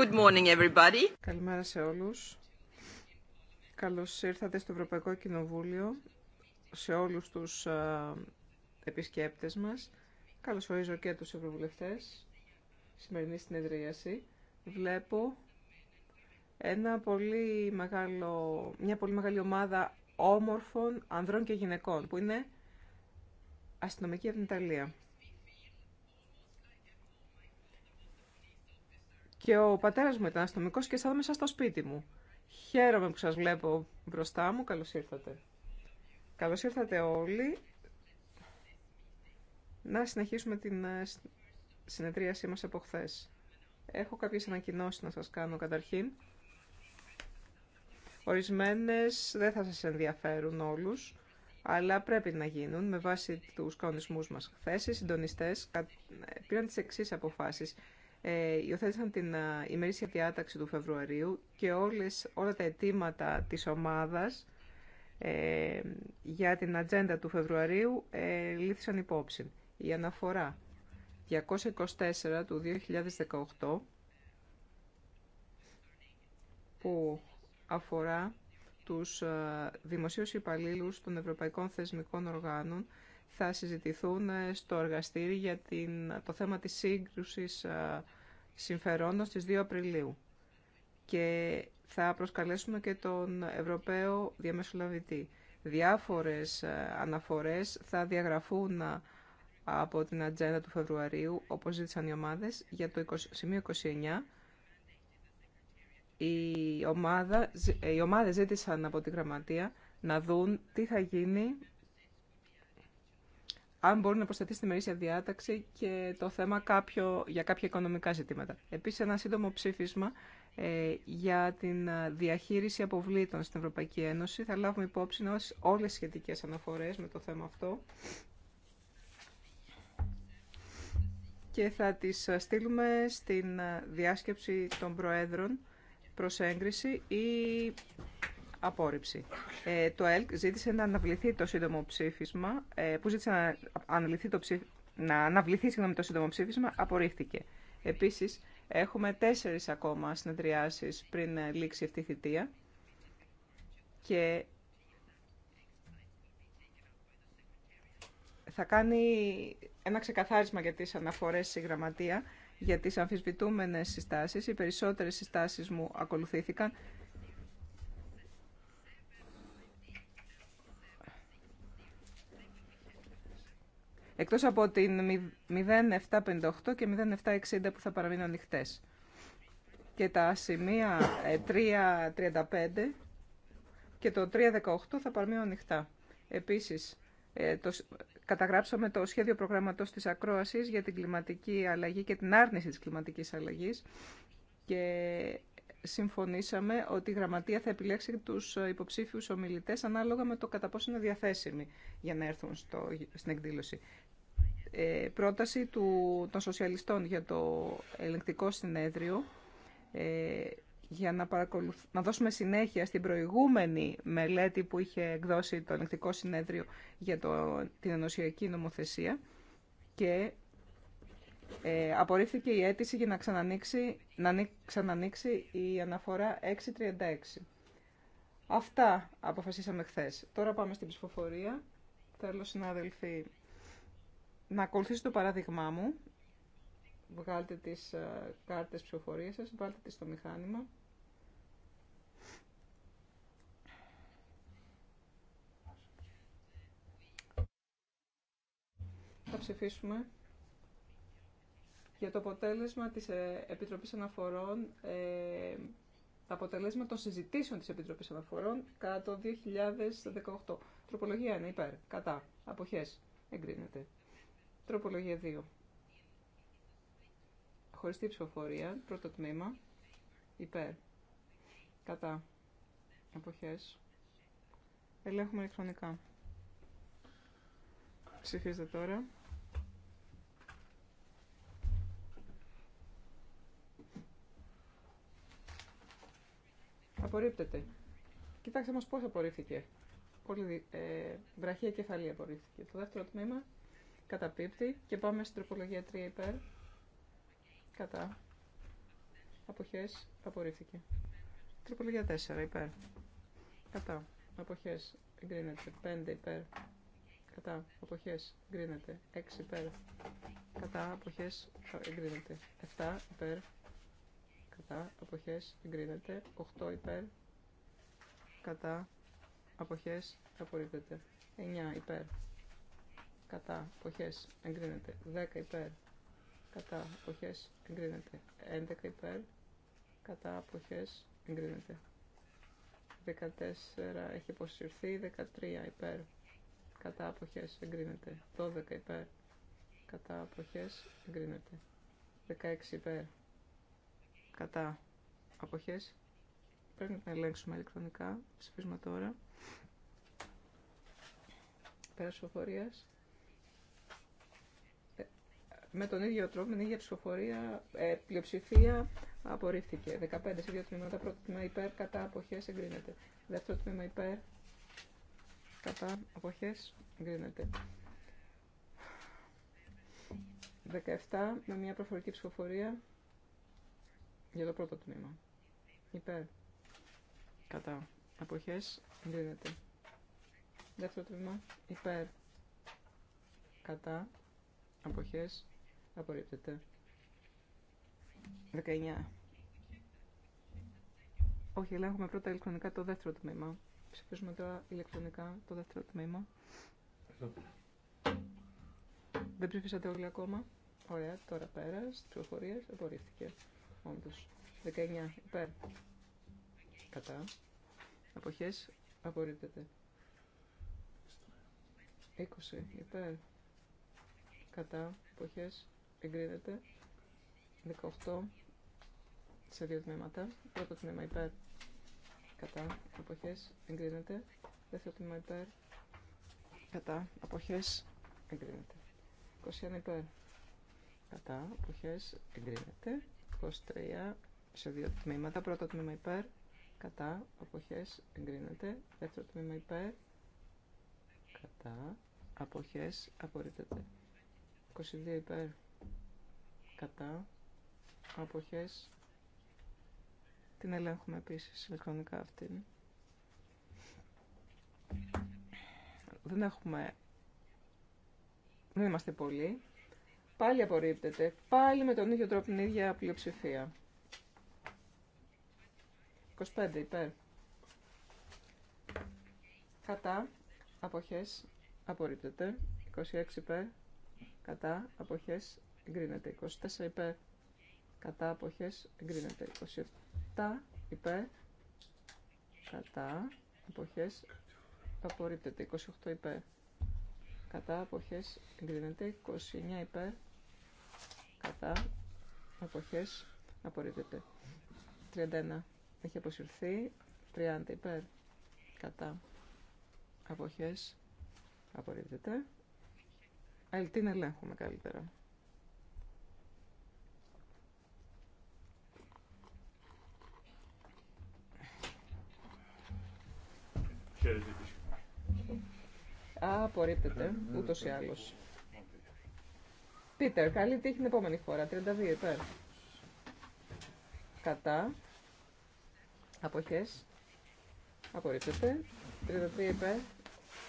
Good morning Καλημέρα σε όλους. Καλώς ήρθατε στο Ευρωπαϊκό Κοινοβούλιο, σε όλους τους α, επισκέπτες μας. Καλώς ορίζω και τους ευρωβουλευτές, σημερινή συνεδρίαση. Βλέπω ένα πολύ μεγάλο, μια πολύ μεγάλη ομάδα όμορφων ανδρών και γυναικών, που είναι αστυνομική από την Ιταλία. Και ο πατέρας μου ήταν αστυνομικό και αισθάνομαι μέσα στο σπίτι μου. Χαίρομαι που σας βλέπω μπροστά μου. Καλώς ήρθατε. Καλώς ήρθατε όλοι. Να συνεχίσουμε την ε, συνεδρίασή μας από χθε. Έχω κάποιες ανακοινώσει να σα κάνω καταρχήν. Ορισμένες δεν θα σα ενδιαφέρουν όλους, αλλά πρέπει να γίνουν με βάση του κανονισμού μα. Χθε οι συντονιστέ ε, πήραν τι εξή αποφάσεις ε, υιοθέτησαν την ε, ημερήσια διάταξη του Φεβρουαρίου και όλες, όλα τα αιτήματα της ομάδας ε, για την ατζέντα του Φεβρουαρίου ε, λήθησαν υπόψη. Η αναφορά 224 του 2018 που αφορά τους ε, δημοσίους υπαλλήλους των Ευρωπαϊκών Θεσμικών Οργάνων θα συζητηθούν ε, στο εργαστήρι για την, το θέμα της σύγκρουσης ε, συμφερόντων στις 2 Απριλίου. Και θα προσκαλέσουμε και τον Ευρωπαίο Διαμεσολαβητή. Διάφορες ε, αναφορές θα διαγραφούν από την ατζέντα του Φεβρουαρίου, όπως ζήτησαν οι ομάδες, για το 20, σημείο 29. Η ομάδα, οι ομάδες ζήτησαν από τη Γραμματεία να δουν τι θα γίνει αν μπορούν να προσθεθεί στη μερίσια διάταξη και το θέμα κάποιο, για κάποια οικονομικά ζητήματα. Επίσης, ένα σύντομο ψήφισμα ε, για την ε, διαχείριση αποβλήτων στην Ευρωπαϊκή Ένωση. Θα λάβουμε υπόψη όλες τις σχετικές αναφορές με το θέμα αυτό και θα τις ε, στείλουμε στην ε, διάσκεψη των Προέδρων προς έγκριση ή απόρριψη. Ε, το ΕΛΚ ζήτησε να αναβληθεί το σύντομο ψήφισμα, ε, που ζήτησε να αναβληθεί το, ψήφι, να αναβληθεί, συγγνώμη, το σύντομο ψήφισμα, απορρίφθηκε. Επίσης, έχουμε τέσσερις ακόμα συνεδριάσεις πριν λήξει αυτή η θητεία και θα κάνει ένα ξεκαθάρισμα για τις αναφορές στη γραμματεία για τις αμφισβητούμενες συστάσεις. Οι περισσότερες συστάσεις μου ακολουθήθηκαν εκτός από την 0758 και 0760 που θα παραμείνουν ανοιχτέ. Και τα σημεία 335 ε, και το 318 θα παραμείνουν ανοιχτά. Επίσης, ε, καταγράψαμε το σχέδιο προγραμματός της ακρόασης για την κλιματική αλλαγή και την άρνηση της κλιματικής αλλαγής και συμφωνήσαμε ότι η Γραμματεία θα επιλέξει τους ε, υποψήφιους ομιλητές ανάλογα με το κατά πόσο είναι διαθέσιμοι για να έρθουν στο, στην εκδήλωση. Ε, πρόταση του, των σοσιαλιστών για το ελεγκτικό συνέδριο ε, για να, παρακολουθ... να δώσουμε συνέχεια στην προηγούμενη μελέτη που είχε εκδώσει το ελεγκτικό συνέδριο για το... την ενωσιακή νομοθεσία και ε, απορρίφθηκε η αίτηση για να ξανανοίξει, να η αναφορά 636. Αυτά αποφασίσαμε χθες. Τώρα πάμε στην ψηφοφορία. Θέλω συνάδελφοι να ακολουθήσω το παράδειγμά μου. Βγάλτε τις ε, κάρτες ψηφοφορίας σας, βάλτε τις στο μηχάνημα. Θα ψηφίσουμε για το αποτέλεσμα της ε, Επιτροπής Αναφορών, ε, τα των συζητήσεων της Επιτροπής Αναφορών κατά το 2018. Τροπολογία 1, υπέρ, κατά, αποχές, εγκρίνεται. Τροπολογία 2. Χωριστή ψηφοφορία. Πρώτο τμήμα. Υπέρ. Κατά. Αποχές. Ελέγχουμε ηλεκτρονικά. Ψηφίστε τώρα. Απορρίπτεται. Κοιτάξτε μας πώς απορρίφθηκε. Πολύ ε, βραχία κεφαλή απορρίφθηκε. Το δεύτερο τμήμα καταπίπτει και πάμε στην τροπολογία 3 υπέρ κατά αποχές απορρίφθηκε τροπολογία 4 υπέρ κατά αποχές εγκρίνεται 5 υπέρ κατά αποχές εγκρίνεται 6 υπέρ κατά αποχές εγκρίνεται 7 υπέρ κατά αποχές εγκρίνεται 8 υπέρ κατά αποχές απορρίπτεται 9 υπέρ κατά αποχές εγκρίνεται 10 υπέρ κατά αποχές εγκρίνεται 11 υπέρ κατά αποχές εγκρίνεται 14 έχει αποσυρθεί 13 υπέρ κατά αποχές εγκρίνεται 12 υπέρ κατά αποχές εγκρίνεται 16 υπέρ κατά αποχές πρέπει να ελέγξουμε ηλεκτρονικά ψηφίσμα τώρα Πέρα οφορία με τον ίδιο τρόπο, με την ίδια ψηφοφορία, ε, πλειοψηφία απορρίφθηκε. 15 σε δύο τμήματα, πρώτο τμήμα υπέρ, κατά αποχέ εγκρίνεται. Δεύτερο τμήμα υπέρ, κατά αποχέ, εγκρίνεται. 17 με μια προφορική ψηφοφορία για το πρώτο τμήμα. Υπέρ, κατά αποχέ, εγκρίνεται. Δεύτερο τμήμα υπέρ, κατά αποχές Απορρίπτεται. 19. Όχι, ελέγχουμε πρώτα ηλεκτρονικά το δεύτερο τμήμα. Ψηφίζουμε τώρα ηλεκτρονικά το δεύτερο τμήμα. Εδώ. Δεν ψηφίσατε όλοι ακόμα. Ωραία, τώρα πέρα. Τη απορρίφθηκε. Όντω. 19 υπέρ. Κατά. Αποχέ απορρίπτεται. 20 υπέρ. Κατά. εποχέ εγκρίνεται. 18 σε δύο τμήματα. Πρώτο τμήμα υπέρ κατά αποχές εγκρίνεται. Δεύτερο τμήμα υπέρ κατά αποχές εγκρίνεται. 21 υπέρ κατά αποχές εγκρίνεται. 23 σε δύο τμήματα. Πρώτο τμήμα υπέρ κατά αποχές εγκρίνεται. Δεύτερο τμήμα υπέρ κατά αποχές απορρίπτεται. 22 υπέρ κατά αποχές την ελέγχουμε επίσης ηλεκτρονικά αυτήν δεν έχουμε δεν είμαστε πολλοί πάλι απορρίπτεται πάλι με τον ίδιο τρόπο την ίδια πλειοψηφία 25 υπέρ κατά αποχές απορρίπτεται 26 υπέρ κατά αποχές εγκρίνεται. 24 υπέρ κατά αποχές εγκρίνεται. 27 υπέρ κατά αποχές απορρίπτεται. 28 υπέρ κατά αποχές εγκρίνεται. 29 υπέρ κατά αποχές απορρίπτεται. 31 έχει αποσυρθεί. 30 υπέρ κατά αποχές απορρίπτεται. Αλλά να ελέγχουμε καλύτερα. Απορρίπτεται, ούτω ή άλλω. Πίτερ, καλή τύχη την επόμενη φορά. 32 υπέρ. Κατά. Αποχές. Απορρίπτεται. 33 υπέρ.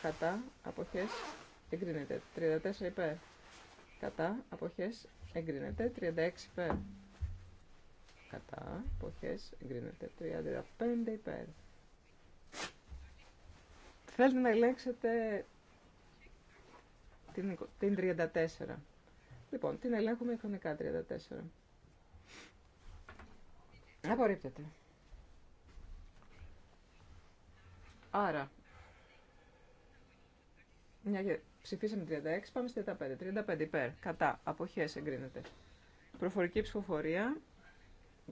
Κατά. Αποχές. Εγκρίνεται. 34 υπέρ. Κατά. Αποχές. Εγκρίνεται. 36 υπέρ. Κατά. Αποχές. Εγκρίνεται. 35 υπέρ. Θέλετε να ελέγξετε την, την 34. Λοιπόν, την ελέγχουμε χρονικά 34. Απορρίπτεται. Άρα, μια και ψηφίσαμε 36, πάμε στη 35. 35 υπέρ, κατά, αποχές εγκρίνεται. Προφορική ψηφοφορία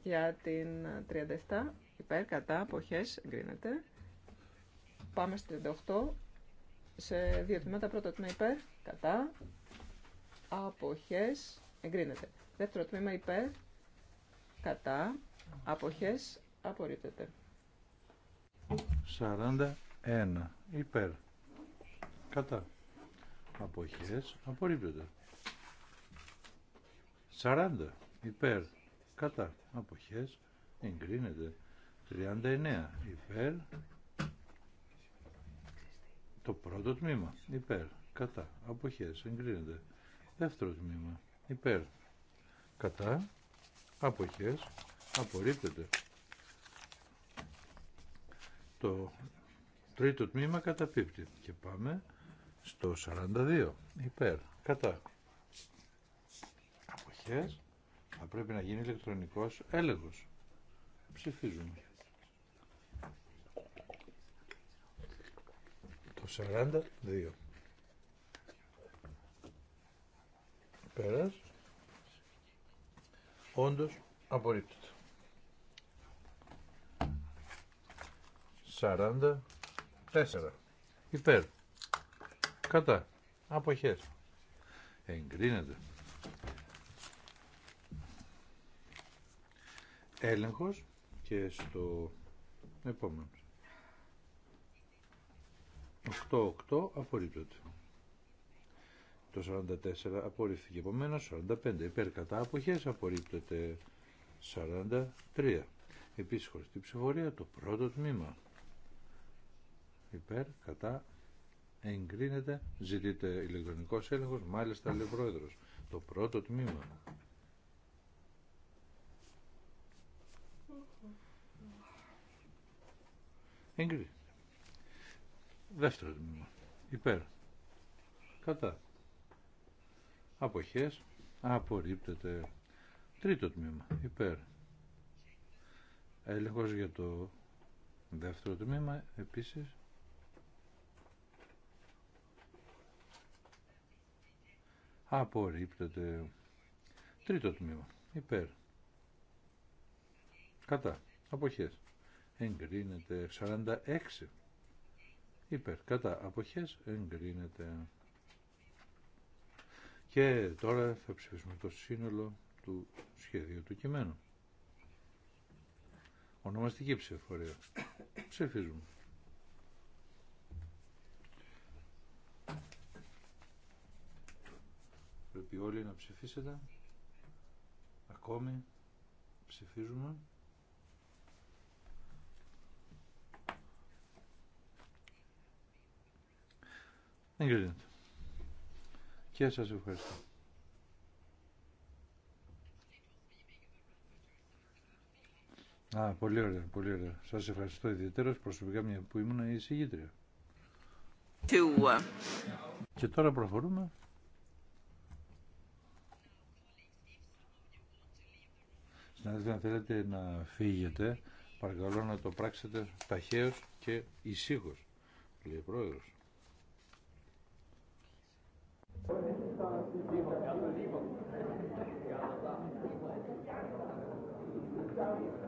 για την 37, υπέρ, κατά, αποχές εγκρίνεται. Πάμε στη 38 σε δύο τμήματα. Πρώτο τμήμα υπέρ, κατά, αποχές, εγκρίνεται. Δεύτερο τμήμα υπέρ, κατά, αποχές, απορρίπτεται. 41 υπέρ, κατά, αποχές, απορρίπτεται. 40 υπέρ, κατά, αποχές, εγκρίνεται. 39 υπέρ, το πρώτο τμήμα υπέρ. Κατά. Αποχές. Εγκρίνεται. Δεύτερο τμήμα υπέρ. Κατά. Αποχές. Απορρίπτεται. Το τρίτο τμήμα καταπίπτει. Και πάμε στο 42. Υπέρ. Κατά. Αποχές. Θα πρέπει να γίνει ηλεκτρονικός έλεγχος. Ψηφίζουμε. 42. Πέρας. Όντως απορρίπτεται. 44. Υπέρ. Κατά. Αποχές. Εγκρίνεται. Έλεγχος και στο επόμενο. 8-8 απορρίπτωται. Το 44 απορρίφθηκε. Επομένως, 45 υπέρ κατά αποχές απορρίπτωται. 43. Επίσης χωριστή ψηφορία το πρώτο τμήμα. Υπέρ κατά εγκρίνεται. Ζητείται ηλεκτρονικός έλεγχος. Μάλιστα λέει Το πρώτο τμήμα. Εγκρίνεται. Δεύτερο τμήμα. Υπέρ. Κατά. Αποχές. Απορρίπτεται. Τρίτο τμήμα. Υπέρ. Έλεγχος για το δεύτερο τμήμα επίσης. Απορρίπτεται. Τρίτο τμήμα. Υπέρ. Κατά. Αποχές. Εγκρίνεται. 46 υπέρ κατά αποχές εγκρίνεται. Και τώρα θα ψηφίσουμε το σύνολο του σχεδίου του κειμένου. Ονομαστική ψηφοφορία. Ψηφίζουμε. Πρέπει όλοι να ψηφίσετε. Ακόμη ψηφίζουμε. Εγκρίνεται. Και σας ευχαριστώ. Α, πολύ ωραία, πολύ ωραία. Σας ευχαριστώ ιδιαίτερως προσωπικά μια που ήμουν η συγγήτρια. Ε, και τώρα προχωρούμε. Συνάδελφοι, αν θέλετε να φύγετε, παρακαλώ να το πράξετε ταχαίως και ησύχως, λέει ο Πρόεδρος. Thank you.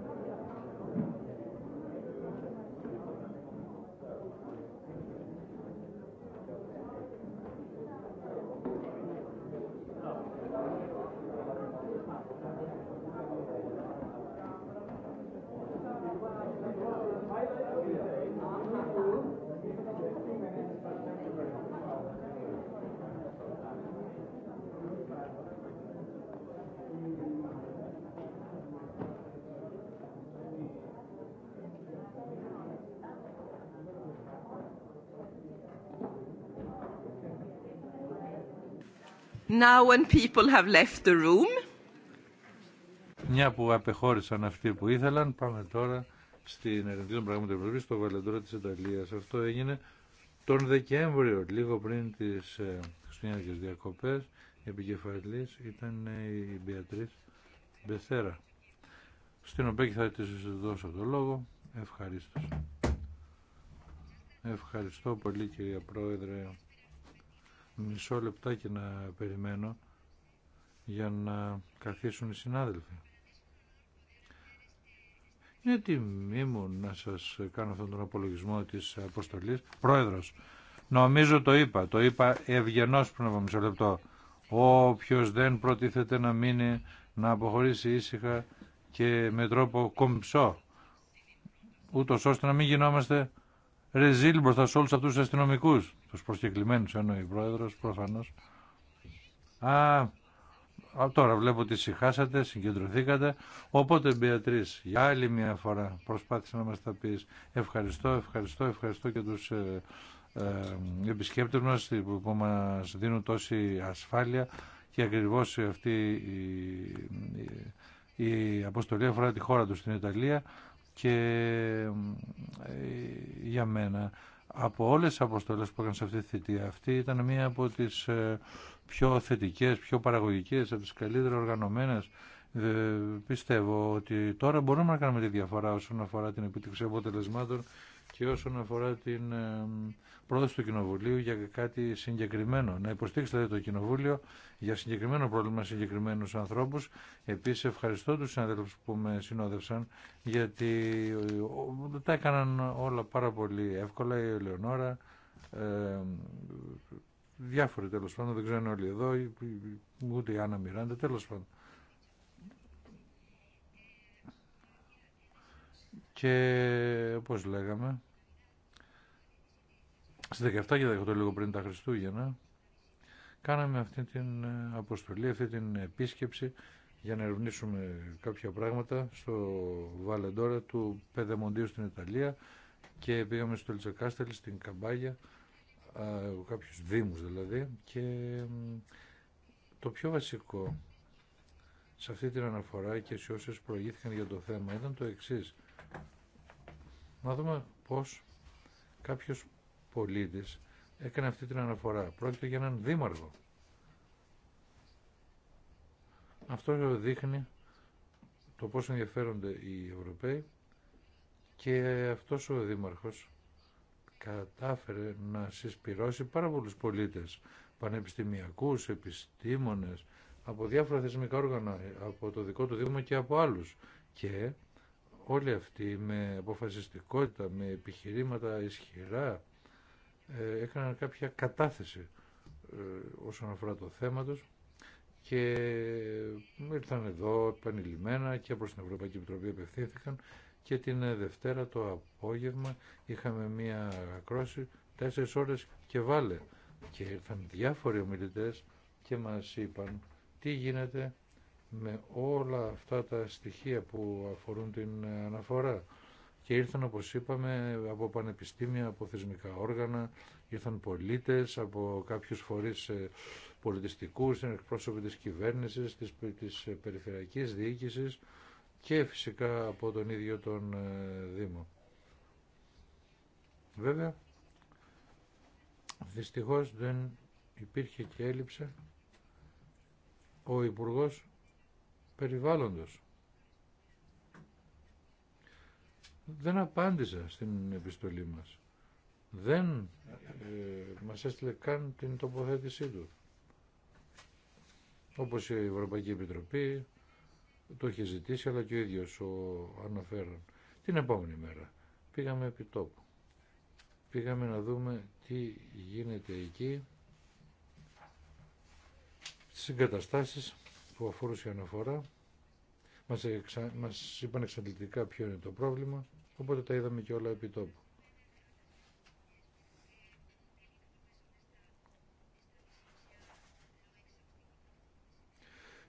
Now when people have left the room. Μια που απεχώρησαν αυτοί που ήθελαν, πάμε τώρα στην Ερευνητή των Πραγμάτων Ευρωπαϊκής, στο Βαλεντρό της Ιταλίας. Αυτό έγινε τον Δεκέμβριο, λίγο πριν τις ε, χριστουγεννιάτικες διακοπές. επικεφαλής ήταν ε, η Μπιατρίς Μπεθέρα, στην οποία θα της δώσω το λόγο. Ευχαριστώ. Ευχαριστώ πολύ κυρία Πρόεδρε μισό λεπτάκι να περιμένω για να καθίσουν οι συνάδελφοι. Είναι τιμή μου να σας κάνω αυτόν τον απολογισμό της αποστολής. Πρόεδρος, νομίζω το είπα, το είπα ευγενώς πριν από μισό λεπτό. Όποιος δεν προτίθεται να μείνει, να αποχωρήσει ήσυχα και με τρόπο κομψό, ούτως ώστε να μην γινόμαστε ρεζίλ μπροστά σε όλους αυτούς τους αστυνομικούς τους προσκεκλημένους εννοεί η Πρόεδρος προφανώς. Α, τώρα βλέπω ότι συχάσατε, συγκεντρωθήκατε. Οπότε, Μπιατρίς, για άλλη μια φορά προσπάθησε να μας τα πεις. Ευχαριστώ, ευχαριστώ, ευχαριστώ και τους ε, ε, επισκέπτες μας που μας δίνουν τόση ασφάλεια και ακριβώς αυτή η, η, αποστολή αφορά τη χώρα του στην Ιταλία και ε, για μένα από όλες τις αποστολές που έκανε σε αυτή τη θητεία. Αυτή ήταν μία από τις ε, πιο θετικές, πιο παραγωγικές, από τις καλύτερα οργανωμένες. Ε, πιστεύω ότι τώρα μπορούμε να κάνουμε τη διαφορά όσον αφορά την επιτυχία αποτελεσμάτων και όσον αφορά την ε, πρόταση του Κοινοβουλίου για κάτι συγκεκριμένο. Να υποστήξετε το Κοινοβούλιο για συγκεκριμένο πρόβλημα συγκεκριμένους ανθρώπους. Επίσης ευχαριστώ τους συναδέλφους που με συνόδευσαν γιατί ε, τα έκαναν όλα πάρα πολύ εύκολα η Ελεονόρα. Ε, διάφοροι τέλος πάντων, δεν ξέρουν όλοι εδώ, ούτε η Άννα Μιράντα, τέλος πάντων. Και όπως λέγαμε, στις 17 και 18 λίγο πριν τα Χριστούγεννα κάναμε αυτή την ε, αποστολή, αυτή την επίσκεψη για να ερευνήσουμε κάποια πράγματα στο Βαλεντόρα του Πεδεμοντίου στην Ιταλία και πήγαμε στο Λιτσακάστελ στην Καμπάγια, κάποιους δήμους δηλαδή και το πιο βασικό σε αυτή την αναφορά και σε όσες προηγήθηκαν για το θέμα ήταν το εξής. Να δούμε πώς κάποιος έκανε αυτή την αναφορά. Πρόκειται για έναν δήμαρχο. Αυτό δείχνει το πόσο ενδιαφέρονται οι Ευρωπαίοι και αυτός ο δήμαρχος κατάφερε να συσπυρώσει πάρα πολλούς πολίτες, πανεπιστημιακούς, επιστήμονες, από διάφορα θεσμικά όργανα, από το δικό του Δήμο και από άλλους. Και όλοι αυτοί με αποφασιστικότητα, με επιχειρήματα ισχυρά, ε, έκαναν κάποια κατάθεση ε, όσον αφορά το θέμα τους και ήρθαν εδώ επανειλημμένα και προς την Ευρωπαϊκή Επιτροπή απευθύνθηκαν και την ε, Δευτέρα το απόγευμα είχαμε μία ακρόση τέσσερις ώρες και βάλε και ήρθαν διάφοροι ομιλητές και μας είπαν τι γίνεται με όλα αυτά τα στοιχεία που αφορούν την αναφορά και ήρθαν όπως είπαμε από πανεπιστήμια, από θεσμικά όργανα, ήρθαν πολίτες από κάποιους φορείς ε, πολιτιστικούς, εκπρόσωποι της κυβέρνησης, της, της ε, περιφερειακής διοίκησης και φυσικά από τον ίδιο τον ε, Δήμο. Βέβαια, δυστυχώς δεν υπήρχε και έλλειψε ο Υπουργός Περιβάλλοντος δεν απάντησε στην επιστολή μας. Δεν ε, μας έστειλε καν την τοποθέτησή του. Όπως η Ευρωπαϊκή Επιτροπή το είχε ζητήσει, αλλά και ο ίδιος ο αναφέρον. Την επόμενη μέρα πήγαμε επί τόπου. Πήγαμε να δούμε τι γίνεται εκεί, στις εγκαταστάσεις που αφορούσε η αναφορά. Μας, μας είπαν εξαντλητικά ποιο είναι το πρόβλημα. Οπότε τα είδαμε και όλα επί τόπου.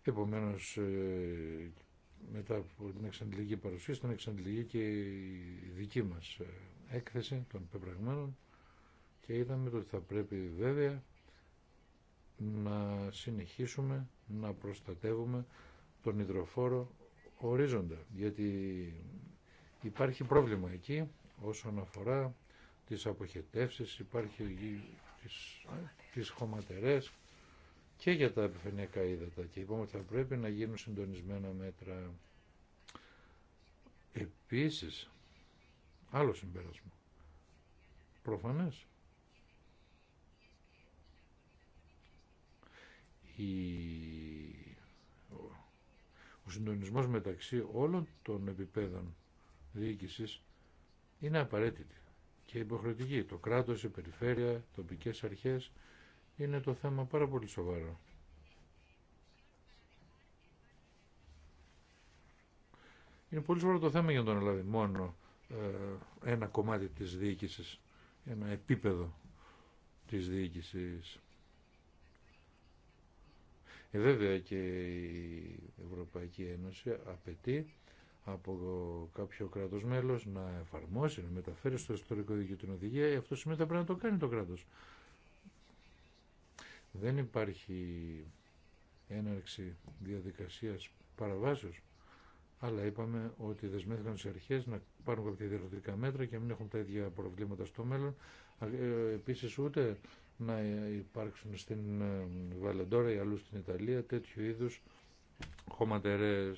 Επομένως, ε, μετά από την εξαντλητική παρουσίαση, ήταν εξαντλητική και η δική μας ε, έκθεση των πεπραγμένων και είδαμε ότι θα πρέπει βέβαια να συνεχίσουμε να προστατεύουμε τον υδροφόρο ορίζοντα, γιατί Υπάρχει πρόβλημα εκεί όσον αφορά τις αποχετεύσεις, υπάρχει τις, τις χωματερές και για τα επιφανειακά ύδατα και είπαμε ότι θα πρέπει να γίνουν συντονισμένα μέτρα. Επίσης, άλλο συμπέρασμα, προφανές, ο συντονισμός μεταξύ όλων των επιπέδων διοίκησης είναι απαραίτητη και υποχρεωτική. Το κράτος, η περιφέρεια, τοπικέ αρχές είναι το θέμα πάρα πολύ σοβαρό. Είναι πολύ σοβαρό το θέμα για τον Ελλάδα. Μόνο ε, ένα κομμάτι της διοίκησης, ένα επίπεδο της διοίκησης. Ε, βέβαια και η Ευρωπαϊκή Ένωση απαιτεί από κάποιο κράτο μέλο να εφαρμόσει, να μεταφέρει στο ιστορικό δίκαιο την οδηγία, αυτό σημαίνει ότι πρέπει να το κάνει το κράτο. Δεν υπάρχει έναρξη διαδικασία παραβάσεω. αλλά είπαμε ότι δεσμεύτηκαν σε αρχές να πάρουν κάποια διαδροτικά μέτρα και να μην έχουν τα ίδια προβλήματα στο μέλλον. Ε, Επίση ούτε να υπάρξουν στην ε, Βαλεντόρα ή αλλού στην Ιταλία τέτοιου είδου χωματερέ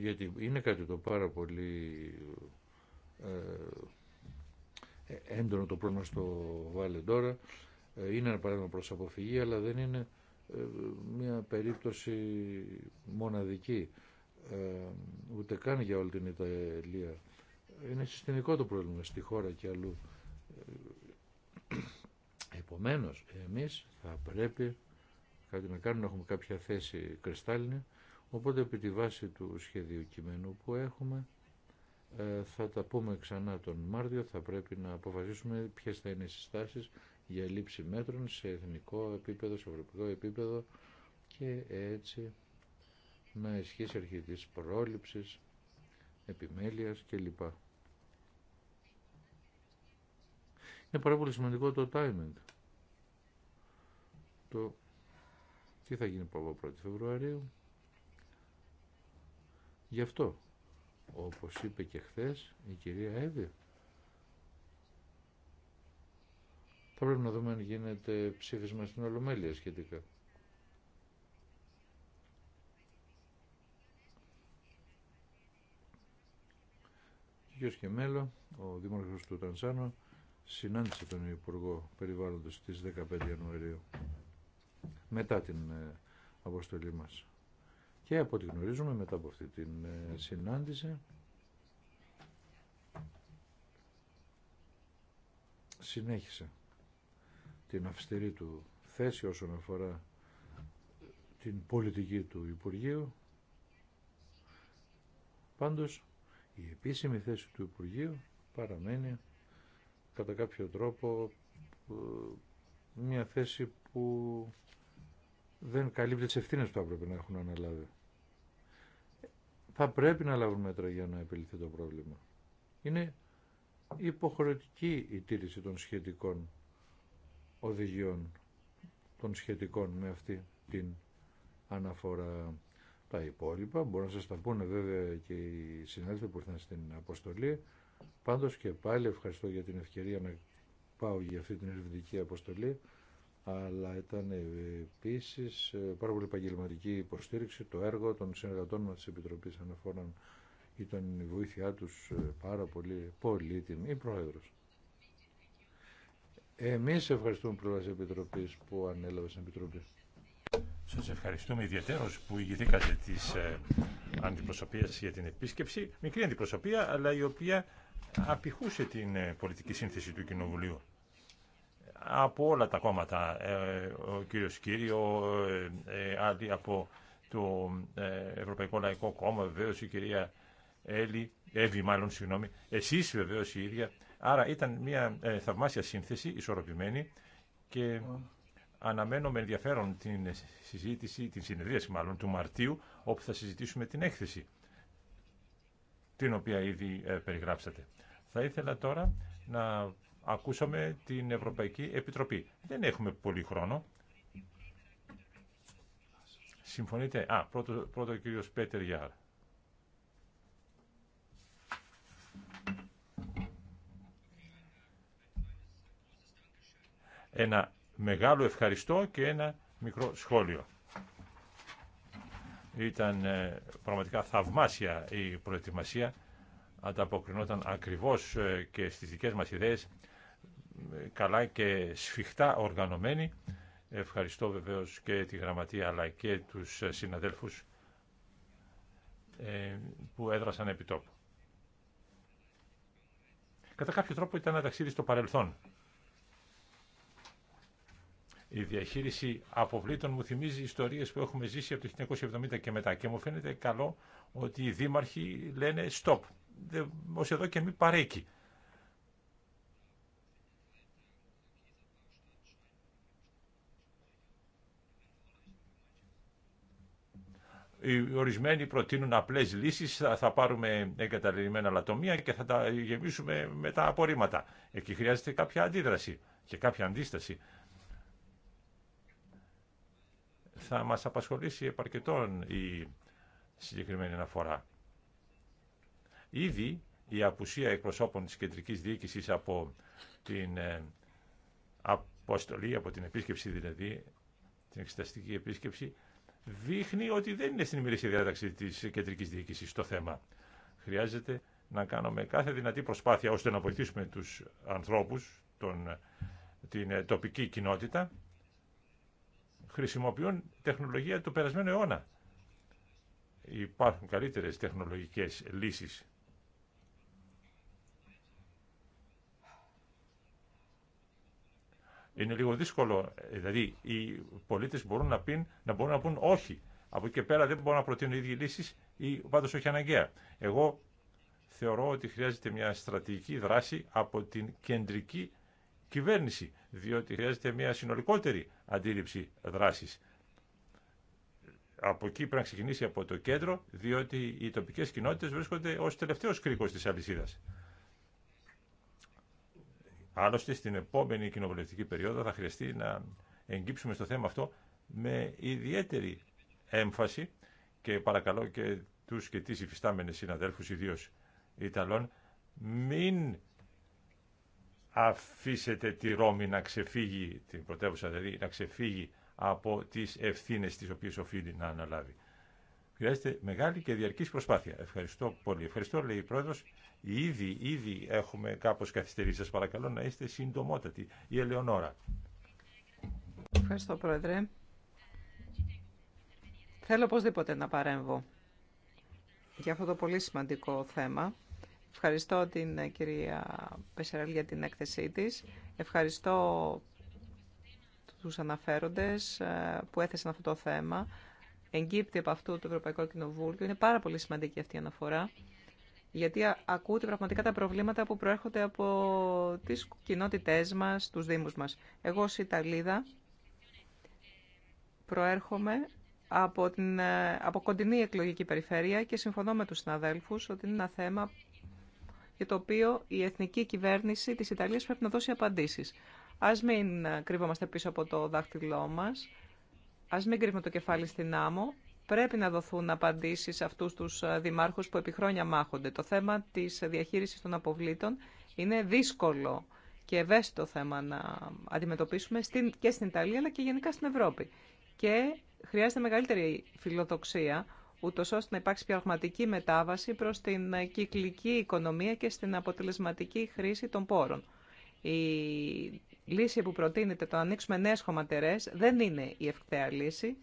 γιατί είναι κάτι το πάρα πολύ ε, ε, έντονο το πρόβλημα στο τώρα ε, Είναι ένα παράδειγμα προς αποφυγή, αλλά δεν είναι μια περίπτωση μοναδική, ούτε καν για όλη την Ιταλία. Είναι συστημικό το πρόβλημα στη χώρα και αλλού. Επομένως, εμείς θα πρέπει κάτι να κάνουμε, να έχουμε κάποια θέση κρυστάλλινη Οπότε επί τη βάση του σχεδίου κειμένου που έχουμε ε, θα τα πούμε ξανά τον Μάρτιο, θα πρέπει να αποφασίσουμε ποιες θα είναι οι συστάσεις για λήψη μέτρων σε εθνικό επίπεδο, σε ευρωπαϊκό επίπεδο και έτσι να ισχύσει αρχή της πρόληψης, επιμέλειας κλπ. Είναι πάρα πολύ σημαντικό το timing. Το τι θα γίνει από 1η Φεβρουαρίου Γι' αυτό, όπως είπε και χθες η κυρία Εύη, θα πρέπει να δούμε αν γίνεται ψήφισμα στην Ολομέλεια σχετικά. Κύριος και μέλο, ο Δήμαρχος του Τανσάνο, συνάντησε τον Υπουργό Περιβάλλοντος στις 15 Ιανουαρίου, μετά την ε, αποστολή μας. Και από ό,τι γνωρίζουμε μετά από αυτή την ε, συνάντηση συνέχισε την αυστηρή του θέση όσον αφορά την πολιτική του Υπουργείου. Πάντως η επίσημη θέση του Υπουργείου παραμένει κατά κάποιο τρόπο ε, μια θέση που δεν καλύπτει τι ευθύνε που θα έπρεπε να έχουν αναλάβει. Θα πρέπει να λάβουν μέτρα για να επιληθεί το πρόβλημα. Είναι υποχρεωτική η τήρηση των σχετικών οδηγιών, των σχετικών με αυτή την αναφορά. Τα υπόλοιπα μπορούν να σας τα πούνε βέβαια και οι συνάδελφοι που ήρθαν στην αποστολή. Πάντως και πάλι ευχαριστώ για την ευκαιρία να πάω για αυτή την ερευνητική αποστολή αλλά ήταν επίσης ε, πάρα πολύ επαγγελματική υποστήριξη το έργο των συνεργατών μας της Επιτροπής Αναφόρων ήταν η βοήθειά τους ε, πάρα πολύ πολύτιμη η Πρόεδρος. Εμείς ευχαριστούμε Πρόεδρος Επιτροπής που ανέλαβε στην Επιτροπή. Σας ευχαριστούμε ιδιαίτερως που ηγηθήκατε της ε, αντιπροσωπείας για την επίσκεψη. Μικρή αντιπροσωπεία, αλλά η οποία απηχούσε την ε, πολιτική σύνθεση του Κοινοβουλίου από όλα τα κόμματα. Ε, ο κύριος Κύριο, ε, ε, άλλοι από το Ευρωπαϊκό Λαϊκό Κόμμα, βεβαίως η κυρία Έλλη, Εύη μάλλον, συγγνώμη, εσείς βεβαίως η ίδια. Άρα ήταν μια θαυμάσια σύνθεση, ισορροπημένη και αναμένω με ενδιαφέρον την συζήτηση, την συνεδρίαση μάλλον του Μαρτίου, όπου θα συζητήσουμε την έκθεση, την οποία ήδη περιγράψατε. Θα ήθελα τώρα να ακούσαμε την Ευρωπαϊκή Επιτροπή. Δεν έχουμε πολύ χρόνο. Συμφωνείτε. Α, πρώτο, πρώτο κύριος Πέτερ Γιάρ. Ένα μεγάλο ευχαριστώ και ένα μικρό σχόλιο. Ήταν ε, πραγματικά θαυμάσια η προετοιμασία. Ανταποκρινόταν ακριβώς ε, και στις δικές μας ιδέες καλά και σφιχτά οργανωμένη. Ευχαριστώ βεβαίως και τη Γραμματεία αλλά και τους συναδέλφους ε, που έδρασαν επί τόπου. Κατά κάποιο τρόπο ήταν ένα ταξίδι στο παρελθόν. Η διαχείριση αποβλήτων μου θυμίζει ιστορίες που έχουμε ζήσει από το 1970 και μετά και μου φαίνεται καλό ότι οι δήμαρχοι λένε stop, ως εδώ και μη παρέκει. Οι ορισμένοι προτείνουν απλές λύσεις, θα, πάρουμε εγκαταλειμμένα λατομεία και θα τα γεμίσουμε με τα απορρίμματα. Εκεί χρειάζεται κάποια αντίδραση και κάποια αντίσταση. Θα μας απασχολήσει επαρκετόν η συγκεκριμένη αναφορά. Ήδη η απουσία εκπροσώπων της κεντρικής διοίκησης από την ε, αποστολή, από την επίσκεψη δηλαδή, την εξεταστική επίσκεψη, δείχνει ότι δεν είναι στην ημερήσια διάταξη της κεντρικής διοίκησης το θέμα. Χρειάζεται να κάνουμε κάθε δυνατή προσπάθεια ώστε να βοηθήσουμε τους ανθρώπους, την ε, τοπική κοινότητα, χρησιμοποιούν τεχνολογία του περασμένου αιώνα. Υπάρχουν καλύτερε τεχνολογικές λύσεις είναι λίγο δύσκολο. Ε, δηλαδή, οι πολίτε μπορούν να, να μπορούν να πούν όχι. Από εκεί και πέρα δεν μπορούν να προτείνουν οι ίδιοι λύσει ή πάντω όχι αναγκαία. Εγώ θεωρώ ότι χρειάζεται μια στρατηγική δράση από την κεντρική κυβέρνηση, διότι χρειάζεται μια συνολικότερη αντίληψη δράση. Από εκεί πρέπει να ξεκινήσει από το κέντρο, διότι οι τοπικέ κοινότητε βρίσκονται ω τελευταίο κρίκο τη αλυσίδα. Άλλωστε στην επόμενη κοινοβουλευτική περίοδο θα χρειαστεί να εγκύψουμε στο θέμα αυτό με ιδιαίτερη έμφαση και παρακαλώ και τους και τις υφιστάμενες συναδέλφους, ιδίως Ιταλών, μην αφήσετε τη Ρώμη να ξεφύγει, την πρωτεύουσα δηλαδή, να ξεφύγει από τις ευθύνες τις οποίες οφείλει να αναλάβει χρειάζεται μεγάλη και διαρκή προσπάθεια. Ευχαριστώ πολύ. Ευχαριστώ, λέει η πρόεδρο. Ήδη, ήδη έχουμε κάπως καθυστερήσει. σα παρακαλώ να είστε συντομότατοι. Η Ελεονόρα. Ευχαριστώ, Πρόεδρε. Θέλω οπωσδήποτε να παρέμβω για αυτό το πολύ σημαντικό θέμα. Ευχαριστώ την κυρία Πεσερέλ για την έκθεσή της. Ευχαριστώ τους αναφέροντες ε, που έθεσαν αυτό το θέμα εγκύπτει από αυτό το Ευρωπαϊκό Κοινοβούλιο. Είναι πάρα πολύ σημαντική αυτή η αναφορά, γιατί ακούτε πραγματικά τα προβλήματα που προέρχονται από τι κοινότητε μα, του Δήμου μα. Εγώ ως Ιταλίδα προέρχομαι από, την, ε, από κοντινή εκλογική περιφέρεια και συμφωνώ με τους συναδέλφους ότι είναι ένα θέμα για το οποίο η εθνική κυβέρνηση της Ιταλίας πρέπει να δώσει απαντήσεις. Ας μην ε, κρύβομαστε πίσω από το δάχτυλό μας. Α μην κρύβουμε το κεφάλι στην άμμο. Πρέπει να δοθούν απαντήσεις σε αυτούς τους ε, δημάρχους που επί χρόνια μάχονται. Το θέμα της ε, διαχείρισης των αποβλήτων είναι δύσκολο και ευαίσθητο θέμα να αντιμετωπίσουμε και στην Ιταλία αλλά και γενικά στην Ευρώπη. Και χρειάζεται μεγαλύτερη φιλοδοξία, ούτως ώστε να υπάρξει πραγματική μετάβαση προς την ε, κυκλική οικονομία και στην αποτελεσματική χρήση των πόρων. Η λύση που προτείνεται το να ανοίξουμε νέες χωματερές δεν είναι η ευκταία λύση.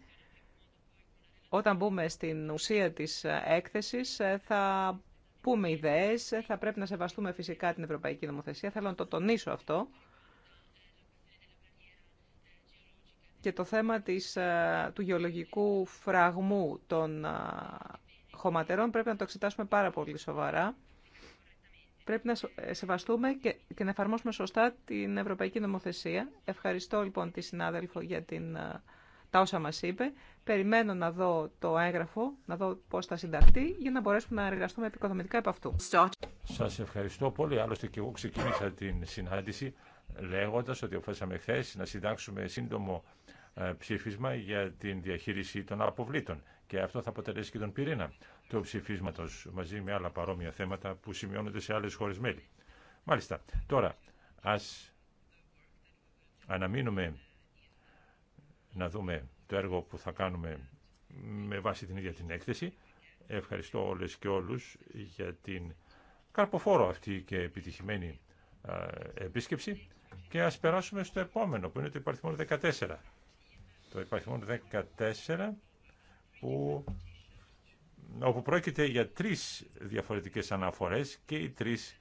Όταν μπούμε στην ουσία της έκθεσης ε, θα πούμε ιδέες, ε, θα πρέπει να σεβαστούμε φυσικά την Ευρωπαϊκή Νομοθεσία. Θέλω να το τονίσω αυτό. Και το θέμα της, ε, του γεωλογικού φραγμού των χωματερών πρέπει να το εξετάσουμε πάρα πολύ σοβαρά πρέπει να ε, σεβαστούμε και, και να εφαρμόσουμε σωστά την Ευρωπαϊκή Νομοθεσία. Ευχαριστώ λοιπόν τη συνάδελφο για την, ε, τα όσα μας είπε. Περιμένω να δω το έγγραφο, να δω πώς θα συνταχθεί για να μπορέσουμε να εργαστούμε επικοδομητικά επ' αυτού. Σας ευχαριστώ πολύ. Άλλωστε και εγώ ξεκίνησα την συνάντηση λέγοντας ότι αποφάσισαμε χθε να συντάξουμε σύντομο ε, ψήφισμα για την διαχείριση των αποβλήτων και αυτό θα αποτελέσει και τον πυρήνα το ψηφίσματο μαζί με άλλα παρόμοια θέματα που σημειώνονται σε άλλε χώρε μέλη. Μάλιστα, τώρα α αναμείνουμε να δούμε το έργο που θα κάνουμε με βάση την ίδια την έκθεση. Ευχαριστώ όλες και όλους για την καρποφόρο αυτή και επιτυχημένη επίσκεψη και ας περάσουμε στο επόμενο που είναι το υπαριθμό 14. Το υπαριθμό 14 που όπου πρόκειται για τρεις διαφορετικές αναφορές και οι τρεις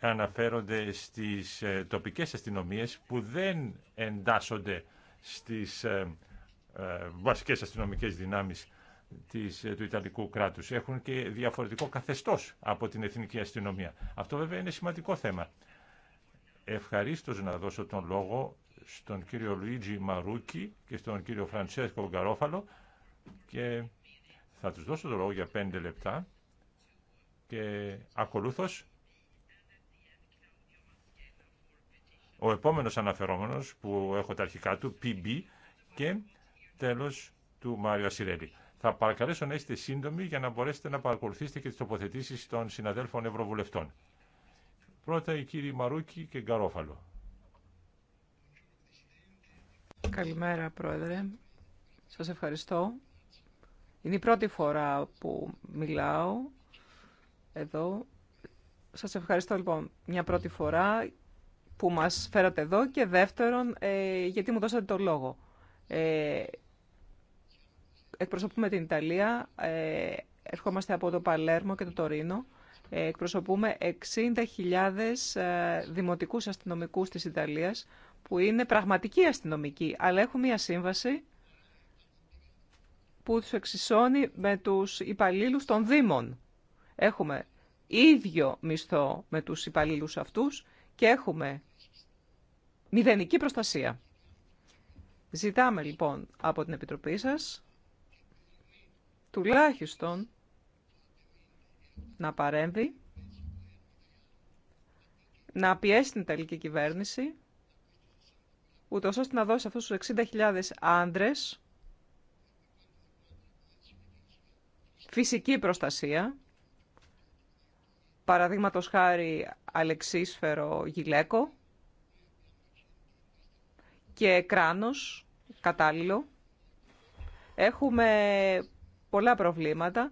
αναφέρονται στις ε, τοπικές αστυνομίες που δεν εντάσσονται στις ε, ε, βασικές αστυνομικές δυνάμεις της, του Ιταλικού κράτους. Έχουν και διαφορετικό καθεστώς από την Εθνική Αστυνομία. Αυτό βέβαια είναι σημαντικό θέμα. ευχαριστώ να δώσω τον λόγο στον κύριο Λουίτζι Μαρούκι και στον κύριο Φραντσέσκο Γκαρόφαλο και θα τους δώσω το λόγο για πέντε λεπτά και ακολούθως ο επόμενος αναφερόμενος που έχω τα αρχικά του, PB και τέλος του Μάριο Ασιρέλη. Θα παρακαλέσω να είστε σύντομοι για να μπορέσετε να παρακολουθήσετε και τις τοποθετήσεις των συναδέλφων Ευρωβουλευτών. Πρώτα η κύριοι Μαρούκη και Γκαρόφαλο. Καλημέρα, Πρόεδρε. Σας ευχαριστώ είναι η πρώτη φορά που μιλάω εδώ. Σας ευχαριστώ λοιπόν μια πρώτη φορά που μας φέρατε εδώ και δεύτερον ε, γιατί μου δώσατε το λόγο. Ε, εκπροσωπούμε την Ιταλία, ε, ερχόμαστε από το Παλέρμο και το Τωρίνο. Ε, εκπροσωπούμε 60.000 ε, δημοτικούς αστυνομικούς της Ιταλίας που είναι πραγματικοί αστυνομικοί, αλλά έχουν μια σύμβαση που τους εξισώνει με τους υπαλλήλους των Δήμων. Έχουμε ίδιο μισθό με τους υπαλλήλους αυτούς και έχουμε μηδενική προστασία. Ζητάμε λοιπόν από την Επιτροπή σας τουλάχιστον να παρέμβει, να πιέσει την Ιταλική κυβέρνηση, ούτως ώστε να δώσει αυτούς τους 60.000 άντρες Φυσική προστασία, παραδείγματο χάρη αλεξίσφαιρο γυλαίκο και κράνος κατάλληλο. Έχουμε πολλά προβλήματα.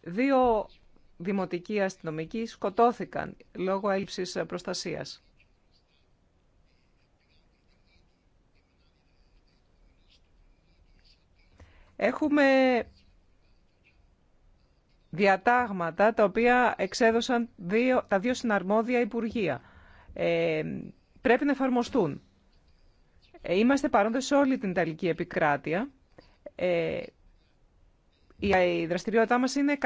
Δύο δημοτικοί αστυνομικοί σκοτώθηκαν λόγω έλλειψης προστασίας. Έχουμε διατάγματα τα οποία εξέδωσαν δύο, τα δύο συναρμόδια Υπουργεία. Ε, πρέπει να εφαρμοστούν. Ε, είμαστε παρόντες σε όλη την Ιταλική επικράτεια. Ε, η δραστηριότητά μας είναι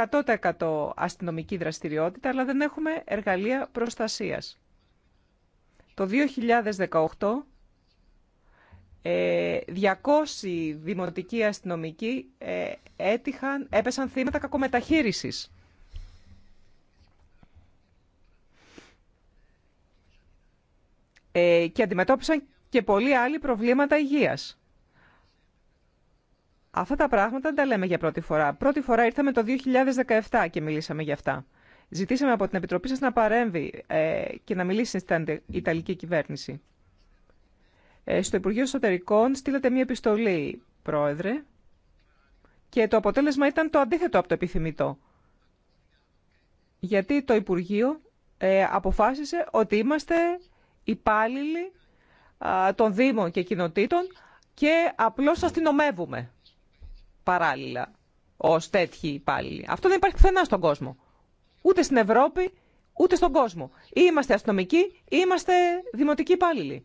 100% αστυνομική δραστηριότητα, αλλά δεν έχουμε εργαλεία προστασίας. Το 2018 200 ε, δημοτικοί αστυνομικοί ε, έτυχαν, έπεσαν θύματα κακομεταχείρισης. Ε, και αντιμετώπισαν και πολλοί άλλοι προβλήματα υγείας. Αυτά τα πράγματα δεν τα λέμε για πρώτη φορά. Πρώτη φορά ήρθαμε το 2017 και μιλήσαμε για αυτά. Ζητήσαμε από την Επιτροπή σας να παρέμβει και να μιλήσει στην Ιταλική κυβέρνηση. Ε, στο Υπουργείο Εσωτερικών στείλατε μία επιστολή, Πρόεδρε, και το αποτέλεσμα ήταν το αντίθετο από το επιθυμητό. Γιατί το Υπουργείο ε, αποφάσισε ότι είμαστε υπάλληλοι των Δήμων και Κοινοτήτων και απλώς αστυνομεύουμε παράλληλα ως τέτοιοι υπάλληλοι. Αυτό δεν υπάρχει πουθενά στον κόσμο. Ούτε στην Ευρώπη, ούτε στον κόσμο. Ή είμαστε αστυνομικοί, ή είμαστε δημοτικοί υπάλληλοι.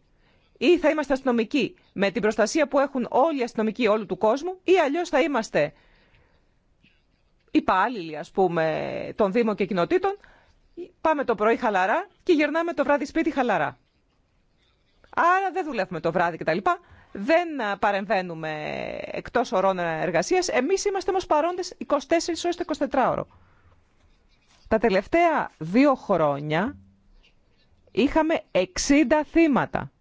Ή θα είμαστε αστυνομικοί με την προστασία που έχουν όλοι οι αστυνομικοί όλου του κόσμου ή αλλιώ θα είμαστε υπάλληλοι α πούμε των Δήμων και Κοινοτήτων. Πάμε το πρωί χαλαρά και γυρνάμε το βράδυ σπίτι χαλαρά. Άρα δεν δουλεύουμε το βράδυ κτλ. Δεν παρεμβαίνουμε εκτό ωρών εργασία. Εμεί είμαστε όμως παρόντε 24 ώρες το 24ωρο. Τα τελευταία δύο χρόνια είχαμε 60 θύματα.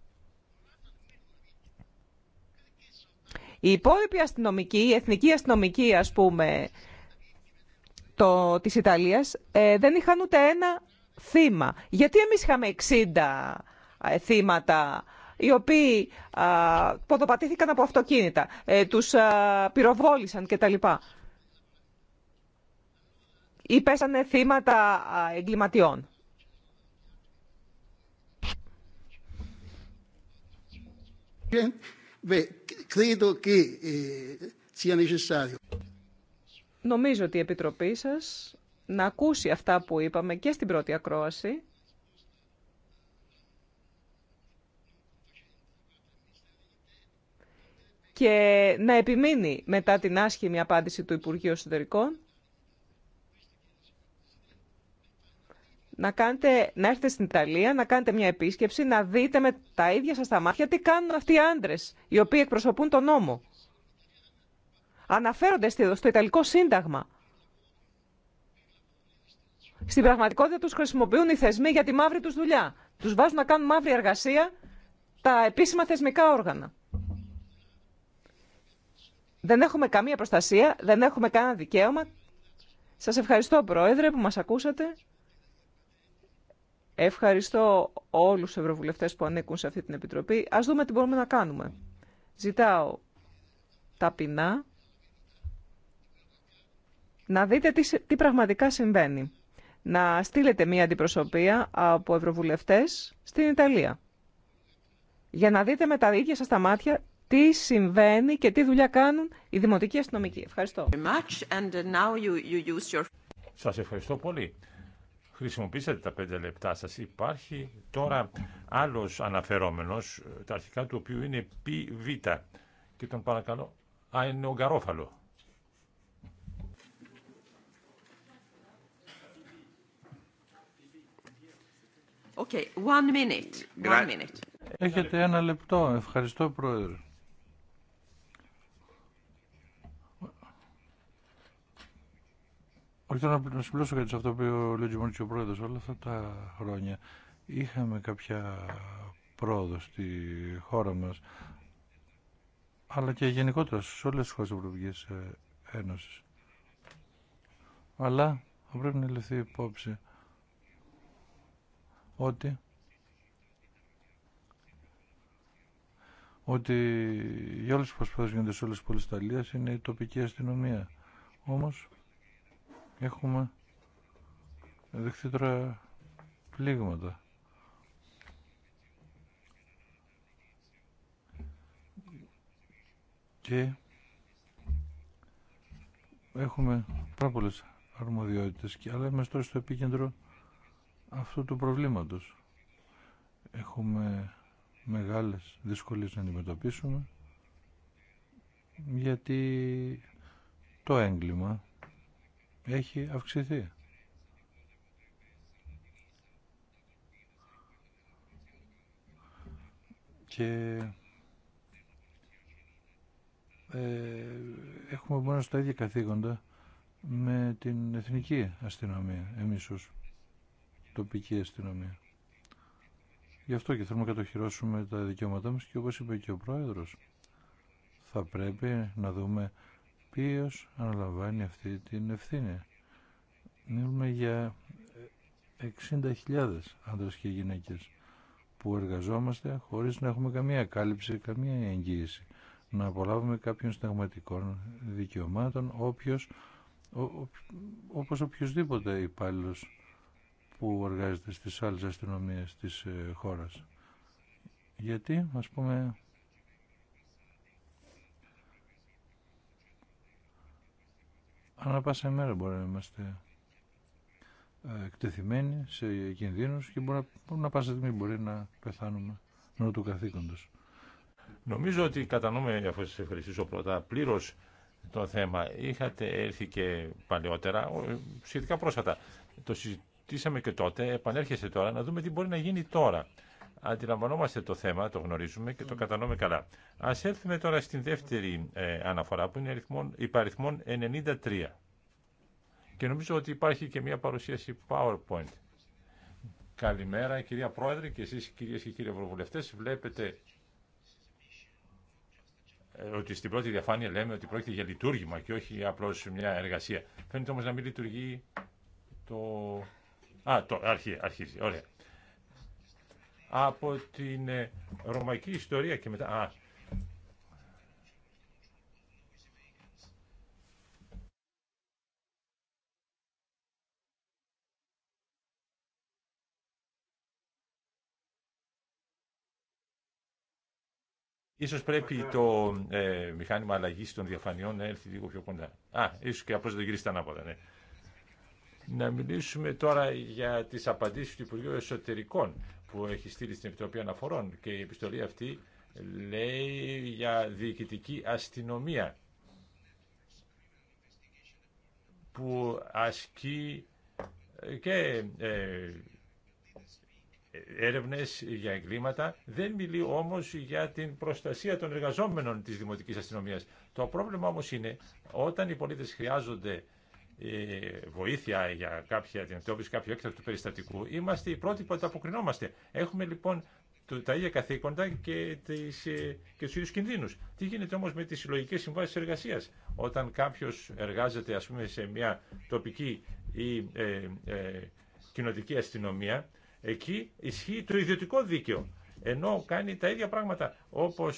Οι υπόλοιποι αστυνομικοί, η εθνική αστυνομικοί, ας πούμε, το, της Ιταλίας, ε, δεν είχαν ούτε ένα θύμα. Γιατί εμείς είχαμε 60 ε, θύματα οι οποίοι α, ποδοπατήθηκαν από αυτοκίνητα, ε, τους α, πυροβόλησαν κτλ. Ή πέσανε θύματα εγκληματιών. Ε, Νομίζω ότι η Επιτροπή σας να ακούσει αυτά που είπαμε και στην πρώτη ακρόαση και να επιμείνει μετά την άσχημη απάντηση του Υπουργείου Εσωτερικών να, κάνετε, να έρθετε στην Ιταλία, να κάνετε μια επίσκεψη, να δείτε με τα ίδια σας τα μάτια τι κάνουν αυτοί οι άντρες, οι οποίοι εκπροσωπούν τον νόμο. Αναφέρονται στο Ιταλικό Σύνταγμα. Στην πραγματικότητα τους χρησιμοποιούν οι θεσμοί για τη μαύρη τους δουλειά. Τους βάζουν να κάνουν μαύρη εργασία τα επίσημα θεσμικά όργανα. Δεν έχουμε καμία προστασία, δεν έχουμε κανένα δικαίωμα. Σας ευχαριστώ, Πρόεδρε, που μας ακούσατε. Ευχαριστώ όλους τους ευρωβουλευτές που ανήκουν σε αυτή την Επιτροπή. Ας δούμε τι μπορούμε να κάνουμε. Ζητάω ταπεινά να δείτε τι, τι πραγματικά συμβαίνει. Να στείλετε μία αντιπροσωπεία από ευρωβουλευτές στην Ιταλία. Για να δείτε με τα ίδια σας τα μάτια τι συμβαίνει και τι δουλειά κάνουν οι δημοτικοί αστυνομικοί. Ευχαριστώ. Σας ευχαριστώ πολύ. Χρησιμοποίησατε τα πέντε λεπτά σας. Υπάρχει τώρα άλλος αναφερόμενος, τα αρχικά του οποίου είναι πι Και τον παρακαλώ. Α, είναι ο Γκαρόφαλο. Okay, one minute. One minute. Έχετε ένα λεπτό. Ευχαριστώ, Πρόεδρε. Όχι τώρα να συμπλώσω κάτι σε αυτό που είπε ο ο Πρόεδρος όλα αυτά τα χρόνια. Είχαμε κάποια πρόοδο στη χώρα μα, αλλά και γενικότερα σε όλε τις χώρε τη Ευρωπαϊκή ε, Ένωση. Αλλά θα πρέπει να ληφθεί υπόψη ότι ότι για όλες τις προσπάθειες γίνονται σε όλες τις πόλεις Ιταλίας είναι η τοπική αστυνομία. Όμως έχουμε δεχθεί τώρα πλήγματα. Και έχουμε πάρα πολλέ αρμοδιότητες, αλλά είμαστε τώρα στο επίκεντρο αυτού του προβλήματος. Έχουμε μεγάλες δυσκολίες να αντιμετωπίσουμε, γιατί το έγκλημα έχει αυξηθεί. Και ε, έχουμε μόνο στα ίδια καθήκοντα με την εθνική αστυνομία, εμείς ως τοπική αστυνομία. Γι' αυτό και θέλουμε να κατοχυρώσουμε τα δικαιώματά μας και όπως είπε και ο Πρόεδρος, θα πρέπει να δούμε οποίος αναλαμβάνει αυτή την ευθύνη. Μιλούμε για 60.000 άντρες και γυναίκες που εργαζόμαστε χωρίς να έχουμε καμία κάλυψη, καμία εγγύηση να απολάβουμε κάποιων στεγματικών δικαιωμάτων όποιος, όπως οποιοδήποτε υπάλληλο που εργάζεται στις άλλες αστυνομίες της ε, χώρας. Γιατί, ας πούμε, Ανά πάσα ημέρα μπορεί να είμαστε ε, εκτεθειμένοι σε κινδύνους και μπορεί να, να πάσα στιγμή μπορεί να πεθάνουμε ενώ του καθήκοντος. Νομίζω ότι κατανοούμε, αφού σας ευχαριστήσω πρώτα, πλήρως το θέμα. Είχατε έρθει και παλαιότερα, σχετικά πρόσφατα. Το συζητήσαμε και τότε, επανέρχεσαι τώρα, να δούμε τι μπορεί να γίνει τώρα. Αντιλαμβανόμαστε το θέμα, το γνωρίζουμε και το mm. κατανοούμε καλά. Α έρθουμε τώρα στην δεύτερη ε, αναφορά που είναι υπαριθμών 93. Και νομίζω ότι υπάρχει και μια παρουσίαση PowerPoint. Καλημέρα κυρία Πρόεδρε και εσείς κυρίες και κύριοι Ευρωβουλευτές. Βλέπετε ε, ότι στην πρώτη διαφάνεια λέμε ότι πρόκειται για λειτουργήμα και όχι απλώς μια εργασία. Φαίνεται όμως να μην λειτουργεί το... Α, το αρχίζει, ωραία από την ε, ρωμαϊκή ιστορία και μετά... Α, Ίσως πρέπει το ε, μηχάνημα αλλαγής των διαφανειών να έρθει λίγο πιο κοντά. Α, ίσως και απλώς δεν το γυρίσει τα ανάποδα, ναι. Να μιλήσουμε τώρα για τις απαντήσεις του Υπουργείου Εσωτερικών που έχει στείλει στην Επιτροπή Αναφορών και η επιστολή αυτή λέει για διοικητική αστυνομία που ασκεί ε, και ε, έρευνες για εγκλήματα, δεν μιλεί όμως για την προστασία των εργαζόμενων της Δημοτικής Αστυνομίας. Το πρόβλημα όμως είναι όταν οι πολίτες χρειάζονται ε, βοήθεια για κάποια, την αντιμετώπιση κάποιου έκτακτου περιστατικού, είμαστε οι πρώτοι που ανταποκρινόμαστε. Έχουμε λοιπόν τα ίδια καθήκοντα και, τις, ε, και τους ίδιους κινδύνους. Τι γίνεται όμω με τι συλλογικέ συμβάσει εργασία. Όταν κάποιο εργάζεται ας πούμε σε μια τοπική ή ε, ε, κοινοτική αστυνομία, εκεί ισχύει το ιδιωτικό δίκαιο. Ενώ κάνει τα ίδια πράγματα όπω ε,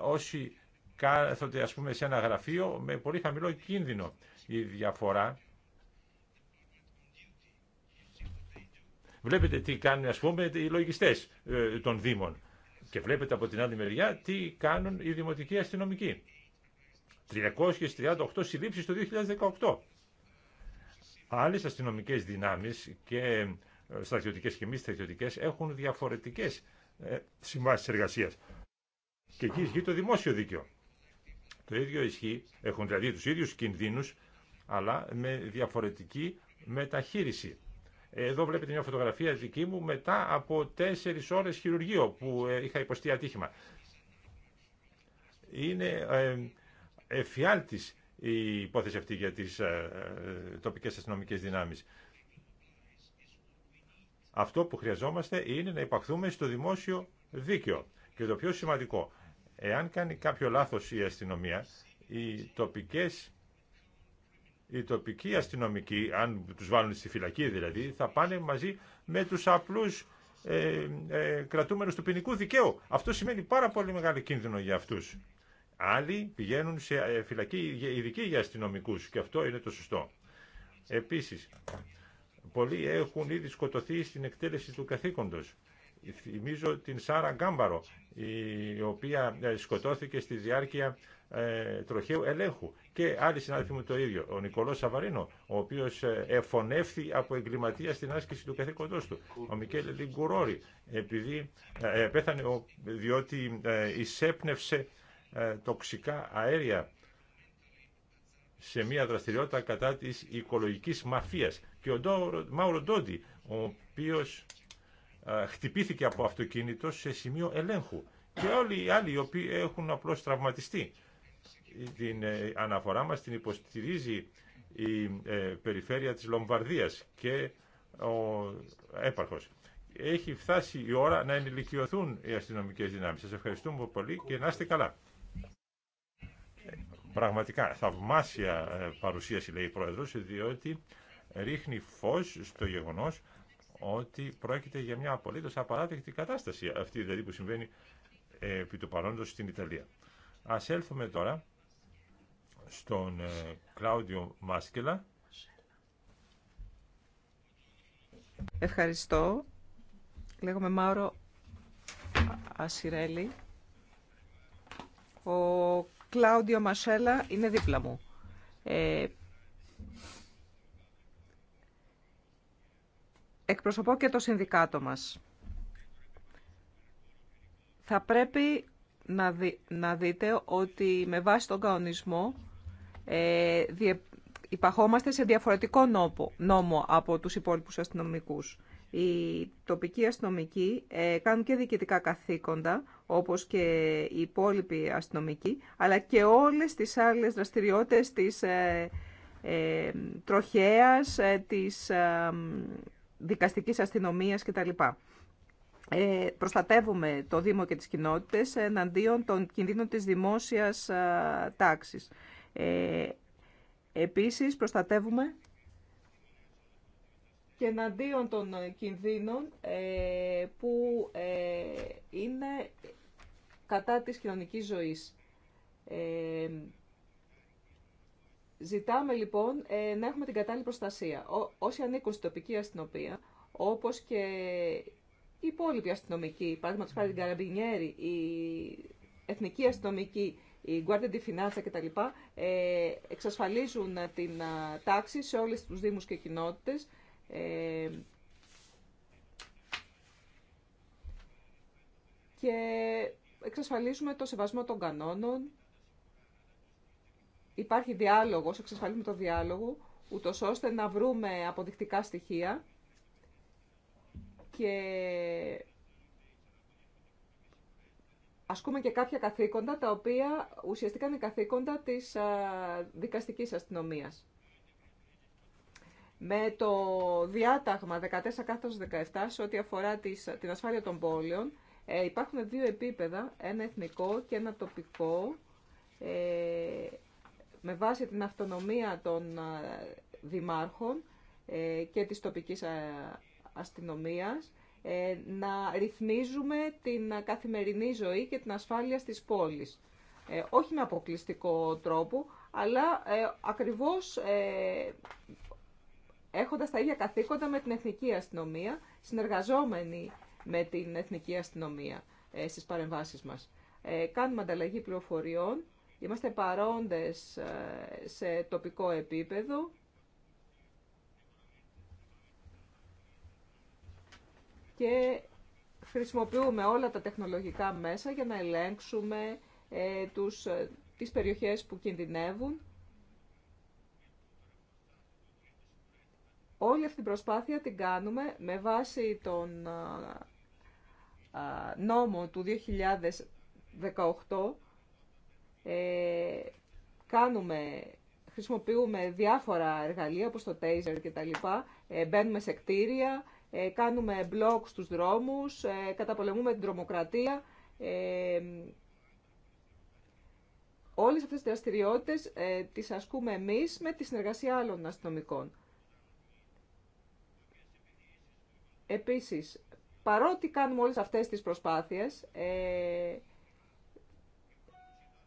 όσοι κάθονται ας πούμε σε ένα γραφείο με πολύ χαμηλό κίνδυνο η διαφορά. Βλέπετε τι κάνουν ας πούμε οι λογιστές ε, των Δήμων και βλέπετε από την άλλη μεριά τι κάνουν οι δημοτικοί αστυνομικοί. 338 συλλήψεις το 2018. Άλλες αστυνομικές δυνάμεις και ε, στρατιωτικές και μη στρατιωτικές έχουν διαφορετικές ε, συμβάσεις εργασίας. Και εκεί ισχύει το δημόσιο δίκαιο. Το ίδιο ισχύει, έχουν δηλαδή τους ίδιους κινδύνους αλλά με διαφορετική μεταχείριση. Εδώ βλέπετε μια φωτογραφία δική μου μετά από τέσσερις ώρες χειρουργείο που ε, είχα υποστεί ατύχημα. Είναι ε, εφιάλτης η υπόθεση αυτή για τις ε, τοπικές αστυνομικές δυνάμεις. Αυτό που χρειαζόμαστε είναι να υπαχθούμε στο δημόσιο δίκαιο. Και το πιο σημαντικό, εάν κάνει κάποιο λάθος η αστυνομία, οι τοπικές οι τοπικοί αστυνομικοί, αν τους βάλουν στη φυλακή δηλαδή, θα πάνε μαζί με τους απλούς ε, ε, κρατούμενους του ποινικού δικαίου. Αυτό σημαίνει πάρα πολύ μεγάλο κίνδυνο για αυτούς. Άλλοι πηγαίνουν σε ε, φυλακή ειδική για αστυνομικούς και αυτό είναι το σωστό. Επίσης, πολλοί έχουν ήδη σκοτωθεί στην εκτέλεση του καθήκοντος. Θυμίζω την Σάρα Γκάμπαρο, η οποία ε, σκοτώθηκε στη διάρκεια ε, τροχαίου ελέγχου. Και άλλοι συνάδελφοι μου το ίδιο. Ο Νικολό Σαβαρίνο, ο οποίο ε, εφωνεύθη από εγκληματία στην άσκηση του καθήκοντό του. Ο Μικέλ Λιγκουρόρη, επειδή ε, πέθανε ο, διότι ε, εισέπνευσε τοξικά αέρια σε μια δραστηριότητα κατά της οικολογική μαφίας. Και ο Μάουρο Ντόντι, ο οποίος χτυπήθηκε από αυτοκίνητο σε σημείο ελέγχου. Και όλοι οι άλλοι οι οποίοι έχουν απλώς τραυματιστεί την ε, αναφορά μας την υποστηρίζει η ε, περιφέρεια της Λομβαρδίας και ο έπαρχος. Έχει φτάσει η ώρα να ενηλικιωθούν οι αστυνομικές δυνάμεις. Σας ευχαριστούμε πολύ και να είστε καλά. Πραγματικά θαυμάσια ε, παρουσίαση λέει η Πρόεδρος διότι ρίχνει φως στο γεγονός ότι πρόκειται για μια απολύτως απαράδεκτη κατάσταση αυτή δηλαδή που συμβαίνει επί του παρόντος στην Ιταλία. Ας έλθουμε τώρα στον ε, Κλάουδιο Μάσκελα. Ευχαριστώ. Λέγομαι Μάουρο Ασιρέλη. Ο Κλάουδιο Μασέλα είναι δίπλα μου. Ε, εκπροσωπώ και το συνδικάτο μας. Θα πρέπει να, δείτε ότι με βάση τον καονισμό ε, υπαχόμαστε σε διαφορετικό νόμο από τους υπόλοιπους αστυνομικούς. Οι τοπικοί αστυνομικοί ε, κάνουν και διοικητικά καθήκοντα, όπως και οι υπόλοιποι αστυνομικοί, αλλά και όλες τις άλλες δραστηριότητες της ε, ε, τροχέας, ε, της ε, δικαστικής αστυνομίας κτλ. Ε, προστατεύουμε το Δήμο και τις κοινότητες εναντίον των κινδύνων της δημόσιας ε, τάξης. Ε, επίσης προστατεύουμε και εναντίον των κινδύνων ε, που ε, είναι κατά της κοινωνικής ζωής. Ε, ζητάμε λοιπόν ε, να έχουμε την κατάλληλη προστασία. Ό, όσοι ανήκουν στην τοπική αστυνομία, όπως και η υπόλοιποι αστυνομικοί, παράδειγμα τους χάρη την Καραμπινιέρη, η εθνική αστυνομική η Guardia και Finanza κτλ. Ε, εξασφαλίζουν ε, την ε, τάξη σε όλες τους δήμους και κοινότητες. και εξασφαλίζουμε το σεβασμό των κανόνων. Υπάρχει διάλογος, εξασφαλίζουμε το διάλογο, ούτω ώστε να βρούμε αποδεικτικά στοιχεία και ασκούμε και κάποια καθήκοντα, τα οποία ουσιαστικά είναι καθήκοντα της δικαστικής αστυνομίας. Με το διάταγμα 14 17 σε ό,τι αφορά τις, την ασφάλεια των πόλεων, ε, υπάρχουν δύο επίπεδα, ένα εθνικό και ένα τοπικό, ε, με βάση την αυτονομία των δημάρχων ε, και της τοπικής αστυνομίας ε, να ρυθμίζουμε την καθημερινή ζωή και την ασφάλεια στις πόλεις. Ε, όχι με αποκλειστικό τρόπο, αλλά ε, ακριβώς έχοντας τα ίδια καθήκοντα με την Εθνική Αστυνομία, συνεργαζόμενοι με την Εθνική Αστυνομία ε, στις παρεμβάσεις μας. Ε, κάνουμε ανταλλαγή πληροφοριών, είμαστε παρόντες σε τοπικό επίπεδο, και χρησιμοποιούμε όλα τα τεχνολογικά μέσα για να ελέγξουμε ε, τους, ε, τις περιοχές που κινδυνεύουν. Όλη αυτή την προσπάθεια την κάνουμε με βάση τον ε, ε, νόμο του 2018. κάνουμε, χρησιμοποιούμε διάφορα εργαλεία όπως το Taser και τα λοιπά, ε, μπαίνουμε σε κτίρια, ε, κάνουμε μπλοκ στους δρόμους, ε, καταπολεμούμε την τρομοκρατία. Ε, όλες αυτές τις δραστηριότητες τις ασκούμε εμείς με τη συνεργασία άλλων αστυνομικών. Επίσης, παρότι κάνουμε όλες αυτές τις προσπάθειες,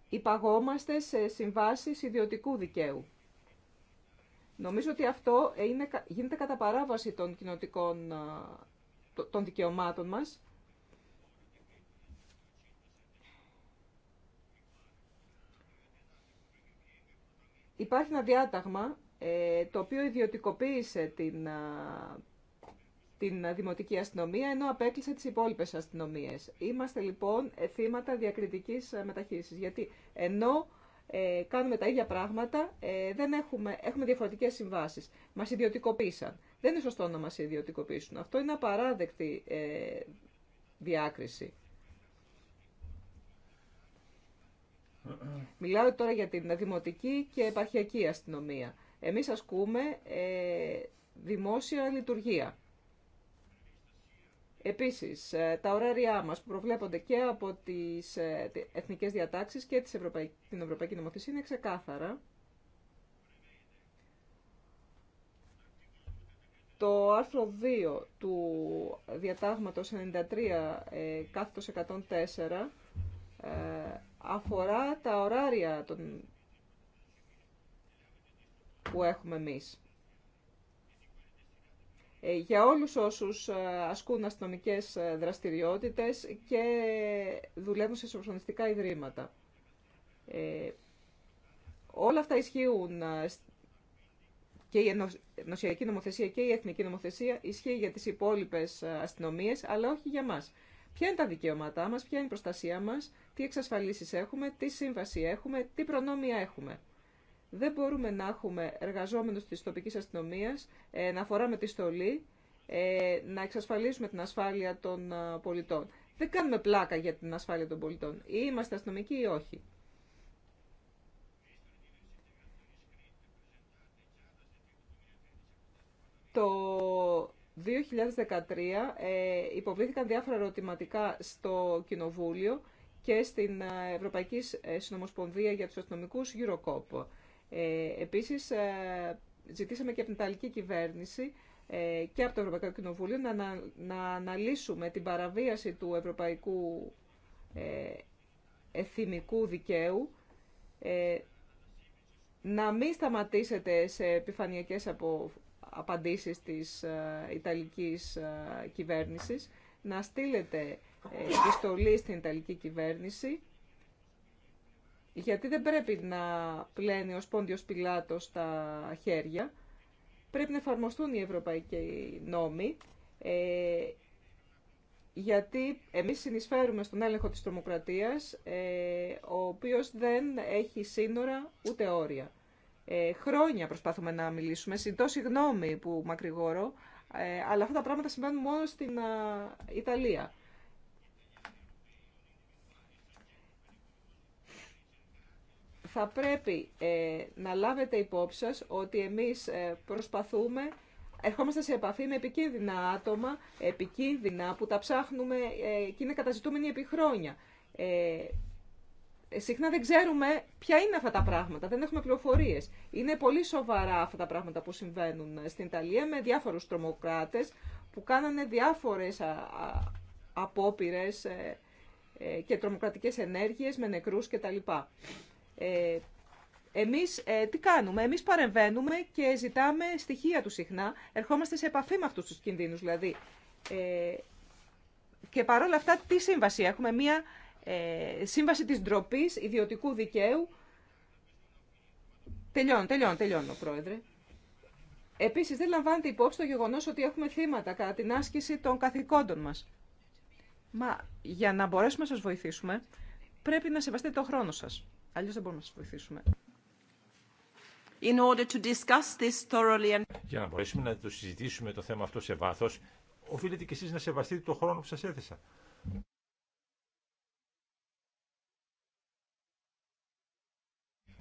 υπαγόμαστε σε συμβάσεις ιδιωτικού δικαίου. Νομίζω ότι αυτό είναι, γίνεται κατά παράβαση των κοινοτικών των δικαιωμάτων μας. Υπάρχει ένα διάταγμα ε, το οποίο ιδιωτικοποίησε την, την δημοτική αστυνομία, ενώ απέκλεισε τις υπόλοιπες αστυνομίες. Είμαστε λοιπόν θύματα διακριτικής ε, μεταχείρισης, γιατί ενώ ε, κάνουμε τα ίδια πράγματα, ε, δεν έχουμε, έχουμε διαφορετικές συμβάσεις. Μας ιδιωτικοποίησαν. Δεν είναι σωστό να μας ιδιωτικοποιήσουν. Αυτό είναι απαράδεκτη ε, διάκριση. Μιλάω τώρα για την δημοτική και επαρχιακή αστυνομία. Εμείς ασκούμε ε, δημόσια λειτουργία. Επίσης, ε, τα ωράριά μας που προβλέπονται και από τις ε, εθνικές διατάξεις και την Ευρωπαϊκή Νομοθεσία είναι ξεκάθαρα. Το άρθρο 2 του διατάγματος 93 ε, κάθετος 104 αφορά τα ωράρια των... που έχουμε εμείς. Ε, για όλους όσους ε, ασκούν αστυνομικές ε, δραστηριότητες και δουλεύουν σε σωσονιστικά ιδρύματα. όλα αυτά ισχύουν και η ενωσιακή νομοθεσία και η εθνική νομοθεσία ισχύει για τις υπόλοιπες αστυνομίες, αλλά όχι για μας. Ποια είναι τα δικαιώματά μας, ποια είναι η προστασία μας, τι εξασφαλίσεις έχουμε, τι σύμβαση έχουμε, τι προνόμια έχουμε. Δεν μπορούμε να έχουμε εργαζόμενους της τοπικής αστυνομίας, ε, να φοράμε τη στολή, ε, να εξασφαλίσουμε την ασφάλεια των ε, πολιτών. Δεν κάνουμε πλάκα για την ασφάλεια των πολιτών. Ή είμαστε αστυνομικοί ή όχι. Το 2013 υποβλήθηκαν διάφορα ερωτηματικά στο Κοινοβούλιο και στην Ευρωπαϊκή Συνομοσπονδία για τους Αστυνομικούς Eurocop. Ε, επίσης, ε, ζητήσαμε και από την Ιταλική κυβέρνηση ε, και από το Ευρωπαϊκό Κοινοβούλιο να, να, αναλύσουμε την παραβίαση του ευρωπαϊκού ε, εθιμικού δικαίου να μην σταματήσετε σε επιφανειακές απο, απαντήσεις της ε, Ιταλικής κυβέρνησης, να στείλετε επιστολή στην Ιταλική κυβέρνηση γιατί δεν πρέπει να πλένει ο σπόντιος Πιλάτος τα χέρια. Πρέπει να εφαρμοστούν οι ευρωπαϊκοί νόμοι, ε, γιατί εμείς συνεισφέρουμε στον έλεγχο της τρομοκρατίας, ε, ο οποίος δεν έχει σύνορα ούτε όρια. Ε, χρόνια προσπάθουμε να μιλήσουμε, συντό συγγνώμη που μακρηγόρω, ε, αλλά αυτά τα πράγματα συμβαίνουν μόνο στην Ιταλία. θα πρέπει ε, να λάβετε υπόψη σας ότι εμείς ε, προσπαθούμε, ερχόμαστε σε επαφή με επικίνδυνα άτομα, επικίνδυνα που τα ψάχνουμε ε, και είναι καταζητούμενοι επί χρόνια. συχνά δεν ξέρουμε ποια είναι αυτά τα πράγματα, δεν έχουμε πληροφορίες. Είναι πολύ σοβαρά αυτά τα πράγματα που συμβαίνουν στην Ιταλία με διάφορους τρομοκράτες που κάνανε διάφορες απόπειρες και τρομοκρατικές ενέργειες με νεκρούς κτλ. Ε, εμείς ε, τι κάνουμε, εμείς παρεμβαίνουμε και ζητάμε στοιχεία του συχνά, ερχόμαστε σε επαφή με αυτούς τους κινδύνους δηλαδή. Ε, και παρόλα αυτά τι σύμβαση έχουμε, μία ε, σύμβαση της ντροπή, ιδιωτικού δικαίου. Τελειώνω, τελειώνω, τελειώνω πρόεδρε. Επίσης δεν λαμβάνεται υπόψη το γεγονός ότι έχουμε θύματα κατά την άσκηση των καθηκόντων μας. Μα για να μπορέσουμε να σας βοηθήσουμε πρέπει να σεβαστείτε το χρόνο σας. Αλλιώς δεν μπορούμε να σας βοηθήσουμε. In order to discuss this thoroughly and... Για να μπορέσουμε να το συζητήσουμε το θέμα αυτό σε βάθος, οφείλετε και εσείς να σεβαστείτε το χρόνο που σας έθεσα.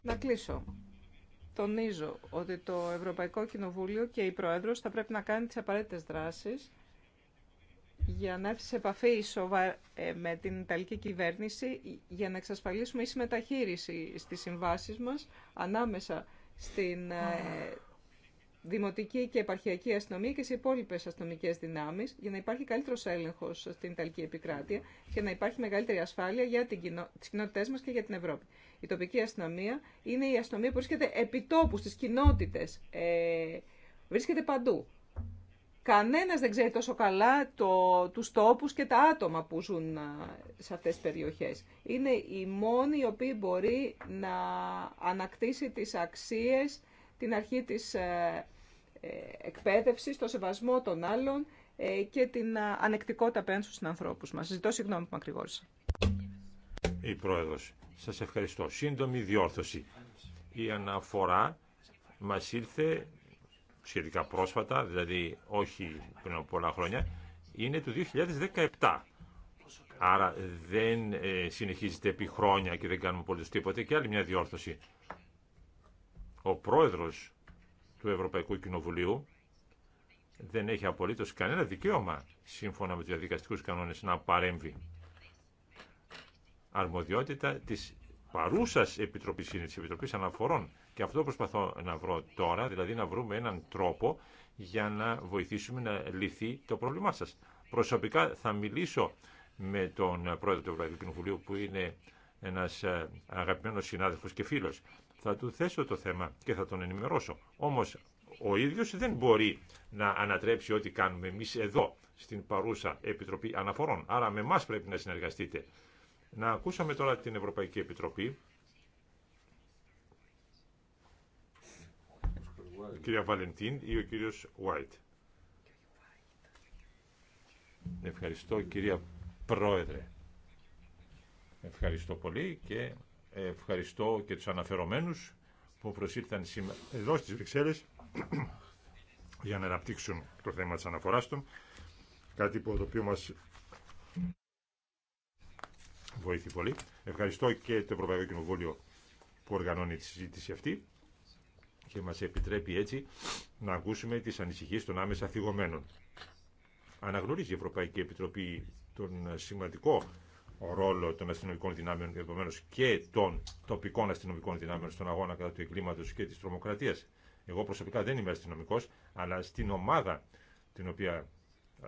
Να κλείσω. Τονίζω ότι το Ευρωπαϊκό Κοινοβούλιο και η Πρόεδρος θα πρέπει να κάνει τις απαραίτητες δράσεις για να έρθει σε επαφή ε, με την Ιταλική κυβέρνηση για να εξασφαλίσουμε η μεταχείριση στις συμβάσεις μας ανάμεσα στην ε, δημοτική και επαρχιακή αστυνομία και σε υπόλοιπε αστυνομικέ δυνάμει, για να υπάρχει καλύτερο έλεγχο στην Ιταλική επικράτεια και να υπάρχει μεγαλύτερη ασφάλεια για κοινο... τι κοινότητέ μα και για την Ευρώπη. Η τοπική αστυνομία είναι η αστυνομία που βρίσκεται επιτόπου στι κοινότητε. Ε... Βρίσκεται παντού. Κανένας δεν ξέρει τόσο καλά το, τους τόπους και τα άτομα που ζουν σε αυτές τις περιοχές. Είναι η μόνη η οποία μπορεί να ανακτήσει τις αξίες, την αρχή της ε, ε, εκπαίδευσης, το σεβασμό των άλλων ε, και την ανεκτικότητα απέναντι στου ανθρώπου μα. Ζητώ συγγνώμη που Η Πρόεδρος, σας ευχαριστώ. Σύντομη διόρθωση. Η αναφορά μας ήρθε σχετικά πρόσφατα, δηλαδή όχι πριν από πολλά χρόνια, είναι του 2017. Άρα δεν ε, συνεχίζεται επί χρόνια και δεν κάνουμε πολύ τίποτα και άλλη μια διόρθωση. Ο πρόεδρος του Ευρωπαϊκού Κοινοβουλίου δεν έχει απολύτως κανένα δικαίωμα σύμφωνα με τους διαδικαστικούς κανόνες να παρέμβει. Αρμοδιότητα της Παρούσα επιτροπή είναι Αναφορών. Και αυτό προσπαθώ να βρω τώρα, δηλαδή να βρούμε έναν τρόπο για να βοηθήσουμε να λυθεί το πρόβλημά σα. Προσωπικά θα μιλήσω με τον πρόεδρο του Ευρωπαϊκού Κοινοβουλίου που είναι ένας ε, αγαπημένο συνάδελφος και φίλος. Θα του θέσω το θέμα και θα τον ενημερώσω. Όμως ο ίδιο δεν μπορεί να ανατρέψει ό,τι κάνουμε εμεί εδώ στην παρούσα Επιτροπή Αναφορών. Άρα με εμά πρέπει να συνεργαστείτε. Να ακούσαμε τώρα την Ευρωπαϊκή Επιτροπή. Η κυρία Βαλεντίν ή ο κύριος Βάιτ. Ευχαριστώ κυρία Πρόεδρε. Ευχαριστώ πολύ και ευχαριστώ και τους αναφερομένους που προσήλθαν σήμερα εδώ στις Βρυξέλλες για να αναπτύξουν το θέμα της αναφοράς των, κάτι που το οποίο μας βοήθη πολύ. Ευχαριστώ και το Ευρωπαϊκό Κοινοβούλιο που οργανώνει τη συζήτηση αυτή και μας επιτρέπει έτσι να ακούσουμε τις ανησυχίες των άμεσα θυγωμένων. Αναγνωρίζει η Ευρωπαϊκή Επιτροπή τον σημαντικό ρόλο των αστυνομικών δυνάμεων και των τοπικών αστυνομικών δυνάμεων στον αγώνα κατά του εγκλήματος και της τρομοκρατίας. Εγώ προσωπικά δεν είμαι αστυνομικός, αλλά στην ομάδα την οποία,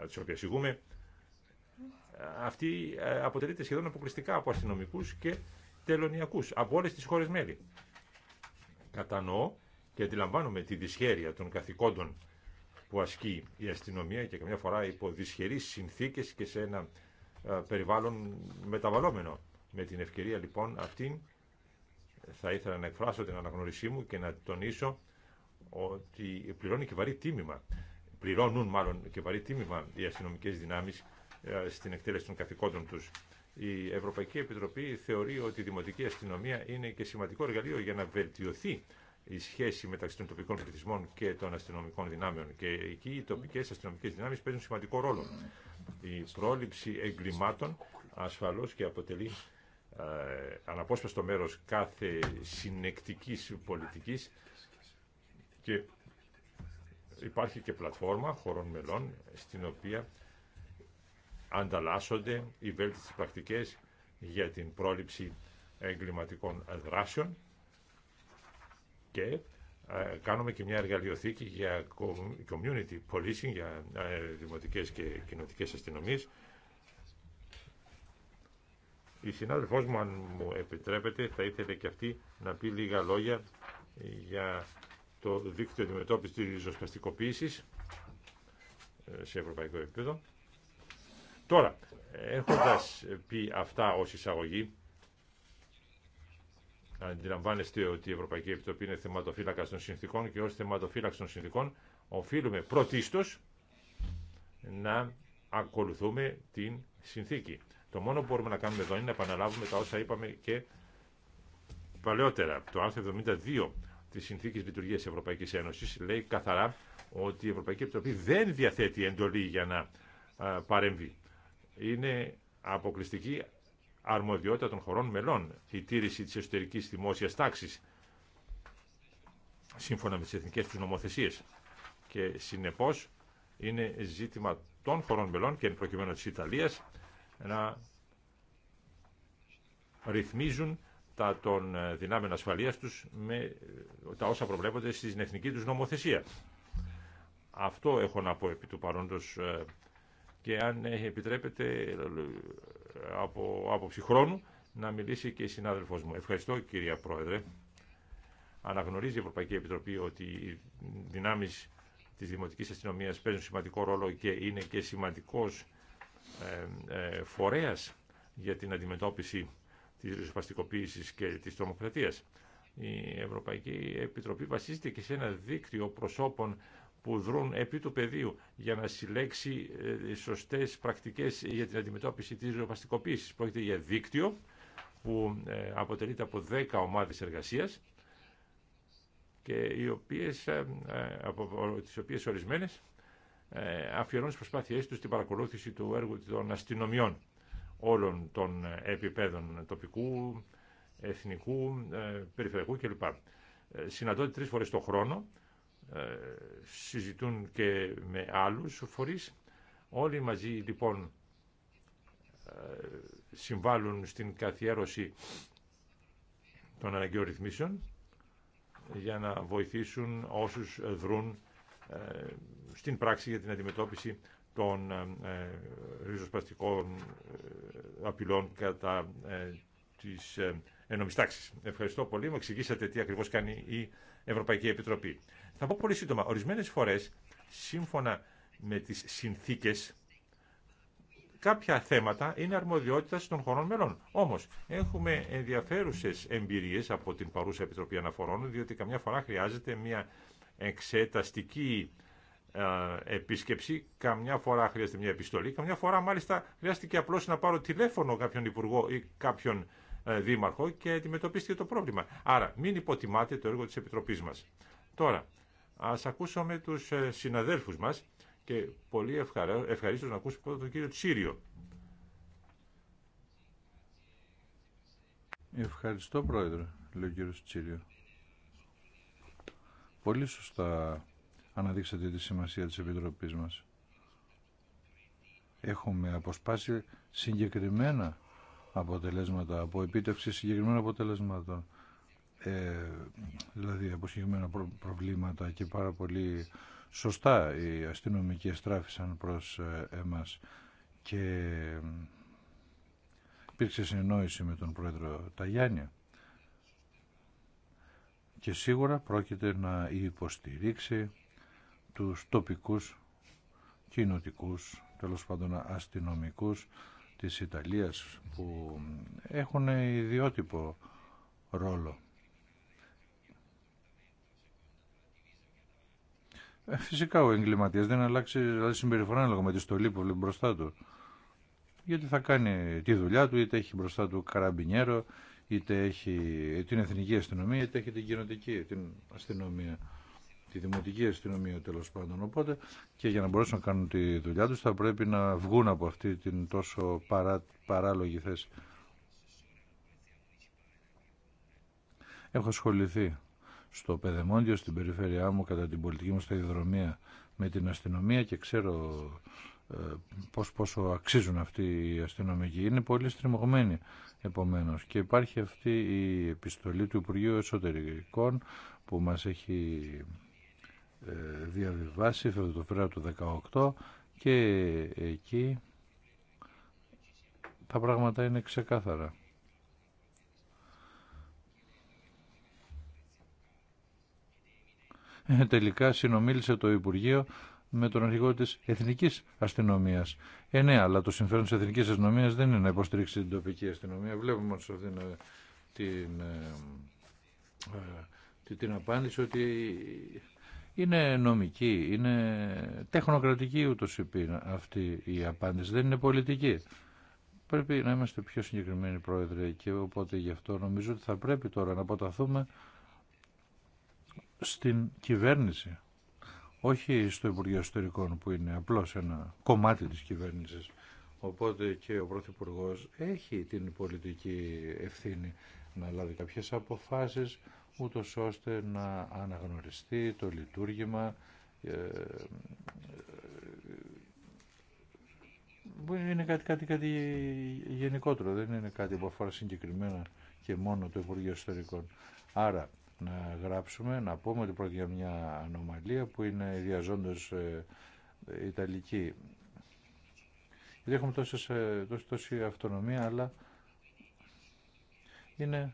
της οποίας ηγούμε αυτή ε, αποτελείται σχεδόν αποκλειστικά από αστυνομικού και τελωνιακού, από όλε τι χώρε μέλη. Κατανοώ και αντιλαμβάνομαι τη δυσχέρεια των καθηκόντων που ασκεί η αστυνομία και καμιά φορά υπό δυσχερεί συνθήκε και σε ένα ε, περιβάλλον μεταβαλλόμενο. Με την ευκαιρία λοιπόν αυτή θα ήθελα να εκφράσω την αναγνωρισή μου και να τονίσω ότι πληρώνει και βαρύ τίμημα. Πληρώνουν μάλλον και βαρύ τίμημα οι αστυνομικέ δυνάμει. Ε, στην εκτέλεση των καθηκόντων τους. Η Ευρωπαϊκή Επιτροπή θεωρεί ότι η Δημοτική Αστυνομία είναι και σημαντικό εργαλείο για να βελτιωθεί η σχέση μεταξύ των τοπικών πληθυσμών και των αστυνομικών δυνάμεων. Και εκεί οι τοπικέ αστυνομικέ δυνάμει παίζουν σημαντικό ρόλο. Η πρόληψη εγκλημάτων ασφαλώ και αποτελεί ε, αναπόσπαστο μέρο κάθε συνεκτική πολιτική και υπάρχει και πλατφόρμα χωρών μελών στην οποία ανταλλάσσονται οι βέλτιστες πρακτικές για την πρόληψη εγκληματικών δράσεων και ε, κάνουμε και μια εργαλειοθήκη για community policing, για ε, δημοτικές και κοινοτικές αστυνομίες. Η συνάδελφός μου, αν μου επιτρέπετε, θα ήθελε και αυτή να πει λίγα λόγια για το δίκτυο αντιμετώπιση της ριζοσπαστικοποίησης ε, σε ευρωπαϊκό επίπεδο. Τώρα, έχοντας πει αυτά ως εισαγωγή, αντιλαμβάνεστε ότι η Ευρωπαϊκή Επιτροπή είναι θεματοφύλακα των συνθήκων και ως θεματοφύλακα των συνθήκων οφείλουμε πρωτίστως να ακολουθούμε την συνθήκη. Το μόνο που μπορούμε να κάνουμε εδώ είναι να επαναλάβουμε τα όσα είπαμε και παλαιότερα. Το άρθρο 72 τη Συνθήκη Λειτουργία Ευρωπαϊκή Ένωση λέει καθαρά ότι η Ευρωπαϊκή Επιτροπή δεν διαθέτει εντολή για να παρέμβει είναι αποκλειστική αρμοδιότητα των χωρών μελών η τήρηση της εσωτερικής δημόσιας τάξης σύμφωνα με τις εθνικές τους νομοθεσίες και συνεπώς είναι ζήτημα των χωρών μελών και εν προκειμένου της Ιταλίας να ρυθμίζουν τα των δυνάμεων ασφαλείας τους με τα όσα προβλέπονται στην εθνική τους νομοθεσία. Αυτό έχω να πω επί του παρόντος ε, και αν ε, επιτρέπετε από άποψη να μιλήσει και η συνάδελφός μου. Ευχαριστώ κυρία Πρόεδρε. Αναγνωρίζει η Ευρωπαϊκή Επιτροπή ότι οι δυνάμεις της Δημοτικής Αστυνομίας παίζουν σημαντικό ρόλο και είναι και σημαντικός ε, ε, φορέας για την αντιμετώπιση της ριζοσπαστικοποίησης και της τρομοκρατίας. Η Ευρωπαϊκή Επιτροπή βασίζεται και σε ένα δίκτυο προσώπων που δρούν επί του πεδίου για να συλλέξει ε, σωστές πρακτικές για την αντιμετώπιση της ριοπαστικοποίησης. Πρόκειται για δίκτυο που ε, αποτελείται από 10 ομάδες εργασίας και οι οποίες, ε, από τις οποίες ορισμένες αφιερώνουν τις προσπάθειές τους στην παρακολούθηση του έργου των αστυνομιών όλων των επιπέδων τοπικού, εθνικού, περιφερειακού κλπ. Συναντώνται τρεις φορές το χρόνο ε, συζητούν και με άλλους φορείς. Όλοι μαζί λοιπόν ε, συμβάλλουν στην καθιέρωση των αναγκαίων ρυθμίσεων για να βοηθήσουν όσους δρούν ε, στην πράξη για την αντιμετώπιση των ριζοσπαστικών απειλών κατά της ενωμιστάξεις. Ευχαριστώ πολύ. Μου εξηγήσατε τι ακριβώς κάνει η Ευρωπαϊκή Επιτροπή. Θα πω πολύ σύντομα. Ορισμένες φορές, σύμφωνα με τις συνθήκες, κάποια θέματα είναι αρμοδιότητα των χωρών μελών. Όμω, έχουμε ενδιαφέρουσε εμπειρίε από την παρούσα Επιτροπή Αναφορών, διότι καμιά φορά χρειάζεται μια εξεταστική επίσκεψη, καμιά φορά χρειάζεται μια επιστολή, καμιά φορά μάλιστα χρειάστηκε απλώ να πάρω τηλέφωνο κάποιον υπουργό ή κάποιον δήμαρχο και αντιμετωπίστηκε το πρόβλημα. Άρα, μην υποτιμάτε το έργο τη Επιτροπή μα. Τώρα, Ας ακούσουμε τους ε, συναδέλφους μας και πολύ ευχαριστώ να ακούσουμε πρώτα τον κύριο Τσίριο. Ευχαριστώ πρόεδρε, λέει ο κύριος Τσίριο. Πολύ σωστά αναδείξατε τη σημασία της Επιτροπής μας. Έχουμε αποσπάσει συγκεκριμένα αποτελέσματα, από επίτευξη συγκεκριμένων αποτελεσμάτων ε, δηλαδή από συγκεκριμένα προβλήματα και πάρα πολύ σωστά οι αστυνομικοί εστράφησαν προς ε, εμάς και υπήρξε συνεννόηση με τον πρόεδρο Ταγιάννη και σίγουρα πρόκειται να υποστηρίξει τους τοπικούς κοινοτικούς τέλος πάντων αστυνομικούς της Ιταλίας που έχουν ιδιότυπο ρόλο Ε, φυσικά ο εγκληματίας δεν αλλάξει δηλαδή συμπεριφορά ανάλογα με τη στολή που βλέπει μπροστά του. Γιατί θα κάνει τη δουλειά του, είτε έχει μπροστά του καραμπινιέρο, είτε έχει την εθνική αστυνομία, είτε έχει την κοινοτική την αστυνομία, τη δημοτική αστυνομία τέλο πάντων. Οπότε και για να μπορέσουν να κάνουν τη δουλειά τους θα πρέπει να βγουν από αυτή την τόσο παρά, παράλογη θέση. Έχω ασχοληθεί στο Πεδεμόντιο, στην περιφέρειά μου, κατά την πολιτική μου σταδιοδρομία με την αστυνομία και ξέρω ε, πώς, πόσο αξίζουν αυτοί οι αστυνομικοί. Είναι πολύ στριμωγμένοι επομένως και υπάρχει αυτή η επιστολή του Υπουργείου Εσωτερικών που μας έχει ε, διαβιβάσει φεβδοφέρα του 18 και εκεί τα πράγματα είναι ξεκάθαρα. τελικά συνομίλησε το Υπουργείο με τον αρχηγό τη Εθνική Αστυνομία. Ε, ναι, αλλά το συμφέρον τη Εθνική Αστυνομία δεν είναι να υποστηρίξει την τοπική αστυνομία. Βλέπουμε ε, την, ε, ε, την, απάντηση ότι είναι νομική, είναι τεχνοκρατική ούτω ή αυτή η απάντηση, δεν είναι πολιτική. Πρέπει να είμαστε πιο συγκεκριμένοι, Πρόεδρε, και οπότε γι' αυτό νομίζω ότι θα πρέπει τώρα να αποταθούμε στην κυβέρνηση, όχι στο Υπουργείο Ιστορικών που είναι απλώς ένα κομμάτι της κυβέρνησης. Οπότε και ο Πρωθυπουργό έχει την πολιτική ευθύνη να λάβει κάποιες αποφάσεις ούτω ώστε να αναγνωριστεί το λειτουργήμα ε, ε, που είναι κάτι, κάτι, κάτι γενικότερο, δεν είναι κάτι που αφορά συγκεκριμένα και μόνο το Υπουργείο Ιστορικών. Άρα να γράψουμε, να πούμε ότι πρόκειται για μια ανομαλία που είναι διαζώντως ε, Ιταλική. Γιατί έχουμε ε, τόση, αυτονομία, αλλά είναι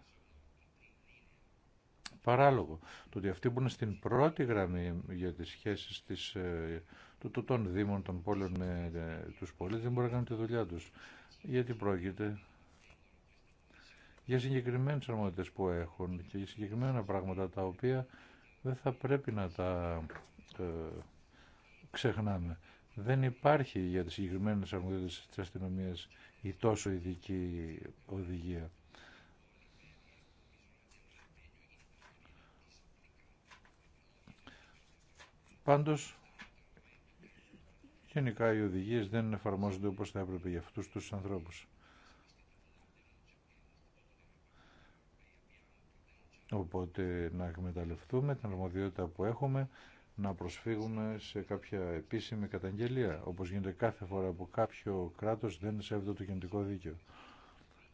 παράλογο το ότι αυτοί που είναι στην πρώτη γραμμή για τις σχέσεις της, ε, του, των δήμων, των πόλεων με ε, τους πόλεις δεν μπορούν να κάνουν τη δουλειά τους. Γιατί πρόκειται για συγκεκριμένες αρμοδιότητες που έχουν και για συγκεκριμένα πράγματα τα οποία δεν θα πρέπει να τα ε, ξεχνάμε. Δεν υπάρχει για τις συγκεκριμένε αρμοδιότητες της αστυνομία η τόσο ειδική οδηγία. Πάντως, γενικά οι οδηγίες δεν εφαρμόζονται όπως θα έπρεπε για αυτούς τους ανθρώπους. Οπότε να εκμεταλλευτούμε την αρμοδιότητα που έχουμε να προσφύγουμε σε κάποια επίσημη καταγγελία, όπως γίνεται κάθε φορά που κάποιο κράτος δεν σέβεται το κοινωνικό δίκαιο.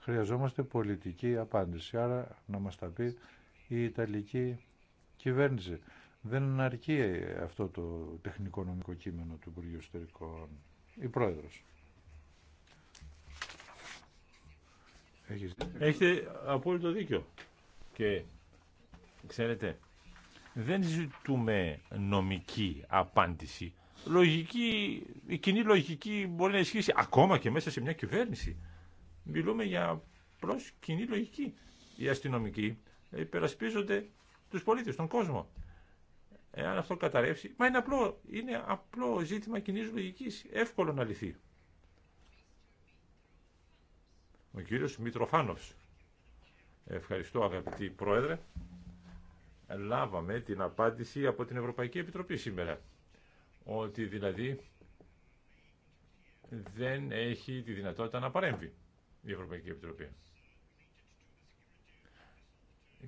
Χρειαζόμαστε πολιτική απάντηση, άρα να μας τα πει η Ιταλική κυβέρνηση. Δεν αρκεί αυτό το τεχνικό νομικό κείμενο του Υπουργείου Ιστορικών. Η Πρόεδρος. Έχετε απόλυτο δίκιο. Και Ξέρετε, δεν ζητούμε νομική απάντηση. Λογική, η κοινή λογική μπορεί να ισχύσει ακόμα και μέσα σε μια κυβέρνηση. Μιλούμε για προς κοινή λογική. Οι αστυνομικοί υπερασπίζονται τους πολίτες, τον κόσμο. Εάν αυτό καταρρεύσει, μα είναι απλό, είναι απλό ζήτημα κοινή λογική, εύκολο να λυθεί. Ο κύριος Μητροφάνος. Ευχαριστώ αγαπητή Πρόεδρε λάβαμε την απάντηση από την Ευρωπαϊκή Επιτροπή σήμερα. Ότι δηλαδή δεν έχει τη δυνατότητα να παρέμβει η Ευρωπαϊκή Επιτροπή.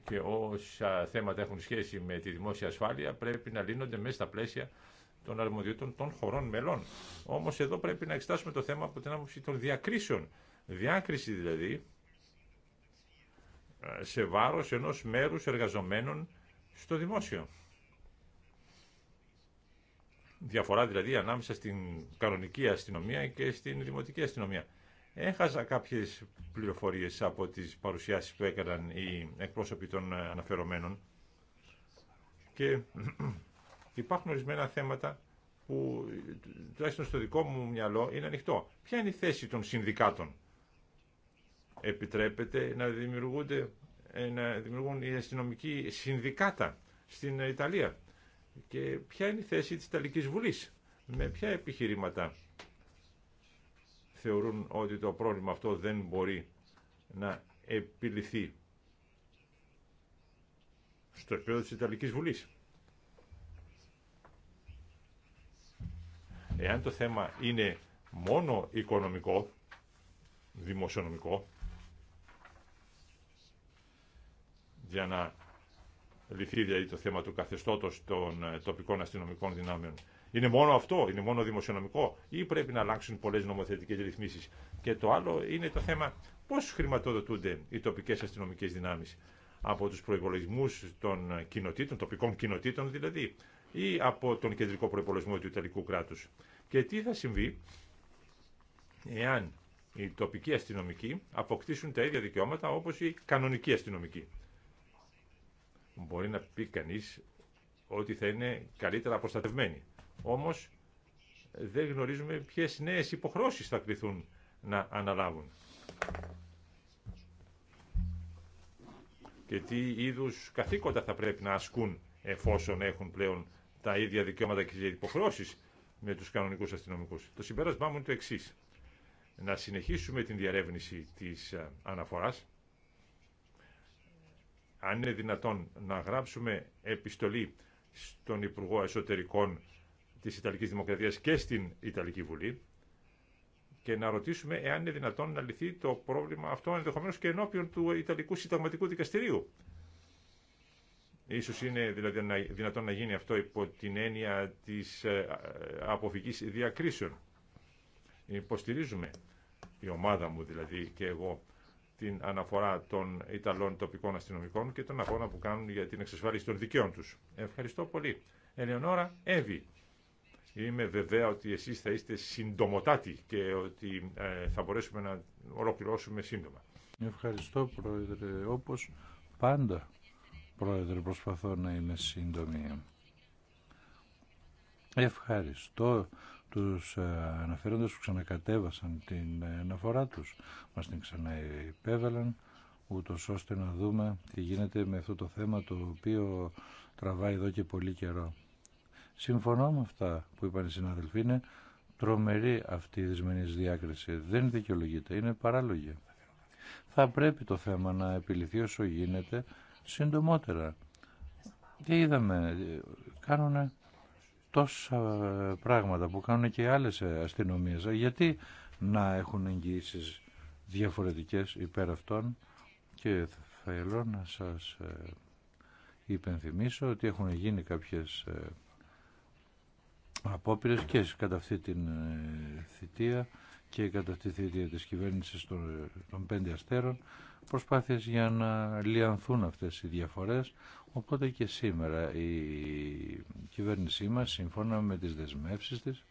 Και όσα θέματα έχουν σχέση με τη δημόσια ασφάλεια πρέπει να λύνονται μέσα στα πλαίσια των αρμοδιότητων των χωρών μελών. Όμως εδώ πρέπει να εξετάσουμε το θέμα από την άποψη των διακρίσεων. Διάκριση δηλαδή ε, σε βάρος ενός μέρους εργαζομένων στο δημόσιο. Διαφορά δηλαδή ανάμεσα στην κανονική αστυνομία και στην δημοτική αστυνομία. Έχασα κάποιες πληροφορίες από τις παρουσιάσεις που έκαναν οι εκπρόσωποι των ε, αναφερομένων και υπάρχουν ορισμένα θέματα που ε, τουλάχιστον στο δικό μου μυαλό είναι ανοιχτό. Ποια είναι η θέση των συνδικάτων. Επιτρέπεται να δημιουργούνται να δημιουργούν οι αστυνομικοί συνδικάτα στην Ιταλία. Και ποια είναι η θέση της Ιταλικής Βουλής. Με ποια επιχειρήματα θεωρούν ότι το πρόβλημα αυτό δεν μπορεί να επιληθεί στο επίπεδο της Ιταλικής Βουλής. Εάν το θέμα είναι μόνο οικονομικό, δημοσιονομικό, για να λυθεί δηλαδή το θέμα του καθεστώτος των ε, τοπικών αστυνομικών δυνάμεων. Είναι μόνο αυτό, είναι μόνο δημοσιονομικό ή πρέπει να αλλάξουν πολλές νομοθετικές ρυθμίσεις. Και το άλλο είναι το θέμα πώς χρηματοδοτούνται οι τοπικές αστυνομικές δυνάμεις από τους προϋπολογισμούς των κοινοτήτων, τοπικών κοινοτήτων δηλαδή, ή από τον κεντρικό προϋπολογισμό του Ιταλικού κράτους. Και τι θα συμβεί εάν οι τοπικοί αστυνομικοί αποκτήσουν τα ίδια δικαιώματα όπως οι κανονικοί αστυνομικοί. Μπορεί να πει κανείς ότι θα είναι καλύτερα προστατευμένοι. Όμως δεν γνωρίζουμε ποιες νέες υποχρώσεις θα κληθούν να αναλάβουν. Και τι είδους καθήκοντα θα πρέπει να ασκούν εφόσον έχουν πλέον τα ίδια δικαιώματα και υποχρώσεις με τους κανονικούς αστυνομικούς. Το συμπέρασμά μου είναι το εξής. Να συνεχίσουμε την διαρεύνηση της ε, αναφοράς αν είναι δυνατόν να γράψουμε επιστολή στον Υπουργό Εσωτερικών της Ιταλικής Δημοκρατίας και στην Ιταλική Βουλή και να ρωτήσουμε εάν είναι δυνατόν να λυθεί το πρόβλημα αυτό ενδεχομένω και ενώπιον του Ιταλικού Συνταγματικού Δικαστηρίου. Ίσως είναι δηλαδή δυνατόν να γίνει αυτό υπό την έννοια της ε, αποφυγής διακρίσεων. Υποστηρίζουμε η ομάδα μου δηλαδή και εγώ την αναφορά των Ιταλών τοπικών αστυνομικών και τον αγώνα που κάνουν για την εξασφάλιση των δικαίων τους. Ευχαριστώ πολύ. Ελεονόρα Εύη, είμαι βεβαία ότι εσείς θα είστε συντομοτάτοι και ότι ε, θα μπορέσουμε να ολοκληρώσουμε σύντομα. Ευχαριστώ Πρόεδρε, όπως πάντα Πρόεδρε προσπαθώ να είμαι σύντομη. Ευχαριστώ τους ε, αναφέροντας που ξανακατέβασαν την ε, αναφορά τους. Μας την ξαναεπέβαλαν, ούτω ώστε να δούμε τι γίνεται με αυτό το θέμα το οποίο τραβάει εδώ και πολύ καιρό. Συμφωνώ με αυτά που είπαν οι συναδελφοί, είναι τρομερή αυτή η δυσμενής διάκριση. Δεν δικαιολογείται, είναι παράλογη. Θα πρέπει το θέμα να επιληθεί όσο γίνεται συντομότερα. Και είδαμε, ε, κάνουν τόσα πράγματα που κάνουν και άλλες αστυνομίε, Γιατί να έχουν εγγυήσει διαφορετικές υπέρ αυτών και θέλω να σας ε, υπενθυμίσω ότι έχουν γίνει κάποιες ε, απόπειρε και κατά αυτή την ε, θητεία και κατά αυτή τη θητεία της κυβέρνησης των πέντε αστέρων προσπάθειες για να λιανθούν αυτές οι διαφορές. Οπότε και σήμερα η κυβέρνησή μας, σύμφωνα με τις δεσμεύσεις της,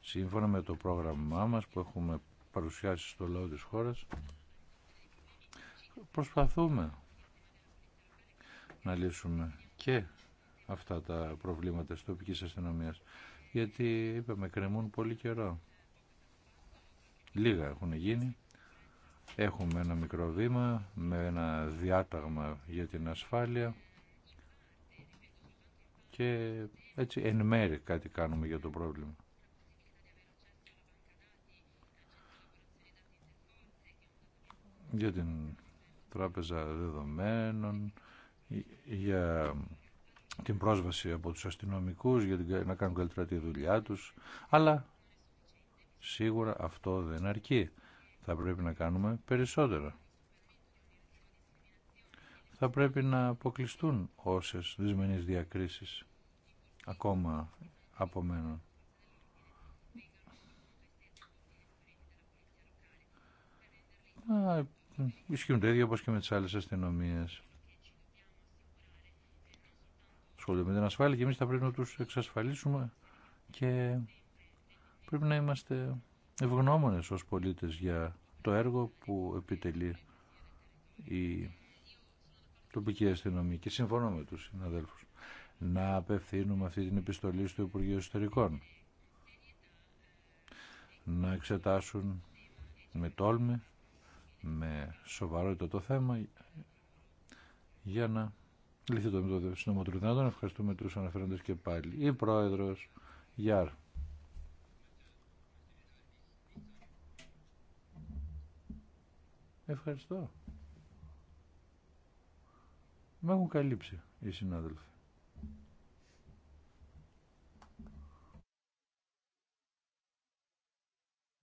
σύμφωνα με το πρόγραμμά μας που έχουμε παρουσιάσει στο λαό της χώρας, προσπαθούμε να λύσουμε και αυτά τα προβλήματα της τοπικής αστυνομίας. Γιατί, είπαμε, κρεμούν πολύ καιρό. Λίγα έχουν γίνει Έχουμε ένα μικρό βήμα με ένα διάταγμα για την ασφάλεια και έτσι εν μέρη κάτι κάνουμε για το πρόβλημα. Για την τράπεζα δεδομένων, για την πρόσβαση από τους αστυνομικούς, για να κάνουν καλύτερα τη δουλειά τους, αλλά σίγουρα αυτό δεν αρκεί θα πρέπει να κάνουμε περισσότερα. Θα πρέπει να αποκλειστούν όσες δυσμενείς διακρίσεις ακόμα από Να ισχύουν τα ίδια όπως και με τις άλλες αστυνομίες. Σχολείο με την ασφάλεια και εμείς θα πρέπει να τους εξασφαλίσουμε και πρέπει να είμαστε ευγνώμονες ως πολίτες για το έργο που επιτελεί η τοπική αστυνομία και συμφωνώ με τους συναδέλφους να απευθύνουμε αυτή την επιστολή στο Υπουργείο Ιστορικών να εξετάσουν με τόλμη με σοβαρότητα το θέμα για να λυθεί το μητώδιο. Συνομοτρουδινάτων ευχαριστούμε τους αναφέροντες και πάλι. Η Πρόεδρος Γιάρ. Ευχαριστώ. Με έχουν καλύψει οι συνάδελφοι.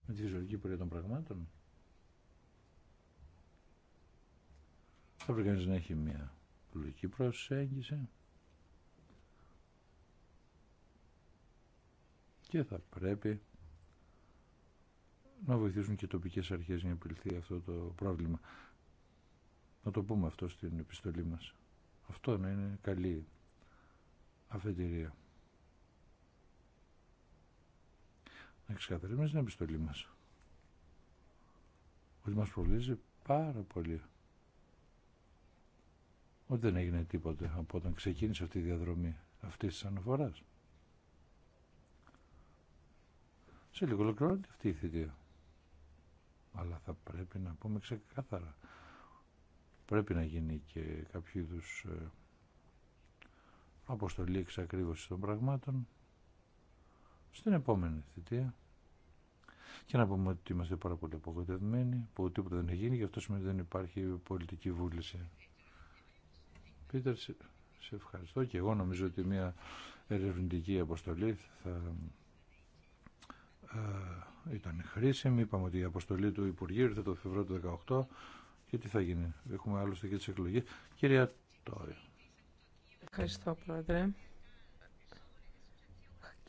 Με τη ζωική πορεία των πραγμάτων. Θα πρέπει κανείς να έχει μια λογική προσέγγιση. Και θα πρέπει να βοηθήσουν και οι τοπικές αρχές να επιληθεί αυτό το πρόβλημα. Να το πούμε αυτό στην επιστολή μας. Αυτό να είναι καλή αφετηρία. Να ξεκαθαρίσουμε στην επιστολή μας. Ότι μας προβλήζει πάρα πολύ. Ότι δεν έγινε τίποτε από όταν ξεκίνησε αυτή η διαδρομή αυτή τη αναφορά. Σε λίγο ολοκληρώνεται αυτή η θητεία αλλά θα πρέπει να πούμε ξεκάθαρα πρέπει να γίνει και κάποιο είδου ε, αποστολή εξακρίβωση των πραγμάτων στην επόμενη θητεία και να πούμε ότι είμαστε πάρα πολύ απογοητευμένοι που τίποτα δεν έχει γίνει και αυτό σημαίνει δεν υπάρχει πολιτική βούληση. Πίτερ, σε ευχαριστώ και εγώ νομίζω ότι μια ερευνητική αποστολή θα ε, ήταν χρήσιμη. Είπαμε ότι η αποστολή του Υπουργείου ήρθε το Φεβρουάριο του 2018 και τι θα γίνει. Έχουμε άλλωστε και τι εκλογέ. Κυρία Τόρη. Ευχαριστώ, Πρόεδρε.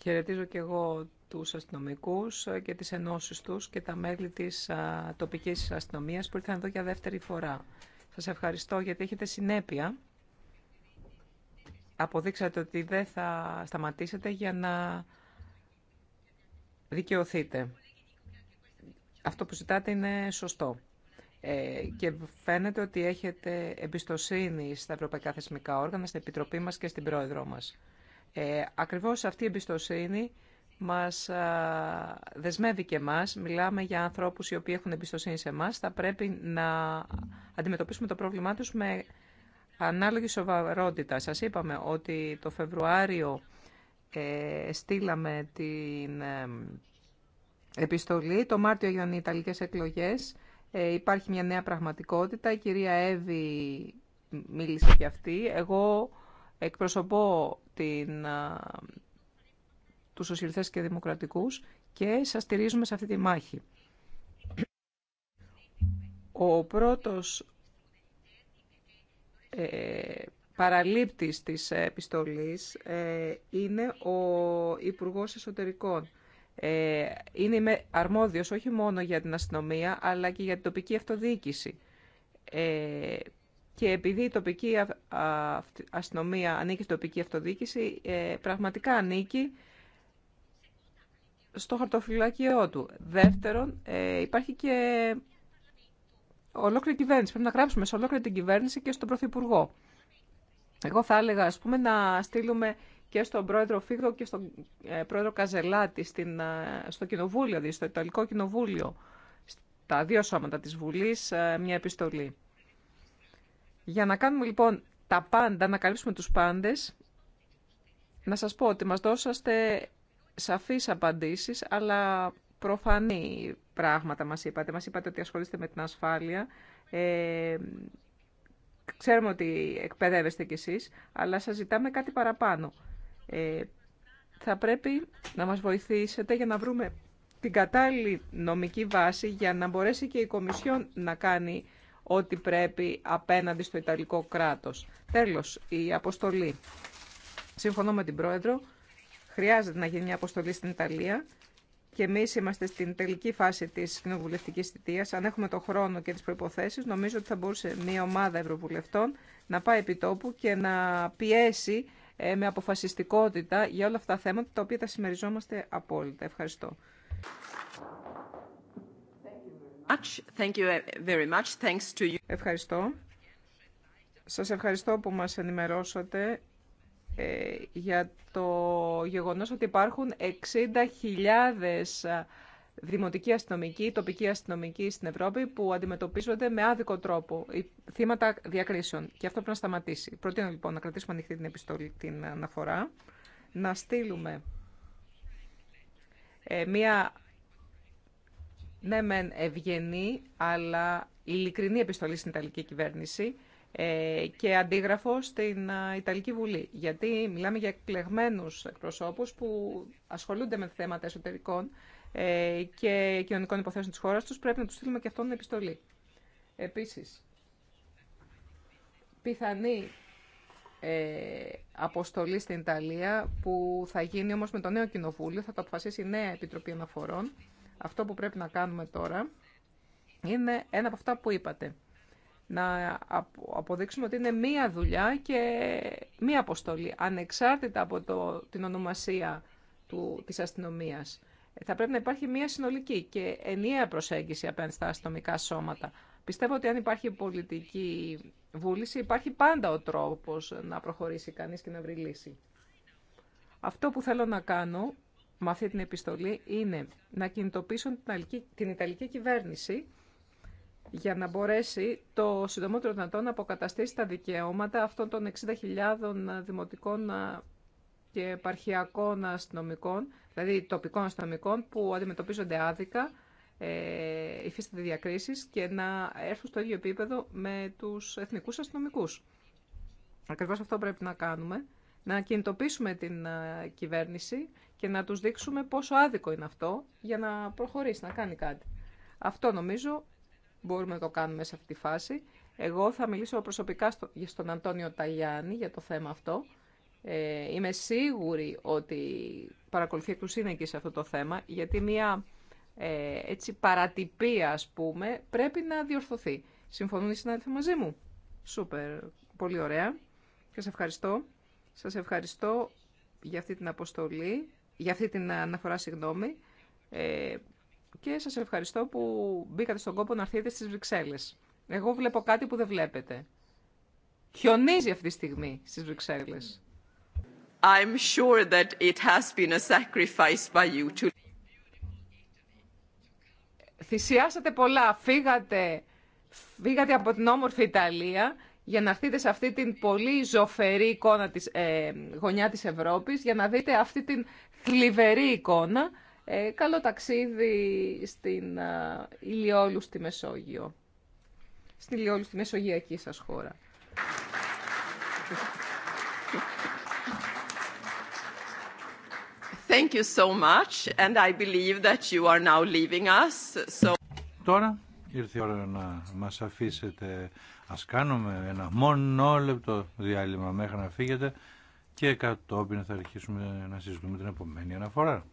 Χαιρετίζω και εγώ τους αστυνομικούς και τις ενώσεις τους και τα μέλη της τοπικής αστυνομίας που ήρθαν εδώ για δεύτερη φορά. Σας ευχαριστώ γιατί έχετε συνέπεια. Αποδείξατε ότι δεν θα σταματήσετε για να δικαιωθείτε. Αυτό που ζητάτε είναι σωστό. Ε, και φαίνεται ότι έχετε εμπιστοσύνη στα ευρωπαϊκά θεσμικά όργανα, στην Επιτροπή μας και στην Πρόεδρό μας. Ε, ακριβώς αυτή η εμπιστοσύνη μας δεσμεύει και εμάς. Μιλάμε για ανθρώπους οι οποίοι έχουν εμπιστοσύνη σε εμάς. Θα πρέπει να αντιμετωπίσουμε το πρόβλημά τους με ανάλογη σοβαρότητα. Σας είπαμε ότι το Φεβρουάριο ε, στείλαμε την... Ε, επιστολή. Το Μάρτιο έγιναν οι Ιταλικές εκλογές. Ε, υπάρχει μια νέα πραγματικότητα. Η κυρία Εύη μίλησε για αυτή. Εγώ εκπροσωπώ την, α, τους σοσιαλιστές και δημοκρατικούς και σας στηρίζουμε σε αυτή τη μάχη. Ο πρώτος ε, παραλήπτης της επιστολής ε, είναι ο Υπουργός Εσωτερικών. Ε, είναι αρμόδιος όχι μόνο για την αστυνομία, αλλά και για την τοπική αυτοδιοίκηση. Ε, και επειδή η τοπική αστυνομία ανήκει στην τοπική αυτοδιοίκηση, ε, πραγματικά ανήκει στο χαρτοφυλακιό του. Δεύτερον, υπάρχει και ολόκληρη κυβέρνηση. Πρέπει να γράψουμε σε ολόκληρη την κυβέρνηση και στον Πρωθυπουργό. Εγώ θα έλεγα, ας πούμε, να στείλουμε και στον πρόεδρο Φίγκο και στον ε, πρόεδρο Καζελάτη στην, ε, στο κοινοβούλιο, δηλαδή στο Ιταλικό κοινοβούλιο, στα δύο σώματα της Βουλής, ε, μια επιστολή. Για να κάνουμε λοιπόν τα πάντα, να καλύψουμε τους πάντες, να σας πω ότι μας δώσαστε σαφείς απαντήσεις, αλλά προφανή πράγματα μας είπατε. Μας είπατε ότι ασχολείστε με την ασφάλεια. Ε, ξέρουμε ότι εκπαιδεύεστε κι εσείς, αλλά σας ζητάμε κάτι παραπάνω. Ε, θα πρέπει να μας βοηθήσετε για να βρούμε την κατάλληλη νομική βάση για να μπορέσει και η Κομισιόν να κάνει ό,τι πρέπει απέναντι στο Ιταλικό κράτος. Τέλος, η αποστολή. Συμφωνώ με την Πρόεδρο, χρειάζεται να γίνει μια αποστολή στην Ιταλία και εμεί είμαστε στην τελική φάση τη κοινοβουλευτική θητεία. Αν έχουμε το χρόνο και τι προποθέσει, νομίζω ότι θα μπορούσε μια ομάδα ευρωβουλευτών να πάει επί τόπου και να πιέσει ε, με αποφασιστικότητα για όλα αυτά τα θέματα τα οποία τα συμμεριζόμαστε απόλυτα. Ευχαριστώ. Thank you very much. Thanks to you. Ευχαριστώ. Σας ευχαριστώ που μας ενημερώσατε ε, για το γεγονός ότι υπάρχουν 60.000 δημοτική αστυνομική, τοπική αστυνομική στην Ευρώπη που αντιμετωπίζονται με άδικο τρόπο, θύματα διακρίσεων. Και αυτό πρέπει να σταματήσει. Προτείνω λοιπόν να κρατήσουμε ανοιχτή την επιστολή, την αναφορά, να στείλουμε ε, μία ναι μεν ευγενή αλλά ειλικρινή επιστολή στην Ιταλική κυβέρνηση ε, και αντίγραφο στην ε, Ιταλική Βουλή. Γιατί μιλάμε για εκλεγμένους εκπροσώπους που ασχολούνται με θέματα εσωτερικών ε, και κοινωνικών υποθέσεων της χώρας τους, πρέπει να τους στείλουμε και αυτόν την επιστολή. Επίσης, πιθανή ε, αποστολή στην Ιταλία που θα γίνει όμως με το νέο κοινοβούλιο, θα το αποφασίσει η νέα Επιτροπή Αναφορών. Αυτό που πρέπει να κάνουμε τώρα είναι ένα από αυτά που είπατε. Να αποδείξουμε ότι είναι μία δουλειά και μία αποστολή, ανεξάρτητα από το, την ονομασία του, της αστυνομίας. Θα πρέπει να υπάρχει μια συνολική και ενιαία προσέγγιση απέναντι στα αστυνομικά σώματα. Πιστεύω ότι αν υπάρχει πολιτική βούληση, υπάρχει πάντα ο τρόπος να προχωρήσει κανείς και να βρει λύση. Αυτό που θέλω να κάνω με αυτή την επιστολή είναι να κινητοποιήσω την Ιταλική κυβέρνηση για να μπορέσει το συντομότερο δυνατόν να αποκαταστήσει τα δικαιώματα αυτών των 60.000 δημοτικών και επαρχιακών αστυνομικών δηλαδή τοπικών αστυνομικών που αντιμετωπίζονται άδικα, ε, υφίστανται διακρίσεις και να έρθουν στο ίδιο επίπεδο με τους εθνικούς αστυνομικού. Ακριβώ αυτό πρέπει να κάνουμε, να κινητοποιήσουμε την ε, κυβέρνηση και να τους δείξουμε πόσο άδικο είναι αυτό για να προχωρήσει, να κάνει κάτι. Αυτό νομίζω μπορούμε να το κάνουμε σε αυτή τη φάση. Εγώ θα μιλήσω προσωπικά στον Αντώνιο Ταγιάννη για το θέμα αυτό. Ε, είμαι σίγουρη ότι παρακολουθεί εκ σε αυτό το θέμα, γιατί μια ε, έτσι παρατυπία, ας πούμε, πρέπει να διορθωθεί. Συμφωνούν οι συνάδελφοι μαζί μου. Σούπερ, πολύ ωραία. Και σας ευχαριστώ. Σας ευχαριστώ για αυτή την αποστολή, για αυτή την αναφορά, συγγνώμη. Ε, και σας ευχαριστώ που μπήκατε στον κόπο να έρθετε στις Βρυξέλλες. Εγώ βλέπω κάτι που δεν βλέπετε. Χιονίζει αυτή τη στιγμή στις Βρυξέλλες. I'm sure that it has been a sacrifice by you to... Θυσιάσατε πολλά. Φύγατε, φύγατε από την όμορφη Ιταλία για να έρθετε σε αυτή την πολύ ζωφερή εικόνα της, ε, γωνιά της Ευρώπης, για να δείτε αυτή την θλιβερή εικόνα. Ε, καλό ταξίδι στην ε, στη Μεσόγειο. Στην Ιλιόλου, στη Μεσογειακή σας χώρα. Thank you so much and I believe that you are now leaving us. Τώρα ήρθε η ώρα να μας αφήσετε. Ας κάνουμε ένα μονόλεπτο διάλειμμα μέχρι να φύγετε και κατόπιν θα αρχίσουμε να συζητούμε την επόμενη αναφορά.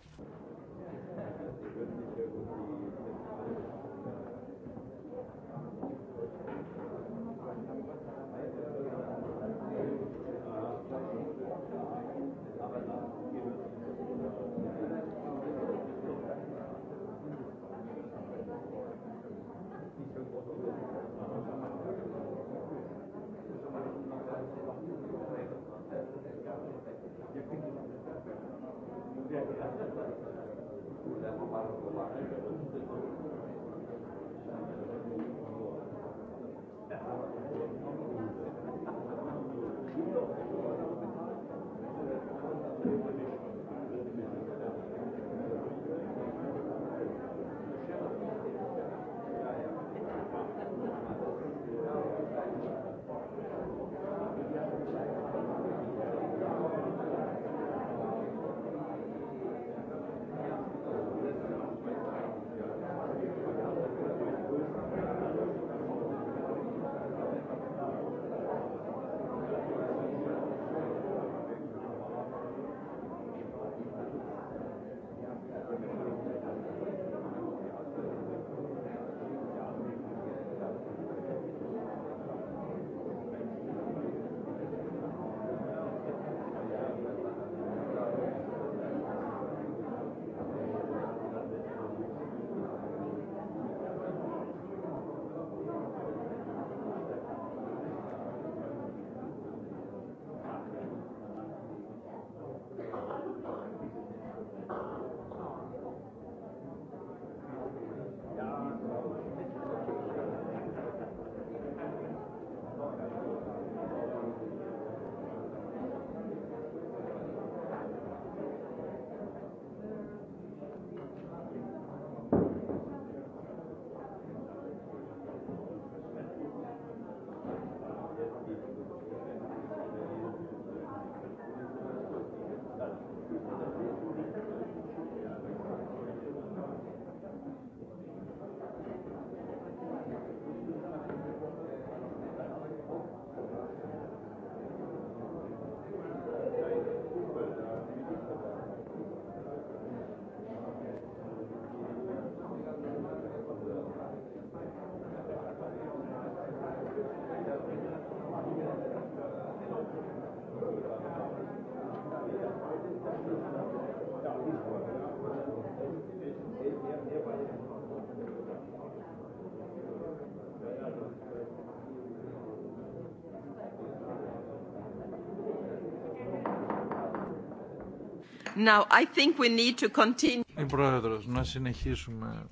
Η Πρόεδρος, να συνεχίσουμε.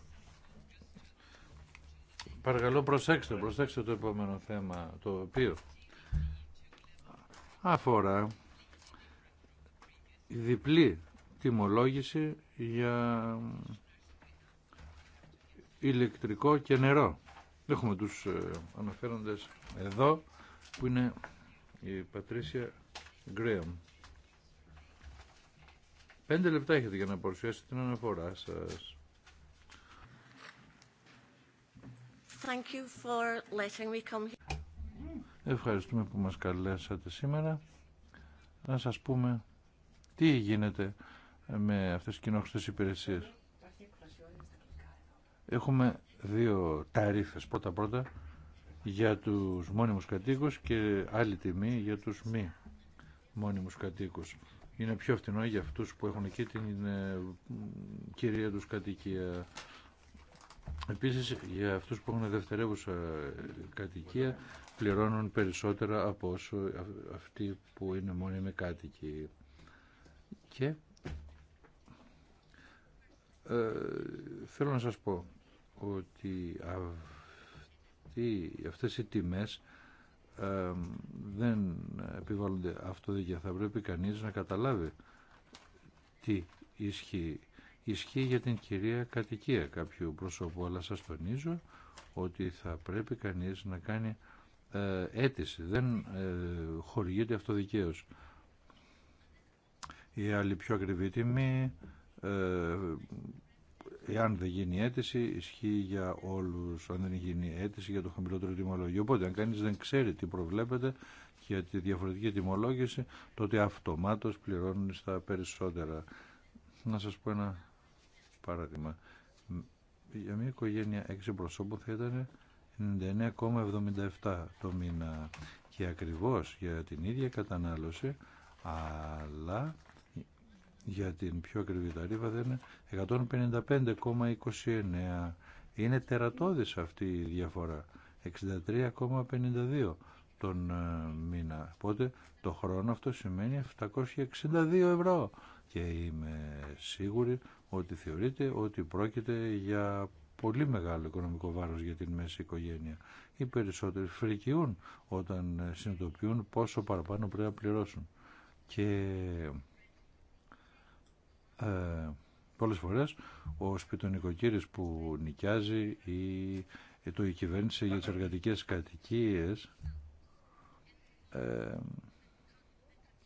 Παρακαλώ προσέξτε, προσέξτε το επόμενο θέμα, το οποίο αφορά διπλή τιμολόγηση για ηλεκτρικό και νερό. Έχουμε τους ε, αναφέροντες εδώ, που είναι η Πατρίσια Γκρέαμ. Πέντε λεπτά έχετε για να παρουσιάσετε την αναφορά σας. Ευχαριστούμε που μας καλέσατε σήμερα. Να σας πούμε τι γίνεται με αυτές τις κοινόχρηστες υπηρεσίες. Έχουμε δύο ταρίφες. Πρώτα-πρώτα για τους μόνιμους κατοίκους και άλλη τιμή για τους μη μόνιμους κατοίκους είναι πιο φτηνό για αυτούς που έχουν εκεί την ε, κυρία τους κατοικία. Επίσης, για αυτούς που έχουν δευτερεύουσα ε, κατοικία, πληρώνουν περισσότερα από όσο αυτοί που είναι με κάτοικοι. Και ε, θέλω να σας πω ότι αυτοί, αυτές οι τιμές ε, δεν επιβάλλονται αυτοδίκαια. Θα πρέπει κανείς να καταλάβει τι ισχύει. Ισχύει για την κυρία κατοικία κάποιου προσώπου, αλλά σας τονίζω ότι θα πρέπει κανείς να κάνει ε, αίτηση. Δεν ε, χορηγείται αυτοδικαίως. Η άλλη πιο ακριβή τιμή, ε, εάν δεν γίνει αίτηση, ισχύει για όλους. Αν δεν γίνει αίτηση για το χαμηλότερο τιμολόγιο. Οπότε, αν κανείς δεν ξέρει τι προβλέπεται για τη διαφορετική τιμολόγηση, τότε αυτομάτως πληρώνουν στα περισσότερα. Να σας πω ένα παράδειγμα. Για μια οικογένεια έξι προσώπων θα ήταν 99,77 το μήνα και ακριβώς για την ίδια κατανάλωση, αλλά για την πιο ακριβή ταρίβα δεν είναι 155,29. Είναι τερατώδης αυτή η διαφορά. 63,52 τον ε, μήνα. Οπότε το χρόνο αυτό σημαίνει 762 ευρώ. Και είμαι σίγουρη ότι θεωρείται ότι πρόκειται για πολύ μεγάλο οικονομικό βάρος για την μέση οικογένεια. Οι περισσότεροι φρικιούν όταν συνειδητοποιούν πόσο παραπάνω πρέπει να πληρώσουν. Και ε, πολλές φορές ο σπιτονικοκύρης που νοικιάζει ή ε, το η κυβέρνηση για τις εργατικές κατοικίες ε,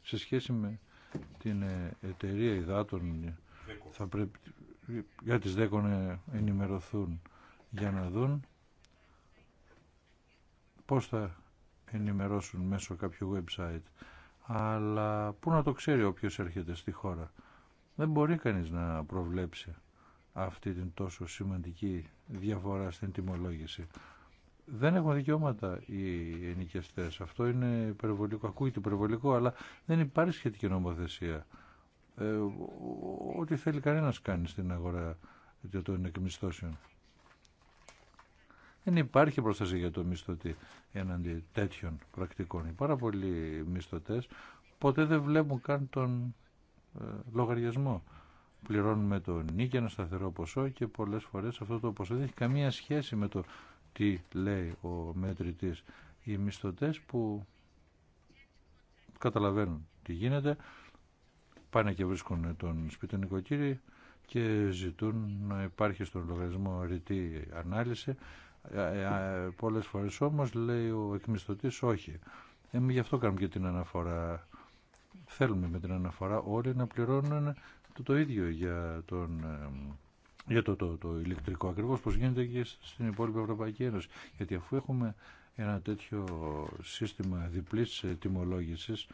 σε σχέση με την ε, εταιρεία υδάτων θα πρέπει για τις δέκονε ενημερωθούν για να δουν πώς θα ενημερώσουν μέσω κάποιου website αλλά πού να το ξέρει όποιος έρχεται στη χώρα δεν μπορεί κανείς να προβλέψει αυτή την τόσο σημαντική διαφορά στην τιμολόγηση. Δεν έχουν δικαιώματα οι ενοικιαστές. Αυτό είναι υπερβολικό. Ακούγεται υπερβολικό, αλλά δεν υπάρχει σχετική νομοθεσία. Ε, ό,τι θέλει κανένας κάνει στην αγορά των εκμισθώσεων. Δεν υπάρχει προστασία για το μισθωτή έναντι τέτοιων πρακτικών. Οι πάρα πολλοί μισθωτές ποτέ δεν βλέπουν καν τον ε, λογαριασμό. Πληρώνουμε το νίκη ένα σταθερό ποσό και πολλές φορές αυτό το ποσό δεν έχει καμία σχέση με το τι λέει ο μέτρητής. Οι μισθωτές που καταλαβαίνουν τι γίνεται πάνε και βρίσκουν τον σπιτινικό κύριο και ζητούν να υπάρχει στον λογαριασμό ρητή ανάλυση. Ε, ε, πολλές φορές όμως λέει ο εκμισθωτής όχι. εμεί γι' αυτό κάνουμε και την αναφορά Θέλουμε με την αναφορά όλοι να πληρώνουν το, το ίδιο για, τον, για το, το, ηλεκτρικό ακριβώς πως γίνεται και στην υπόλοιπη Ευρωπαϊκή Ένωση. Γιατί αφού έχουμε ένα τέτοιο σύστημα διπλής τιμολόγησης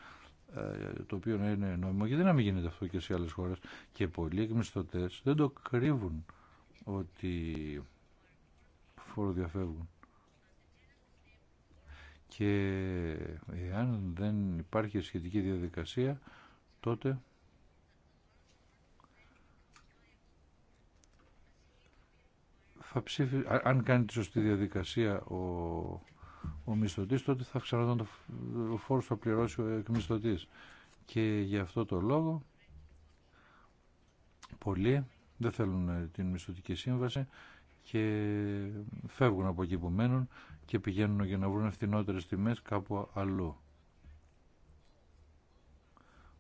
ε, το οποίο είναι νόμιμο γιατί να μην γίνεται αυτό και σε άλλες χώρες και πολλοί εκμισθωτές δεν το κρύβουν ότι φοροδιαφεύγουν και εάν δεν υπάρχει σχετική διαδικασία τότε θα ψήφι... αν κάνει τη σωστή διαδικασία ο, ο μισθωτής τότε θα ξαναδόν το ο φόρος θα πληρώσει ο εκμισθωτής και γι' αυτό το λόγο πολλοί δεν θέλουν την μισθωτική σύμβαση και φεύγουν από εκεί που μένουν και πηγαίνουν για να βρουν φθηνότερες τιμές κάπου αλλού.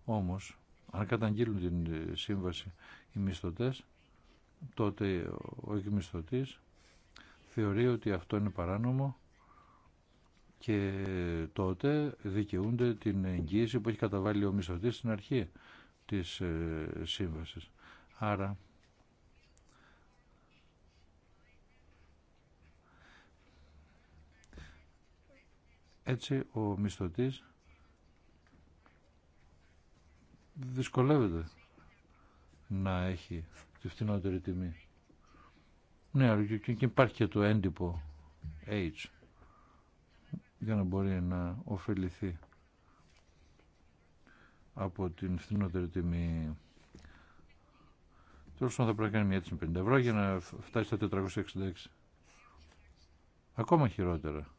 Όμως, αν καταγγείλουν την ε, σύμβαση οι μισθωτές, τότε ο εκμισθωτής θεωρεί ότι αυτό είναι παράνομο και τότε δικαιούνται την εγγύηση που έχει καταβάλει ο μισθωτής στην αρχή της ε, σύμβασης. Άρα Έτσι ο μισθωτής δυσκολεύεται να έχει τη φθηνότερη τιμή. Ναι, αλλά και υπάρχει και το έντυπο H για να μπορεί να ωφεληθεί από την φθηνότερη τιμή. Τώρα θα πρέπει να κάνει μια έτσι με 50 ευρώ για να φτάσει στα 466. Ακόμα χειρότερα.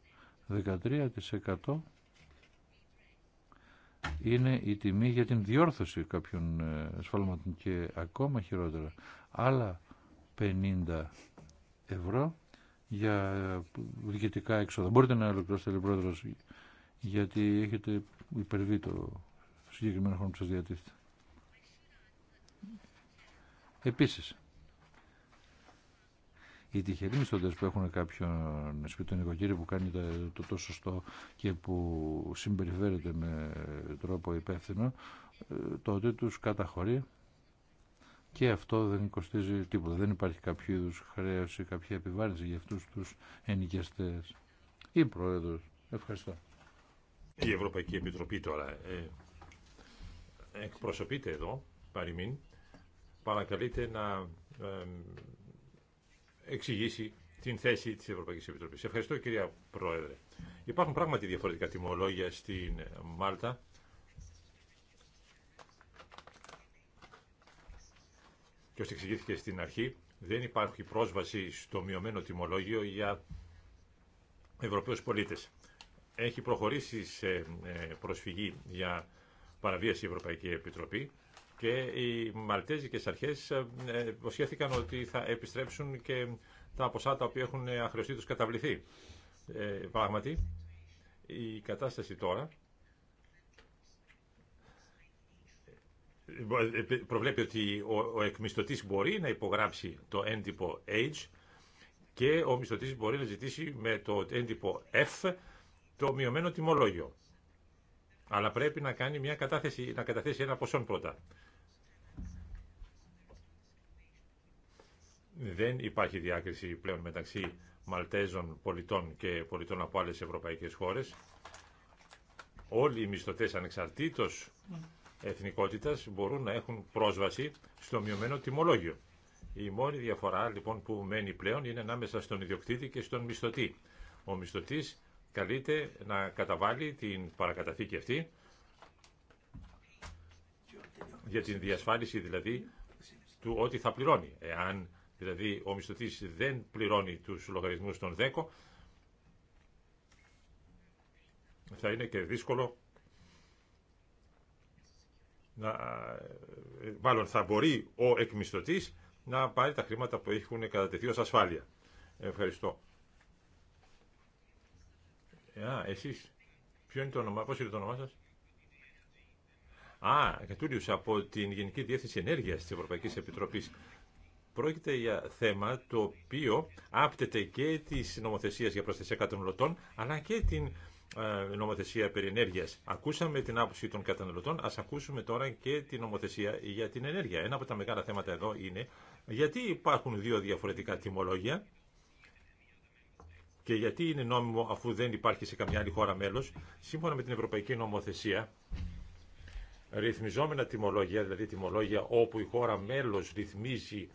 13% είναι η τιμή για την διόρθωση κάποιων ε, σφάλματων και ακόμα χειρότερα. Άλλα 50 ευρώ για ε, διοικητικά έξοδα. Μπορείτε να ολοκληρώσετε, λέει πρόεδρος, γιατί έχετε υπερβεί το συγκεκριμένο χρόνο που σας διατίθεται. Επίσης, οι τυχεροί που έχουν κάποιον σπιτονικό κύριο που κάνει το, το, σωστό και που συμπεριφέρεται με τρόπο υπεύθυνο, ε, τότε τους καταχωρεί και αυτό δεν κοστίζει τίποτα. Δεν υπάρχει κάποιο είδου χρέωση, κάποια επιβάρυνση για αυτούς τους ενοικιαστές. Ή πρόεδρος. Ευχαριστώ. Η Ευρωπαϊκή Επιτροπή τώρα ε, εκπροσωπείται εδώ, Παρακαλείται να ε, εξηγήσει την θέση της Ευρωπαϊκής Επιτροπής. Ευχαριστώ κυρία Πρόεδρε. Υπάρχουν πράγματι διαφορετικά τιμολόγια στην Μάλτα. Και όσο εξηγήθηκε στην αρχή, δεν υπάρχει πρόσβαση στο μειωμένο τιμολόγιο για Ευρωπαίους πολίτες. Έχει προχωρήσει σε ε, προσφυγή για παραβίαση η Ευρωπαϊκή Επιτροπή και οι Μαλτέζικες αρχές ε, ε, υποσχέθηκαν ότι θα επιστρέψουν και τα ποσά τα οποία έχουν αχρεωστεί τους καταβληθεί. Ε, πράγματι, η κατάσταση τώρα ε, προβλέπει ότι ο, ο μπορεί να υπογράψει το έντυπο H και ο μισθωτής μπορεί να ζητήσει με το έντυπο F το μειωμένο τιμολόγιο. Αλλά πρέπει να κάνει μια κατάθεση, να καταθέσει ένα ποσό πρώτα. δεν υπάρχει διάκριση πλέον μεταξύ Μαλτέζων πολιτών και πολιτών από άλλες ευρωπαϊκές χώρες. Όλοι οι μισθωτές ανεξαρτήτως εθνικότητας μπορούν να έχουν πρόσβαση στο μειωμένο τιμολόγιο. Η μόνη διαφορά λοιπόν που μένει πλέον είναι ανάμεσα στον ιδιοκτήτη και στον μισθωτή. Ο μισθωτής καλείται να καταβάλει την παρακαταθήκη αυτή για την διασφάλιση δηλαδή του ότι θα πληρώνει. Εάν δηλαδή ο μισθωτής δεν πληρώνει τους λογαριασμούς των ΔΕΚΟ, θα είναι και δύσκολο να, μάλλον θα μπορεί ο εκμισθωτής να πάρει τα χρήματα που έχουν κατατεθεί ως ασφάλεια. Ευχαριστώ. Α, εσείς, ποιο είναι το όνομα, πώς είναι το όνομά σας. Α, Κατούριο από την Γενική Διεύθυνση Ενέργειας της Ευρωπαϊκής Επιτροπής. Πρόκειται για θέμα το οποίο άπτεται και τη νομοθεσία για προστασία καταναλωτών, αλλά και την ε, νομοθεσία περί ενέργειας. Ακούσαμε την άποψη των καταναλωτών, ας ακούσουμε τώρα και την νομοθεσία για την ενέργεια. Ένα από τα μεγάλα θέματα εδώ είναι γιατί υπάρχουν δύο διαφορετικά τιμολόγια και γιατί είναι νόμιμο αφού δεν υπάρχει σε καμιά άλλη χώρα μέλος. Σύμφωνα με την Ευρωπαϊκή Νομοθεσία, ρυθμιζόμενα τιμολόγια, δηλαδή τιμολόγια όπου η χώρα μέλος ρυθμίζει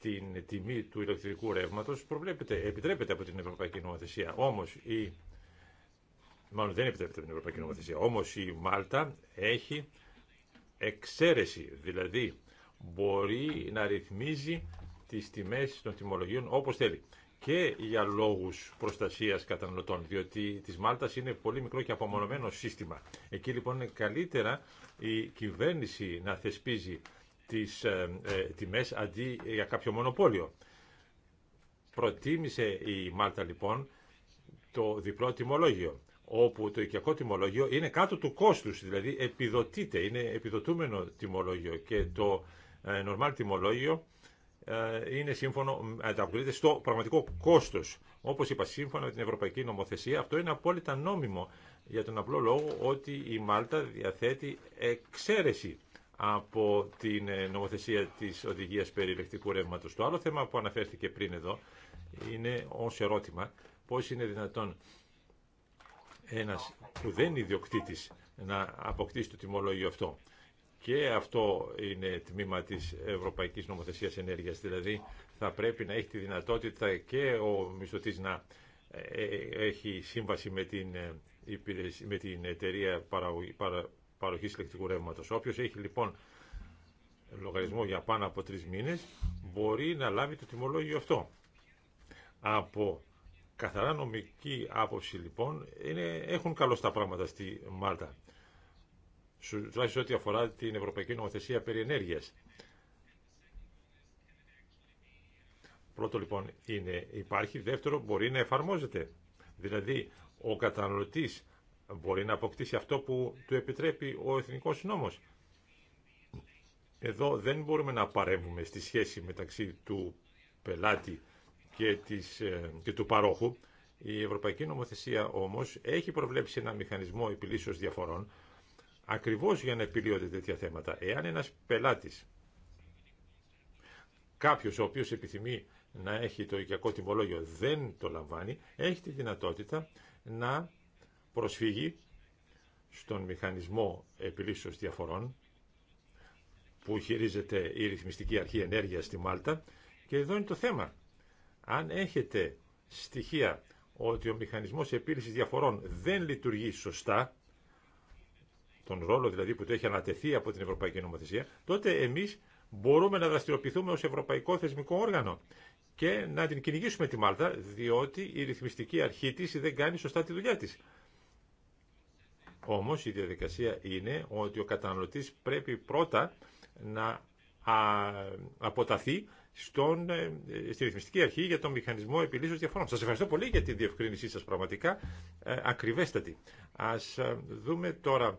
την τιμή του ηλεκτρικού ρεύματος προβλέπεται, επιτρέπεται από την Ευρωπαϊκή Νομοθεσία. Όμως η... Μάλλον δεν επιτρέπεται από την Ευρωπαϊκή Νομοθεσία. Όμως η Μάλτα έχει εξαίρεση, δηλαδή μπορεί να ρυθμίζει τις τιμέ των τιμολογίων όπως θέλει και για λόγους προστασίας καταναλωτών, διότι της Μάλτα είναι πολύ μικρό και απομονωμένο σύστημα. Εκεί λοιπόν είναι καλύτερα η κυβέρνηση να θεσπίζει τις ε, ε, τιμές αντί για κάποιο μονοπόλιο. Προτίμησε η Μάλτα λοιπόν το διπλό τιμολόγιο, όπου το οικιακό τιμολόγιο είναι κάτω του κόστους, δηλαδή επιδοτείται, είναι επιδοτούμενο τιμολόγιο και το νορμάλ ε, τιμολόγιο είναι σύμφωνο, ανταποκρίνεται στο πραγματικό κόστος. Όπως είπα, σύμφωνα με την Ευρωπαϊκή Νομοθεσία, αυτό είναι απόλυτα νόμιμο για τον απλό λόγο ότι η Μάλτα διαθέτει εξαίρεση από την ε, νομοθεσία της οδηγίας περί ηλεκτρικού ρεύματος. Το άλλο θέμα που αναφέρθηκε πριν εδώ είναι ως ερώτημα πώς είναι δυνατόν ένας που δεν είναι ιδιοκτήτης να αποκτήσει το τιμολόγιο αυτό. Και αυτό είναι τμήμα της Ευρωπαϊκής Νομοθεσίας Ενέργειας, δηλαδή θα πρέπει να έχει τη δυνατότητα και ο μισθωτής να ε, ε, έχει σύμβαση με την, με την παροχής ηλεκτρικού ρεύματο. Όποιο έχει λοιπόν λογαριασμό για πάνω από τρει μήνες μπορεί να λάβει το τιμολόγιο αυτό. Από καθαρά νομική άποψη λοιπόν είναι, έχουν καλώ τα πράγματα στη Μάλτα. Τουλάχιστον ό,τι αφορά την Ευρωπαϊκή Νομοθεσία περί ενέργειας. Πρώτο λοιπόν είναι υπάρχει, δεύτερο μπορεί να εφαρμόζεται. Δηλαδή ο καταναλωτής μπορεί να αποκτήσει αυτό που του επιτρέπει ο εθνικός νόμος. Εδώ δεν μπορούμε να παρέμβουμε στη σχέση μεταξύ του πελάτη ε, και, του παρόχου. Η Ευρωπαϊκή Νομοθεσία όμως έχει προβλέψει ένα μηχανισμό επιλύσεως διαφορών ακριβώς για να επιλύονται τέτοια θέματα. Εάν ένας πελάτης, κάποιος ο οποίος επιθυμεί να έχει το οικιακό τιμολόγιο δεν το λαμβάνει, έχει τη δυνατότητα να προσφύγει στον μηχανισμό επιλύσεως διαφορών που χειρίζεται η Ρυθμιστική Αρχή Ενέργειας στη Μάλτα και εδώ είναι το θέμα. Αν έχετε στοιχεία ότι ο μηχανισμός επίλυσης διαφορών δεν λειτουργεί σωστά, τον ρόλο δηλαδή που το έχει ανατεθεί από την Ευρωπαϊκή Νομοθεσία, τότε εμείς μπορούμε να δραστηριοποιηθούμε ως Ευρωπαϊκό Θεσμικό Όργανο και να την κυνηγήσουμε τη Μάλτα, διότι η ρυθμιστική αρχή της δεν κάνει σωστά τη δουλειά της. Όμως η διαδικασία είναι ότι ο καταναλωτής πρέπει πρώτα να αποταθεί στον, ε, στη ρυθμιστική αρχή για τον μηχανισμό επιλύσεως διαφορών. Σας ευχαριστώ πολύ για τη διευκρίνησή σας πραγματικά, ε, ακριβέστατη. Ας ε, δούμε τώρα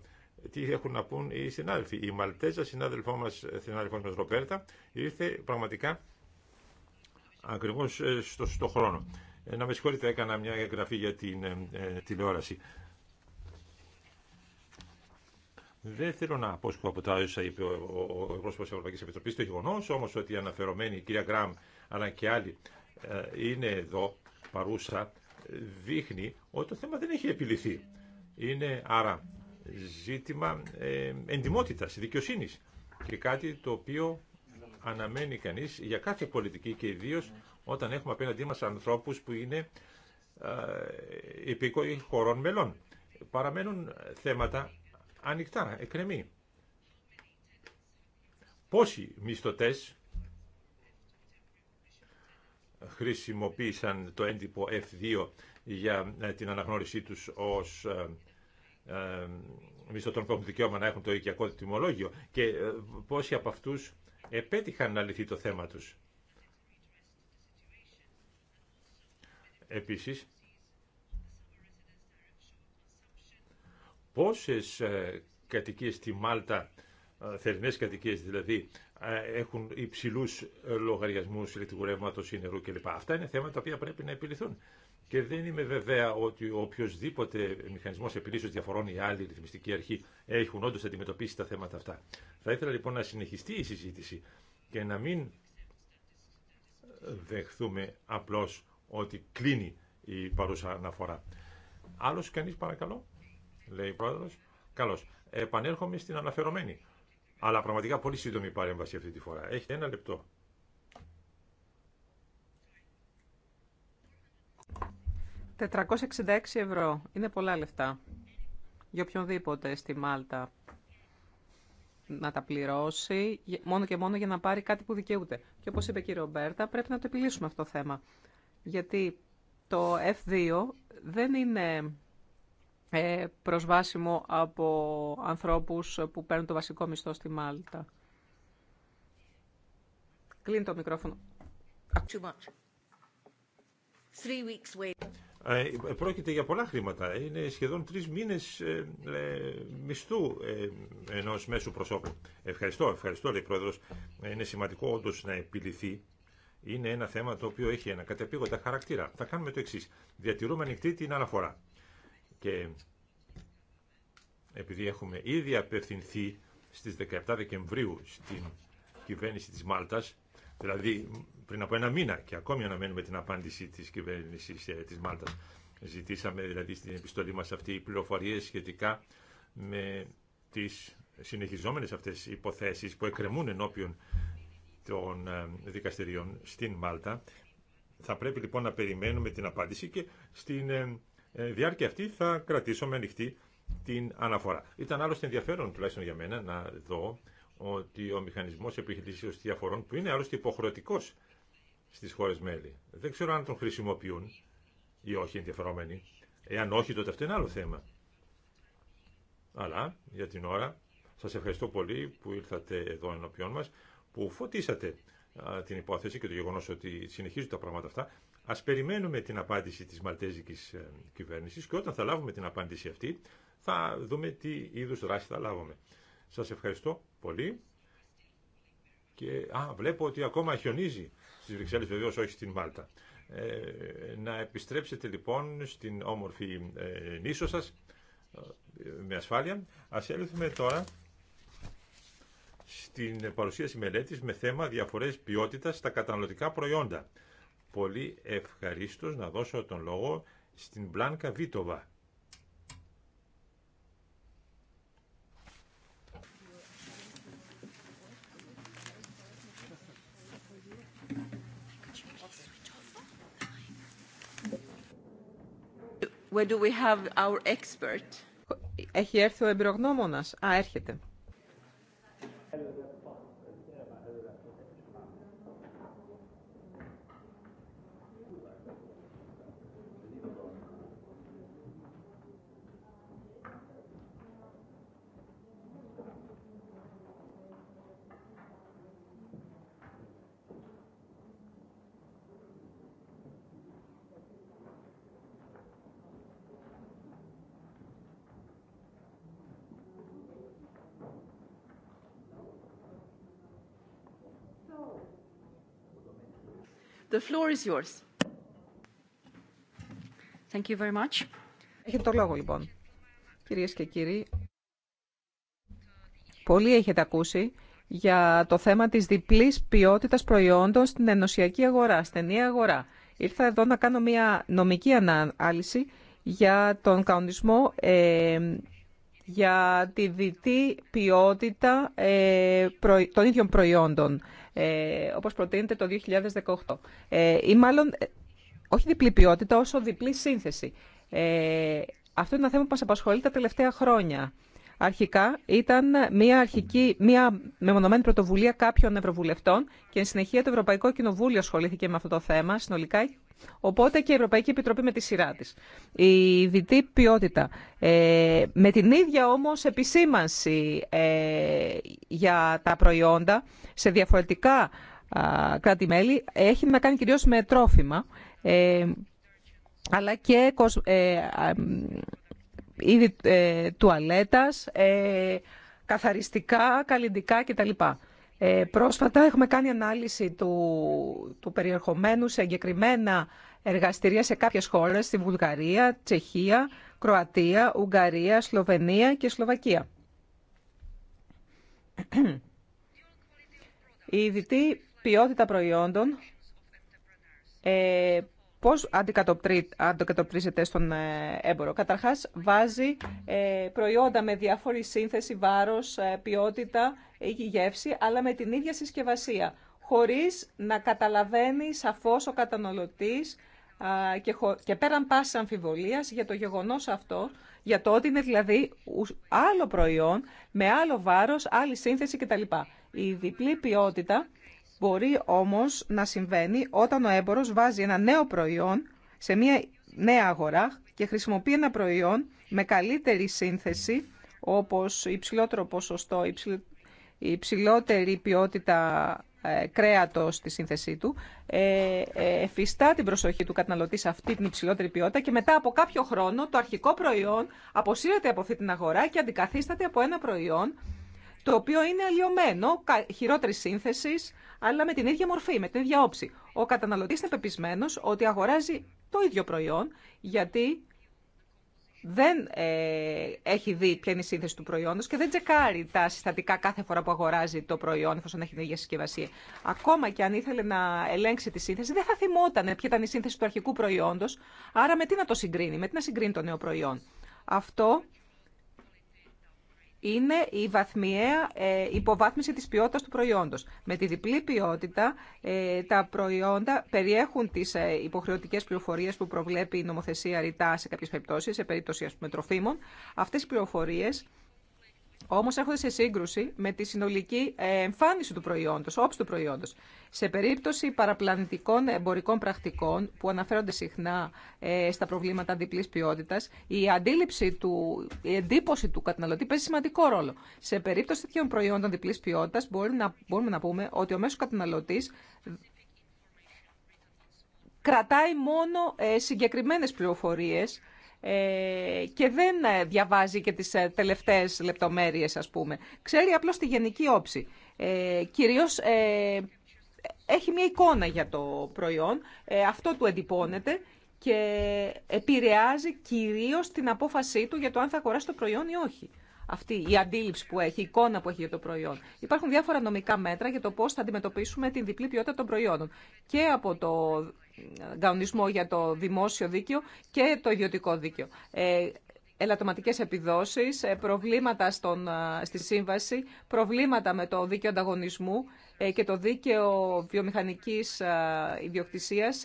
τι έχουν να πούν οι συνάδελφοι. Η Μαλτέζα, συνάδελφό μας, συνάδελφός μας Ροπέρτα, ήρθε πραγματικά ακριβώς ε, στο, χρόνο. να με συγχωρείτε, έκανα μια εγγραφή για την ε, τηλεόραση. Δεν θέλω να απόσχω από τα είπε ο, ο, εκπρόσωπο τη Ευρωπαϊκή Επιτροπή. Το γεγονό όμω ότι η αναφερομένη η κυρία Γκραμ αλλά και άλλοι ε, είναι εδώ παρούσα δείχνει ότι το θέμα δεν έχει επιληθεί. Είναι άρα ζήτημα ε, εντιμότητας, δικαιοσύνης και κάτι το οποίο αναμένει κανεί για κάθε πολιτική και ιδίω όταν έχουμε απέναντί μα ανθρώπου που είναι ε, υπήκοοι χωρών μελών. Παραμένουν θέματα ανοιχτά, εκκρεμεί. Πόσοι μισθωτές χρησιμοποίησαν το έντυπο F2 για ε, την αναγνώρισή τους ως ε, ε, μισθωτών που έχουν δικαίωμα να έχουν το οικιακό τιμολόγιο και πόσοι από αυτούς επέτυχαν να λυθεί το θέμα τους. Επίσης, πόσες ε, κατοικίες στη Μάλτα, ε, θερινές κατοικίες δηλαδή, ε, έχουν υψηλούς λογαριασμούς ηλεκτρικού ρεύματος ή νερού κλπ. Αυτά είναι θέματα τα οποία πρέπει να επιληθούν. Και δεν είμαι βέβαια ότι οποιοδήποτε μηχανισμό επιλύσεω διαφορών ή άλλη ρυθμιστική αρχή έχουν όντω αντιμετωπίσει τα θέματα αυτά. Θα ήθελα λοιπόν να συνεχιστεί η συζήτηση και να μην δεχθούμε απλώ ότι κλείνει η παρούσα αναφορά. Άλλο κανεί παρακαλώ λέει η πρόεδρο. Καλώ. Επανέρχομαι στην αναφερομένη. Αλλά πραγματικά πολύ σύντομη παρέμβαση αυτή τη φορά. Έχετε ένα λεπτό. «466 ευρώ. Είναι πολλά λεφτά. Για οποιονδήποτε στη Μάλτα να τα πληρώσει, μόνο και μόνο για να πάρει κάτι που δικαιούται. Και όπως είπε και η Ρομπέρτα, πρέπει να το επιλύσουμε αυτό το θέμα. Γιατί το F2 δεν είναι ε, προσβάσιμο από ανθρώπους που παίρνουν το βασικό μισθό στη Μάλτα. Κλείνει το μικρόφωνο. Ε, ε, πρόκειται για πολλά χρήματα. Είναι σχεδόν τρεις μήνες ε, μισθού ενός μέσου προσώπου. Ευχαριστώ, ευχαριστώ, λέει Πρόεδρος. Είναι σημαντικό όντως να επιληθεί. Είναι ένα θέμα το οποίο έχει ένα κατεπίγοντα χαρακτήρα. Θα κάνουμε το εξή. Διατηρούμε ανοιχτή την αναφορά και επειδή έχουμε ήδη απευθυνθεί στις 17 Δεκεμβρίου στην κυβέρνηση της Μάλτας, δηλαδή πριν από ένα μήνα και ακόμη αναμένουμε την απάντηση της κυβέρνησης ε, της Μάλτας. Ζητήσαμε δηλαδή στην επιστολή μας αυτή οι πληροφορίες σχετικά με τις συνεχιζόμενες αυτές υποθέσεις που εκκρεμούν ενώπιον των ε, δικαστηριών στην Μάλτα. Θα πρέπει λοιπόν να περιμένουμε την απάντηση και στην ε, ε, διάρκεια αυτή θα κρατήσω με ανοιχτή την αναφορά. Ήταν άλλωστε ενδιαφέρον τουλάχιστον για μένα να δω ότι ο μηχανισμός επιχειρήσεως διαφορών που είναι άλλωστε υποχρεωτικός στις χώρες μέλη. Δεν ξέρω αν τον χρησιμοποιούν ή όχι ενδιαφερόμενοι. Εάν όχι τότε αυτό είναι άλλο θέμα. Αλλά για την ώρα σας ευχαριστώ πολύ που ήρθατε εδώ ενώπιόν μας, που φωτίσατε την υπόθεση και το γεγονός ότι συνεχίζουν τα πράγματα αυτά Ας περιμένουμε την απάντηση τη μαλτέζικης ε, κυβέρνησης και όταν θα λάβουμε την απάντηση αυτή θα δούμε τι είδους δράση θα λάβουμε. Σας ευχαριστώ πολύ. Και, α, βλέπω ότι ακόμα χιονίζει στι Βρυξέλλες, βεβαίω, όχι στην Μάλτα. Ε, να επιστρέψετε λοιπόν στην όμορφη ε, νήσο σας ε, με ασφάλεια. Ας έλθουμε τώρα στην παρουσίαση μελέτης με θέμα διαφορές ποιότητας στα καταναλωτικά προϊόντα πολύ ευχαρίστως να δώσω τον λόγο στην Μπλάνκα Βίτοβα. Where do we have our expert? Έχει έρθει ο εμπειρογνώμονας. Α, έρχεται. The floor is yours. Thank you very much. Έχετε το λόγο λοιπόν. Κυρίες και κύριοι, πολλοί έχετε ακούσει για το θέμα της διπλής ποιότητας προϊόντων στην ενωσιακή αγορά, στην ενιαία αγορά. Ήρθα εδώ να κάνω μια νομική ανάλυση για τον κανονισμό ε, για τη διτή ποιότητα ε, των ίδιων προϊόντων ε, όπως προτείνεται το 2018. Ε, ή μάλλον, ε, όχι διπλή ποιότητα, όσο διπλή σύνθεση. Ε, αυτό είναι ένα θέμα που μας απασχολεί τα τελευταία χρόνια αρχικά ήταν μια, αρχική, μια μεμονωμένη πρωτοβουλία κάποιων ευρωβουλευτών και εν συνεχεία το Ευρωπαϊκό Κοινοβούλιο ασχολήθηκε με αυτό το θέμα συνολικά. Οπότε και η Ευρωπαϊκή Επιτροπή με τη σειρά τη. Η διτή ποιότητα. Ε, με την ίδια όμως επισήμανση ε, για τα προϊόντα σε διαφορετικά κράτη-μέλη έχει να κάνει κυρίως με τρόφιμα, ε, αλλά και ε, είδη ε, τουαλέτας, ε, καθαριστικά, καλλιντικά κτλ. Ε, πρόσφατα έχουμε κάνει ανάλυση του, του περιεχομένου σε εγκεκριμένα εργαστηρία σε κάποιες χώρες, στη Βουλγαρία, Τσεχία, Κροατία, Ουγγαρία, Σλοβενία και Σλοβακία. Η ποιότητα προϊόντων Πώ αντικατοπτρίζεται στον ε, έμπορο. Καταρχά βάζει ε, προϊόντα με διάφορη σύνθεση, βάρος, ε, ποιότητα ή γεύση, αλλά με την ίδια συσκευασία, χωρίς να καταλαβαίνει σαφώ ο κατανολωτή και πέραν πάση αμφιβολίας για το γεγονό αυτό, για το ότι είναι δηλαδή άλλο προϊόν, με άλλο βάρος, άλλη σύνθεση κτλ. Η διπλή ποιότητα Μπορεί όμως να συμβαίνει όταν ο έμπορος βάζει ένα νέο προϊόν σε μια νέα αγορά και χρησιμοποιεί ένα προϊόν με καλύτερη σύνθεση, όπως υψηλότερο ποσοστό, υψηλότερη ποιότητα ε, κρέατος στη σύνθεσή του, ε, ε, εφιστά την προσοχή του καταναλωτή σε αυτή την υψηλότερη ποιότητα και μετά από κάποιο χρόνο το αρχικό προϊόν αποσύρεται από αυτή την αγορά και αντικαθίσταται από ένα προϊόν το οποίο είναι αλλοιωμένο, χειρότερη σύνθεση, αλλά με την ίδια μορφή, με την ίδια όψη. Ο καταναλωτή είναι πεπισμένο ότι αγοράζει το ίδιο προϊόν, γιατί δεν ε, έχει δει ποια είναι η σύνθεση του προϊόντος και δεν τσεκάρει τα συστατικά κάθε φορά που αγοράζει το προϊόν εφόσον έχει την ίδια συσκευασία. Ακόμα και αν ήθελε να ελέγξει τη σύνθεση, δεν θα θυμόταν ποια ήταν η σύνθεση του αρχικού προϊόντος, άρα με τι να το συγκρίνει, με τι να συγκρίνει το νέο προϊόν. Αυτό είναι η βαθμιαία ε, υποβάθμιση της ποιότητας του προϊόντος. Με τη διπλή ποιότητα ε, τα προϊόντα περιέχουν τις ε, υποχρεωτικές πληροφορίες που προβλέπει η νομοθεσία ρητά σε κάποιες περιπτώσεις, σε περίπτωση ας πούμε, τροφίμων. Αυτές οι πληροφορίες Όμω έρχονται σε σύγκρουση με τη συνολική ε, εμφάνιση του προϊόντο, όψη του προϊόντο. Σε περίπτωση παραπλανητικών εμπορικών πρακτικών που αναφέρονται συχνά ε, στα προβλήματα διπλής ποιότητας, η αντίληψη του, η εντύπωση του καταναλωτή παίζει σημαντικό ρόλο. Σε περίπτωση τέτοιων προϊόντων διπλή ποιότητα, μπορούμε να πούμε ότι ο μέσο καταναλωτή κρατάει μόνο ε, συγκεκριμένε πληροφορίε. Ε, και δεν ε, διαβάζει και τις ε, τελευταίες λεπτομέρειες, ας πούμε. Ξέρει απλώς τη γενική όψη. Ε, κυρίως ε, έχει μια εικόνα για το προϊόν, αυτό του εντυπώνεται και επηρεάζει κυρίως την απόφασή του για το αν θα αγοράσει το προϊόν ή όχι. Αυτή η αντίληψη που έχει, η εικόνα που έχει για το προϊόν. Υπάρχουν διάφορα νομικά μέτρα για το πώς θα αντιμετωπίσουμε την διπλή ποιότητα των προϊόντων. Και από το κανονισμό για το δημόσιο δίκαιο και το ιδιωτικό δίκαιο. Ε, ελαττωματικές επιδόσεις, ε, προβλήματα στον, ε, στη σύμβαση, προβλήματα με το δίκαιο ανταγωνισμού ε, και το δίκαιο βιομηχανικής ιδιοκτησίας,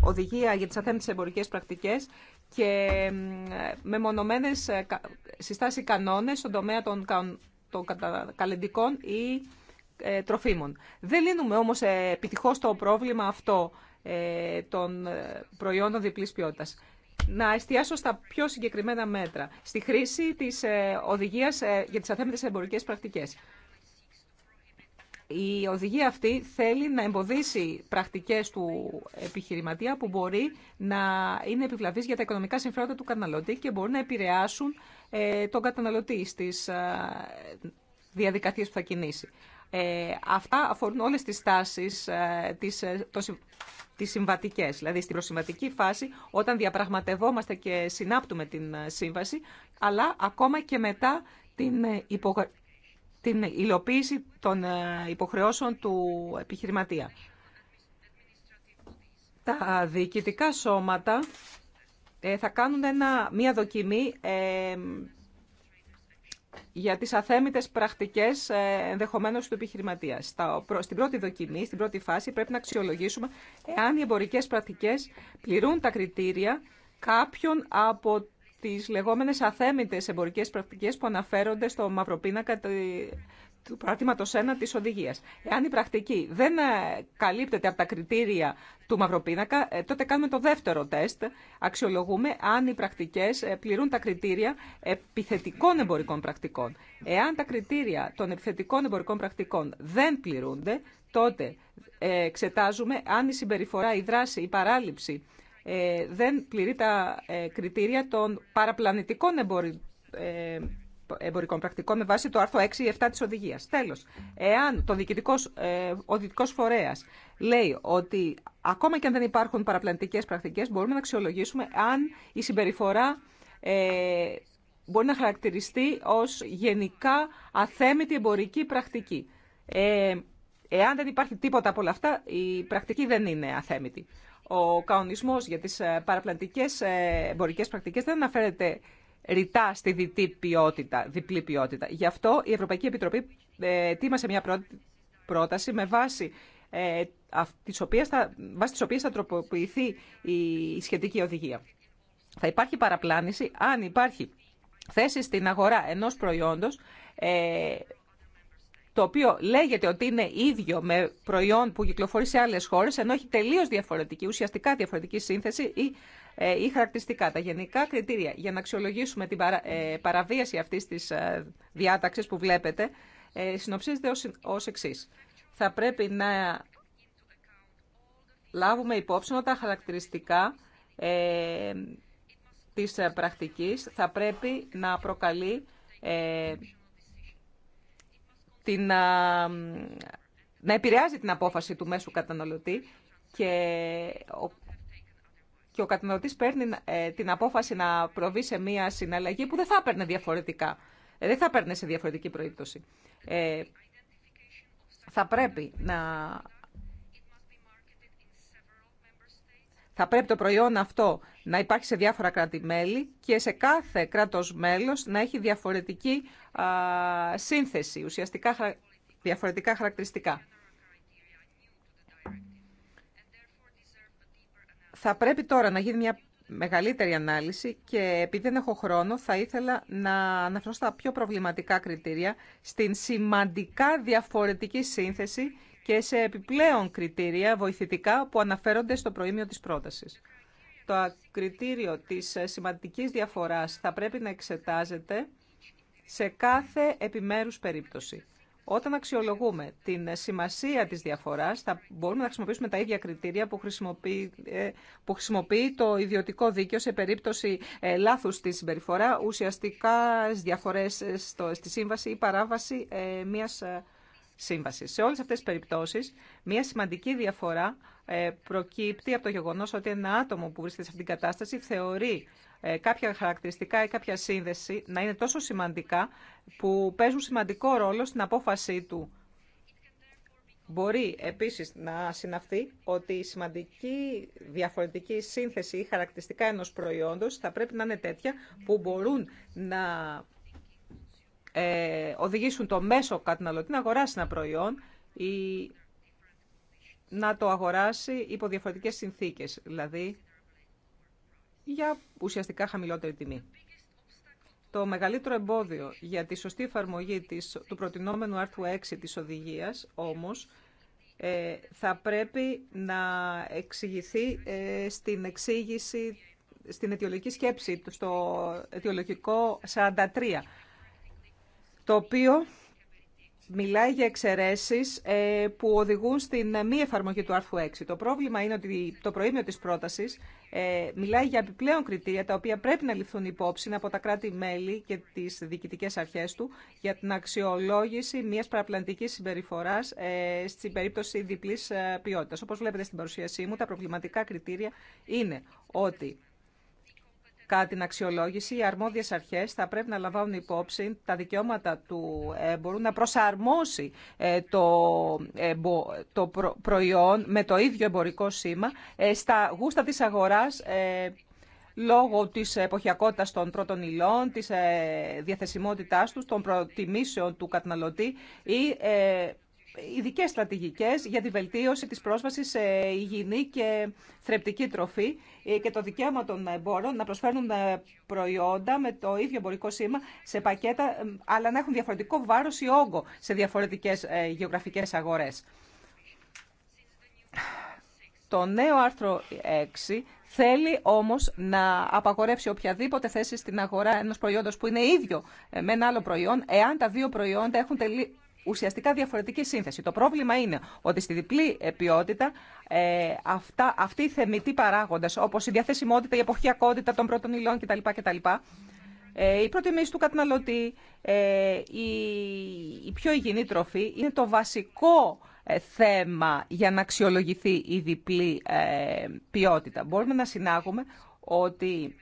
οδηγία για τις αθέντες εμπορικές πρακτικές και με μονομένες συστάσεις κανόνες στον τομέα των, των ή ε, τροφίμων. Δεν λύνουμε όμως ε, επιτυχώς το πρόβλημα αυτό ε, των προϊόντων διπλής ποιότητας. Να εστιάσω στα πιο συγκεκριμένα μέτρα. Στη χρήση της οδηγίας για τις αθέμητες εμπορικές πρακτικές. Η οδηγία αυτή θέλει να εμποδίσει πρακτικές του επιχειρηματία που μπορεί να είναι επιβλαβείς για τα οικονομικά συμφέροντα του καταναλωτή και μπορεί να επηρεάσουν τον καταναλωτή στις διαδικασίες που θα κινήσει. Ε, αυτά αφορούν όλες τις τάσεις ε, της, ε, τις συμβατικές. Δηλαδή στην προσυμβατική φάση, όταν διαπραγματευόμαστε και συνάπτουμε την σύμβαση, αλλά ακόμα και μετά την, την υλοποίηση των υποχρεώσεων του επιχειρηματία. Τα διοικητικά σώματα θα κάνουν ένα, μια δοκιμή για τις αθέμητες πρακτικές ε, ενδεχομένως του επιχειρηματία. Στην πρώτη δοκιμή, στην πρώτη φάση, πρέπει να αξιολογήσουμε εάν οι εμπορικές πρακτικές πληρούν τα κριτήρια κάποιων από τις λεγόμενες αθέμητες εμπορικές πρακτικές που αναφέρονται στο μαυροπίνακα του πράγματο 1 τη οδηγία. Εάν η πρακτική δεν ε, καλύπτεται από τα κριτήρια του μαυροπίνακα, ε, τότε κάνουμε το δεύτερο τεστ. Αξιολογούμε αν οι πρακτικέ ε, πληρούν τα κριτήρια επιθετικών εμπορικών πρακτικών. Εάν τα κριτήρια των επιθετικών εμπορικών πρακτικών δεν πληρούνται, τότε εξετάζουμε αν η συμπεριφορά, η δράση, η παράληψη δεν πληρεί τα κριτήρια των παραπλανητικών εμπορικών εμπορικών πρακτικών με βάση το άρθρο 6 ή 7 της οδηγίας. Τέλος, εάν το διοικητικός, ε, ο διοικητικός φορέας λέει ότι ακόμα και αν δεν υπάρχουν παραπλανητικές πρακτικές μπορούμε να αξιολογήσουμε αν η συμπεριφορά ε, μπορεί να χαρακτηριστεί ως γενικά αθέμητη εμπορική πρακτική. Ε, εάν δεν υπάρχει τίποτα από όλα αυτά, η πρακτική δεν είναι αθέμητη. Ο κανονισμός για τις ε, παραπλανητικές ε, εμπορικές πρακτικές δεν αναφέρεται ρητά στη διτή ποιότητα, διπλή ποιότητα. Γι' αυτό η Ευρωπαϊκή Επιτροπή ε, ετοίμασε μια πρόταση με βάση ε, τις οποίες θα, της οποίας θα τροποποιηθεί η σχετική οδηγία. Θα υπάρχει παραπλάνηση αν υπάρχει θέση στην αγορά ενός προϊόντος ε, το οποίο λέγεται ότι είναι ίδιο με προϊόν που κυκλοφορεί σε άλλες χώρες, ενώ έχει τελείως διαφορετική, ουσιαστικά διαφορετική σύνθεση ή ε, ή χαρακτηριστικά, τα γενικά κριτήρια για να αξιολογήσουμε την ε, παραβίαση αυτής της ε, διάταξης που βλέπετε, συνοψίζεται ως εξή. Θα πρέπει να λάβουμε υπόψη τα χαρακτηριστικά της πρακτικής θα πρέπει να προκαλεί ε, την, να, επηρεάζει την απόφαση του μέσου καταναλωτή και και ο καταναλωτή παίρνει ε, την απόφαση να προβεί σε μία συναλλαγή που δεν θα έπαιρνε διαφορετικά. Ε, δεν θα έπαιρνε σε διαφορετική προήπτωση. Ε, θα πρέπει να θα πρέπει το προϊόν αυτό να υπάρχει σε διάφορα κράτη-μέλη και σε κάθε κράτος μέλος να έχει διαφορετική σύνθεση, ουσιαστικά διαφορετικά χαρακτηριστικά. Θα πρέπει τώρα να γίνει μια μεγαλύτερη ανάλυση και επειδή δεν έχω χρόνο θα ήθελα να αναφερθώ στα πιο προβληματικά κριτήρια στην σημαντικά διαφορετική σύνθεση και σε επιπλέον κριτήρια βοηθητικά που αναφέρονται στο προήμιο της πρότασης. Το κριτήριο της σημαντικής διαφοράς θα πρέπει να εξετάζεται σε κάθε επιμέρους περίπτωση. Όταν αξιολογούμε την σημασία της διαφοράς, θα μπορούμε να χρησιμοποιήσουμε τα ίδια κριτήρια που χρησιμοποιεί, ε, το ιδιωτικό δίκαιο σε περίπτωση ε, λάθους στη συμπεριφορά, ουσιαστικά διαφορές ε, στη σύμβαση ή παράβαση μιας σύμβασης. Σε όλες αυτές τις περιπτώσεις, μια σημαντική διαφορά προκύπτει από το γεγονός ότι ένα άτομο που βρίσκεται σε αυτήν την κατάσταση θεωρεί ε, κάποια χαρακτηριστικά ή κάποια σύνδεση να είναι τόσο σημαντικά που παίζουν σημαντικό ρόλο στην απόφασή του. Μπορεί επίσης να συναυθεί ότι η σημαντική διαφορετική σύνθεση ή χαρακτηριστικά ενός προϊόντος θα πρέπει να είναι τέτοια που παιζουν σημαντικο ρολο στην αποφαση του μπορει επισης να συναφθεί οτι η σημαντικη διαφορετικη συνθεση η χαρακτηριστικα ενος προιοντος θα πρεπει να ειναι τετοια που μπορουν να ε, οδηγήσουν το μέσο καταναλωτή να αγοράσει ένα προϊόν ή να το αγοράσει υπό διαφορετικές συνθήκες. Δηλαδή, για ουσιαστικά χαμηλότερη τιμή. Το μεγαλύτερο εμπόδιο για τη σωστή εφαρμογή του προτινόμενου άρθρου 6 της οδηγίας, όμως, ε, θα πρέπει να εξηγηθεί ε, στην εξήγηση, στην αιτιολογική σκέψη, στο αιτιολογικό 43, το οποίο μιλάει για εξαιρέσει ε, που οδηγούν στην μη εφαρμογή του άρθρου 6. Το πρόβλημα είναι ότι το προήμιο της πρότασης ε, μιλάει για επιπλέον κριτήρια τα οποία πρέπει να ληφθούν υπόψη από τα κράτη-μέλη και τις διοικητικέ αρχές του για την αξιολόγηση μιας παραπλανητικής συμπεριφοράς ε, στην περίπτωση διπλής ποιότητα. Όπως βλέπετε στην παρουσίασή μου, τα προβληματικά κριτήρια είναι ότι Κατά την αξιολόγηση, οι αρμόδιες αρχές θα πρέπει να λαμβάνουν υπόψη τα δικαιώματα του έμπορου, ε, να προσαρμόσει ε, το ε, προϊόν με το ίδιο εμπορικό σήμα στα γούστα της αγοράς λόγω της εποχιακότητας των πρώτων υλών, της διαθεσιμότητάς τους, των προτιμήσεων του καταναλωτή ή ειδικές στρατηγικές για τη βελτίωση της πρόσβασης σε υγιεινή και θρεπτική τροφή ε, και το δικαίωμα των εμπόρων να προσφέρουν ε, προϊόντα με το ίδιο εμπορικό σήμα σε πακέτα, ε, αλλά να έχουν διαφορετικό βάρο ή όγκο σε διαφορετικέ γεωγραφικέ αγορέ. Το νέο άρθρο 6 θέλει όμως να απαγορεύσει οποιαδήποτε θέση στην αγορά ενός προϊόντος που είναι ίδιο με ένα άλλο προϊόν, εάν τα δύο προϊόντα έχουν τελεί ουσιαστικά διαφορετική σύνθεση. Το πρόβλημα είναι ότι στη διπλή ποιότητα ε, αυτά, αυτοί οι θεμητοί παράγοντε, όπω η διαθεσιμότητα, η εποχιακότητα των πρώτων υλών κτλ. κτλ ε, η του καταναλωτή, ε, η, η πιο υγιεινή τροφή είναι το βασικό ε, θέμα για να αξιολογηθεί η διπλή ε, ποιότητα. Μπορούμε να συνάγουμε ότι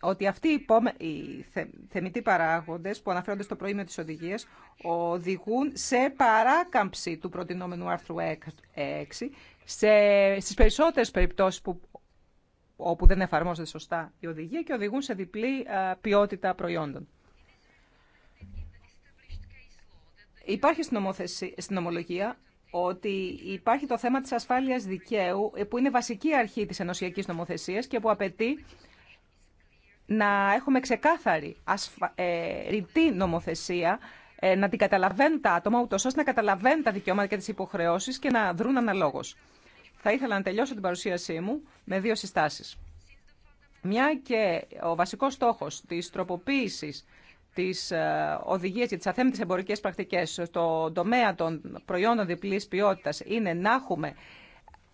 ότι αυτοί οι θεμητοί παράγοντες που αναφέρονται στο προήμιο της οδηγίας οδηγούν σε παράκαμψη του προτινόμενου άρθρου 6 σε, στις περισσότερες περιπτώσεις που, όπου δεν εφαρμόζεται σωστά η οδηγία και οδηγούν σε διπλή ποιότητα προϊόντων. Υπάρχει στην, στην ομολογία ότι υπάρχει το θέμα της ασφάλειας δικαίου που είναι βασική αρχή της ενωσιακής νομοθεσίας και που απαιτεί να έχουμε ξεκάθαρη ασφα... ε, ρητή νομοθεσία, ε, να την καταλαβαίνουν τα άτομα, ούτως ώστε να καταλαβαίνουν τα δικαιώματα και τις υποχρεώσεις και να δρουν αναλόγως. Θα ήθελα να τελειώσω την παρουσίασή μου με δύο συστάσεις. Μια και ο βασικός στόχος της τροποποίησης της ε, οδηγίας για τις αθέμητες εμπορικές πρακτικές στον τομέα των προϊόντων διπλής ποιότητας είναι να έχουμε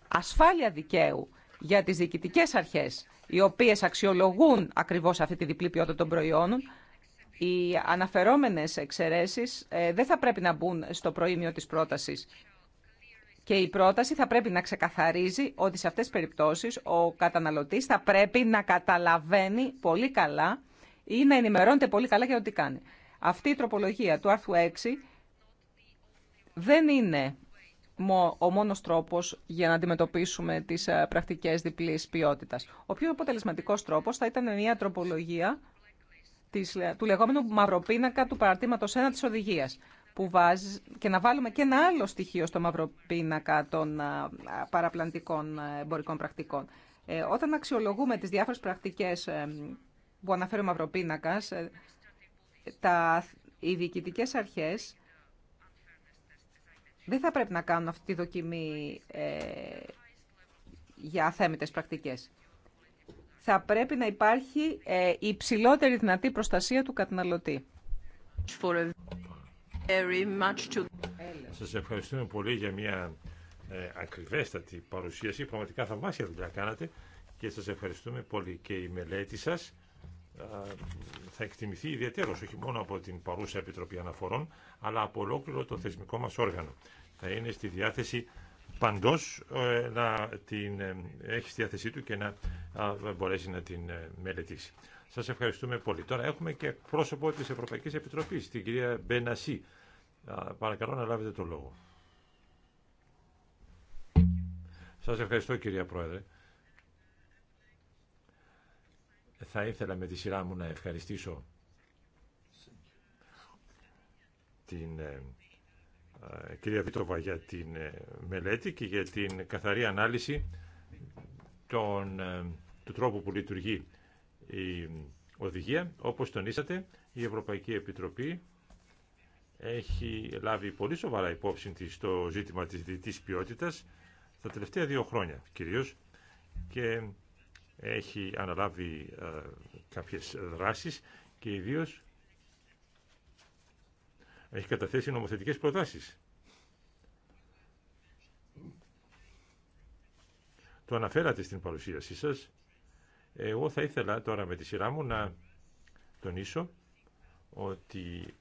ασφάλεια δικαίου για τις διοικητικές αρχές οι οποίε αξιολογούν ακριβώς αυτή τη διπλή ποιότητα των προϊόντων, οι αναφερόμενες εξαιρέσεις ε, δεν θα πρέπει να μπουν στο προήμιο της πρότασης. Και η πρόταση θα πρέπει να ξεκαθαρίζει ότι σε αυτές τι περιπτώσεις ο καταναλωτής θα πρέπει να καταλαβαίνει πολύ καλά ή να ενημερώνεται πολύ καλά για ό,τι κάνει. Αυτή η να ενημερωνεται πολυ καλα για τι κανει αυτη η τροπολογια του άρθρου 6 δεν είναι ο μόνος τρόπος για να αντιμετωπίσουμε τις ε, πρακτικές διπλής ποιότητας. Ο πιο αποτελεσματικός τρόπος θα ήταν μια τροπολογία της, ε, του λεγόμενου μαυροπίνακα του παρατήματος 1 της οδηγίας και να βάλουμε και ένα άλλο στοιχείο στο μαυροπίνακα των ε, παραπλαντικών εμπορικών πρακτικών. Ε, όταν αξιολογούμε τις διάφορες πρακτικές που αναφέρει ο μαυροπίνακας, οι διοικητικές αρχές δεν θα πρέπει να κάνουν αυτή τη δοκιμή ε, για αθέμητες πρακτικές. Θα πρέπει να υπάρχει ε, η υψηλότερη δυνατή προστασία του καταναλωτή. Σας ευχαριστούμε πολύ για μια ε, ακριβέστατη παρουσίαση. Πραγματικά θαυμάσια δουλειά κάνατε και σας ευχαριστούμε πολύ και η μελέτη σας θα εκτιμηθεί ιδιαίτερο όχι μόνο από την παρούσα Επιτροπή Αναφορών, αλλά από ολόκληρο το θεσμικό μας όργανο. Θα είναι στη διάθεση παντό ε, να την ε, έχει στη διάθεσή του και να μπορέσει να την ε, μελετήσει. Σας ευχαριστούμε πολύ. Τώρα έχουμε και πρόσωπο της Ευρωπαϊκής Επιτροπής, την κυρία Μπενασί, Παρακαλώ να λάβετε το λόγο. Σας ευχαριστώ κυρία Πρόεδρε θα ήθελα με τη σειρά μου να ευχαριστήσω την ε, ε, κυρία Βίτοβα για την ε, μελέτη και για την καθαρή ανάλυση των, του τρόπου που λειτουργεί η οδηγία. Όπως τονίσατε, η Ευρωπαϊκή Επιτροπή έχει λάβει πολύ σοβαρά υπόψη της το ζήτημα της διετής ποιότητας τα τελευταία δύο χρόνια κυρίως και έχει αναλάβει ε, κάποιες δράσεις και ιδίως έχει καταθέσει νομοθετικές προτάσεις. Το αναφέρατε στην παρουσίασή σας. Εγώ θα ήθελα τώρα με τη σειρά μου να τονίσω ότι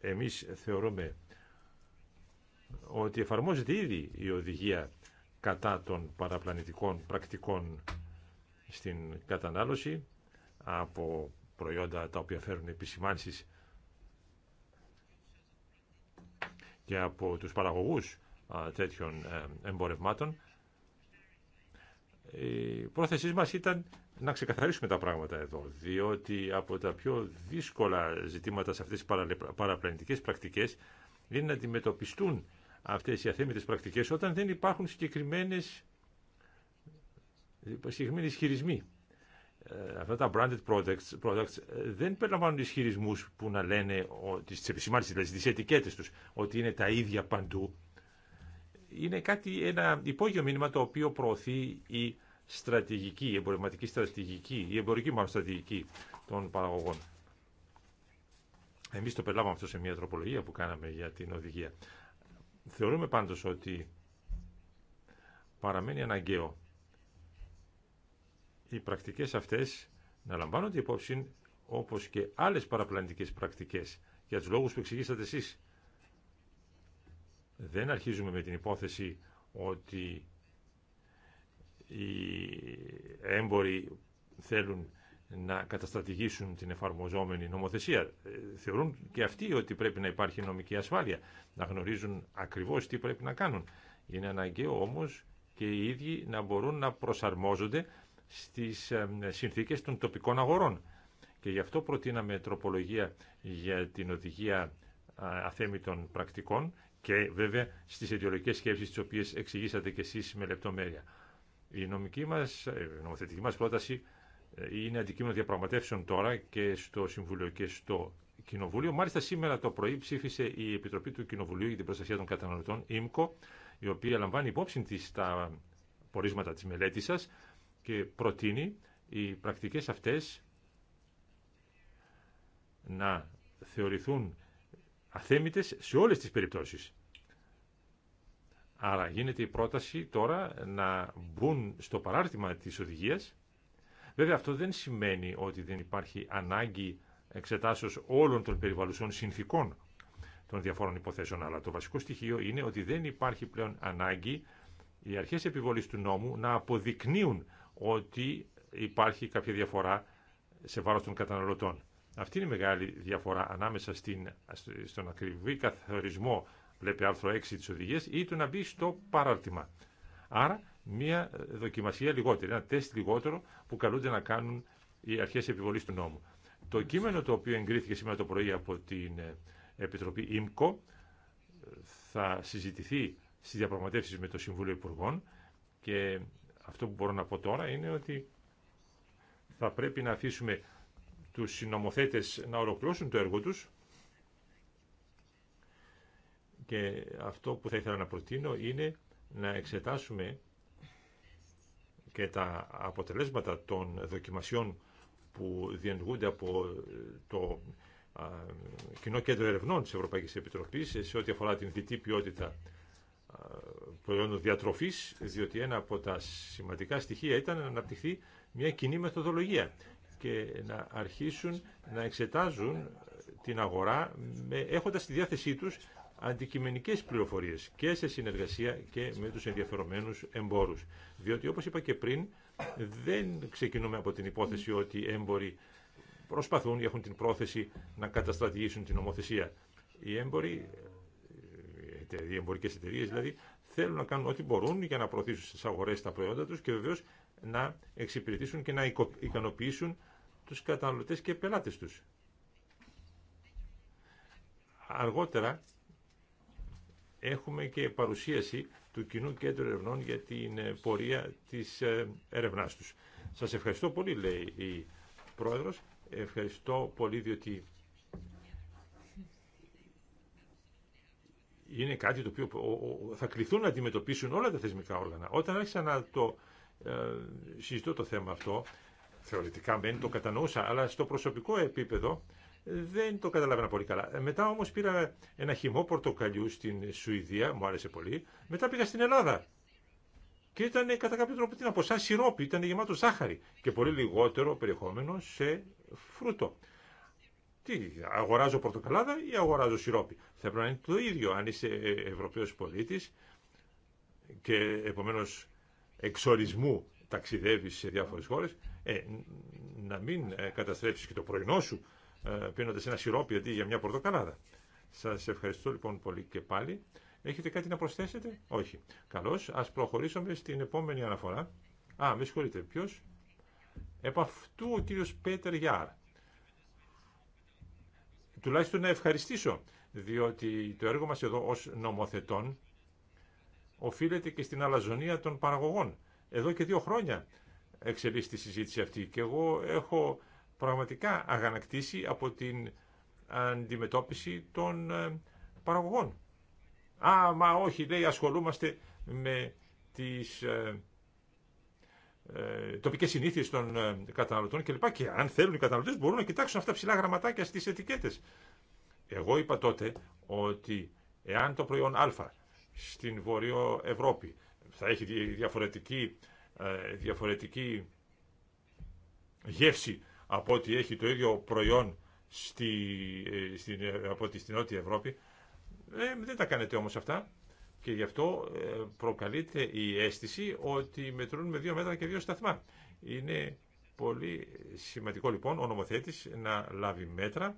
εμείς θεωρούμε ότι εφαρμόζεται ήδη η οδηγία κατά των παραπλανητικών πρακτικών στην κατανάλωση από προϊόντα τα οποία φέρουν επισημάνσεις και από τους παραγωγούς τέτοιων ε, εμπορευμάτων. Η πρόθεσή μας ήταν να ξεκαθαρίσουμε τα πράγματα εδώ, διότι από τα πιο δύσκολα ζητήματα σε αυτές τις παραπλανητικές πρακτικές είναι να αντιμετωπιστούν αυτές οι αθέμητες πρακτικές όταν δεν υπάρχουν συγκεκριμένες ε, συγκεκριμένοι ισχυρισμοί. Ε, αυτά τα branded products, products ε, δεν περιλαμβάνουν ισχυρισμού που να λένε, τι επισημάνσει δηλαδή, τι ετικέτε του, ότι είναι τα ίδια παντού. Είναι κάτι, ένα υπόγειο μήνυμα το οποίο προωθεί η στρατηγική, η εμπορευματική στρατηγική, η εμπορική μάλλον στρατηγική των παραγωγών. Εμεί το περιλάβαμε αυτό σε μια τροπολογία που κάναμε για την οδηγία. Θεωρούμε πάντω ότι παραμένει αναγκαίο οι πρακτικές αυτές να λαμβάνονται υπόψη όπως και άλλες παραπλανητικές πρακτικές για τους λόγους που εξηγήσατε εσείς. Δεν αρχίζουμε με την υπόθεση ότι οι έμποροι θέλουν να καταστρατηγήσουν την εφαρμοζόμενη νομοθεσία. Θεωρούν και αυτοί ότι πρέπει να υπάρχει νομική ασφάλεια, να γνωρίζουν ακριβώς τι πρέπει να κάνουν. Είναι αναγκαίο όμως και οι ίδιοι να μπορούν να προσαρμόζονται στις συνθήκες των τοπικών αγορών. Και γι' αυτό προτείναμε τροπολογία για την οδηγία αθέμητων πρακτικών και βέβαια στις αιτιολογικές σκέψεις τις οποίες εξηγήσατε και εσείς με λεπτομέρεια. Η νομική μας, ε, η νομοθετική μας πρόταση ε, είναι αντικείμενο διαπραγματεύσεων τώρα και στο Συμβούλιο και στο Κοινοβούλιο. Μάλιστα σήμερα το πρωί ψήφισε η Επιτροπή του Κοινοβουλίου για την Προστασία των Καταναλωτών, ΙΜΚΟ, η οποία λαμβάνει υπόψη της τα πορίσματα της μελέτης σας και προτείνει οι πρακτικές αυτές να θεωρηθούν αθέμητες σε όλες τις περιπτώσεις. Άρα γίνεται η πρόταση τώρα να μπουν στο παράρτημα της οδηγίας. Βέβαια αυτό δεν σημαίνει ότι δεν υπάρχει ανάγκη εξετάσεως όλων των περιβαλλουσών συνθήκων των διαφόρων υποθέσεων, αλλά το βασικό στοιχείο είναι ότι δεν υπάρχει πλέον ανάγκη οι αρχές επιβολής του νόμου να αποδεικνύουν ότι υπάρχει κάποια διαφορά σε βάρος των καταναλωτών. Αυτή είναι η μεγάλη διαφορά ανάμεσα στην, στον ακριβή καθορισμό, βλέπει άρθρο 6 της οδηγίας, ή το να μπει στο παράρτημα. Άρα, μια δοκιμασία λιγότερη, ένα τεστ λιγότερο που καλούνται να κάνουν οι αρχές επιβολής του νόμου. Το κείμενο το οποίο εγκρίθηκε σήμερα το πρωί από την ε, Επιτροπή ΙΜΚΟ ε, θα συζητηθεί στις διαπραγματεύσεις με το Συμβούλιο Υπουργών και αυτό που μπορώ να πω τώρα είναι ότι θα πρέπει να αφήσουμε τους συνομοθέτες να ολοκληρώσουν το έργο τους και αυτό που θα ήθελα να προτείνω είναι να εξετάσουμε και τα αποτελέσματα των δοκιμασιών που διενεργούνται από το Κοινό Κέντρο Ερευνών της Ευρωπαϊκής Επιτροπής σε ό,τι αφορά την διτή ποιότητα προϊόντων διατροφής, διότι ένα από τα σημαντικά στοιχεία ήταν να αναπτυχθεί μια κοινή μεθοδολογία και να αρχίσουν να εξετάζουν την αγορά με, έχοντας στη διάθεσή τους αντικειμενικές πληροφορίες και σε συνεργασία και με τους ενδιαφερομένους εμπόρους. Διότι όπως είπα και πριν δεν ξεκινούμε από την υπόθεση ότι οι έμποροι προσπαθούν ή έχουν την πρόθεση να καταστρατηγήσουν την ομοθεσία. Οι έμποροι οι εταιρείε, δηλαδή θέλουν να κάνουν ό,τι μπορούν για να προωθήσουν στι αγορέ τα προϊόντα τους και βεβαίως να εξυπηρετήσουν και να ικανοποιήσουν τους καταναλωτές και πελάτε τους. Αργότερα έχουμε και παρουσίαση του Κοινού Κέντρου Ερευνών για την ε, πορεία της έρευνάς ε, τους. Σας ευχαριστώ πολύ, λέει η Πρόεδρος. Ευχαριστώ πολύ διότι είναι κάτι το οποίο θα κληθούν να αντιμετωπίσουν όλα τα θεσμικά όργανα. Όταν άρχισα να το ε, συζητώ το θέμα αυτό, θεωρητικά μεν το κατανοούσα, αλλά στο προσωπικό επίπεδο ε, δεν το καταλάβαινα πολύ καλά. Ε, μετά όμως πήρα ένα χυμό πορτοκαλιού στην Σουηδία, μου άρεσε πολύ. Μετά πήγα στην Ελλάδα και ήταν κατά κάποιο τρόπο την σιρόπι, ήταν γεμάτο ζάχαρη και πολύ λιγότερο περιεχόμενο σε φρούτο. Τι, αγοράζω πορτοκαλάδα ή αγοράζω σιρόπι. Θα πρέπει να είναι το ίδιο αν είσαι ε, ε, Ευρωπαίος πολίτης και επομένως εξορισμού ταξιδεύεις σε διάφορες χώρες, ε, να μην ε, καταστρέψεις και το πρωινό σου πίνοντας ένα σιρόπι αντί για μια πορτοκαλάδα. Σας ευχαριστώ λοιπόν πολύ και πάλι. Έχετε κάτι να προσθέσετε? Όχι. Καλώς. Ας προχωρήσουμε στην επόμενη αναφορά. Α, με συγχωρείτε. Ποιος? Επ' αυτού ο κύριος Πέτερ Γιάρ τουλάχιστον να ευχαριστήσω, διότι το έργο μας εδώ ως νομοθετών οφείλεται και στην αλαζονία των παραγωγών. Εδώ και δύο χρόνια εξελίσσεται η συζήτηση αυτή και εγώ έχω πραγματικά αγανακτήσει από την αντιμετώπιση των ε, παραγωγών. Α, μα όχι, λέει, ασχολούμαστε με τις ε, ε, τοπικέ συνήθειε των ε, καταναλωτών κλπ. Και αν θέλουν οι καταναλωτέ μπορούν να κοιτάξουν αυτά ψηλά γραμματάκια στι ετικέτε. Εγώ είπα τότε ότι εάν το προϊόν Α στην Βορειό Ευρώπη θα έχει διαφορετική, ε, διαφορετική γεύση από ότι έχει το ίδιο προϊόν στη, στην, από ότι στην Νότια Ευρώπη. Ε, δεν τα κάνετε όμως αυτά. Και γι' αυτό ε, προκαλείται η αίσθηση ότι μετρούν με δύο μέτρα και δύο σταθμά. Είναι πολύ σημαντικό λοιπόν ο νομοθέτης να λάβει μέτρα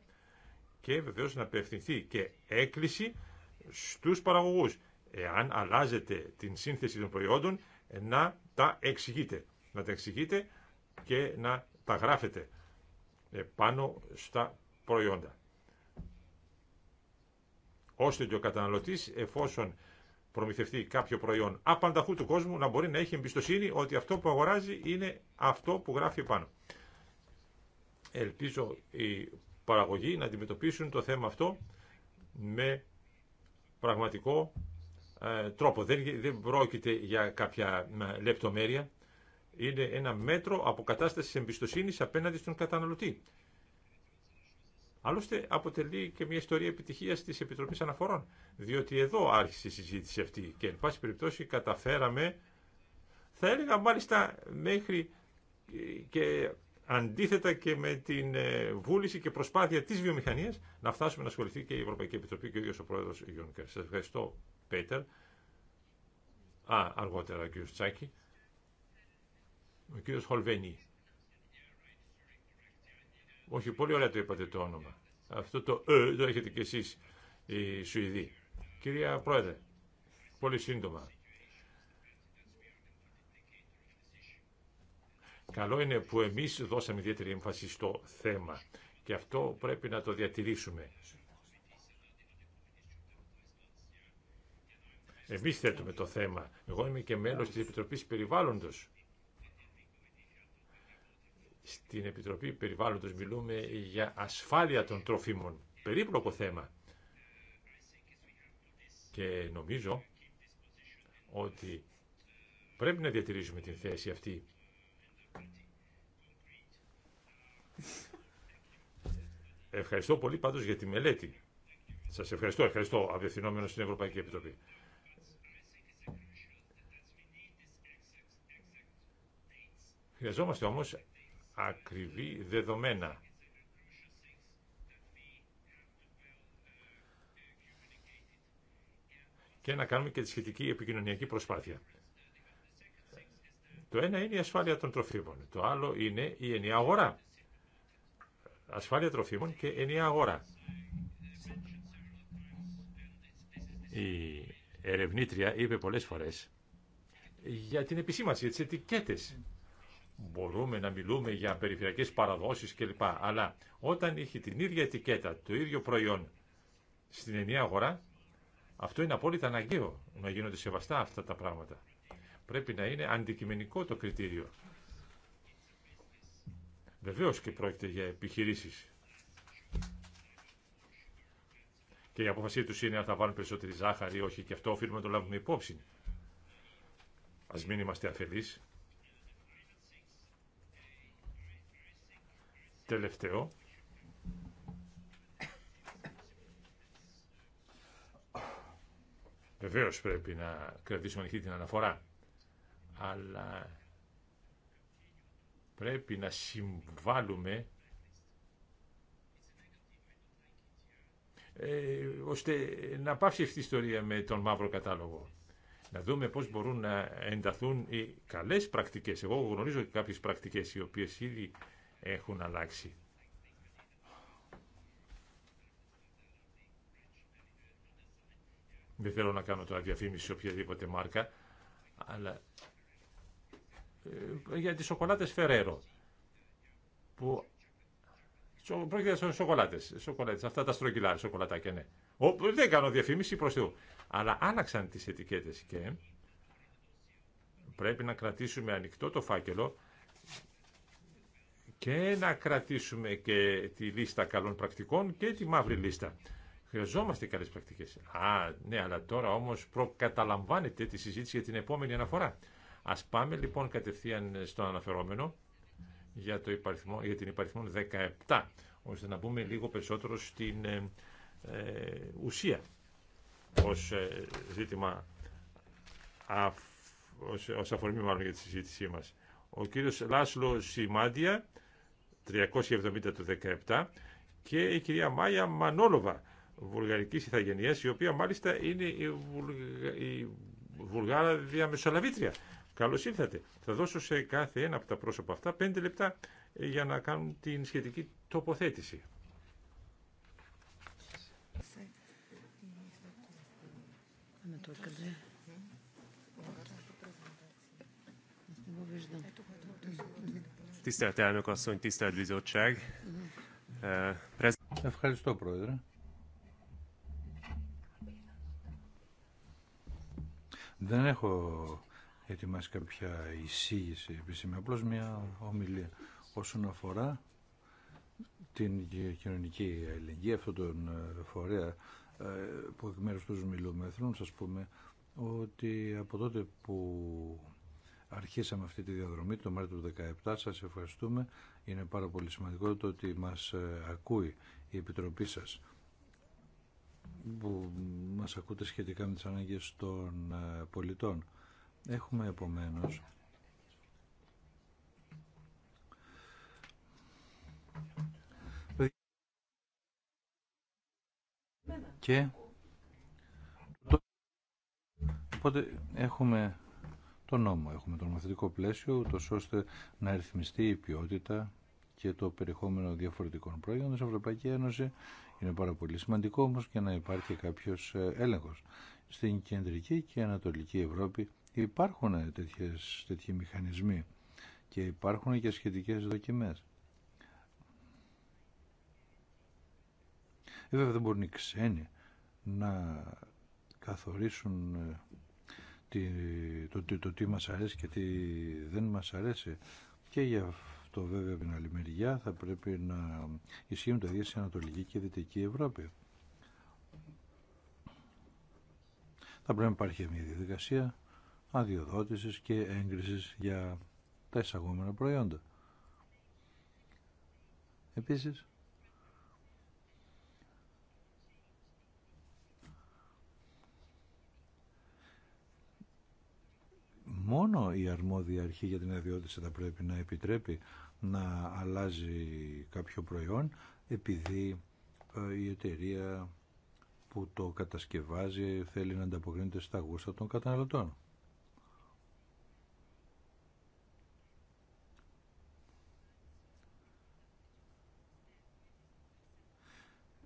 και βεβαίως να απευθυνθεί και έκκληση στους παραγωγούς. Εάν αλλάζετε την σύνθεση των προϊόντων, να τα εξηγείτε. Να τα εξηγείτε και να τα γράφετε ε, πάνω στα προϊόντα. Ώστε ο καταναλωτής, εφόσον προμηθευτεί κάποιο προϊόν απανταχού του κόσμου να μπορεί να έχει εμπιστοσύνη ότι αυτό που αγοράζει είναι αυτό που γράφει πάνω. Ελπίζω οι παραγωγοί να αντιμετωπίσουν το θέμα αυτό με πραγματικό ε, τρόπο. Δεν, δεν πρόκειται για κάποια ε, λεπτομέρεια. Είναι ένα μέτρο αποκατάστασης εμπιστοσύνης απέναντι στον καταναλωτή. Άλλωστε αποτελεί και μια ιστορία επιτυχίας τη Επιτροπής Αναφορών, διότι εδώ άρχισε η συζήτηση αυτή και εν πάση περιπτώσει καταφέραμε, θα έλεγα μάλιστα μέχρι και αντίθετα και με την ε, βούληση και προσπάθεια τη βιομηχανία να φτάσουμε να ασχοληθεί και η Ευρωπαϊκή Επιτροπή και ο ίδιο ο Πρόεδρος Γιούνκερ. Σα ευχαριστώ Πέτερ. Α, αργότερα ο κύριος Τσάκη. Ο κύριος Χολβένη. Όχι, πολύ ωραία το είπατε το όνομα. Αυτό το «ε» το έχετε κι εσείς οι Σουηδοί. Κυρία Πρόεδρε, πολύ σύντομα. Καλό είναι που εμείς δώσαμε ιδιαίτερη έμφαση στο θέμα και αυτό πρέπει να το διατηρήσουμε. Εμείς θέτουμε το θέμα. Εγώ είμαι και μέλος της Επιτροπής Περιβάλλοντος στην Επιτροπή Περιβάλλοντος μιλούμε για ασφάλεια των τροφίμων. Περίπλοκο θέμα. Και νομίζω ότι πρέπει να διατηρήσουμε την θέση αυτή. Ευχαριστώ πολύ πάντως για τη μελέτη. Σας ευχαριστώ, ευχαριστώ απευθυνόμενο στην Ευρωπαϊκή Επιτροπή. Χρειαζόμαστε όμως ακριβή δεδομένα. Και να κάνουμε και τη σχετική επικοινωνιακή προσπάθεια. Το ένα είναι η ασφάλεια των τροφίμων. Το άλλο είναι η ενιαία αγορά. Ασφάλεια τροφίμων και ενιαία αγορά. Η ερευνήτρια είπε πολλές φορές για την επισήμανση, για τις ετικέτες μπορούμε να μιλούμε για περιφερειακές παραδόσεις κλπ. Αλλά όταν έχει την ίδια ετικέτα, το ίδιο προϊόν στην ενιαία αγορά, αυτό είναι απόλυτα αναγκαίο να γίνονται σεβαστά αυτά τα πράγματα. Πρέπει να είναι αντικειμενικό το κριτήριο. Βεβαίως και πρόκειται για επιχειρήσεις. Και η αποφασία τους είναι αν θα βάλουν περισσότερη ζάχαρη ή όχι και αυτό οφείλουμε να το λάβουμε υπόψη. Ας μην είμαστε αφελείς. τελευταίο. Βεβαίως πρέπει να κρατήσουμε ανοιχτή την αναφορά, αλλά πρέπει να συμβάλλουμε ε, ώστε να πάψει αυτή η ιστορία με τον μαύρο κατάλογο. Να δούμε πώς μπορούν να ενταθούν οι καλές πρακτικές. Εγώ γνωρίζω και κάποιες πρακτικές οι οποίες ήδη έχουν αλλάξει. Δεν θέλω να κάνω τώρα διαφήμιση σε οποιαδήποτε μάρκα, αλλά ε, για τις σοκολάτες Φεραίρο, που πρόκειται για σοκολάτες, σοκολάτες, αυτά τα στρογγυλά σοκολατάκια, ναι. δεν κάνω διαφήμιση προς Θεού, αλλά άλλαξαν τις ετικέτες και πρέπει να κρατήσουμε ανοιχτό το φάκελο και να κρατήσουμε και τη λίστα καλών πρακτικών και τη μαύρη λίστα. Χρειαζόμαστε καλέ πρακτικέ. Α, ναι, αλλά τώρα όμω προκαταλαμβάνεται τη συζήτηση για την επόμενη αναφορά. Α πάμε λοιπόν κατευθείαν στο αναφερόμενο για, το υπαριθμό, για την υπαριθμό 17, ώστε να μπούμε λίγο περισσότερο στην ε, ε, ουσία ω ε, ζήτημα, αφορμή μάλλον για τη συζήτησή μας. Ο κύριος Λάσλο Σιμάντια 370 του 17 και η κυρία Μάια Μανόλοβα, Βουλγαρική ηθαγενεία, η οποία μάλιστα είναι η, βουλγάρα διαμεσολαβήτρια. Καλώς ήρθατε. Θα δώσω σε κάθε ένα από τα πρόσωπα αυτά 5 λεπτά για να κάνουν την σχετική τοποθέτηση. Ευχαριστώ, Πρόεδρε. Δεν έχω ετοιμάσει κάποια εισήγηση επίσημη, απλώ μια ομιλία όσον αφορά την κοινωνική αλληλεγγύη, αυτόν τον ε, φορέα ε, που εκ μέρου του μιλούμε. Θέλω να σας πούμε ότι από τότε που αρχίσαμε αυτή τη διαδρομή το Μάρτιο του 2017. Σας ευχαριστούμε. Είναι πάρα πολύ σημαντικό το ότι μας ε, ακούει η Επιτροπή σας που μας ακούτε σχετικά με τις ανάγκες των ε, πολιτών. Έχουμε επομένως και οπότε έχουμε το νόμο. Έχουμε το νομοθετικό πλαίσιο, ούτω ώστε να ρυθμιστεί η ποιότητα και το περιεχόμενο διαφορετικών προϊόντων στην Ευρωπαϊκή Ένωση. Είναι πάρα πολύ σημαντικό όμω και να υπάρχει κάποιος ε, έλεγχος. Στην κεντρική και ανατολική Ευρώπη υπάρχουν ε, τέτοιες, τέτοιοι μηχανισμοί και υπάρχουν και σχετικές δοκιμές. Ε, βέβαια δεν μπορούν οι ξένοι να καθορίσουν τι, το, τι μας αρέσει και τι δεν μας αρέσει. Και γι' αυτό βέβαια από την άλλη μεριά θα πρέπει να ισχύουν τα ίδια Ανατολική και Δυτική Ευρώπη. Θα πρέπει να υπάρχει μια διαδικασία αδειοδότησης και έγκρισης για τα εισαγόμενα προϊόντα. Επίσης, μόνο η αρμόδια αρχή για την αδειότηση θα πρέπει να επιτρέπει να αλλάζει κάποιο προϊόν επειδή ε, η εταιρεία που το κατασκευάζει θέλει να ανταποκρίνεται στα γούστα των καταναλωτών.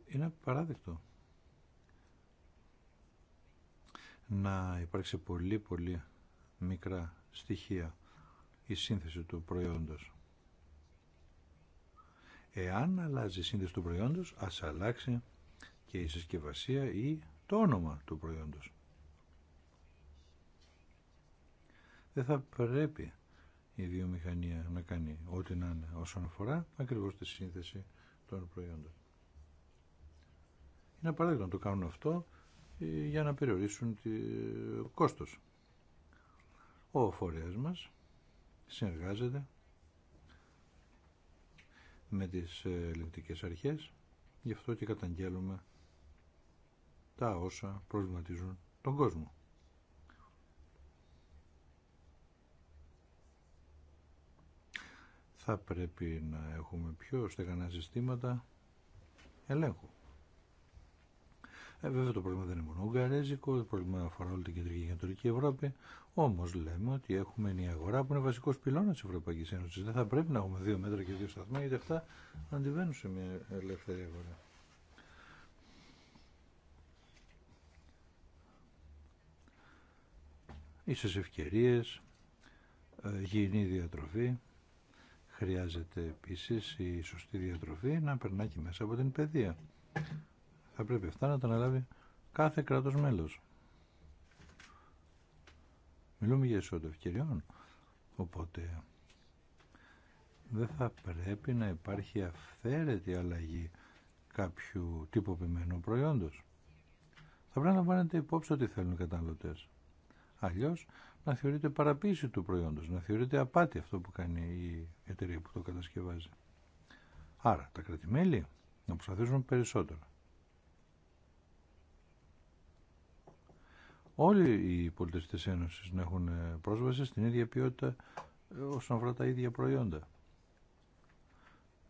Είναι παράδειγμα να υπάρξει πολύ πολύ μικρά στοιχεία η σύνθεση του προϊόντος. Εάν αλλάζει η σύνθεση του προϊόντος, ας αλλάξει και η συσκευασία ή το όνομα του προϊόντος. Δεν θα πρέπει η βιομηχανία να κάνει ό,τι να είναι όσον αφορά ακριβώς τη σύνθεση των προϊόντων. Είναι απαραίτητο να το κάνουν αυτό ε, για να περιορίσουν το κόστος. Ο φορέας μας συνεργάζεται με τις ε, ελληνικές αρχές, γι' αυτό και καταγγέλουμε τα όσα προβληματίζουν τον κόσμο. Θα πρέπει να έχουμε πιο στεγανά συστήματα ελέγχου. Ε, βέβαια το πρόβλημα δεν είναι μόνο ουγγαρέζικο, το πρόβλημα αφορά όλη την κεντρική και Ευρώπη. Όμω λέμε ότι έχουμε μια αγορά που είναι βασικό πυλώνα τη Ευρωπαϊκή Ένωση. Δεν θα πρέπει να έχουμε δύο μέτρα και δύο σταθμά, γιατί αυτά αντιβαίνουν σε μια ελεύθερη αγορά. Ίσως ευκαιρίε, ε, υγιεινή διατροφή. Χρειάζεται επίση η σωστή διατροφή να περνάει και μέσα από την παιδεία θα πρέπει αυτά να τα αναλάβει κάθε κράτος μέλος. Μιλούμε για ισότητα ευκαιριών, οπότε δεν θα πρέπει να υπάρχει αυθαίρετη αλλαγή κάποιου τυποποιημένου προϊόντος. Θα πρέπει να λαμβάνετε υπόψη ότι θέλουν οι καταναλωτές. Αλλιώς να θεωρείται παραποίηση του προϊόντος, να θεωρείται απάτη αυτό που κάνει η εταιρεία που το κατασκευάζει. Άρα τα κρατημέλη να προσπαθήσουν περισσότερο. όλοι οι πολίτες της Ένωσης να έχουν ε, πρόσβαση στην ίδια ποιότητα ε, όσον αφορά τα ίδια προϊόντα.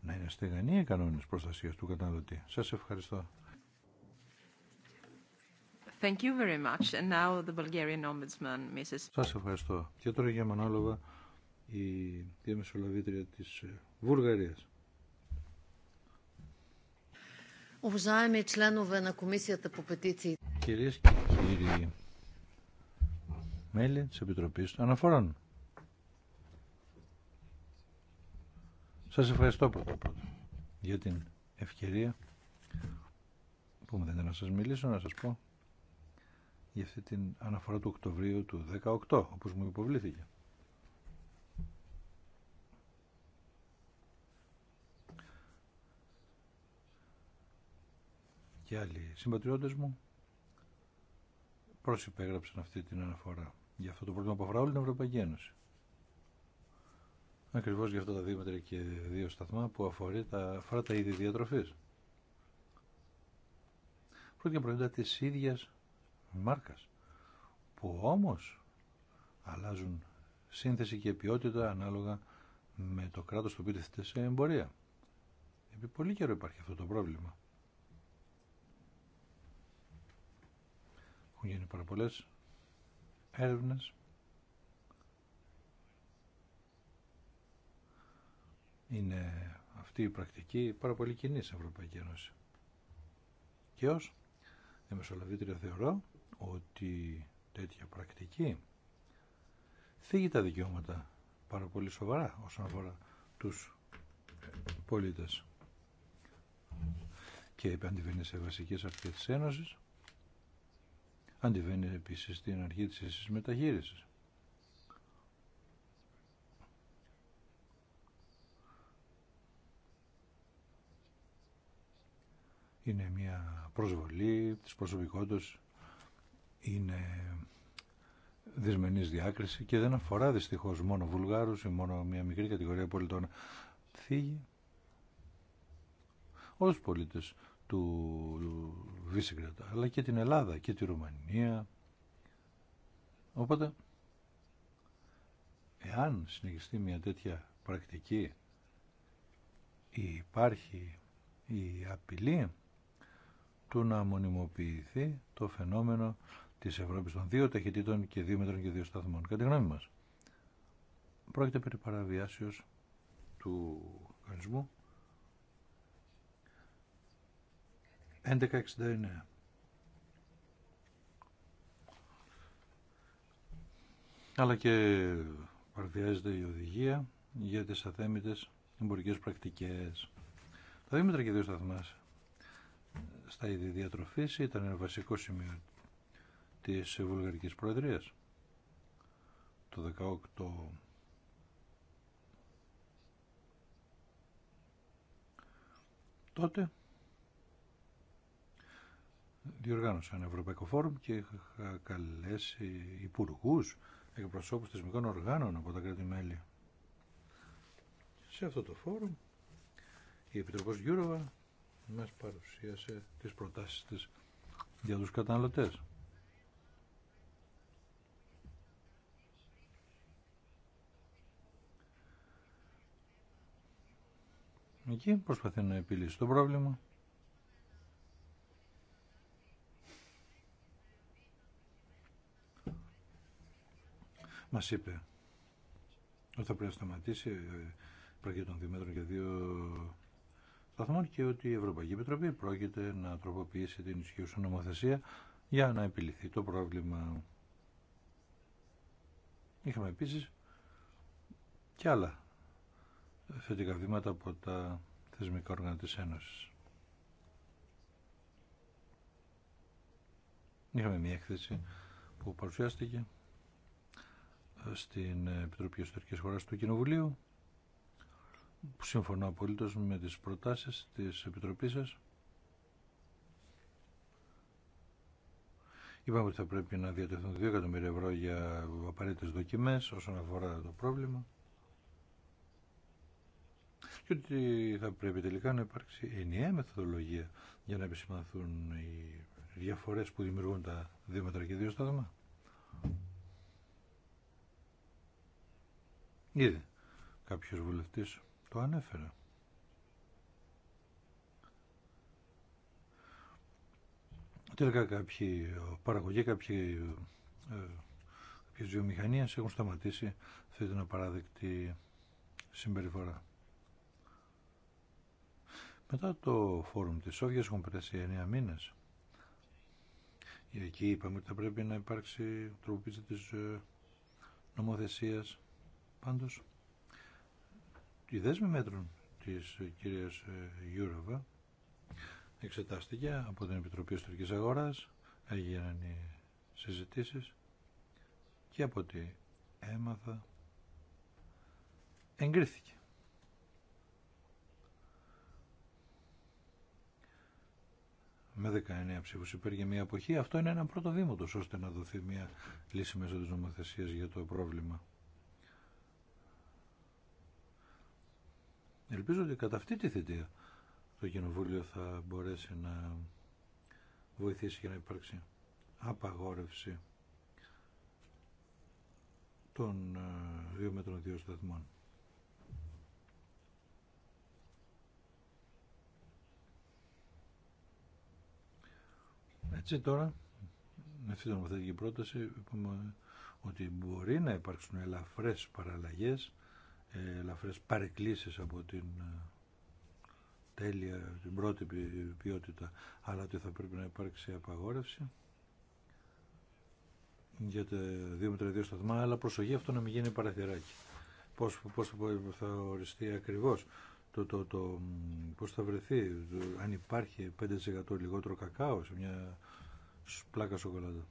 Να είναι στεγανή οι κανόνες προστασίας του καταναλωτή. Σας ευχαριστώ. Thank you very much. And now the Bulgarian Ombudsman, Mrs. Σας ευχαριστώ. Και τώρα για Μανόλοβα, η διαμεσολαβήτρια της ε, Βουλγαρίας. Уважаеми Κυρίες και κύριοι, μέλη της Επιτροπής των Αναφορών. Σας ευχαριστώ πρώτα πρώτα για την ευκαιρία που μου δίνετε να σας μιλήσω, να σας πω για αυτή την αναφορά του Οκτωβρίου του 18, όπως μου υποβλήθηκε. Και άλλοι συμπατριώτες μου προσυπέγραψαν αυτή την αναφορά για αυτό το πρόβλημα που αφορά όλη την Ευρωπαϊκή Ένωση. Ακριβώς για αυτό τα δύο μέτρα και δύο σταθμά που αφορεί τα, αφορά τα είδη διατροφής. Πρώτη προϊόντα της ίδιας μάρκας που όμως αλλάζουν σύνθεση και ποιότητα ανάλογα με το κράτος που πήρε σε εμπορία. Επί πολύ καιρό υπάρχει αυτό το πρόβλημα. Έχουν γίνει πάρα πολλές έρευνες είναι αυτή η πρακτική πάρα πολύ κοινή στην Ευρωπαϊκή Ένωση. Και ως δημοσιολαβήτρια θεωρώ ότι τέτοια πρακτική θίγει τα δικαιώματα πάρα πολύ σοβαρά όσον αφορά τους πολίτες και η σε βασικές αρχές της Ένωσης Αντιβαίνει επίσης στην αρχή της ίσης μεταχείρισης. Είναι μια προσβολή της προσωπικότητας, είναι δυσμενής διάκριση και δεν αφορά δυστυχώς μόνο Βουλγάρους ή μόνο μια μικρή κατηγορία πολιτών. όλους τους πολίτες του αλλά και την Ελλάδα και τη Ρουμανία. Οπότε, εάν συνεχιστεί μια τέτοια πρακτική, υπάρχει η απειλή του να μονιμοποιηθεί το φαινόμενο της Ευρώπης των δύο ταχυτήτων και δύο μέτρων και δύο σταθμών. Κατά τη γνώμη μας, πρόκειται περί παραβιάσεως του οργανισμού 1169. Αλλά και παρουσιάζεται η οδηγία για τις αθέμητες εμπορικές πρακτικές. Τα δίμετρα και δύο σταθμά στα είδη διατροφής ήταν ένα βασικό σημείο της Βουλγαρικής Προεδρίας το 18 τότε ένα Ευρωπαϊκό Φόρουμ και είχα καλέσει υπουργού, εκπροσώπου θεσμικών οργάνων από τα κράτη-μέλη. Σε αυτό το φόρουμ η Επιτροπή Γιούροβα μας παρουσίασε τις προτάσεις της για του καταναλωτέ. Εκεί προσπαθεί να επιλύσει το πρόβλημα μα είπε ότι θα πρέπει να σταματήσει ε, πρόκειται των δύο και δύο σταθμών και ότι η Ευρωπαϊκή Επιτροπή πρόκειται να τροποποιήσει την ισχύουσα νομοθεσία για να επιληθεί το πρόβλημα. Είχαμε επίσης και άλλα θετικά βήματα από τα θεσμικά όργανα της Ένωσης. Είχαμε μια έκθεση που παρουσιάστηκε στην Επιτροπή Ιστορικής Χώρας του Κοινοβουλίου που συμφωνώ απολύτως με τις προτάσεις της Επιτροπής σας. Είπαμε ότι θα πρέπει να διατεθούν 2 εκατομμύρια ευρώ για απαραίτητες δοκιμές όσον αφορά το πρόβλημα και ότι θα πρέπει τελικά να υπάρξει ενιαία μεθοδολογία για να επισημανθούν οι διαφορές που δημιουργούν τα δύο μέτρα και δύο Ήδη κάποιος βουλευτής το ανέφερε. Τελικά κάποιοι παραγωγοί, κάποιοι, ε, κάποιες έχουν σταματήσει αυτή την απαράδεκτη συμπεριφορά. Μετά το φόρουμ της Σόβιας έχουν περάσει 9 μήνες. Εκεί είπαμε ότι θα πρέπει να υπάρξει τροποποίηση της ε, νομοθεσίας Πάντως, η δέσμη μέτρων της ε, κυρίας ε, Γιούροβα εξετάστηκε από την Επιτροπή Ιστορικής Αγοράς, έγιναν οι συζητήσεις και από ό,τι έμαθα εγκρίθηκε. με 19 ψήφους υπέρ μια αποχή, αυτό είναι ένα πρώτο βήμα ώστε να δοθεί μια λύση μέσω της νομοθεσίας για το πρόβλημα. Ελπίζω ότι κατά αυτή τη θητεία το Κοινοβούλιο θα μπορέσει να βοηθήσει για να υπάρξει απαγόρευση των δύο ε, μέτρων δύο σταθμών. Έτσι τώρα, με αυτή την ομοθετική πρόταση, είπαμε ότι μπορεί να υπάρξουν ελαφρές παραλλαγές ελαφρές παρεκκλήσεις από την ε, τέλεια, την πρώτη ποιότητα, αλλά ότι θα πρέπει να υπάρξει απαγόρευση για τα δύο μέτρα δύο σταθμά, αλλά προσοχή αυτό να μην γίνει παραθυράκι. Πώς, πώς θα οριστεί ακριβώς, το, το, το, πώς θα βρεθεί, αν υπάρχει 5% λιγότερο κακάο σε μια πλάκα σοκολάτα.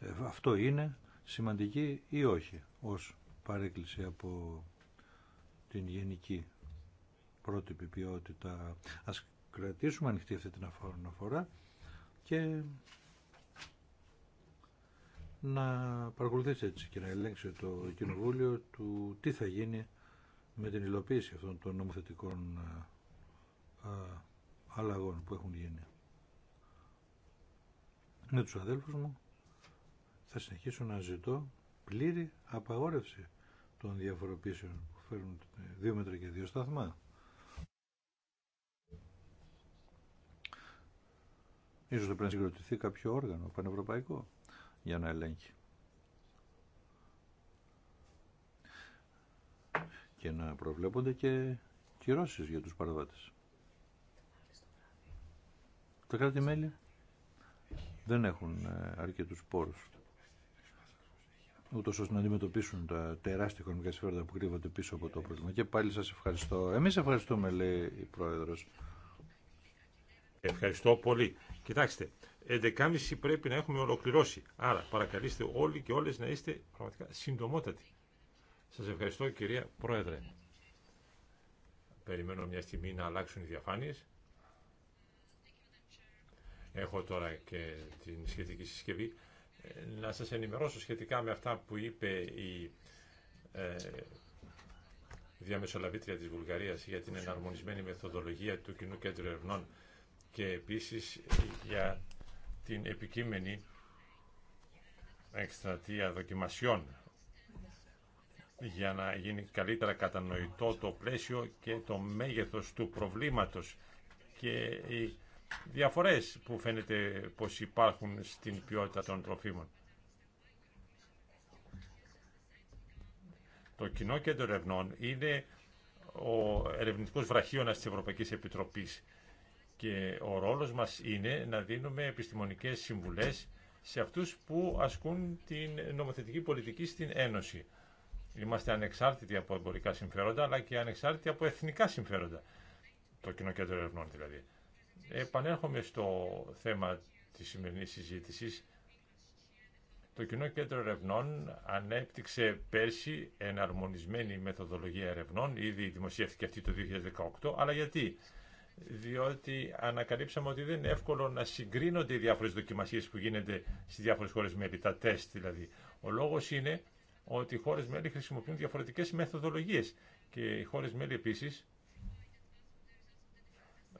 Ε, αυτό είναι σημαντική ή όχι ως παρέκκληση από την γενική πρότυπη ποιότητα. Ας κρατήσουμε ανοιχτή αυτή την αναφορά και να παρακολουθήσει έτσι και να ελέγξει το Κοινοβούλιο του τι θα γίνει με την υλοποίηση αυτών των νομοθετικών ε, ε, αλλαγών που έχουν γίνει. Με τους αδέλφους μου θα συνεχίσω να ζητώ πλήρη απαγόρευση των διαφοροποίησεων που φέρνουν δύο μέτρα και δύο σταθμά. Ίσως πρέπει να συγκροτηθεί κάποιο όργανο πανευρωπαϊκό για να ελέγχει. Και να προβλέπονται και κυρώσεις για τους παραβάτες. Τα κράτη-μέλη δεν έχουν ε, αρκετούς πόρους ούτως ώστε να αντιμετωπίσουν τα τεράστια οικονομικά συμφέροντα που κρύβονται πίσω από το πρόβλημα. Και πάλι σας ευχαριστώ. Εμείς ευχαριστούμε, λέει η Πρόεδρος. Ευχαριστώ πολύ. Κοιτάξτε, 11.30 πρέπει να έχουμε ολοκληρώσει. Άρα παρακαλείστε όλοι και όλες να είστε πραγματικά συντομότατοι. Σας ευχαριστώ κυρία Πρόεδρε. Περιμένω μια στιγμή να αλλάξουν οι διαφάνειες. Έχω τώρα και την σχετική συσκευή να σας ενημερώσω σχετικά με αυτά που είπε η ε, διαμεσολαβήτρια της Βουλγαρίας για την εναρμονισμένη μεθοδολογία του Κοινού Κέντρου Ερευνών και επίσης για την επικείμενη εκστρατεία δοκιμασιών για να γίνει καλύτερα κατανοητό το πλαίσιο και το μέγεθος του προβλήματος και η διαφορές που φαίνεται πως υπάρχουν στην ποιότητα των τροφίμων. Το Κοινό Κέντρο Ερευνών είναι ο ερευνητικός βραχίωνας της Ευρωπαϊκής Επιτροπής και ο ρόλος μας είναι να δίνουμε επιστημονικές συμβουλές σε αυτούς που ασκούν την νομοθετική πολιτική στην Ένωση. Είμαστε ανεξάρτητοι από εμπορικά συμφέροντα, αλλά και ανεξάρτητοι από εθνικά συμφέροντα. Το Κοινό Κέντρο Ερευνών δηλαδή. Επανέρχομαι στο θέμα της σημερινής συζήτησης. Το Κοινό Κέντρο Ερευνών ανέπτυξε πέρσι εναρμονισμένη μεθοδολογία ερευνών, ήδη δημοσιεύτηκε αυτή το 2018, αλλά γιατί. Διότι ανακαλύψαμε ότι δεν είναι εύκολο να συγκρίνονται οι διάφορες δοκιμασίες που γίνονται στις διάφορες χώρες μέλη, τα τεστ δηλαδή. Ο λόγος είναι ότι οι χώρες μέλη χρησιμοποιούν διαφορετικές μεθοδολογίες και οι χώρες μέλη επίσης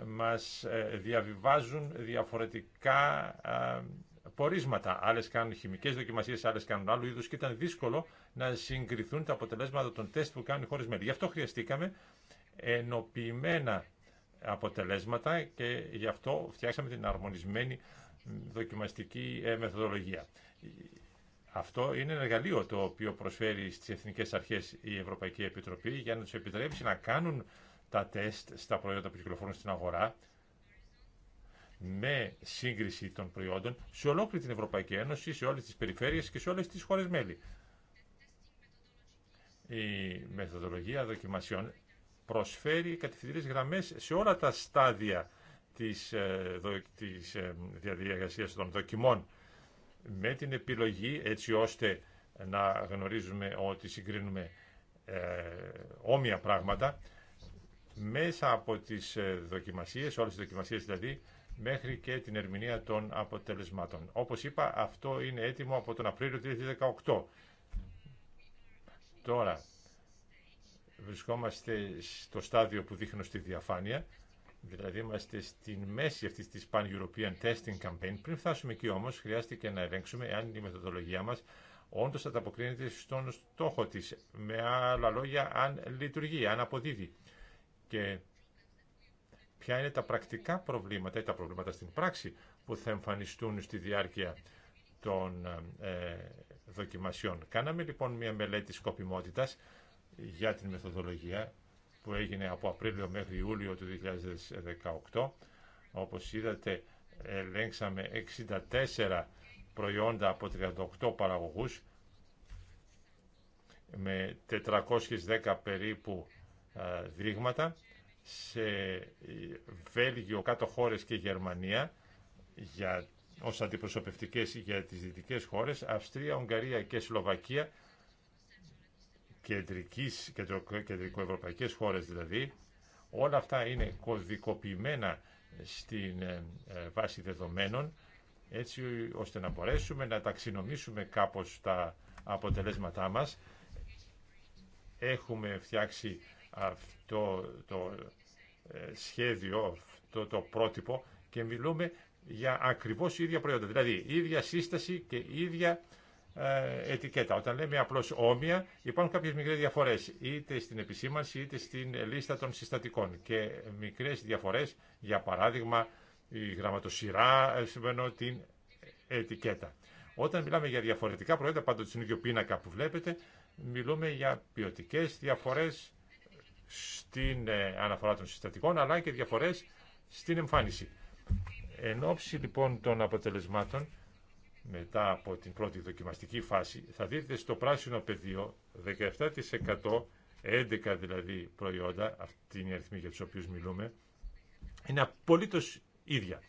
μας ε, διαβιβάζουν διαφορετικά ε, πορίσματα. Άλλες κάνουν χημικές δοκιμασίες, άλλες κάνουν άλλου είδους και ήταν δύσκολο να συγκριθούν τα αποτελέσματα των τεστ που κάνουν οι χώρες μέλη. Γι' αυτό χρειαστήκαμε ενοποιημένα αποτελέσματα και γι' αυτό φτιάξαμε την αρμονισμένη δοκιμαστική ε, μεθοδολογία. Αυτό είναι ένα εργαλείο το οποίο προσφέρει στις Εθνικές Αρχές η Ευρωπαϊκή Επιτροπή για να τους επιτρέψει να κάνουν τα τεστ στα προϊόντα που κυκλοφορούν στην αγορά με σύγκριση των προϊόντων σε ολόκληρη την Ευρωπαϊκή Ένωση, σε όλες τις περιφέρειες και σε όλες τις χώρες μέλη. Η μεθοδολογία δοκιμασιών προσφέρει κατευθυντήρες γραμμές σε όλα τα στάδια της, ε, της ε, διαδιαγρασίας των δοκιμών με την επιλογή έτσι ώστε να γνωρίζουμε ότι συγκρίνουμε ε, όμοια πράγματα μέσα από τις ε, δοκιμασίες, όλες τις δοκιμασίες δηλαδή, μέχρι και την ερμηνεία των αποτελεσμάτων. Όπως είπα, αυτό είναι έτοιμο από τον Απρίλιο 2018. Τώρα, βρισκόμαστε στο στάδιο που δείχνω στη διαφάνεια, δηλαδή είμαστε στη μέση αυτής της Pan-European Testing Campaign. Πριν φτάσουμε εκεί όμως, χρειάστηκε να ελέγξουμε αν η μεθοδολογία μας όντως ανταποκρίνεται στον στόχο της. Με άλλα λόγια, αν λειτουργεί, αν αποδίδει και ποια είναι τα πρακτικά προβλήματα ή τα προβλήματα στην πράξη που θα εμφανιστούν στη διάρκεια των ε, δοκιμασιών. Κάναμε λοιπόν μια μελέτη σκοπιμότητας για την μεθοδολογία που έγινε από Απρίλιο μέχρι Ιούλιο του 2018. Όπως είδατε ελέγξαμε 64 προϊόντα από 38 παραγωγούς με 410 περίπου ε, δείγματα σε ε, Βέλγιο, κάτω χώρες και Γερμανία για, ως αντιπροσωπευτικές για τις δυτικές χώρες, Αυστρία, Ουγγαρία και Σλοβακία, κεντρικής, κεντρο, κεντρικοευρωπαϊκές χώρες δηλαδή, όλα αυτά είναι κωδικοποιημένα στην ε, βάση δεδομένων, έτσι ώστε να μπορέσουμε να ταξινομήσουμε κάπως τα αποτελέσματά μας. Έχουμε φτιάξει αυτό το ε, σχέδιο, αυτό το πρότυπο και μιλούμε για ακριβώς ίδια προϊόντα. Δηλαδή, ίδια σύσταση και ίδια ε, ετικέτα. Όταν λέμε απλώς όμοια, υπάρχουν κάποιες μικρές διαφορές, είτε στην επισήμανση, είτε στην λίστα των συστατικών. Και μικρές διαφορές, για παράδειγμα, η γραμματοσυρά, ε, σημαίνω την ετικέτα. Όταν μιλάμε για διαφορετικά προϊόντα, πάντοτε στην ίδιο πίνακα που βλέπετε, μιλούμε για ποιοτικέ διαφορές, στην ε, αναφορά των συστατικών αλλά και διαφορές στην εμφάνιση. Εν ώψη λοιπόν των αποτελεσμάτων μετά από την πρώτη δοκιμαστική φάση θα δείτε στο πράσινο πεδίο 17% 11 δηλαδή προϊόντα, αυτή είναι η αριθμή για τους οποίους μιλούμε, είναι απολύτως ίδια.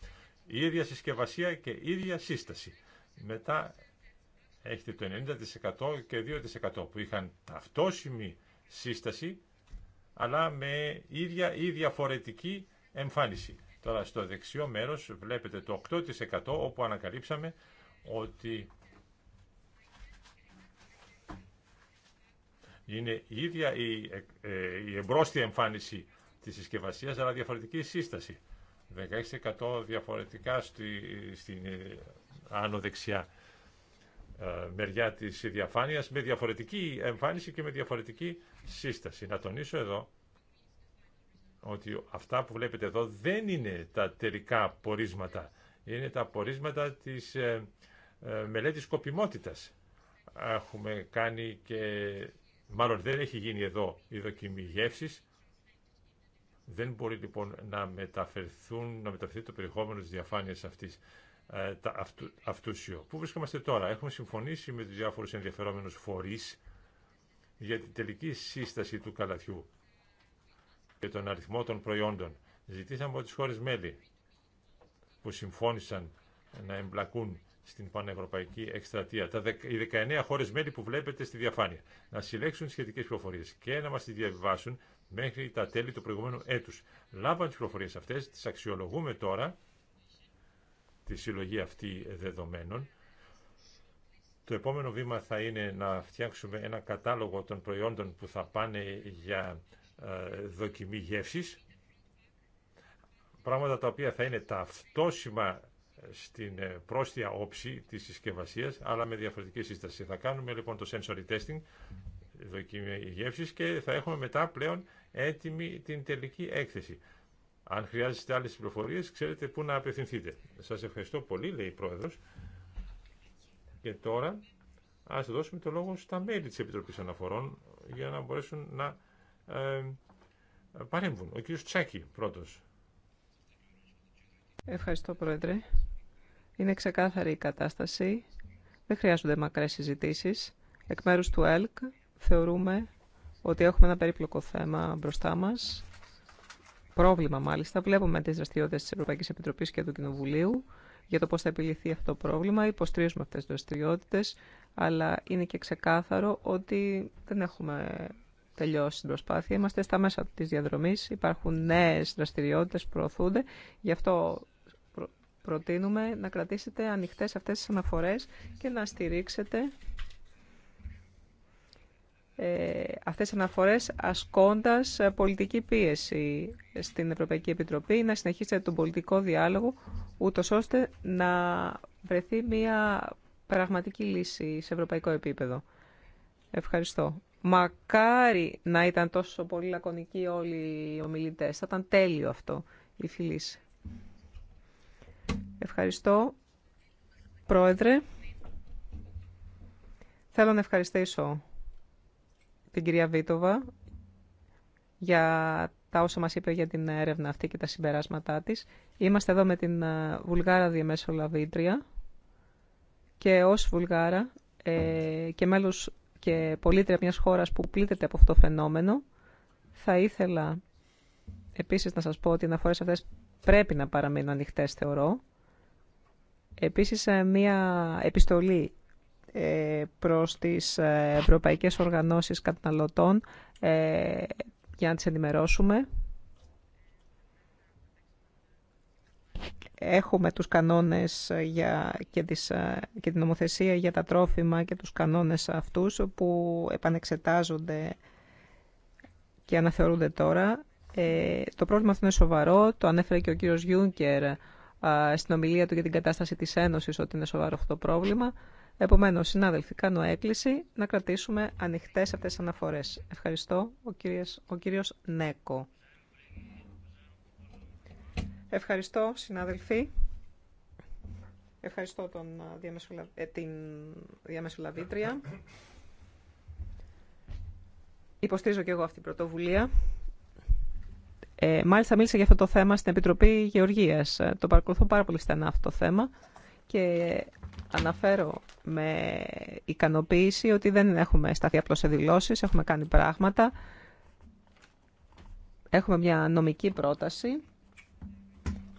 Η ίδια συσκευασία και ίδια σύσταση. Μετά έχετε το 90% και 2% που είχαν ταυτόσιμη σύσταση αλλά με ίδια ή διαφορετική εμφάνιση. Τώρα στο δεξιό μέρος βλέπετε το 8% όπου ανακαλύψαμε ότι είναι η ίδια η, ε, η εμφάνιση της συσκευασίας αλλά διαφορετική σύσταση. 16% διαφορετικά στη, στην ε, άνω δεξιά ε, μεριά της διαφάνειας με διαφορετική εμφάνιση και με διαφορετική σύσταση. Να τονίσω εδώ ότι αυτά που βλέπετε εδώ δεν είναι τα τελικά πορίσματα. Είναι τα πορίσματα της ε, ε, μελέτης κοπιμότητας. Έχουμε κάνει και... Μάλλον δεν έχει γίνει εδώ η δοκιμή γεύσης. Δεν μπορεί λοιπόν να μεταφερθούν, να μεταφερθεί το περιεχόμενο της διαφάνειας αυτής ε, αυτού, Πού βρισκόμαστε τώρα. Έχουμε συμφωνήσει με τους διάφορους ενδιαφερόμενους φορείς για την τελική σύσταση του καλαθιού και τον αριθμό των προϊόντων. Ζητήσαμε από τις χώρες μέλη που συμφώνησαν να εμπλακούν στην πανευρωπαϊκή εκστρατεία. Τα, οι 19 χώρες μέλη που βλέπετε στη διαφάνεια να συλλέξουν σχετικές πληροφορίε και να μας τις διαβιβάσουν μέχρι τα τέλη του προηγούμενου έτους. Λάβαμε τις πληροφορίε, αυτές, τις αξιολογούμε τώρα, τη συλλογή αυτή δεδομένων το επόμενο βήμα θα είναι να φτιάξουμε ένα κατάλογο των προϊόντων που θα πάνε για ε, δοκιμή γεύσης, πράγματα τα οποία θα είναι ταυτόσιμα στην ε, πρόστια όψη της συσκευασία, αλλά με διαφορετική σύσταση. Θα κάνουμε λοιπόν το sensory testing, δοκιμή γεύσης και θα έχουμε μετά πλέον έτοιμη την τελική έκθεση. Αν χρειάζεστε άλλες πληροφορίες, ξέρετε πού να απευθυνθείτε. Σας ευχαριστώ πολύ, λέει η Πρόεδρος. Και τώρα ας δώσουμε το λόγο στα μέλη της Επιτροπής Αναφορών για να μπορέσουν να ε, παρέμβουν. Ο κ. Τσάκη πρώτος. Ευχαριστώ Πρόεδρε. Είναι ξεκάθαρη η κατάσταση. Δεν χρειάζονται μακρές συζητήσει. Εκ μέρους του ΕΛΚ θεωρούμε ότι έχουμε ένα περίπλοκο θέμα μπροστά μας. Πρόβλημα μάλιστα. Βλέπουμε τις δραστηριότητες της Ευρωπαϊκής Επιτροπής και του Κοινοβουλίου για το πώς θα επιληθεί αυτό το πρόβλημα. Υποστηρίζουμε αυτές τις δραστηριότητε, αλλά είναι και ξεκάθαρο ότι δεν έχουμε τελειώσει την προσπάθεια. Είμαστε στα μέσα της διαδρομής, υπάρχουν νέες δραστηριότητες που προωθούνται. Γι' αυτό προτείνουμε να κρατήσετε ανοιχτές αυτές τις αναφορές και να στηρίξετε ε, αυτές τις αναφορές ασκώντας πολιτική πίεση στην Ευρωπαϊκή Επιτροπή να συνεχίσετε τον πολιτικό διάλογο ούτως ώστε να βρεθεί μια πραγματική λύση σε ευρωπαϊκό επίπεδο. Ευχαριστώ. Μακάρι να ήταν τόσο πολύ λακωνικοί όλοι οι ομιλητές. Θα ήταν τέλειο αυτό η φιλή. Ευχαριστώ. Πρόεδρε, θέλω να ευχαριστήσω την κυρία Βίτοβα για τα όσα μας είπε για την έρευνα αυτή και τα συμπεράσματά της. Είμαστε εδώ με την ε, Βουλγάρα Λαβίτρια και ως Βουλγάρα ε, και μέλος και πολίτρια μιας χώρας που πλήττεται από αυτό το φαινόμενο θα ήθελα επίσης να σας πω ότι οι αναφορές αυτές πρέπει να παραμείνουν ανοιχτές θεωρώ. Επίσης, ε, μια επιστολή ε, προς τις ε, ευρωπαϊκές οργανώσεις καταναλωτών ε, για να τις ενημερώσουμε. Έχουμε τους κανόνες για, και, και την νομοθεσία για τα τρόφιμα και τους κανόνες αυτούς που επανεξετάζονται και αναθεωρούνται τώρα. το πρόβλημα αυτό είναι σοβαρό. Το ανέφερε και ο κύριος Γιούνκερ στην ομιλία του για την κατάσταση της Ένωσης ότι είναι σοβαρό αυτό το πρόβλημα. Επομένως, συνάδελφοι, κάνω έκκληση να κρατήσουμε ανοιχτές αυτές τις αναφορές. Ευχαριστώ, ο κύριος, ο κύριος Νέκο. Ευχαριστώ, συνάδελφοι. Ευχαριστώ τον ε, διαμεσολα... Ε, την διαμεσολαβήτρια. Υποστήριζω και εγώ αυτή την πρωτοβουλία. Ε, μάλιστα μίλησα για αυτό το θέμα στην Επιτροπή Γεωργίας. Ε, το παρακολουθώ πάρα πολύ στενά αυτό το θέμα και Αναφέρω με ικανοποίηση ότι δεν έχουμε σταθεί απλώς σε δηλώσεις, έχουμε κάνει πράγματα. Έχουμε μια νομική πρόταση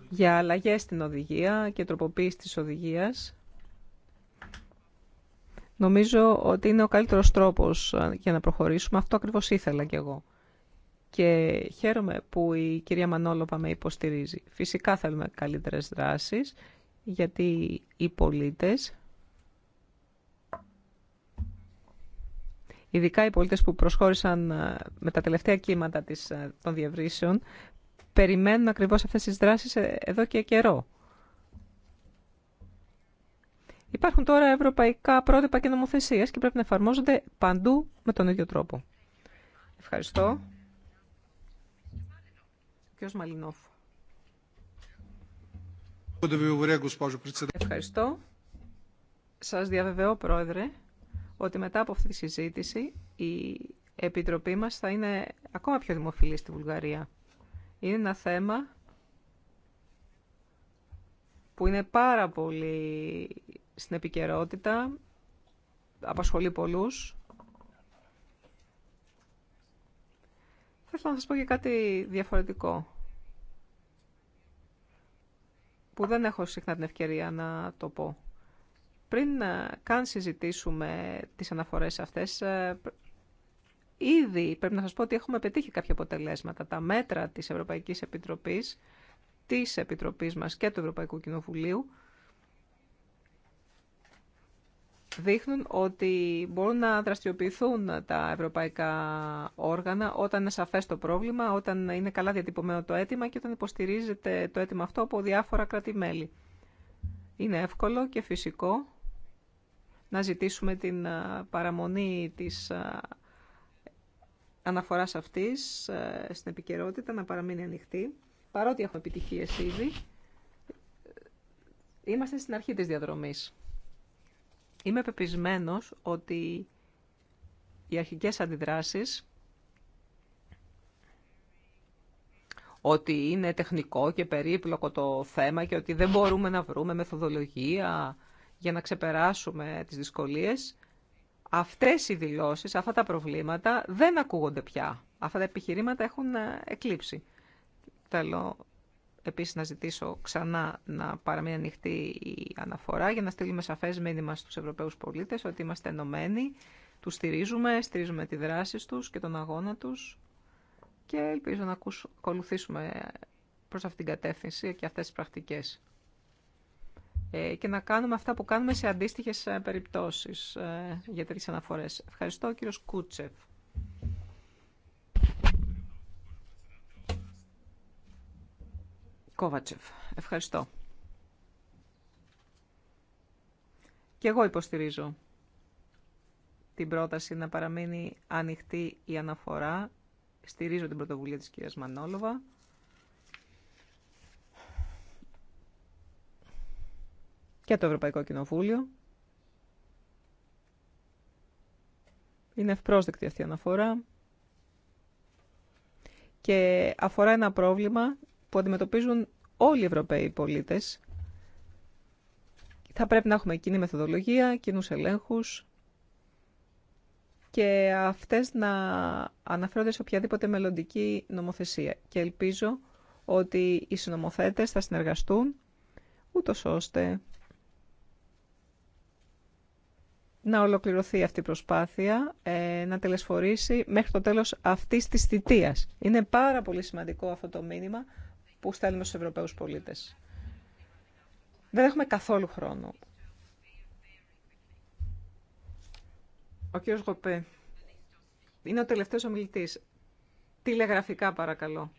για αλλαγές στην οδηγία και τροποποίηση της οδηγίας. Νομίζω ότι είναι ο καλύτερος τρόπος για να προχωρήσουμε. Αυτό ακριβώς ήθελα κι εγώ. Και χαίρομαι που η κυρία Μανόλοπα με υποστηρίζει. Φυσικά θέλουμε καλύτερες δράσεις γιατί οι πολίτες, ειδικά οι πολίτες που προσχώρησαν ε, με τα τελευταία κύματα της, ε, των διευρύσεων, περιμένουν ακριβώς αυτές τις δράσεις ε, εδώ και καιρό. Υπάρχουν τώρα ευρωπαϊκά πρότυπα και νομοθεσίες και πρέπει να εφαρμόζονται παντού με τον ίδιο τρόπο. Ευχαριστώ. Ποιος Ευχαριστώ. Σας διαβεβαιώ, Πρόεδρε, ότι μετά από αυτή τη συζήτηση η Επιτροπή μας θα είναι ακόμα πιο δημοφιλή στη Βουλγαρία. Είναι ένα θέμα που είναι πάρα πολύ στην επικαιρότητα, απασχολεί πολλούς. Θα ήθελα να σας πω και κάτι διαφορετικό που δεν έχω συχνά την ευκαιρία να το πω. Πριν ε, καν συζητήσουμε τις αναφορές αυτές, ε, ήδη πρέπει να σας πω ότι έχουμε πετύχει κάποια αποτελέσματα. Τα μέτρα της Ευρωπαϊκής Επιτροπής, της Επιτροπής μας και του Ευρωπαϊκού Κοινοβουλίου δείχνουν ότι μπορούν να δραστηριοποιηθούν τα ευρωπαϊκά όργανα όταν είναι σαφές το πρόβλημα, όταν είναι καλά διατυπωμένο το αίτημα και όταν υποστηρίζεται το αίτημα αυτό από διάφορα κράτη-μέλη. Είναι εύκολο και φυσικό να ζητήσουμε την παραμονή της αναφοράς αυτής στην επικαιρότητα, να παραμείνει ανοιχτή, παρότι έχουμε επιτυχίες ήδη. Είμαστε στην αρχή της διαδρομής. Είμαι πεπισμένος ότι οι αρχικές αντιδράσεις ότι είναι τεχνικό και περίπλοκο το θέμα και ότι δεν μπορούμε να βρούμε μεθοδολογία για να ξεπεράσουμε τις δυσκολίες, αυτές οι δηλώσεις, αυτά τα προβλήματα δεν ακούγονται πια. Αυτά τα επιχειρήματα έχουν ε, εκλείψει. Θέλω επίσης να ζητήσω ξανά να παραμείνει ανοιχτή η αναφορά για να στείλουμε σαφές μήνυμα στους Ευρωπαίους πολίτες ότι είμαστε ενωμένοι, τους στηρίζουμε, στηρίζουμε τη δράση τους και τον αγώνα τους και ελπίζω να ακολουθήσουμε προς αυτήν την κατεύθυνση και αυτές τις πρακτικές ε, και να κάνουμε αυτά που κάνουμε σε αντίστοιχες ε, περιπτώσεις ε, για τέτοιες αναφορές. Ευχαριστώ, κύριος Κούτσεφ. Κόβατσεφ. Ευχαριστώ. Και εγώ υποστηρίζω την πρόταση να παραμείνει ανοιχτή η αναφορά. Στηρίζω την πρωτοβουλία της κυρίας Μανόλοβα. Και το Ευρωπαϊκό Κοινοβούλιο. Είναι ευπρόσδεκτη αυτή η αναφορά. Και αφορά ένα πρόβλημα που αντιμετωπίζουν όλοι οι Ευρωπαίοι πολίτες. Θα πρέπει να έχουμε κοινή μεθοδολογία, κοινού ελέγχου. και αυτές να αναφέρονται σε οποιαδήποτε μελλοντική νομοθεσία. Και ελπίζω ότι οι συνομοθέτες θα συνεργαστούν ούτω ώστε να ολοκληρωθεί αυτή η προσπάθεια, ε, να τελεσφορήσει μέχρι το τέλος αυτής της θητείας. Είναι πάρα πολύ σημαντικό αυτό το μήνυμα που στέλνουμε στους Ευρωπαίους πολίτες. Δεν έχουμε καθόλου χρόνο. Ο κύριος Γοπέ είναι ο τελευταίος ομιλητής. Τηλεγραφικά παρακαλώ.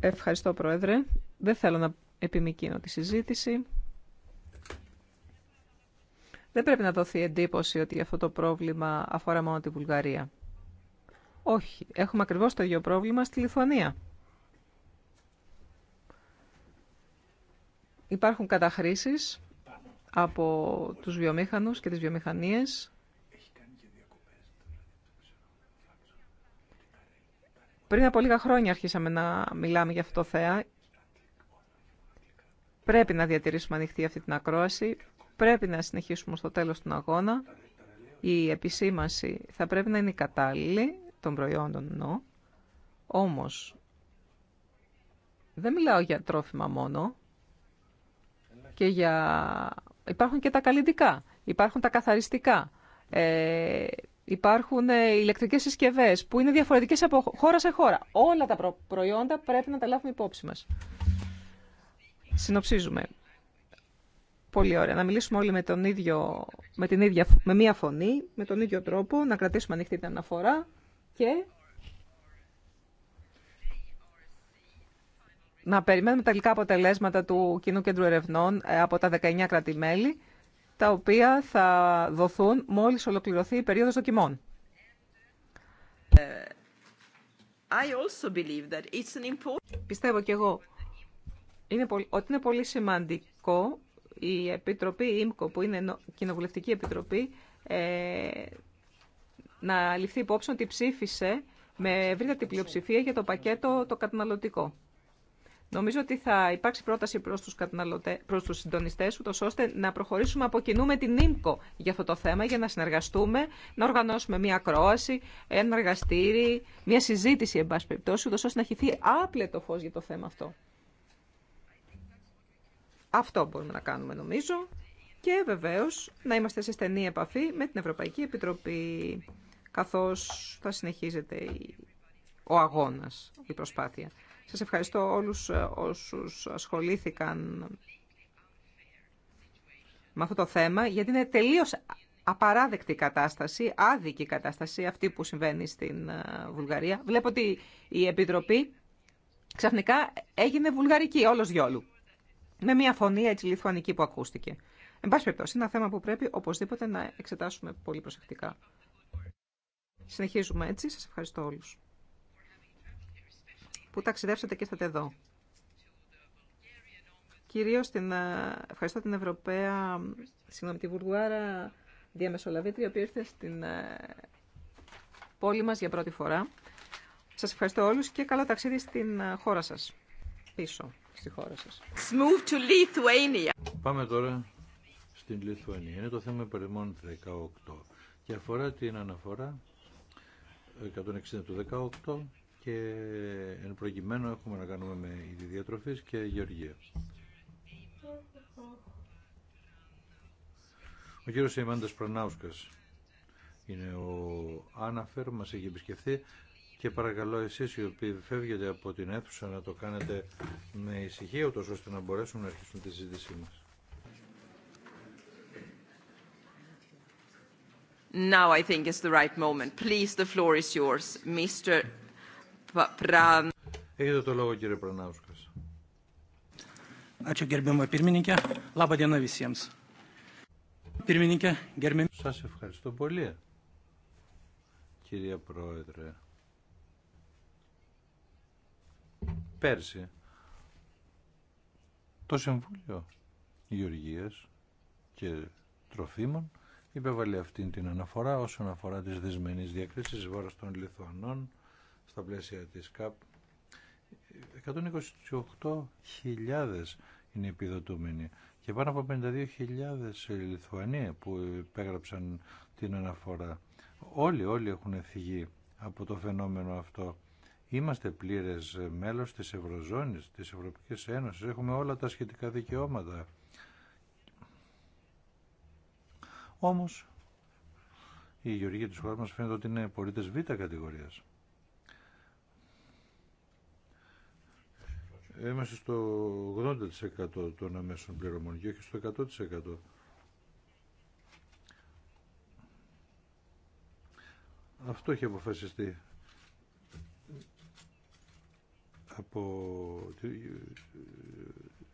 Ευχαριστώ Πρόεδρε. Δεν θέλω να επιμηκύνω τη συζήτηση. Δεν πρέπει να δοθεί εντύπωση ότι αυτό το πρόβλημα αφορά μόνο τη Βουλγαρία. Όχι, έχουμε ακριβώς το ίδιο πρόβλημα στη Λιθουανία. Υπάρχουν καταχρήσεις από τους βιομήχανους και τις βιομηχανίες. Πριν από λίγα χρόνια αρχίσαμε να μιλάμε για αυτό θέα. Πρέπει να διατηρήσουμε ανοιχτή αυτή την ακρόαση. Πρέπει να συνεχίσουμε στο τέλος του αγώνα. Η επισήμαση θα πρέπει να είναι κατάλληλη των προϊόντων εννοώ. Όμως, δεν μιλάω για τρόφιμα μόνο και για... Υπάρχουν και τα καλλιντικά, υπάρχουν τα καθαριστικά, ε, υπάρχουν ε, ηλεκτρικές συσκευές που είναι διαφορετικές από χώρα σε χώρα. Όλα τα προϊόντα πρέπει να τα λάβουμε υπόψη μας. Συνοψίζουμε. Πολύ ωραία. Να μιλήσουμε όλοι με, τον ίδιο, με, την ίδια, με μία φωνή, με τον ίδιο τρόπο, να κρατήσουμε ανοιχτή την αναφορά και να περιμένουμε τα τελικά αποτελέσματα του Κοινού Κέντρου Ερευνών ε, από τα 19 κράτη-μέλη, τα οποία θα δοθούν μόλις ολοκληρωθεί η περίοδος δοκιμών. Ε, I that it's an important... Πιστεύω κι εγώ είναι πολύ, ότι είναι πολύ σημαντικό η Επιτροπή ΙΜΚΟ, που είναι Κοινοβουλευτική Επιτροπή, ε, να ληφθεί υπόψη ότι ψήφισε με ευρύτατη πλειοψηφία για το πακέτο το καταναλωτικό. Νομίζω ότι θα υπάρξει πρόταση προς τους, καταναλωτε... προς τους συντονιστές, ώστε να προχωρήσουμε από κοινού με την ΙΜΚΟ για αυτό το θέμα, για να συνεργαστούμε, να οργανώσουμε μια ακρόαση, ένα εργαστήρι, μια συζήτηση, εν πάση περιπτώσει, ούτως ώστε να χυθεί άπλετο φως για το θέμα αυτό. Αυτό μπορούμε να κάνουμε, νομίζω. Και βεβαίως να είμαστε σε στενή επαφή με την Ευρωπαϊκή Επιτροπή καθώς θα συνεχίζεται ο αγώνας, η προσπάθεια. Σας ευχαριστώ όλους ε, όσους ασχολήθηκαν με αυτό το θέμα, γιατί είναι τελείως απαράδεκτη κατάσταση, άδικη κατάσταση αυτή που συμβαίνει στην ε, Βουλγαρία. Βλέπω ότι η Επιτροπή ξαφνικά έγινε βουλγαρική όλος διόλου. Με μια φωνή έτσι λιθουανική που ακούστηκε. Εν πάση περιπτώσει, είναι ένα θέμα που πρέπει οπωσδήποτε να εξετάσουμε πολύ προσεκτικά. Συνεχίζουμε έτσι. Σας ευχαριστώ όλους που ταξιδέψατε και είστε εδώ. Κυρίως την, ε, ευχαριστώ την Ευρωπαία, συγγνώμη, τη Βουργουάρα Διαμεσολαβήτρια, που ήρθε στην ε, πόλη μας για πρώτη φορά. Σας ευχαριστώ όλους και καλό ταξίδι στην ε, χώρα σας, πίσω στη χώρα σας. Πάμε τώρα στην Λιθουανία. Είναι το θέμα περιμόν 18 και αφορά την αναφορά 160 του 18 και εν προκειμένου έχουμε να κάνουμε με είδη και γεωργία. Ο κύριος Σεϊμάντας Πρανάουσκας είναι ο Άναφερ, μας έχει επισκεφθεί και παρακαλώ εσείς οι οποίοι φεύγετε από την αίθουσα να το κάνετε με ησυχία, ούτως ώστε να μπορέσουμε να αρχίσουμε τη συζήτησή μας. Now I think is the right moment. Please, the floor is yours, Mr. Έχετε το λόγο, κύριε Πρανάουσκας. Ačiū gerbiamą pirmininkę. Labą dieną visiems. Pirmininkė, gerbiami. Σας ευχαριστώ πολύ, κύριε Πρόεδρε. Πέρσι, το Συμβούλιο Γεωργίας και Τροφίμων υπέβαλε αυτήν την αναφορά όσον αφορά τις δυσμενείς διακρίσεις βόρας των Λιθουανών στα πλαίσια της ΚΑΠ. 128.000 είναι επιδοτούμενοι και πάνω από 52.000 Λιθουανοί που υπέγραψαν την αναφορά. Όλοι, όλοι έχουν θυγεί από το φαινόμενο αυτό. Είμαστε πλήρες μέλος της Ευρωζώνης, της Ευρωπαϊκής Ένωσης, έχουμε όλα τα σχετικά δικαιώματα. Όμως η γεωργία τη χώρα μας φαίνεται ότι είναι πολίτε β' κατηγορίας. Είμαστε στο 80% των αμέσων πληρωμών και όχι στο 100%. Αυτό έχει αποφασιστεί από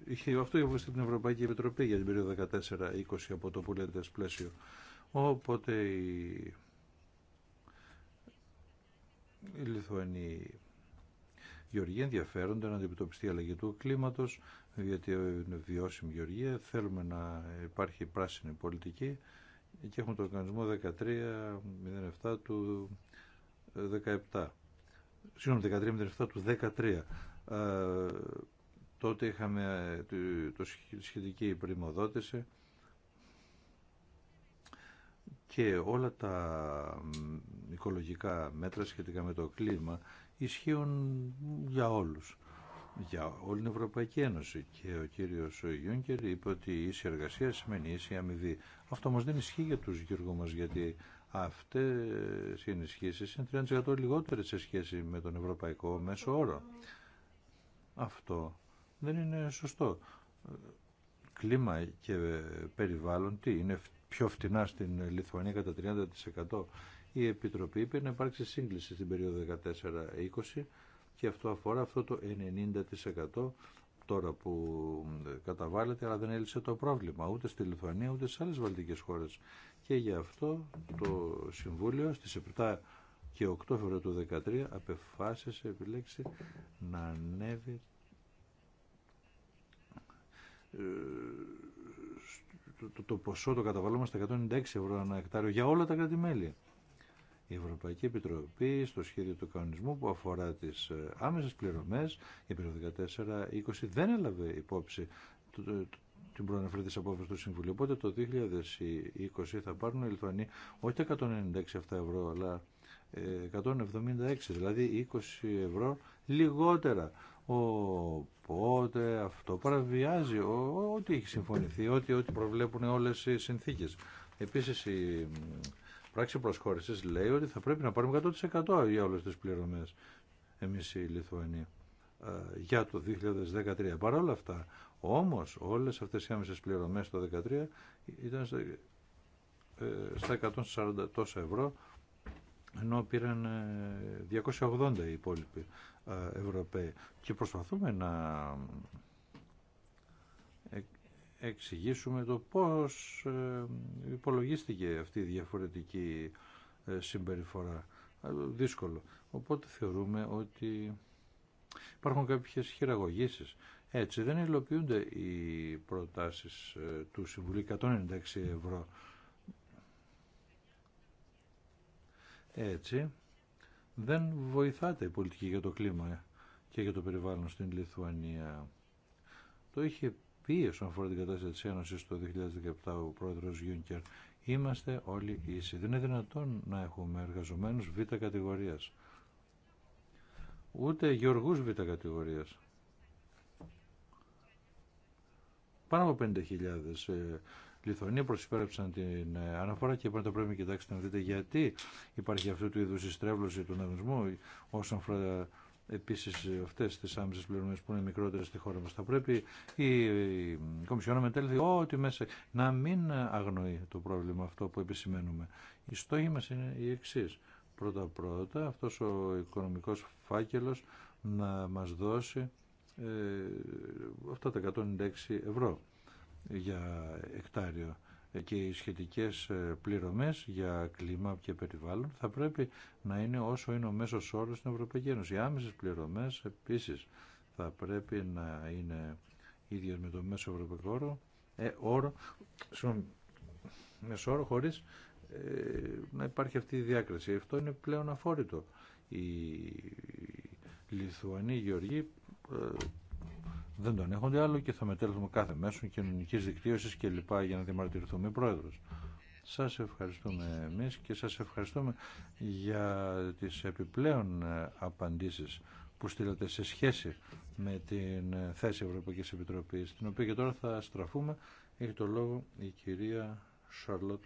είχε αυτό υποστεί την Ευρωπαϊκή Επιτροπή για την περίοδο 14-20 από το που λέτε πλαίσιο. Οπότε η, η Λιθουανή γεωργία ενδιαφέρονται να αντιμετωπιστεί η αλλαγή του κλίματος, γιατί είναι βιώσιμη γεωργία, θέλουμε να υπάρχει πράσινη πολιτική και έχουμε τον οργανισμό 13-07 του 17. Συγγνώμη, 13-07 του 13 Τότε είχαμε ε, το σχετική πρημοδότηση και όλα τα οικολογικά μέτρα σχετικά με το κλίμα ισχύουν για όλους, για όλη την Ευρωπαϊκή Ένωση. Και ο κύριος Γιούνκερ είπε ότι η ίση εργασία σημαίνει ίση αμοιβή. Αυτό όμως δεν ισχύει για τους Γιώργο μας, γιατί αυτές οι ενισχύσεις είναι 30% λιγότερες σε σχέση με τον Ευρωπαϊκό Μέσο Όρο. Αυτό δεν είναι σωστό. Κλίμα και περιβάλλον, τι είναι πιο φτηνά στην Λιθουανία κατά 30%. Η Επιτροπή είπε να υπάρξει σύγκληση στην περίοδο 14-20 και αυτό αφορά αυτό το 90% τώρα που ε, καταβάλλεται, αλλά δεν έλυσε το πρόβλημα ούτε στη Λιθουανία ούτε σε άλλες βαλτικές χώρες. Και γι' αυτό το Συμβούλιο στις 7 και 8 Φεβρουαρίου του 2013 απεφάσισε επιλέξει να ανέβει ε, το, ποσό το καταβάλουμε στα 196 ευρώ ένα εκτάριο για όλα τα κρατη Η Ευρωπαϊκή Επιτροπή στο σχέδιο του κανονισμού που αφορά τις ε, άμεσες πληρωμές για περίοδο 14-20 δεν έλαβε υπόψη την προαναφέρει απόφαση του Συμβουλίου. Οπότε το 2020 θα πάρουν οι Λιθουανοί όχι 196 αυτά ευρώ, αλλά 176, ε, δηλαδή 20 ευρώ λιγότερα. Οπότε αυτό παραβιάζει ό,τι έχει συμφωνηθεί, ό,τι ό,τι προβλέπουν όλες οι συνθήκες. Επίσης η πράξη προσχώρησης λέει ότι θα πρέπει να πάρουμε 100% για όλες τις πληρωμές εμείς οι Λιθουανοί ε, για το 2013. Παρ' όλα αυτά, όμως όλες αυτές οι άμεσες πληρωμές το 2013 ήταν ε, στα 140 τόσα ευρώ ενώ πήραν 280 ε, οι υπόλοιποι ε, Ευρωπαίοι. Και προσπαθούμε να ε, εξηγήσουμε το πώς υπολογίστηκε αυτή η διαφορετική συμπεριφορά. Δύσκολο. Οπότε θεωρούμε ότι υπάρχουν κάποιες χειραγωγήσεις. Έτσι δεν υλοποιούνται οι προτάσεις του Συμβουλίου 196 ευρώ Έτσι δεν βοηθάτε η πολιτική για το κλίμα και για το περιβάλλον στην Λιθουανία. Το είχε πει όσον αφορά την κατάσταση της Ένωσης το 2017 ο πρόεδρος Γιούνκερ. Είμαστε όλοι ίσοι. Δεν είναι δυνατόν να έχουμε εργαζομένους β' κατηγορίας. Ούτε γεωργούς β' κατηγορίας. Πάνω από 50.000 Λιθουανία προσυπέραψαν την ε, αναφορά και είπαν το πρέπει να κοιτάξετε να δείτε γιατί υπάρχει αυτού του είδου η στρέβλωση του νομισμού όσον αφορά ε, επίση ε, αυτέ τι άμεσε πληρωμέ που είναι μικρότερε στη χώρα μα. Θα πρέπει η Κομισιόνα μετέλθει ό,τι μέσα να μην αγνοεί το πρόβλημα αυτό που επισημαίνουμε. Η στόχη μα είναι η εξή. Πρώτα-πρώτα αυτό ο οικονομικό φάκελο να μα δώσει ε, αυτά τα 196 ευρώ για εκτάριο ε, και οι σχετικές ε, πληρωμές για κλίμα και περιβάλλον θα πρέπει να είναι όσο είναι ο μέσος όρος στην Ευρωπαϊκή Ένωση. Οι άμεσες πληρωμές επίσης θα πρέπει να είναι ίδιες με το μέσο ευρωπαϊκό όρο, ε, όρο, μέσο όρο χωρίς ε, να υπάρχει αυτή η διάκριση. Αυτό είναι πλέον αφόρητο. Οι Λιθουανοί, Γεωργοί ε, δεν τον έχονται άλλο και θα μετέλθουμε κάθε μέσο κοινωνική δικτύωση και λοιπά για να διαμαρτυρηθούμε πρόεδρος. Σας ευχαριστούμε εμείς και σας ευχαριστούμε για τις επιπλέον ε, απαντήσεις που στείλατε σε σχέση με την ε, θέση Ευρωπαϊκή Επιτροπής, την οποία και τώρα θα στραφούμε. Έχει το λόγο η κυρία Σαρλότ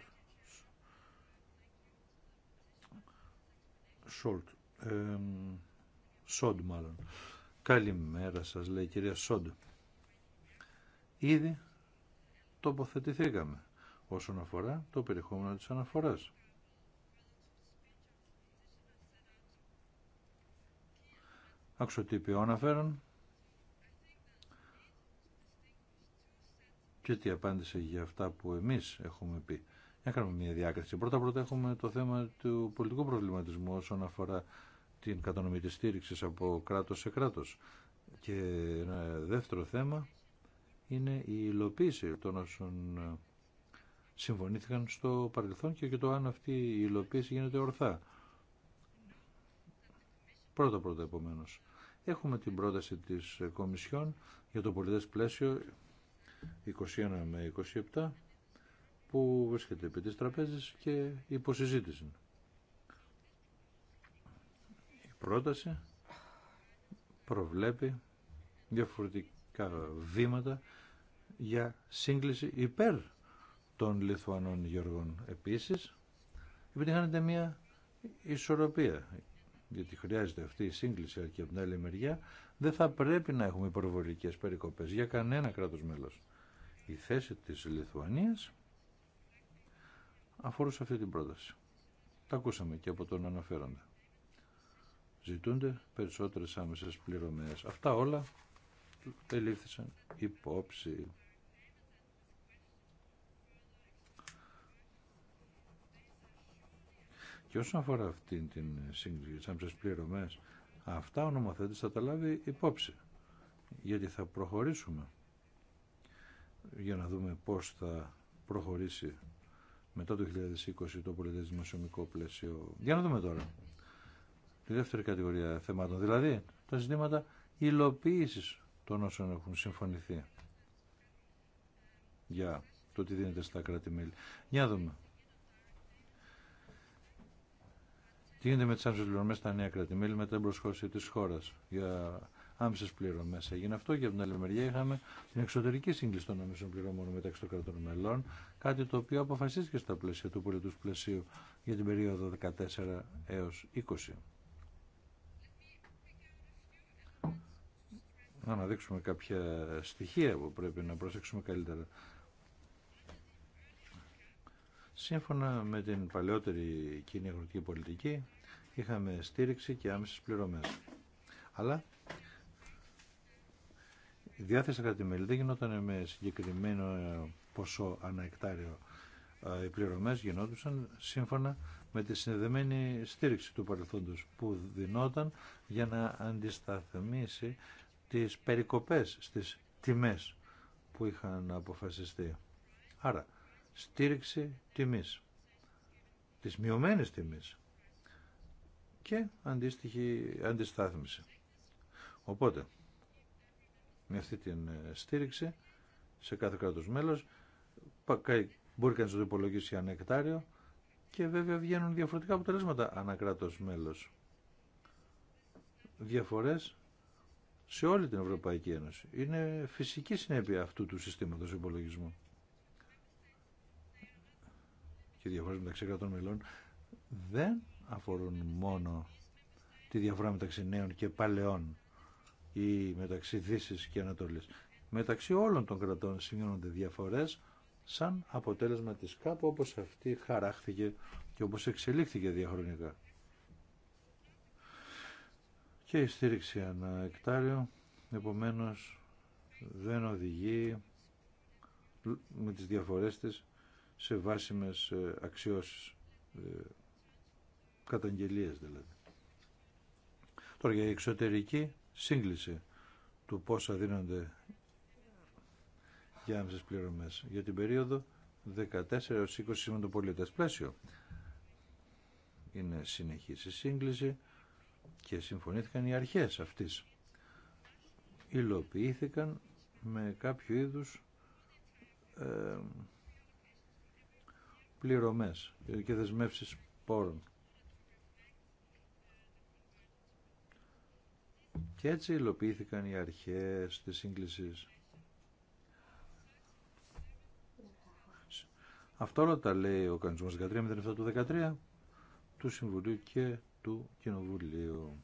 Σόλτ, ε, Σόντ μάλλον. Καλημέρα σας, λέει η κυρία Σόντου. Ήδη τοποθετηθήκαμε όσον αφορά το περιεχόμενο της αναφοράς. ο αναφέρον και τι απάντησε για αυτά που εμείς έχουμε πει. Να κάνουμε μια διάκριση. Πρώτα πρώτα έχουμε το θέμα του πολιτικού προβληματισμού όσον αφορά την κατανομή της στήριξης από κράτος σε κράτος. Και ένα δεύτερο θέμα είναι η υλοποίηση των όσων συμφωνήθηκαν στο παρελθόν και, και το αν αυτή η υλοποίηση γίνεται ορθά. Πρώτα πρώτα επομένω. Έχουμε την πρόταση της Κομισιόν για το πολιτές πλαίσιο 21 με 27 που βρίσκεται επί της τραπέζης και υποσυζήτηση πρόταση προβλέπει διαφορετικά βήματα για σύγκληση υπέρ των Λιθουανών γεωργών. Επίσης, επιτυχάνεται μια ισορροπία, γιατί χρειάζεται αυτή η σύγκληση, και από την άλλη μεριά δεν θα πρέπει να έχουμε υπερβολικές περικοπές για κανένα κράτος μέλος. Η θέση της Λιθουανίας αφορούσε αυτή την πρόταση. Τα ακούσαμε και από τον αναφέροντα ζητούνται περισσότερες άμεσες πληρωμές. Αυτά όλα ελήφθησαν υπόψη. Και όσον αφορά αυτήν την σύγκριση της άμεσες πληρωμές, αυτά ο νομοθέτης θα τα λάβει υπόψη. Γιατί θα προχωρήσουμε για να δούμε πώς θα προχωρήσει μετά το 2020 το πολιτικό πλαίσιο. Για να δούμε τώρα τη δεύτερη κατηγορία θεμάτων, δηλαδή τα ζητήματα υλοποίησης των όσων έχουν συμφωνηθεί για το τι δίνεται στα κράτη-μέλη. Για δούμε. Τι γίνεται με τις άμεσες πληρωμές στα νέα κράτη-μέλη μετά την προσχώρηση της χώρας για άμεσες πληρωμές. Έγινε αυτό και από την άλλη μεριά είχαμε την εξωτερική σύγκληση των άμεσων πληρωμών μεταξύ των κρατών μελών, κάτι το οποίο αποφασίστηκε στα πλαίσια του πολιτού πλαισίου για την περίοδο 14 έως 20. να αναδείξουμε κάποια στοιχεία που πρέπει να προσέξουμε καλύτερα. Σύμφωνα με την παλαιότερη κοινή αγροτική πολιτική, είχαμε στήριξη και άμεσες πληρωμές. Αλλά η διάθεση μέλη δεν γινόταν με συγκεκριμένο ποσό αναεκτάριο ε, Οι πληρωμές γινόντουσαν σύμφωνα με τη συνδεδεμένη στήριξη του παρελθόντος που δινόταν για να αντισταθμίσει τις περικοπές στις τιμές που είχαν αποφασιστεί. Άρα, στήριξη τιμής, της μειωμένης τιμής και αντίστοιχη αντιστάθμιση. Οπότε, με αυτή την ε, στήριξη σε κάθε κράτος μέλος, μπορεί κανείς να το υπολογίσει ένα εκτάριο και βέβαια βγαίνουν διαφορετικά αποτελέσματα ανά κράτος μέλος. Διαφορές σε όλη την Ευρωπαϊκή Ένωση. Είναι φυσική συνέπεια αυτού του συστήματος υπολογισμού. Και οι διαφορές μεταξύ κρατών μελών δεν αφορούν μόνο τη διαφορά μεταξύ νέων και παλαιών ή μεταξύ Δύσης και Ανατολής. Μεταξύ όλων των κρατών σημειώνονται διαφορές σαν αποτέλεσμα της κάπου όπως αυτή χαράχθηκε και όπως εξελίχθηκε διαχρονικά και η στήριξη ανά εκτάριο επομένως δεν οδηγεί με τις διαφορές της σε βάσιμες ε, αξιώσεις ε, καταγγελίες δηλαδή. Τώρα για η εξωτερική σύγκληση του πόσα δίνονται για άμεσες πληρωμές για την περίοδο 14 έως 20 με το πολιτές πλαίσιο. Είναι συνεχής η σύγκληση και συμφωνήθηκαν οι αρχές αυτής. Υλοποιήθηκαν με κάποιο είδους ε, πληρωμές και δεσμεύσεις πόρων. Και έτσι υλοποιήθηκαν οι αρχές της σύγκλησης. Αυτό όλα τα λέει ο κανονισμός 13 του 13 του Συμβουλίου και του Κοινοβουλίου.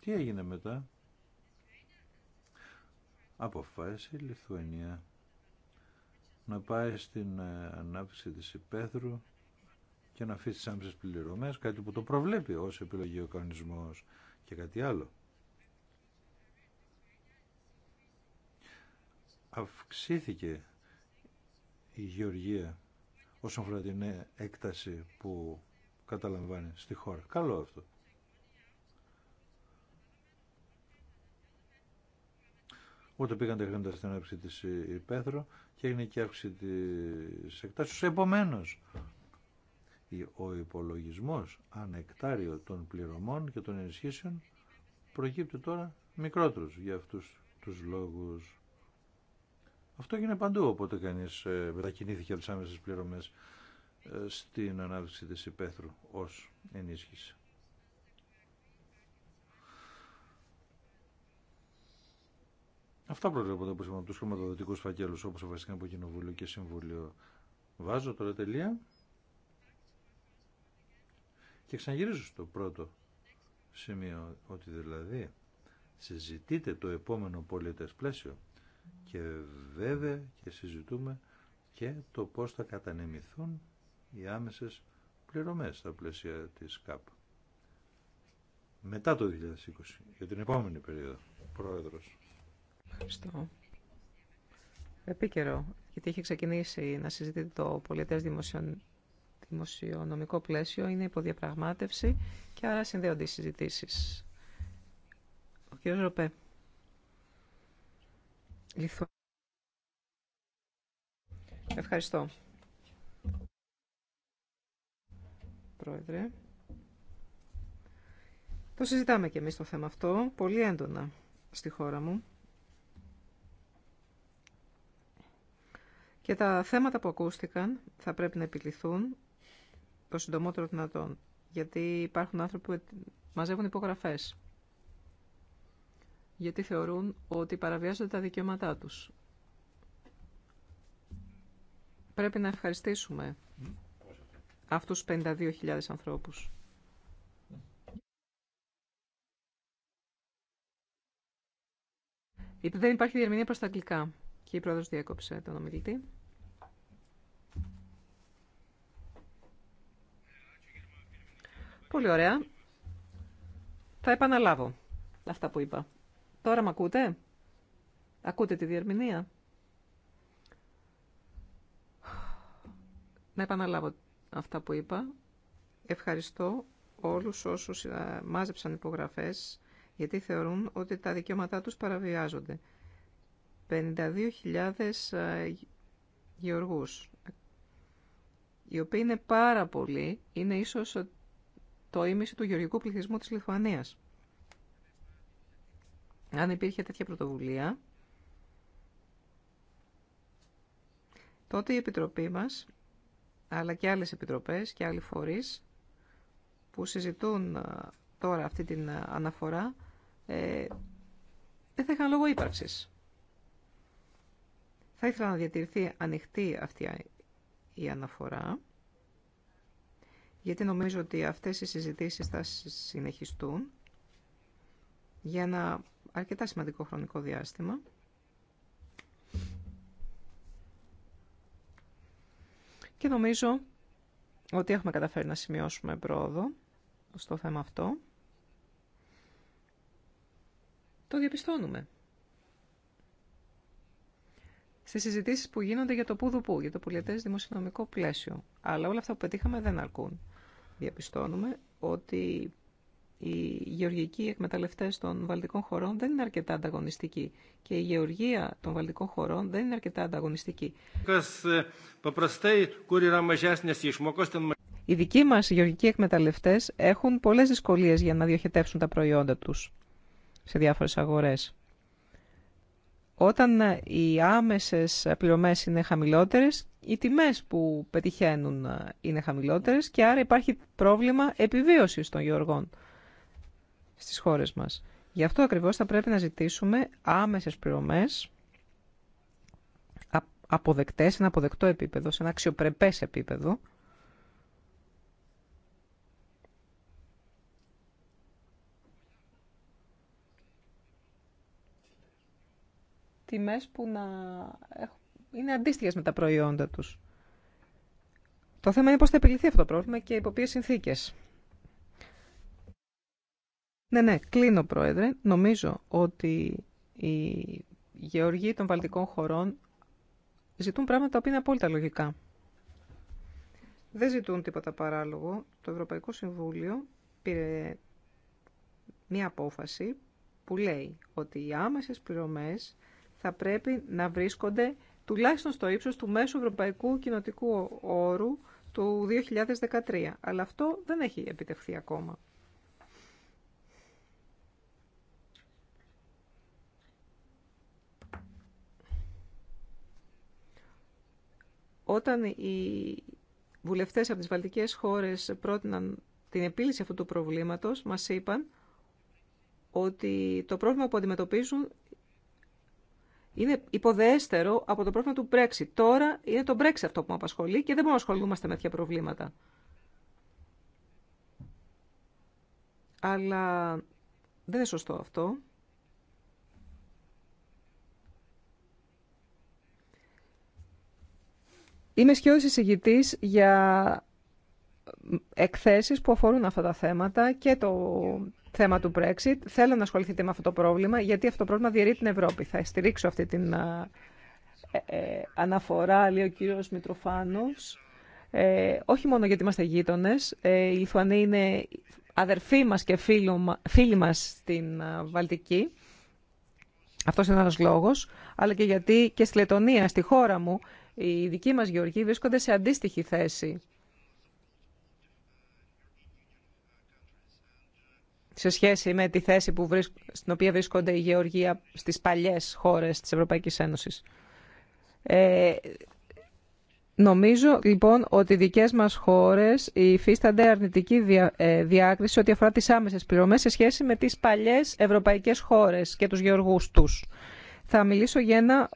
Τι έγινε μετά. Αποφάσισε η Λιθουανία να πάει στην ε, ανάπτυξη της υπαίθρου και να αφήσει τις πληρωμές, κάτι που το προβλέπει ως επιλογή ο κανονισμός και κάτι άλλο. Αυξήθηκε η γεωργία όσον αφορά την έκταση που καταλαμβάνει στη χώρα. Καλό αυτό. Ούτε πήγαν τα χρήματα στην έψη της Υπέθρο και έγινε και αύξηση της εκτάσεως. Επομένως, ο υπολογισμός ανεκτάριο των πληρωμών και των ενισχύσεων προκύπτει τώρα μικρότερος για αυτούς τους λόγους. Αυτό έγινε παντού, οπότε κανείς ε, μετακινήθηκε από τις άμεσες πληρωμές στην ανάπτυξη της υπαίθρου ως ενίσχυση. Αυτά προβλέπονται είπαμε από τους χρηματοδοτικούς φακέλους όπως βασικά από Κοινοβούλιο και Συμβούλιο. Βάζω τώρα τελεία και ξαναγυρίζω στο πρώτο σημείο ότι δηλαδή συζητείτε το επόμενο πολιτές πλαίσιο και βέβαια και συζητούμε και το πώς θα κατανεμηθούν οι άμεσες πληρωμές στα πλαίσια της ΚΑΠ. Μετά το 2020, για την επόμενη περίοδο, Πρόεδρος. Ευχαριστώ. Επίκαιρο, γιατί είχε ξεκινήσει να συζητείται το πολιτές δημοσιονομικό πλαίσιο, είναι υποδιαπραγμάτευση και άρα συνδέονται οι συζητήσεις. Ο κ. Ροπέ. Ευχαριστώ. Πρόεδρε. Το συζητάμε και εμείς το θέμα αυτό πολύ έντονα στη χώρα μου. Και τα θέματα που ακούστηκαν θα πρέπει να επιληθούν το συντομότερο δυνατόν. Γιατί υπάρχουν άνθρωποι που μαζεύουν υπογραφές. Γιατί θεωρούν ότι παραβιάζονται τα δικαιώματά τους. Πρέπει να ευχαριστήσουμε αυτούς 52.000 ανθρώπους. Δεν υπάρχει διερμηνία προς τα αγγλικά. Και η πρόεδρος διέκοψε τον ομιλητή. Πολύ ωραία. Θα επαναλάβω αυτά που είπα. Τώρα με ακούτε? Ακούτε τη διερμηνία? Να επαναλάβω αυτά που είπα. Ευχαριστώ όλους όσους ε, μάζεψαν υπογραφές γιατί θεωρούν ότι τα δικαιώματά τους παραβιάζονται. 52.000 ε, γεωργούς, οι οποίοι είναι πάρα πολλοί, είναι ίσως το ίμιση του γεωργικού πληθυσμού της Λιθουανίας. Αν υπήρχε τέτοια πρωτοβουλία, τότε η Επιτροπή μας αλλά και άλλες επιτροπές και άλλοι φορείς που συζητούν ε, τώρα αυτή την ε, αναφορά ε, δεν θα είχαν λόγο ύπαρξης. Θα ήθελα να διατηρηθεί ανοιχτή αυτή η αναφορά γιατί νομίζω ότι αυτές οι συζητήσεις θα συνεχιστούν για ένα αρκετά σημαντικό χρονικό διάστημα. Και νομίζω ότι έχουμε καταφέρει να σημειώσουμε πρόοδο στο θέμα αυτό. Το διαπιστώνουμε. Στι συζητήσει που γίνονται για το πουδουπού, για το πολιετέ δημοσιονομικό πλαίσιο. Αλλά όλα αυτά που πετύχαμε δεν αρκούν. Διαπιστώνουμε ότι οι γεωργικοί εκμεταλλευτές των βαλτικών χωρών δεν είναι αρκετά ανταγωνιστικοί και η γεωργία των βαλτικών χωρών δεν είναι αρκετά ανταγωνιστική. Ε, οι δικοί μας γεωργικοί εκμεταλλευτές έχουν πολλές δυσκολίες για να διοχετεύσουν τα προϊόντα τους σε διάφορες αγορές. Όταν ε, οι άμεσες πληρωμές είναι χαμηλότερες, οι τιμές που πετυχαίνουν ε, είναι χαμηλότερες και άρα υπάρχει πρόβλημα επιβίωσης των γεωργών στις χώρες μας. Γι' αυτό ακριβώς θα πρέπει να ζητήσουμε άμεσες πληρωμές αποδεκτές, σε ένα αποδεκτό επίπεδο, σε ένα αξιοπρεπές επίπεδο, τιμές που να είναι αντίστοιχες με τα προϊόντα τους. Το θέμα είναι πώς θα επιληθεί αυτό το πρόβλημα και υπό ποιες συνθήκες. Ναι, ναι, κλείνω πρόεδρε. Νομίζω ότι οι γεωργοί των βαλτικών χωρών ζητούν πράγματα που είναι απόλυτα λογικά. Δεν ζητούν τίποτα παράλογο. Το Ευρωπαϊκό Συμβούλιο πήρε μία απόφαση που λέει ότι οι άμεσες πληρωμές θα πρέπει να βρίσκονται τουλάχιστον στο ύψος του μέσου ευρωπαϊκού κοινοτικού όρου του 2013. Αλλά αυτό δεν έχει επιτευχθεί ακόμα. Όταν οι βουλευτές από τις βαλτικές χώρες πρότειναν την επίλυση αυτού του προβλήματος, μας είπαν ότι το πρόβλημα που αντιμετωπίζουν είναι υποδέστερο από το πρόβλημα του Brexit. Τώρα είναι το Brexit αυτό που μας απασχολεί και δεν μπορούμε να ασχολούμαστε με τέτοια προβλήματα. Αλλά δεν είναι σωστό αυτό. Είμαι σχεδόν εισηγητής για εκθέσεις που αφορούν αυτά τα θέματα και το θέμα του Brexit. Θέλω να ασχοληθείτε με αυτό το πρόβλημα, γιατί αυτό το πρόβλημα διαιρεί την Ευρώπη. Θα στηρίξω αυτή την ε, ε, αναφορά, λέει ο κύριος Μητροφάνος. Ε, όχι μόνο γιατί είμαστε γείτονε. Ε, οι Λιθουανοί είναι αδερφοί μας και φίλοι μας στην ε, Βαλτική. Αυτός είναι ένας λόγος. Αλλά και γιατί και στη Λετωνία, στη χώρα μου, οι δικοί μας γεωργοί βρίσκονται σε αντίστοιχη θέση σε σχέση με τη θέση που βρίσκ... στην οποία βρίσκονται η γεωργοί στις παλιές χώρες της Ευρωπαϊκής Ένωσης. Ε, νομίζω λοιπόν ότι οι δικές μας χώρες υφίστανται αρνητική ε, διάκριση ό,τι αφορά τις άμεσες πληρωμές σε σχέση με τις παλιές ευρωπαϊκές χώρες και τους γεωργούς τους. Θα μιλήσω για ένα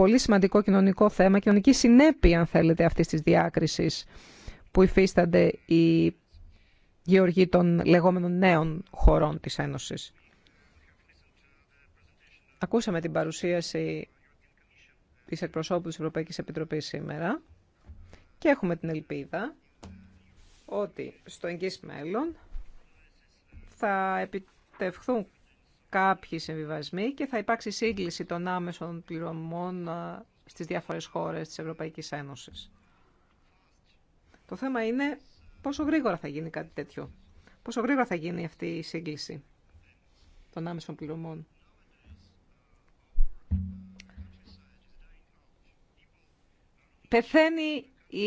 πολύ σημαντικό κοινωνικό θέμα, κοινωνική συνέπεια, αν θέλετε, αυτής της διάκρισης που υφίστανται οι γεωργοί των λεγόμενων νέων χωρών της Ένωσης. Ακούσαμε την παρουσίαση της εκπροσώπου της Ευρωπαϊκής Επιτροπής σήμερα και έχουμε την ελπίδα ότι στο εγγύς μέλλον θα επιτευχθούν κάποιοι συμβιβασμοί και θα υπάρξει σύγκληση των άμεσων πληρωμών στις διάφορες χώρες της Ευρωπαϊκής Ένωσης. Το θέμα είναι πόσο γρήγορα θα γίνει κάτι τέτοιο. Πόσο γρήγορα θα γίνει αυτή η σύγκληση των άμεσων πληρωμών. Πεθαίνει η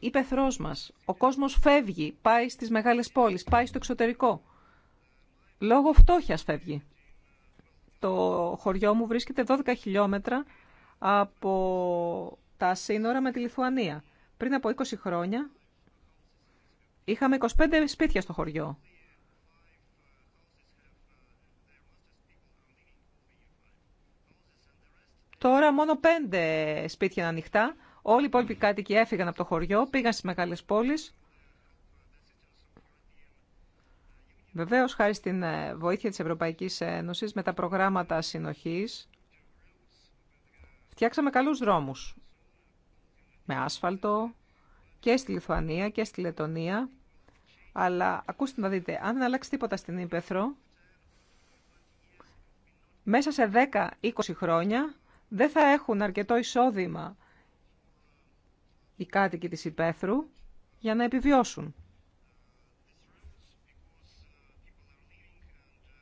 υπεθρός μας. Ο κόσμος φεύγει, πάει στις μεγάλες πόλεις, πάει στο εξωτερικό. Λόγω φτώχειας φεύγει. Το χωριό μου βρίσκεται 12 χιλιόμετρα από τα σύνορα με τη Λιθουανία. Πριν από 20 χρόνια είχαμε 25 σπίτια στο χωριό. Τώρα μόνο 5 σπίτια είναι ανοιχτά. Όλοι οι υπόλοιποι κάτοικοι έφυγαν από το χωριό, πήγαν στις μεγάλες πόλεις. Βεβαίω χάρη στην ε, βοήθεια της Ευρωπαϊκής Ένωση με τα προγράμματα συνοχής, φτιάξαμε καλούς δρόμους με άσφαλτο και στη Λιθουανία και στη Λετωνία. Αλλά ακούστε να δείτε, αν δεν αλλάξει τίποτα στην Ήπεθρο, μέσα σε 10-20 χρόνια δεν θα έχουν αρκετό εισόδημα οι κάτοικοι της Υπέθρου για να επιβιώσουν.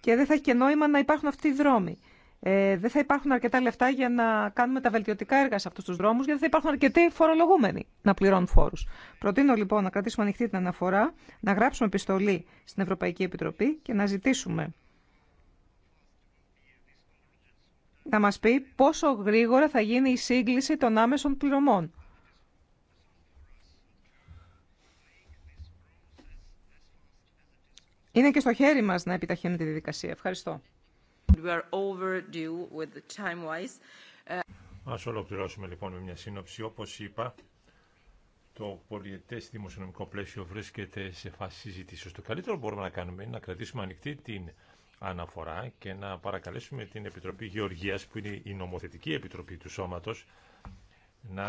και δεν θα έχει και νόημα να υπάρχουν αυτοί οι δρόμοι. Ε, δεν θα υπάρχουν αρκετά λεφτά για να κάνουμε τα βελτιωτικά έργα σε αυτού του δρόμου, γιατί δεν θα υπάρχουν αρκετοί φορολογούμενοι να πληρώνουν φόρου. Προτείνω λοιπόν να κρατήσουμε ανοιχτή την αναφορά, να γράψουμε επιστολή στην Ευρωπαϊκή Επιτροπή και να ζητήσουμε να μας πει πόσο γρήγορα θα γίνει η σύγκληση των άμεσων πληρωμών. Είναι και στο χέρι μας να επιταχύνουμε τη διαδικασία. Ευχαριστώ. Ας ολοκληρώσουμε λοιπόν με μια σύνοψη. Όπως είπα, το πολιετές δημοσιονομικό πλαίσιο βρίσκεται σε φάση συζήτησης. Το καλύτερο που μπορούμε να κάνουμε είναι να κρατήσουμε ανοιχτή την αναφορά και να παρακαλέσουμε την Επιτροπή Γεωργίας, που είναι η νομοθετική επιτροπή του σώματος, να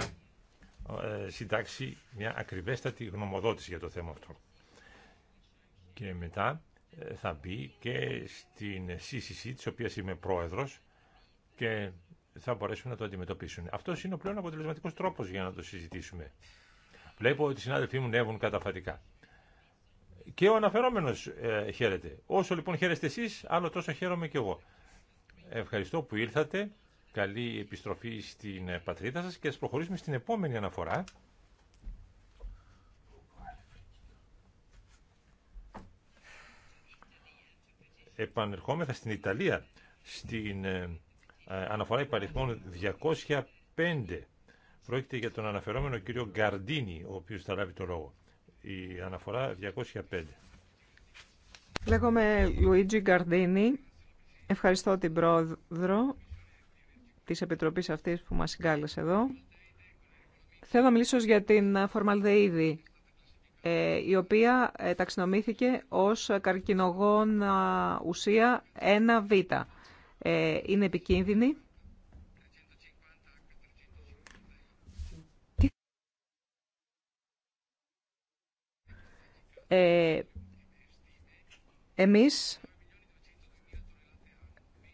ε, συντάξει μια ακριβέστατη γνωμοδότηση για το θέμα αυτό και μετά ε, θα μπει και στην CCC, της οποίας είμαι πρόεδρος και θα μπορέσουμε να το αντιμετωπίσουν. Αυτό είναι ο πλέον αποτελεσματικός τρόπος για να το συζητήσουμε. Βλέπω ότι οι συνάδελφοί μου νεύουν καταφατικά. Και ο αναφερόμενος ε, χαίρεται. Όσο λοιπόν χαίρεστε εσείς, άλλο τόσο χαίρομαι και εγώ. Ευχαριστώ που ήρθατε. Καλή επιστροφή στην ε, πατρίδα σας και ας προχωρήσουμε στην επόμενη αναφορά. επανερχόμεθα στην Ιταλία, στην ε, ε, αναφορά υπαριθμών 205. Πρόκειται για τον αναφερόμενο κύριο Γκαρντίνη, ο οποίος θα λάβει το λόγο. Η αναφορά 205. Λέγομαι Λουίτζι Γκαρντίνη. Ευχαριστώ την πρόεδρο της Επιτροπής αυτής που μας συγκάλεσε εδώ. Θέλω να μιλήσω για την φορμαλδεΐδη ε, η οποία ε, ταξινομήθηκε ως καρκινογόνα ουσία 1β. Ε, είναι επικίνδυνη. Ε, εμείς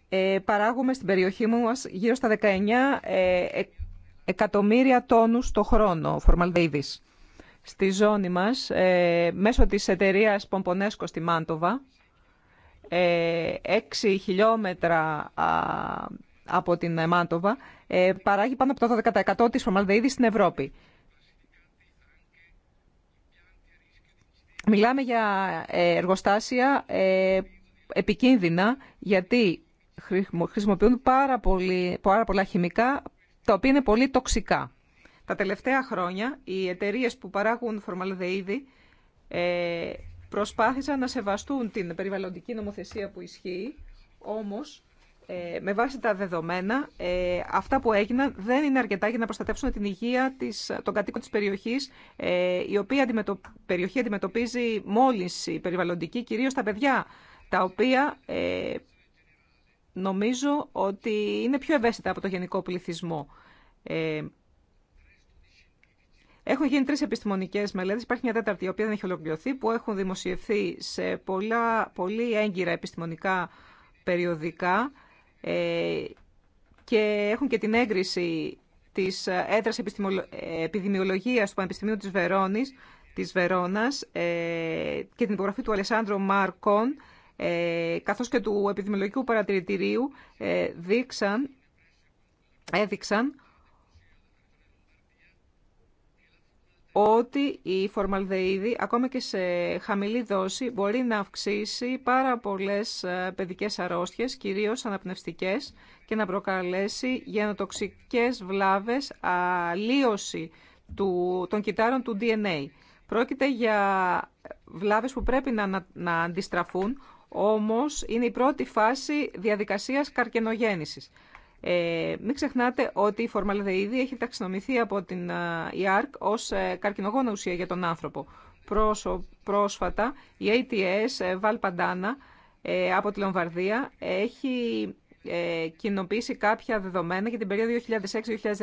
ε, παράγουμε στην περιοχή μας γύρω στα 19 εκατομμύρια τόνους το χρόνο, Formal στη ζώνη μας ε, μέσω της εταιρείας Πομπονέσκο στη Μάντοβα, 6 ε, χιλιόμετρα από την Μάντοβα, ε, παράγει πάνω από το 12% της φορμαλδεΐδης στην Ευρώπη. Μιλάμε για εργοστάσια επικίνδυνα, γιατί χρησιμοποιούν πάρα πολλά χημικά, τα οποία είναι πολύ τοξικά. Τα τελευταία χρόνια οι εταιρείε που παράγουν φορμαλδεΐδη ε, προσπάθησαν να σεβαστούν την περιβαλλοντική νομοθεσία που ισχύει, όμως ε, με βάση τα δεδομένα ε, αυτά που έγιναν δεν είναι αρκετά για να προστατεύσουν την υγεία της, των κατοίκων της περιοχής, η οποία περιοχή αντιμετωπίζει μόλυνση περιβαλλοντική, κυρίως τα παιδιά, τα οποία νομίζω ότι είναι πιο ευαίσθητα από το γενικό πληθυσμό. Έχουν γίνει τρει επιστημονικέ μελέτε, υπάρχει μια τέταρτη η οποία δεν έχει ολοκληρωθεί, που έχουν δημοσιευθεί σε πολλά, πολύ έγκυρα επιστημονικά περιοδικά ε, και έχουν και την έγκριση της έδρας επιδημιολογίας του Πανεπιστημίου της Βερόνης, της Βερόνας ε, και την υπογραφή του Αλεσάνδρου Μάρκον, ε, καθώς και του επιδημιολογικού παρατηρητηρίου, ε, δείξαν, έδειξαν ότι η φορμαλδεΐδη ακόμα και σε χαμηλή δόση μπορεί να αυξήσει πάρα πολλές ε, παιδικές αρρώστιες, κυρίως αναπνευστικές και να προκαλέσει γενοτοξικές βλάβες, αλλίωση του, των κυτάρων του DNA. Πρόκειται για βλάβες που πρέπει να, αντιστραφούν, όμως είναι η πρώτη φάση διαδικασίας καρκενογέννησης. Ε, μην ξεχνάτε ότι η φορμαλδεΐδη έχει ταξινομηθεί από την ΙΑΡΚ ως ε, καρκινογόνα ουσία για τον άνθρωπο. πρόσφατα η ε, ATS ε, από τη Λομβαρδία έχει κοινοποίησει κάποια δεδομένα για την περίοδο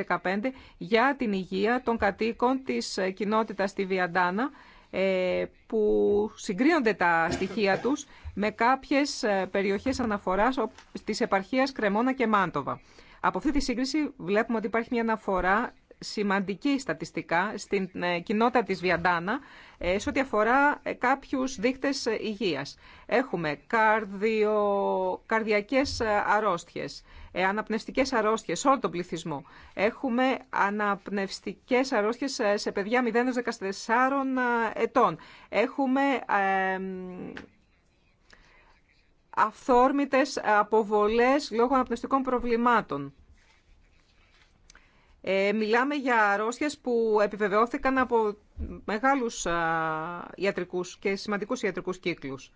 2006-2015 για την υγεία των κατοίκων της κοινότητας στη Βιαντάνα ε, που συγκρίνονται τα στοιχεία τους με κάποιες ε, περιοχές αναφοράς της επαρχίας Κρεμόνα και Μάντοβα. Από αυτή τη σύγκριση βλέπουμε ότι υπάρχει μια αναφορά σημαντική στατιστικά στην ε, κοινότητα της Βιαντάνα σε ό,τι αφορά κάποιους δείκτες υγείας. Έχουμε καρδιο... καρδιακές αρρώστιες, αναπνευστικές αρρώστιες σε όλο τον πληθυσμό. Έχουμε αναπνευστικές αρρώστιες σε παιδιά 0-14 ετών. Έχουμε αυθόρμητες αποβολές λόγω αναπνευστικών προβλημάτων. Ε, μιλάμε για αρρώστιες που επιβεβαιώθηκαν από μεγάλους και σημαντικούς ιατρικούς κύκλους.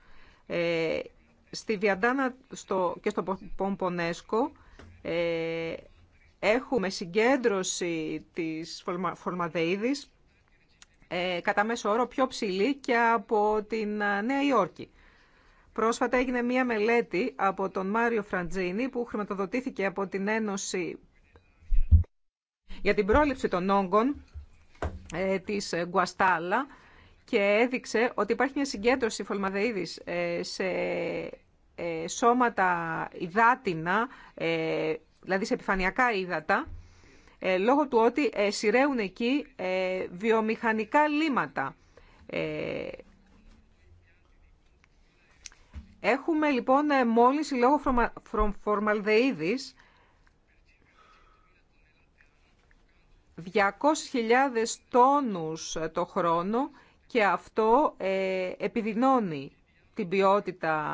στη Βιαντάνα στο, και στο Πομπονέσκο ε, έχουμε συγκέντρωση της φορμαδεΐδης ε, κατά μέσο όρο πιο ψηλή και από την ε, Νέα Υόρκη. Πρόσφατα έγινε μία μελέτη από τον Μάριο Φραντζίνη που χρηματοδοτήθηκε από την Ένωση για την πρόληψη των όγκων της Γκουαστάλα και έδειξε ότι υπάρχει μια συγκέντρωση φολμαδεΐδης σε ε, σώματα υδάτινα, ε, δηλαδή σε επιφανειακά ύδατα, ε, λόγω του ότι σειραίουν εκεί βιομηχανικά λίματα. Έχουμε λοιπόν μόλυνση λόγω φορμαλδεΐδης 200.000 τόνους το χρόνο και αυτό επιδεινώνει την ποιότητα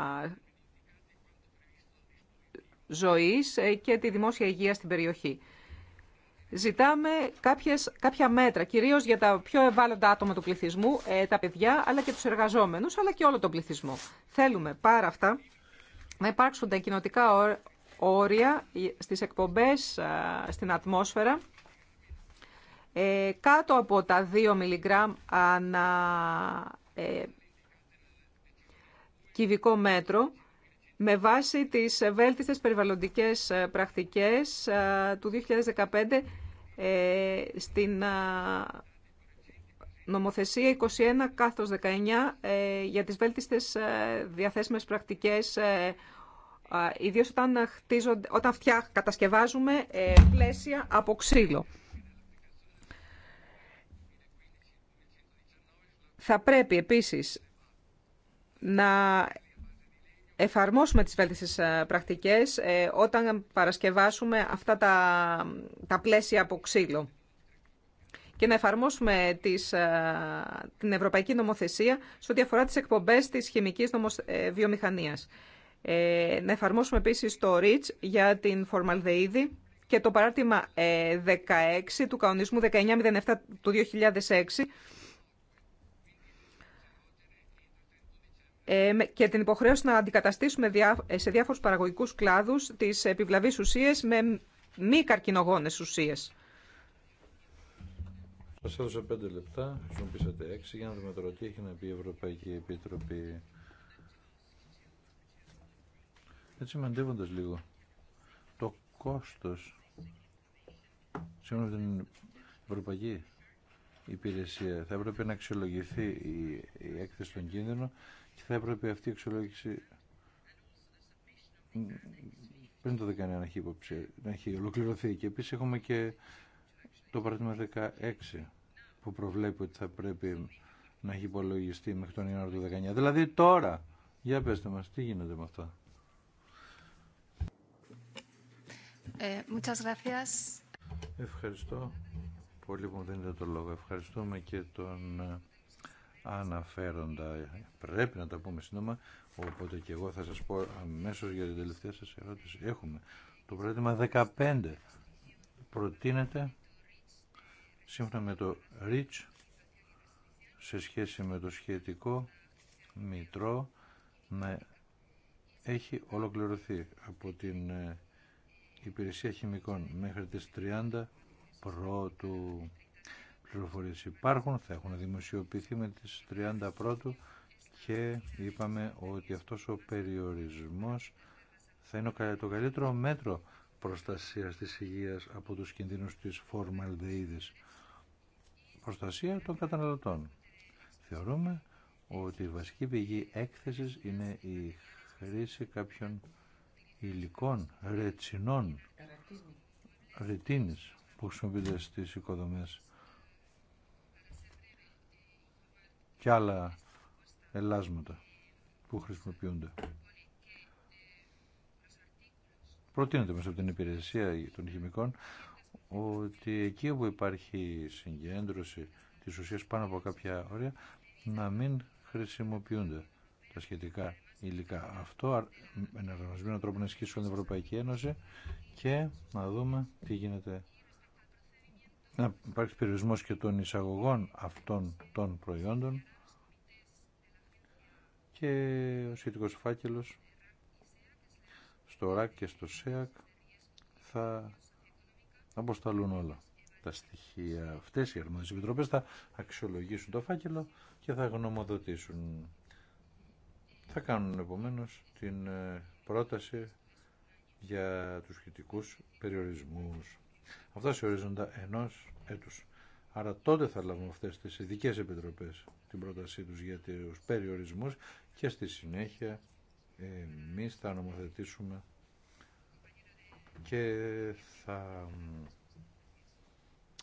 ζωής ε, και τη δημόσια υγεία στην περιοχή. Ζητάμε κάποιες, κάποια μέτρα, κυρίως για τα πιο ευάλωτα άτομα του πληθυσμού, ε, τα παιδιά, αλλά και τους εργαζόμενους, αλλά και όλο τον πληθυσμό. Θέλουμε πάρα αυτά να υπάρξουν τα κοινοτικά όρια στις εκπομπές στην ατμόσφαιρα, ε, κάτω από τα 2 μιλιγκράμμ ανά κυβικό μέτρο με βάση τις βέλτιστες περιβαλλοντικές ε, πρακτικές ε, του 2015 ε, στην νομοθεσία 21 κάθος 19 για τις βέλτιστες διαθέσιμες πρακτικές ιδίως όταν, χτίζονται, όταν κατασκευάζουμε πλαίσια από ξύλο. Θα πρέπει επίσης να εφαρμόσουμε τις βέλτιστες ε, πρακτικές ε, όταν παρασκευάσουμε αυτά τα, τα πλαίσια από ξύλο και να εφαρμόσουμε τις, ε, την ευρωπαϊκή νομοθεσία σε ό,τι αφορά τις εκπομπές της χημικής νομος, βιομηχανίας. Ε, να εφαρμόσουμε επίσης το REACH για την φορμαλδεΐδη και το παράρτημα 16 του κανονισμού 1907 του 2006 και την υποχρέωση να αντικαταστήσουμε σε διάφορους παραγωγικούς κλάδους τις επιβλαβείς ουσίες με μη καρκινογόνες ουσίες. Σας έδωσα πέντε λεπτά, χρησιμοποιήσατε έξι, για να δούμε τώρα τι έχει να πει η Ευρωπαϊκή Επίτροπη. Έτσι μαντεύοντας λίγο το κόστος σύμφωνα την Ευρωπαϊκή Υπηρεσία θα έπρεπε να αξιολογηθεί η, η έκθεση των κίνδυνων και θα έπρεπε αυτή η αξιολόγηση πριν το 19 να έχει, ολοκληρωθεί. Και επίσης έχουμε και το παράδειγμα 16 που προβλέπει ότι θα πρέπει να έχει υπολογιστεί μέχρι τον Ιανουάριο του 19. Δηλαδή τώρα, για πέστε μας, τι γίνεται με αυτά. Ε, Ευχαριστώ πολύ που μου δίνετε το λόγο. Ευχαριστούμε και τον ε, αναφέροντα. Πρέπει να τα πούμε σύντομα, οπότε και εγώ θα σας πω αμέσως για την τελευταία σας ερώτηση. Έχουμε το πρόβλημα 15. Προτείνεται σύμφωνα με το REACH σε σχέση με το σχετικό μητρό να έχει ολοκληρωθεί από την ε, Υπηρεσία Χημικών μέχρι τις 30 πρώτου πληροφορίε υπάρχουν, θα έχουν δημοσιοποιηθεί με τις 30 πρώτου και είπαμε ότι αυτός ο περιορισμός θα είναι το καλύτερο μέτρο προστασίας της υγείας από τους κινδύνους της φορμαλδεΐδης. Προστασία των καταναλωτών. Θεωρούμε ότι η βασική πηγή έκθεσης είναι η χρήση κάποιων υλικών, ρετσινών, ρετίνης που χρησιμοποιούνται στις οικοδομές και άλλα ελάσματα που χρησιμοποιούνται. Προτείνεται μέσα από την υπηρεσία των χημικών ότι εκεί όπου υπάρχει συγκέντρωση της ουσίας πάνω από κάποια όρια να μην χρησιμοποιούνται τα σχετικά υλικά. Αυτό με έναν τρόπο να ισχύσει την Ευρωπαϊκή Ένωση και να δούμε τι γίνεται να υπάρξει περιορισμός και των εισαγωγών αυτών των προϊόντων και ο σχετικός φάκελος στο ΡΑΚ και στο ΣΕΑΚ θα αποσταλούν όλα τα στοιχεία. Αυτές οι αρμόδιες επιτροπές θα αξιολογήσουν το φάκελο και θα γνωμοδοτήσουν. Θα κάνουν επομένως την ε, πρόταση για τους σχετικούς περιορισμούς. Αυτά σε ορίζοντα ενός έτους. Άρα τότε θα λάβουμε αυτέ τι ειδικέ επιτροπές την πρότασή τους για τους περιορισμούς και στη συνέχεια εμεί θα νομοθετήσουμε και θα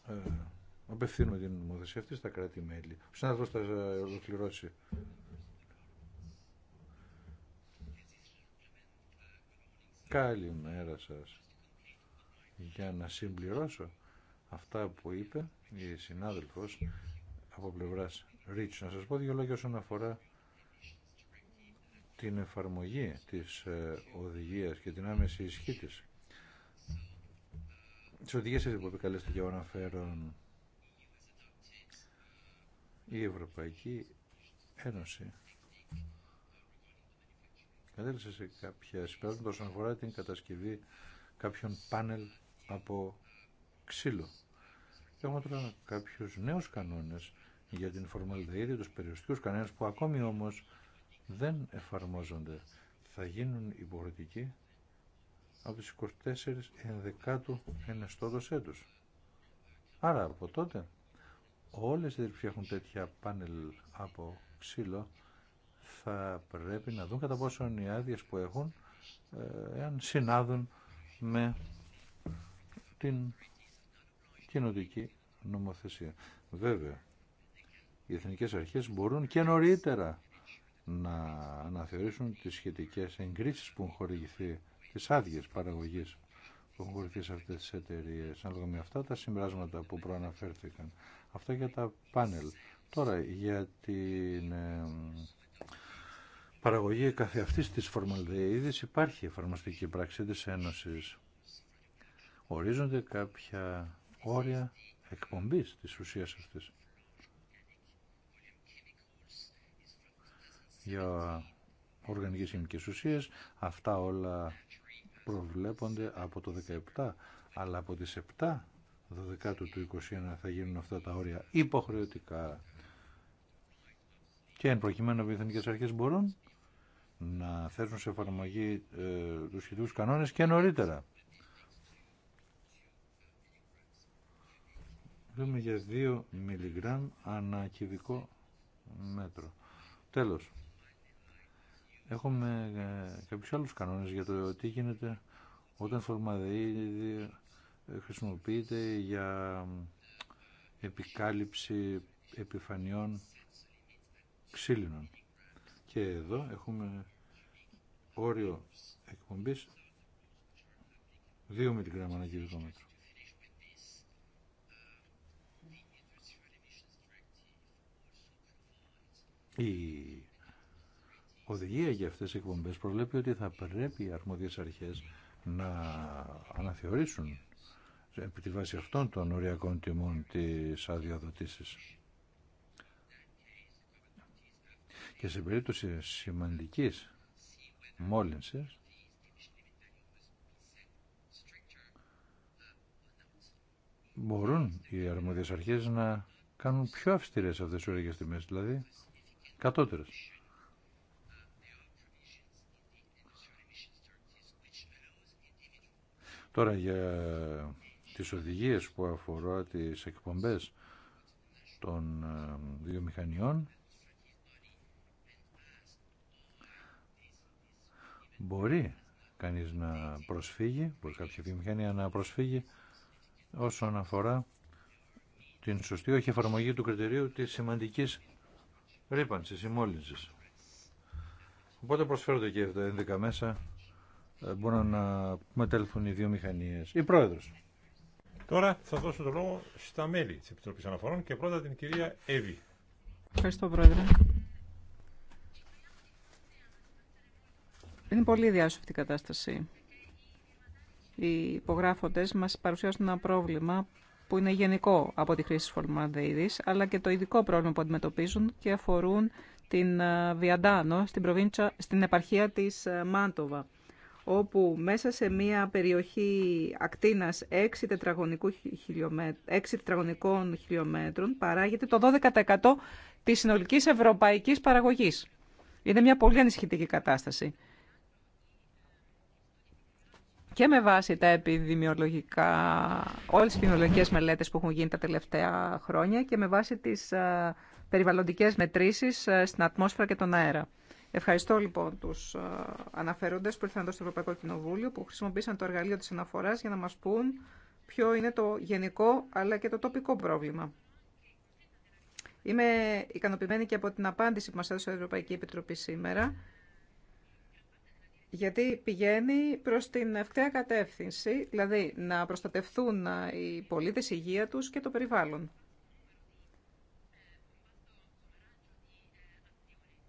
ε, απευθύνουμε την νομοθεσία αυτή στα κράτη-μέλη. Ο συνάδελφο θα ολοκληρώσει. Καλημέρα σας για να συμπληρώσω αυτά που είπε η συνάδελφος από πλευράς Ρίτσου Να σας πω δύο λόγια όσον αφορά την εφαρμογή της ε, οδηγίας και την άμεση ισχύ της. Τις οδηγίες που επικαλέστηκε ο αναφέρον η Ευρωπαϊκή Ένωση κατέληξε σε κάποια συμπεράσματα όσον αφορά την κατασκευή κάποιων πάνελ από ξύλο. Έχουμε τώρα κάποιους νέους κανόνες για την φορμαλδαίδη, τους περιοριστικούς κανόνες που ακόμη όμως δεν εφαρμόζονται. Θα γίνουν υποχρεωτικοί από τις 24 ενδεκάτου ενεστόδοσέ τους. Άρα από τότε όλες οι που έχουν τέτοια πάνελ από ξύλο θα πρέπει να δουν κατά πόσο οι άδειε που έχουν ε, εάν συνάδουν με την κοινοτική νομοθεσία. Βέβαια, οι εθνικές αρχές μπορούν και νωρίτερα να αναθεωρήσουν τις σχετικές εγκρίσεις που έχουν χορηγηθεί, τις άδειες παραγωγής που έχουν χορηγηθεί σε αυτές τις εταιρείες, ανάλογα με αυτά τα συμπράσματα που προαναφέρθηκαν. Αυτά για τα πάνελ. Τώρα, για την ε, παραγωγή καθεαυτής της φορμαλδεΐδης υπάρχει εφαρμοστική πράξη της Ένωσης ορίζονται κάποια όρια εκπομπής της ουσίας αυτής. Για οργανικές χημικές ουσίες, αυτά όλα προβλέπονται από το 17, αλλά από τις 7 12 του 21 θα γίνουν αυτά τα όρια υποχρεωτικά. Και εν προκειμένου οι εθνικές αρχές μπορούν να θέσουν σε εφαρμογή ε, τους σχετικούς κανόνες και νωρίτερα. Βλέπουμε για 2 μιλιγκράμμ ανά κυβικό μέτρο. Τέλος. Έχουμε ε, κάποιους άλλους κανόνες για το τι γίνεται όταν φορμαδεΐδη χρησιμοποιείται για επικάλυψη επιφανειών ξύλινων. Και εδώ έχουμε όριο εκπομπής 2 μιλιγράμμα ανά μέτρο. Η οδηγία για αυτές τις εκπομπές προβλέπει ότι θα πρέπει οι αρμόδιες αρχές να αναθεωρήσουν επί τη βάση αυτών των οριακών τιμών της αδειοδοτήσεις. Και σε περίπτωση σημαντικής μόλυνσης μπορούν οι αρμόδιες αρχές να κάνουν πιο αυστηρές αυτές τις οριακές τιμές, δηλαδή κατώτερος. Τώρα για τις οδηγίες που αφορά τις εκπομπές των ε, βιομηχανιών μπορεί κανείς να προσφύγει, μπορεί κάποια βιομηχανία να προσφύγει όσον αφορά την σωστή όχι εφαρμογή του κριτηρίου της σημαντικής ρήπανση, ε, Η δώσω το λόγο στα μέλη της Επιτροπής Αναφορών και τα κυρία Εύη. Ευχαριστώ πρόεδρε. Είναι πολύ διάσω αυτή η κατάσταση. Οι δυο μηχανίε. η πρόεδρο. τωρα θα δωσω το λογο στα μελη τη επιτροπή αναφορων και πρωτα την κυρια ευη ευχαριστω προεδρε ειναι πολυ διάσωφτη η κατασταση οι υπογραφοντες μας παρουσιάζουν ένα πρόβλημα που είναι γενικό από τη χρήση της αλλά και το ειδικό πρόβλημα που αντιμετωπίζουν και αφορούν την ε, Βιαντάνο, στην, προβίντσα, στην επαρχία της ε, Μάντοβα, όπου μέσα σε μια περιοχή ακτίνας 6, 6 τετραγωνικών χιλιόμετρων παράγεται το 12% της συνολικής ευρωπαϊκής παραγωγής. Είναι μια πολύ ανησυχητική κατάσταση και με βάση τα επιδημιολογικά, όλες τις επιδημιολογικές μελέτες που έχουν γίνει τα τελευταία χρόνια και με βάση τις ε, περιβαλλοντικές μετρήσεις ε, στην ατμόσφαιρα και τον αέρα. Ευχαριστώ λοιπόν τους ε, αναφέροντες που ήρθαν εδώ στο Ευρωπαϊκό Κοινοβούλιο που χρησιμοποίησαν το εργαλείο της αναφοράς για να μας πούν ποιο είναι το γενικό αλλά και το τοπικό πρόβλημα. Είμαι ικανοποιημένη και από την απάντηση που μας έδωσε η Ευρωπαϊκή Επιτροπή σήμερα γιατί πηγαίνει προς την ευκταία κατεύθυνση, δηλαδή να προστατευτούν οι πολίτες, η υγεία τους και το περιβάλλον.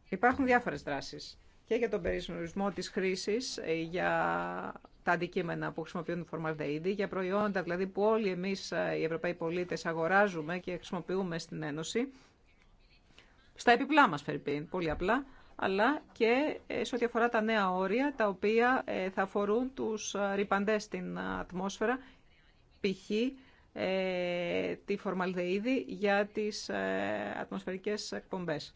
Υπάρχουν διάφορες δράσεις και για τον περιορισμό της χρήσης, ε, για τα αντικείμενα που χρησιμοποιούν φορμαλδεΐδη, για προϊόντα δηλαδή που όλοι εμείς ε, οι Ευρωπαίοι πολίτες αγοράζουμε και χρησιμοποιούμε στην Ένωση, στα επιπλά μας Φερπίν, πολύ απλά, αλλά και ε, σε ό,τι αφορά τα νέα όρια, τα οποία ε, θα αφορούν τους ε, ρηπαντές στην ατμόσφαιρα, π.χ. τη φορμαλδεΐδη για τις ατμοσφαιρικές εκπομπές.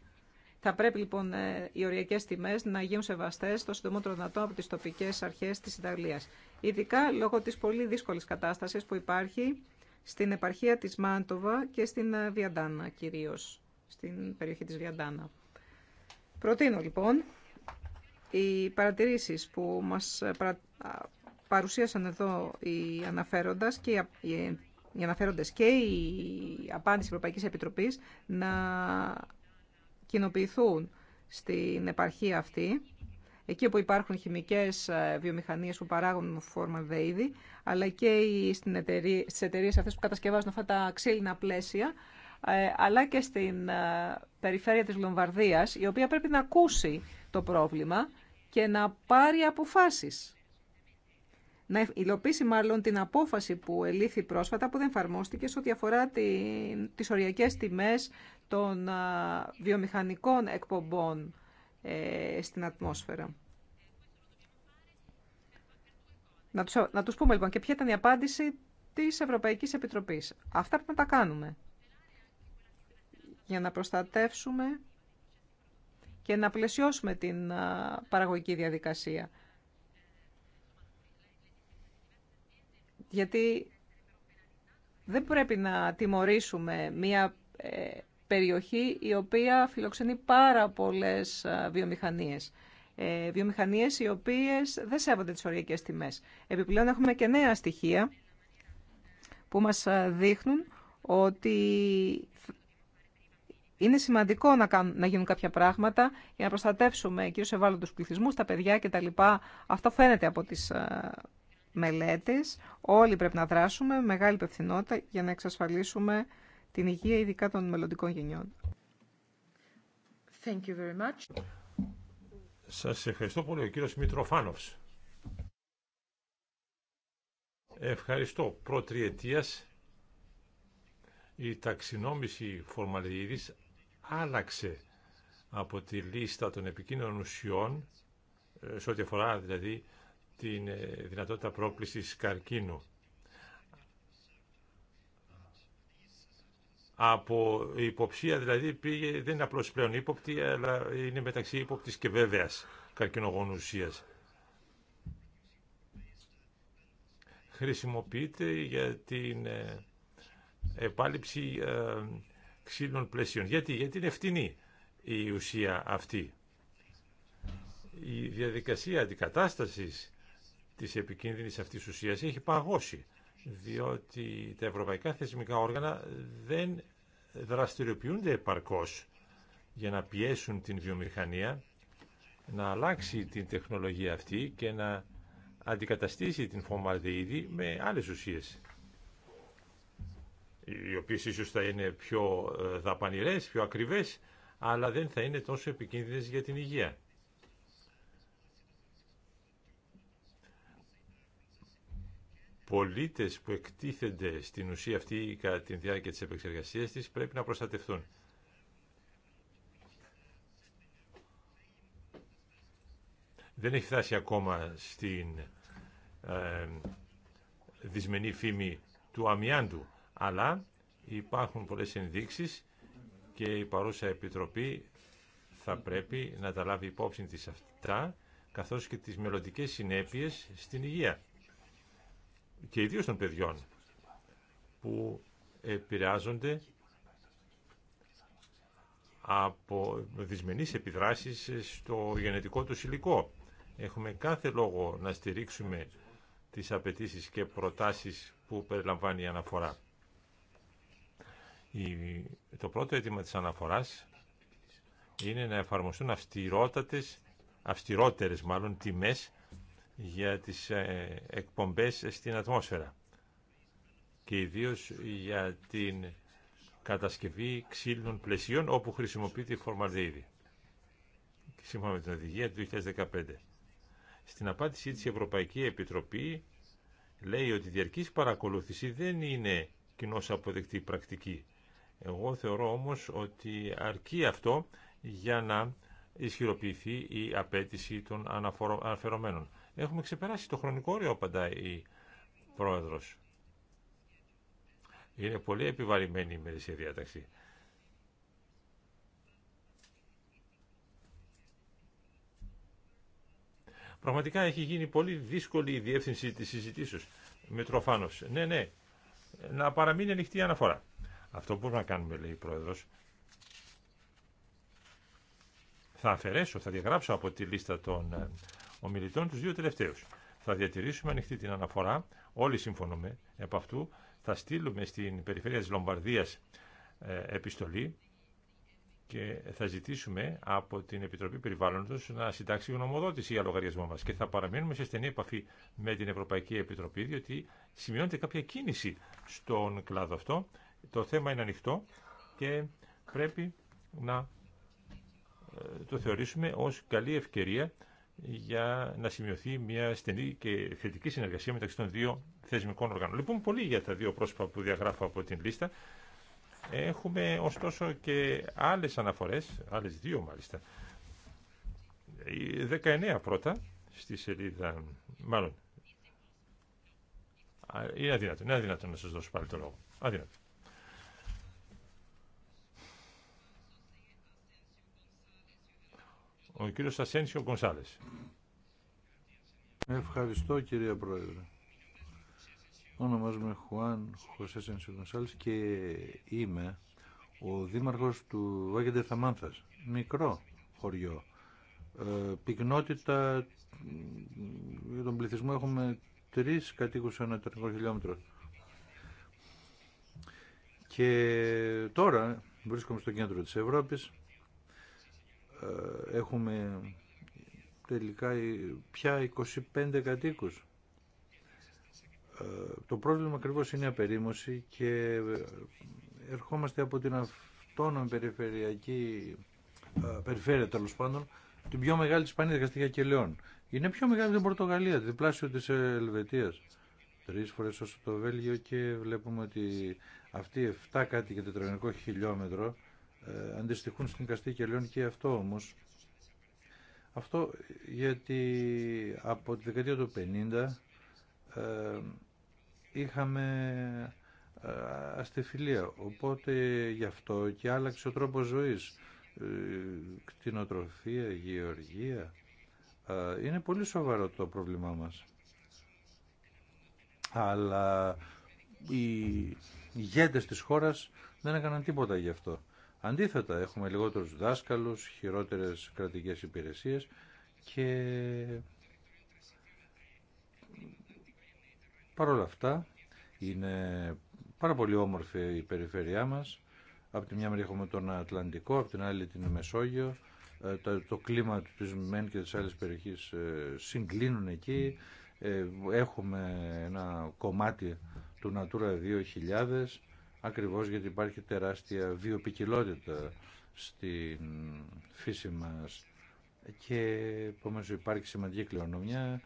Θα πρέπει λοιπόν οι οριακέ τιμέ να γίνουν σεβαστέ το συντομότερο δυνατό από τι τοπικέ αρχέ τη Ιταλία. Ειδικά λόγω τη πολύ δύσκολη κατάσταση που υπάρχει στην επαρχία τη Μάντοβα και στην Βιαντάνα κυρίω, στην περιοχή τη Βιαντάνα. Προτείνω λοιπόν οι παρατηρήσεις που μας παρουσίασαν εδώ οι αναφέροντας και οι αναφέροντες και η απάντηση Ευρωπαϊκής Επιτροπής να κοινοποιηθούν στην επαρχία αυτή, εκεί όπου υπάρχουν χημικές ε, βιομηχανίες που παράγουν δέιδη αλλά και στις εταιρείες αυτές που κατασκευάζουν αυτά τα ξύλινα πλαίσια, ε, αλλά και στην ε, περιφέρεια της Λομβαρδίας, η οποία πρέπει να ακούσει το πρόβλημα και να πάρει αποφάσεις. Να υλοποιήσει μάλλον την απόφαση που ελήφθη πρόσφατα που δεν εφαρμόστηκε σε ό,τι αφορά τις οριακές τιμές των ε, βιομηχανικών εκπομπών στην ατμόσφαιρα. Να τους, να τους πούμε λοιπόν και ποια ήταν η απάντηση της Ευρωπαϊκής Επιτροπής. Αυτά πρέπει να τα κάνουμε για να προστατεύσουμε και να πλαισιώσουμε την παραγωγική διαδικασία. Γιατί δεν πρέπει να τιμωρήσουμε μία ε, περιοχή η οποία φιλοξενεί πάρα πολλές βιομηχανίες. Ε, βιομηχανίες οι οποίες δεν σέβονται τις οριακές τιμές. Επιπλέον έχουμε και νέα στοιχεία που μας δείχνουν ότι είναι σημαντικό να, κάνουν, γίνουν κάποια πράγματα για να προστατεύσουμε κυρίω ευάλωτου πληθυσμού, τα παιδιά κτλ. Αυτό φαίνεται από τι ε, μελέτε. Όλοι πρέπει να δράσουμε μεγάλη υπευθυνότητα για να εξασφαλίσουμε την υγεία ειδικά των μελλοντικών γενιών. Thank you very much. Σας ευχαριστώ πολύ, ο κύριος Μητροφάνοφς. Ευχαριστώ. Προτριετίας η ταξινόμηση φορμαλιδίδης άλλαξε από τη λίστα των επικίνδυνων ουσιών, ε, σε ό,τι αφορά δηλαδή την ε, δυνατότητα πρόκλησης καρκίνου. Από υποψία δηλαδή πήγε, δεν είναι απλώς πλέον ύποπτη, αλλά είναι μεταξύ ύποπτης και βέβαιας καρκινογόνου ουσίας. Χρησιμοποιείται για την ε, επάλυψη ξύλων πλαισίων. Γιατί, γιατί είναι φτηνή η ουσία αυτή. Η διαδικασία αντικατάστασης της επικίνδυνης αυτής ουσίας έχει παγώσει, διότι τα ευρωπαϊκά θεσμικά όργανα δεν δραστηριοποιούνται επαρκώς για να πιέσουν την βιομηχανία να αλλάξει την τεχνολογία αυτή και να αντικαταστήσει την φωμαδείδη με άλλες ουσίες οι οποίες ίσως θα είναι πιο ε, δαπανηρές, πιο ακριβές, αλλά δεν θα είναι τόσο επικίνδυνες για την υγεία. πολίτες που εκτίθενται στην ουσία αυτή κατά τη διάρκεια της επεξεργασίας της πρέπει να προστατευτούν. Δεν έχει φτάσει ακόμα στην ε, δυσμενή φήμη του αμοιάντου, αλλά υπάρχουν πολλές ενδείξεις και η παρούσα Επιτροπή θα πρέπει να τα λάβει υπόψη της αυτά, καθώς και τις μελλοντικέ συνέπειες στην υγεία και ιδίως των παιδιών που επηρεάζονται από δυσμενείς επιδράσεις στο γενετικό του υλικό. Έχουμε κάθε λόγο να στηρίξουμε τις απαιτήσεις και προτάσεις που περιλαμβάνει η αναφορά. Το πρώτο αίτημα της αναφοράς είναι να εφαρμοστούν αυστηρότατες, αυστηρότερες μάλλον τιμές για τις ε, εκπομπές στην ατμόσφαιρα και ιδίως για την κατασκευή ξύλινων πλαισίων όπου χρησιμοποιείται η φορμαλδεΐδη σύμφωνα με την οδηγία του 2015. Στην απάντησή της η Ευρωπαϊκή Επιτροπή λέει ότι η διαρκής παρακολούθηση δεν είναι κοινώς αποδεκτή πρακτική εγώ θεωρώ όμως ότι αρκεί αυτό για να ισχυροποιηθεί η απέτηση των αναφερομένων. Έχουμε ξεπεράσει το χρονικό όριο, απαντάει η πρόεδρος. Είναι πολύ επιβαρημένη η μερισσία διάταξη. Πραγματικά έχει γίνει πολύ δύσκολη η διεύθυνση της συζητήσεως με τροφάνος. Ναι, ναι, να παραμείνει ανοιχτή η αναφορά. Αυτό μπορούμε να κάνουμε, λέει η πρόεδρο. Θα αφαιρέσω, θα διαγράψω από τη λίστα των ε, ομιλητών του δύο τελευταίου. Θα διατηρήσουμε ανοιχτή την αναφορά, όλοι συμφωνούμε επ' αυτού. Θα στείλουμε στην περιφέρεια της Λομπαρδίας ε, επιστολή και θα ζητήσουμε από την Επιτροπή Περιβάλλοντος να συντάξει γνωμοδότηση για λογαριασμό μα. και θα παραμείνουμε σε στενή επαφή με την Ευρωπαϊκή Επιτροπή διότι σημειώνεται κάποια κίνηση στον κλάδο αυτό το θέμα είναι ανοιχτό και πρέπει να ε, το θεωρήσουμε ως καλή ευκαιρία για να σημειωθεί μια στενή και θετική συνεργασία μεταξύ των δύο θεσμικών οργάνων. Λοιπόν, πολύ για τα δύο πρόσωπα που διαγράφω από την λίστα. Έχουμε ωστόσο και άλλες αναφορές, άλλες δύο μάλιστα. Η 19 πρώτα στη σελίδα, μάλλον, είναι αδύνατο, είναι αδύνατο να σας δώσω πάλι το λόγο. Αδύνατο. Ο κύριος Ασένσιο Κονσάλες. Ευχαριστώ κυρία Πρόεδρε. Ονομάζομαι Χουάν Χωσέ Ασένσιο και είμαι ο δήμαρχος του Βάγεντε Θαμάνθας. Μικρό χωριό. Ε, πυκνότητα για τον πληθυσμό έχουμε τρεις κατοίκους σε ένα τεχνικό χιλιόμετρο. Και τώρα βρίσκομαι στο κέντρο της Ευρώπης ε, έχουμε τελικά πια 25 κατοίκους. Ε, το πρόβλημα ακριβώ είναι η απερίμωση και ε, ερχόμαστε από την αυτόνομη περιφερειακή περιφέρεια τέλο πάντων την πιο μεγάλη της Ισπανίας Καστίγια και Λεών. Είναι πιο μεγάλη την Πορτογαλία, διπλάσιο της Ελβετίας. Τρεις φορές όσο το Βέλγιο και βλέπουμε ότι αυτοί 7 κάτι για τετραγωνικό χιλιόμετρο ε, αντιστοιχούν στην καστή και και αυτό όμως. Αυτό γιατί από τη δεκαετία του 50 ε, είχαμε ε, αστεφιλία Οπότε γι' αυτό και άλλαξε ο τρόπος ζωής. Ε, κτηνοτροφία, γεωργία. είναι πολύ σοβαρό το πρόβλημά μας. Αλλά οι ηγέτες της χώρας δεν έκαναν τίποτα γι' αυτό. Αντίθετα, έχουμε λιγότερους δάσκαλους, χειρότερες κρατικές υπηρεσίες και παρόλα αυτά είναι πάρα πολύ όμορφη η περιφέρειά μας. Από τη μια μεριά έχουμε τον Ατλαντικό, από την άλλη την Μεσόγειο. Ε, το κλίμα της ΜΕΝ και της άλλης περιοχής ε, συγκλίνουν εκεί. Ε, έχουμε ένα κομμάτι του Natura 2000 ακριβώς γιατί υπάρχει τεράστια βιοπικιλότητα στην φύση μας και επομένως υπάρχει σημαντική κληρονομιά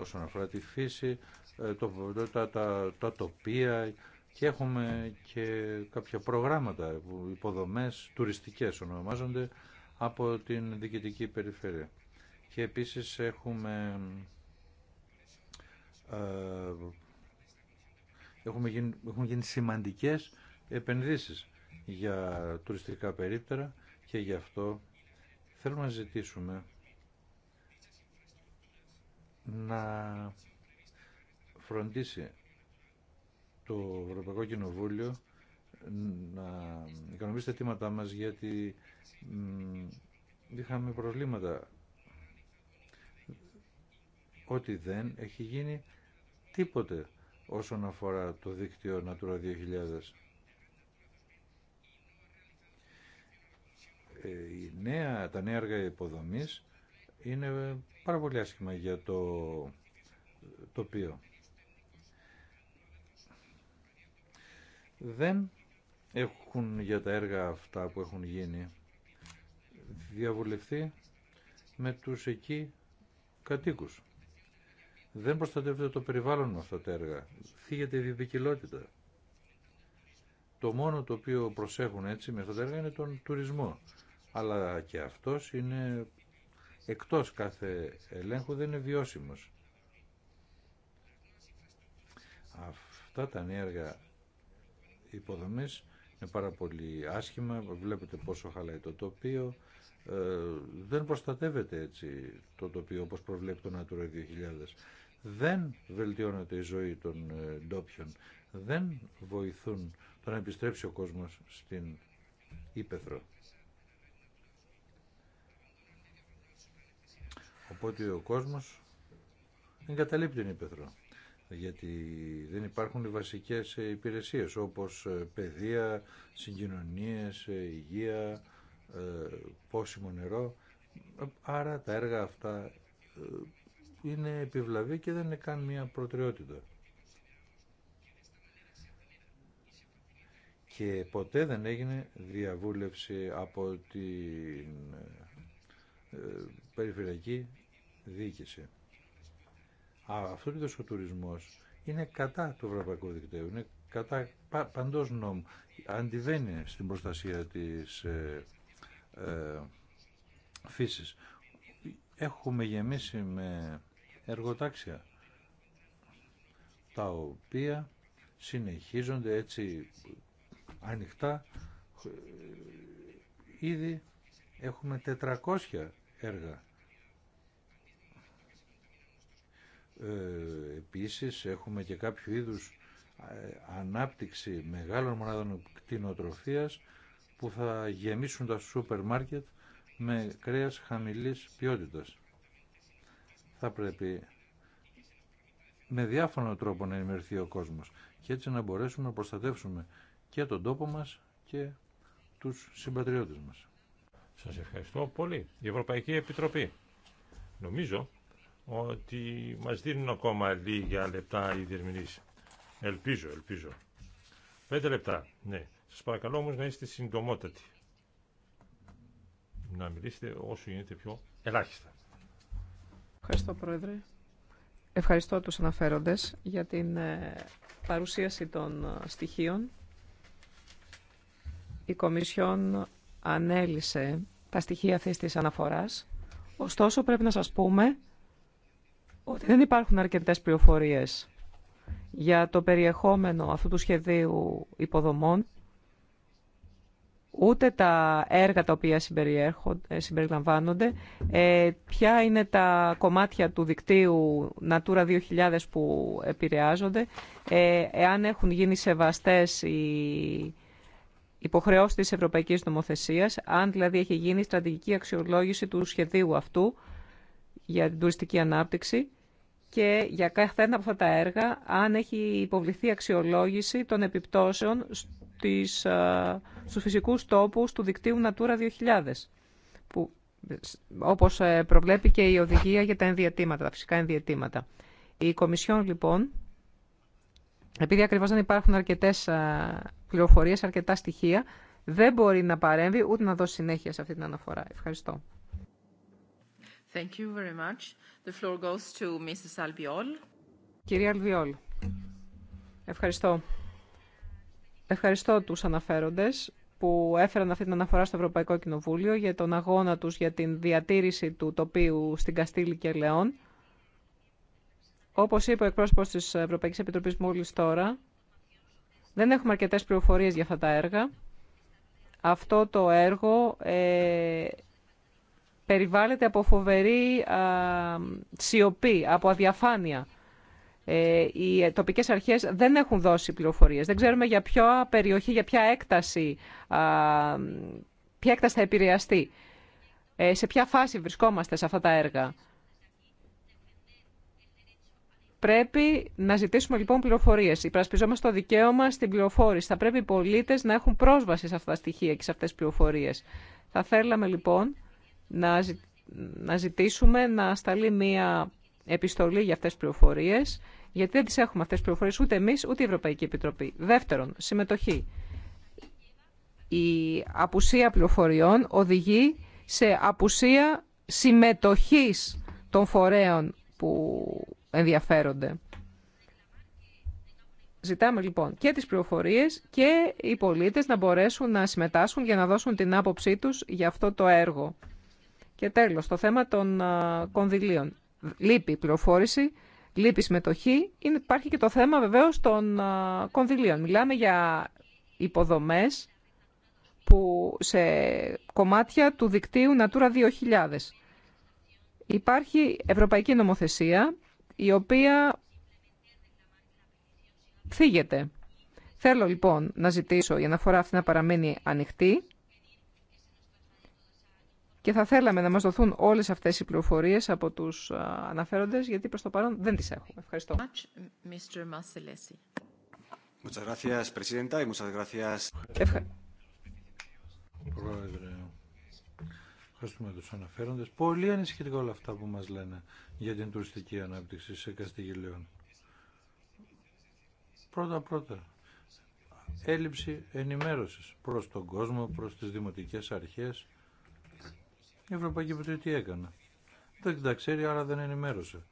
όσον αφορά τη φύση, ε, το, τα, τα, τα τοπία και έχουμε και κάποια προγράμματα, υποδομές τουριστικές ονομάζονται από την διοικητική περιφέρεια. Και επίσης έχουμε ε, Έχουμε γίνει, έχουν γίνει σημαντικές επενδύσεις για τουριστικά περίπτερα και γι' αυτό θέλουμε να ζητήσουμε να φροντίσει το Ευρωπαϊκό Κοινοβούλιο να οικονομήσει τα αιτήματά μας γιατί είχαμε προβλήματα ότι δεν έχει γίνει τίποτε όσον αφορά το δίκτυο Natura 2000. Ε, η νέα, τα νέα έργα υποδομής είναι πάρα πολύ άσχημα για το τοπίο. Δεν έχουν για τα έργα αυτά που έχουν γίνει διαβουλευτεί με τους εκεί κατοίκους. Δεν προστατεύεται το περιβάλλον με αυτά τα έργα. Φύγεται η Το μόνο το οποίο προσέχουν έτσι με αυτά τα έργα είναι τον τουρισμό. Αλλά και αυτός είναι εκτός κάθε ελέγχου, δεν είναι βιώσιμος. Αυτά τα νέα έργα υποδομής είναι πάρα πολύ άσχημα, βλέπετε πόσο χαλάει το τοπίο, ε, δεν προστατεύεται έτσι το τοπίο όπως προβλέπει το Natura 2000 δεν βελτιώνεται η ζωή των ε, ντόπιων, δεν βοηθούν το να επιστρέψει ο κόσμος στην Ήπεθρο. Οπότε ο κόσμος εγκαταλείπει την Ήπεθρο, γιατί δεν υπάρχουν οι βασικές ε, υπηρεσίες όπως ε, παιδεία, συγκοινωνίες, υγεία, πόσιμο νερό, άρα τα έργα αυτά είναι επιβλαβή και δεν είναι καν μια προτεραιότητα. Και ποτέ δεν έγινε διαβούλευση από την ε, περιφερειακή διοίκηση. Α, αυτό ο τουρισμός είναι κατά του Ευρωπαϊκού Δικτύου, είναι κατά παντός νόμου. Αντιβαίνει στην προστασία της ε, ε φύσης. Έχουμε γεμίσει με εργοτάξια τα οποία συνεχίζονται έτσι ανοιχτά ήδη έχουμε 400 έργα ε, επίσης έχουμε και κάποιο είδους ε, ανάπτυξη μεγάλων μονάδων κτηνοτροφίας που θα γεμίσουν τα σούπερ μάρκετ με κρέας χαμηλής ποιότητας θα πρέπει με διάφορο τρόπο να ενημερωθεί ο κόσμος και έτσι να μπορέσουμε να προστατεύσουμε και τον τόπο μας και τους συμπατριώτες μας. Σας ευχαριστώ πολύ. Η Ευρωπαϊκή Επιτροπή. Νομίζω ότι μας δίνουν ακόμα λίγα λεπτά οι διερμηνείς. Ελπίζω, ελπίζω. Πέντε λεπτά, ναι. Σας παρακαλώ όμως να είστε συντομότατοι. Να μιλήσετε όσο γίνεται πιο ελάχιστα. Ευχαριστώ, Πρόεδρε. Ευχαριστώ τους αναφέροντες για την ε, παρουσίαση των ε, στοιχείων. Η Κομισιόν ανέλησε τα στοιχεία αυτής της αναφοράς. Ωστόσο, πρέπει να σας πούμε ότι δεν υπάρχουν αρκετές πληροφορίες για το περιεχόμενο αυτού του σχεδίου υποδομών ούτε τα έργα τα οποία ε, συμπεριλαμβάνονται, ε, ποια είναι τα κομμάτια του δικτύου Natura 2000 που επηρεάζονται, ε, εάν έχουν γίνει σεβαστές οι υποχρεώσεις της Ευρωπαϊκής Νομοθεσίας, αν δηλαδή έχει γίνει στρατηγική αξιολόγηση του σχεδίου αυτού για την τουριστική ανάπτυξη και για κάθε ένα από αυτά τα έργα αν έχει υποβληθεί αξιολόγηση των επιπτώσεων τις, στους φυσικούς τόπους του δικτύου Natura 2000, που, όπως ε, προβλέπει και η οδηγία για τα ενδιατήματα, τα φυσικά ενδιατήματα. Η Κομισιόν, λοιπόν, επειδή ακριβώς δεν υπάρχουν αρκετές πληροφορίες, αρκετά στοιχεία, δεν μπορεί να παρέμβει ούτε να δώσει συνέχεια σε αυτή την αναφορά. Ευχαριστώ. Thank you very much. The floor goes to Mrs. Albiol. Κυρία Αλβιόλ, ευχαριστώ. Ευχαριστώ τους αναφέροντες που έφεραν αυτή την αναφορά στο Ευρωπαϊκό Κοινοβούλιο για τον αγώνα τους για την διατήρηση του τοπίου στην Καστήλη και Λεόν. Όπως είπε ο εκπρόσωπος της Ευρωπαϊκής Επιτροπής μόλις τώρα, δεν έχουμε αρκετές πληροφορίες για αυτά τα έργα. Αυτό το έργο ε, περιβάλλεται από φοβερή σιωπή, από αδιαφάνεια. Ε, οι τοπικές αρχές δεν έχουν δώσει πληροφορίες. Δεν ξέρουμε για ποια περιοχή, για ποια έκταση, ποια έκταση θα επηρεαστεί. Ε, σε ποια φάση βρισκόμαστε σε αυτά τα έργα. Πρέπει να ζητήσουμε λοιπόν πληροφορίε. Υπερασπιζόμαστε το δικαίωμα στην πληροφόρηση. Θα πρέπει οι πολίτε να έχουν πρόσβαση σε αυτά τα στοιχεία και σε αυτέ τι πληροφορίε. Θα θέλαμε λοιπόν να, ζητήσουμε να σταλεί μία επιστολή για αυτές τις πληροφορίες, γιατί δεν τις έχουμε αυτές τις πληροφορίες ούτε εμείς ούτε η Ευρωπαϊκή Επιτροπή. Δεύτερον, συμμετοχή. Η απουσία πληροφοριών οδηγεί σε απουσία συμμετοχής των φορέων που ενδιαφέρονται. Ζητάμε λοιπόν και τις πληροφορίες και οι πολίτες να μπορέσουν να συμμετάσχουν για να δώσουν την άποψή τους για αυτό το έργο. Και τέλος, το θέμα των κονδυλίων λείπει η πληροφόρηση, λείπει συμμετοχή. Υπάρχει και το θέμα βεβαίως των κονδυλίων. Μιλάμε για υποδομές που σε κομμάτια του δικτύου Natura 2000. Υπάρχει ευρωπαϊκή νομοθεσία η οποία φύγεται. Θέλω λοιπόν να ζητήσω να αναφορά αυτή να παραμείνει ανοιχτή και θα θέλαμε να μας δοθούν όλες αυτές οι πληροφορίες από τους αναφέροντες, γιατί προς το παρόν δεν τις έχουμε. Ευχαριστώ. ευχαριστούμε τους αναφέροντες. Πολύ ανησυχητικά όλα αυτά που μας λένε για την τουριστική ανάπτυξη σε Καστιγιλέων. Πρώτα-πρώτα, έλλειψη ενημέρωσης προς τον κόσμο, προς τις δημοτικές αρχές, η Ευρωπαϊκή Επιτροπή τι έκανε. Δεν τα ξέρει, άρα δεν ενημέρωσε.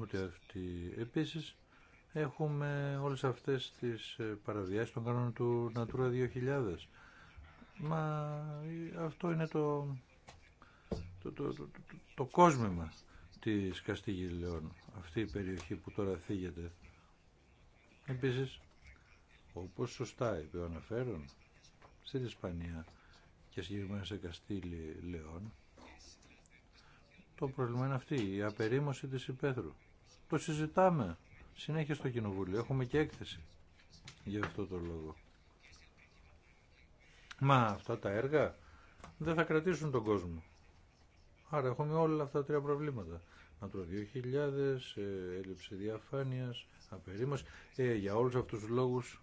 ότι αυτή. Επίσης, έχουμε όλες αυτές τις ε, παραβιάσει των κανόνων του Natura 2000. Μα ε, αυτό είναι το, το, το, το, το κόσμημα της Καστιγιλίων, αυτή η περιοχή που τώρα θίγεται. Επίσης, όπω σωστά είπε ο αναφέρον, στην Ισπανία και συγκεκριμένα σε Καστήλη Λεόν, το πρόβλημα είναι αυτή, η απερίμωση της υπαίθρου. Το συζητάμε συνέχεια στο Κοινοβούλιο. Έχουμε και έκθεση για αυτό το λόγο. Μα αυτά τα έργα δεν θα κρατήσουν τον κόσμο. Άρα έχουμε όλα αυτά τα τρία προβλήματα. Natura 2000, ε, έλλειψη διαφάνειας, απερίμωση. Ε, για όλους αυτούς τους λόγους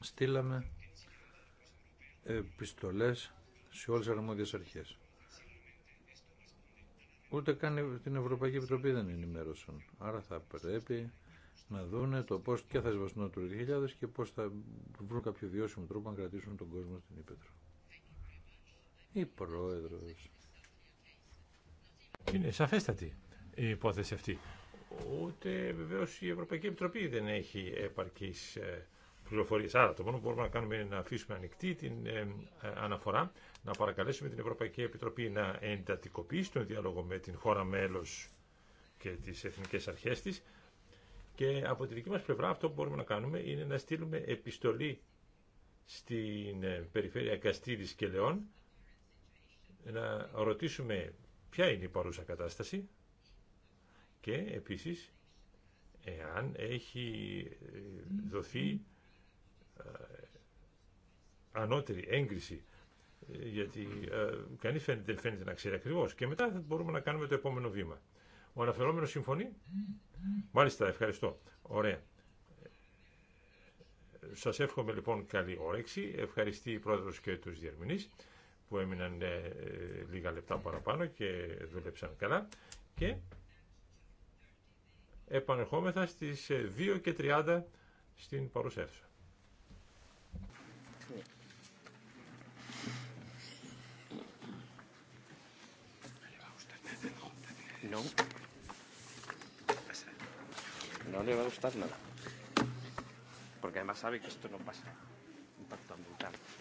στείλαμε επιστολές σε όλες τις αρμόδιες αρχές. Ούτε καν την Ευρωπαϊκή Επιτροπή δεν ενημέρωσαν. Άρα θα πρέπει να δούνε το πώς και θα σβαστούν το 2000 και πώς θα βρουν κάποιο βιώσιμο τρόπο να κρατήσουν τον κόσμο στην Ήπετρο. Η Πρόεδρος. Είναι σαφέστατη η υπόθεση αυτή. Ούτε βεβαίως η Ευρωπαϊκή Επιτροπή δεν έχει επαρκής... Ε, πληροφορίες. Άρα το μόνο που μπορούμε να κάνουμε είναι να αφήσουμε ανοιχτή την ε, ε, αναφορά, να παρακαλέσουμε την Ευρωπαϊκή Επιτροπή να εντατικοποιήσει τον διάλογο με την χώρα μέλος και τις εθνικές αρχές της και από τη δική μας πλευρά αυτό που μπορούμε να κάνουμε είναι να στείλουμε επιστολή στην ε, περιφέρεια Καστίδης και Λεών να ρωτήσουμε ποια είναι η παρούσα κατάσταση και επίσης εάν έχει δοθεί ε, ανώτερη έγκριση ε, γιατί ε, κανείς φαίνεται, δεν φαίνεται να ξέρει ακριβώ. Και μετά θα μπορούμε να κάνουμε το επόμενο βήμα. Ο αναφερόμενος συμφωνεί. Μάλιστα, ευχαριστώ. Ωραία. Σας εύχομαι λοιπόν καλή όρεξη. Ευχαριστεί η πρόεδρος και τους διερμηνείς που έμειναν ε, λίγα λεπτά παραπάνω και δούλεψαν καλά. Και επανερχόμεθα στις 2.30 στην παρουσία No. No le va a gustar nada. Porque además sabe que esto no pasa. Impacto ambiental.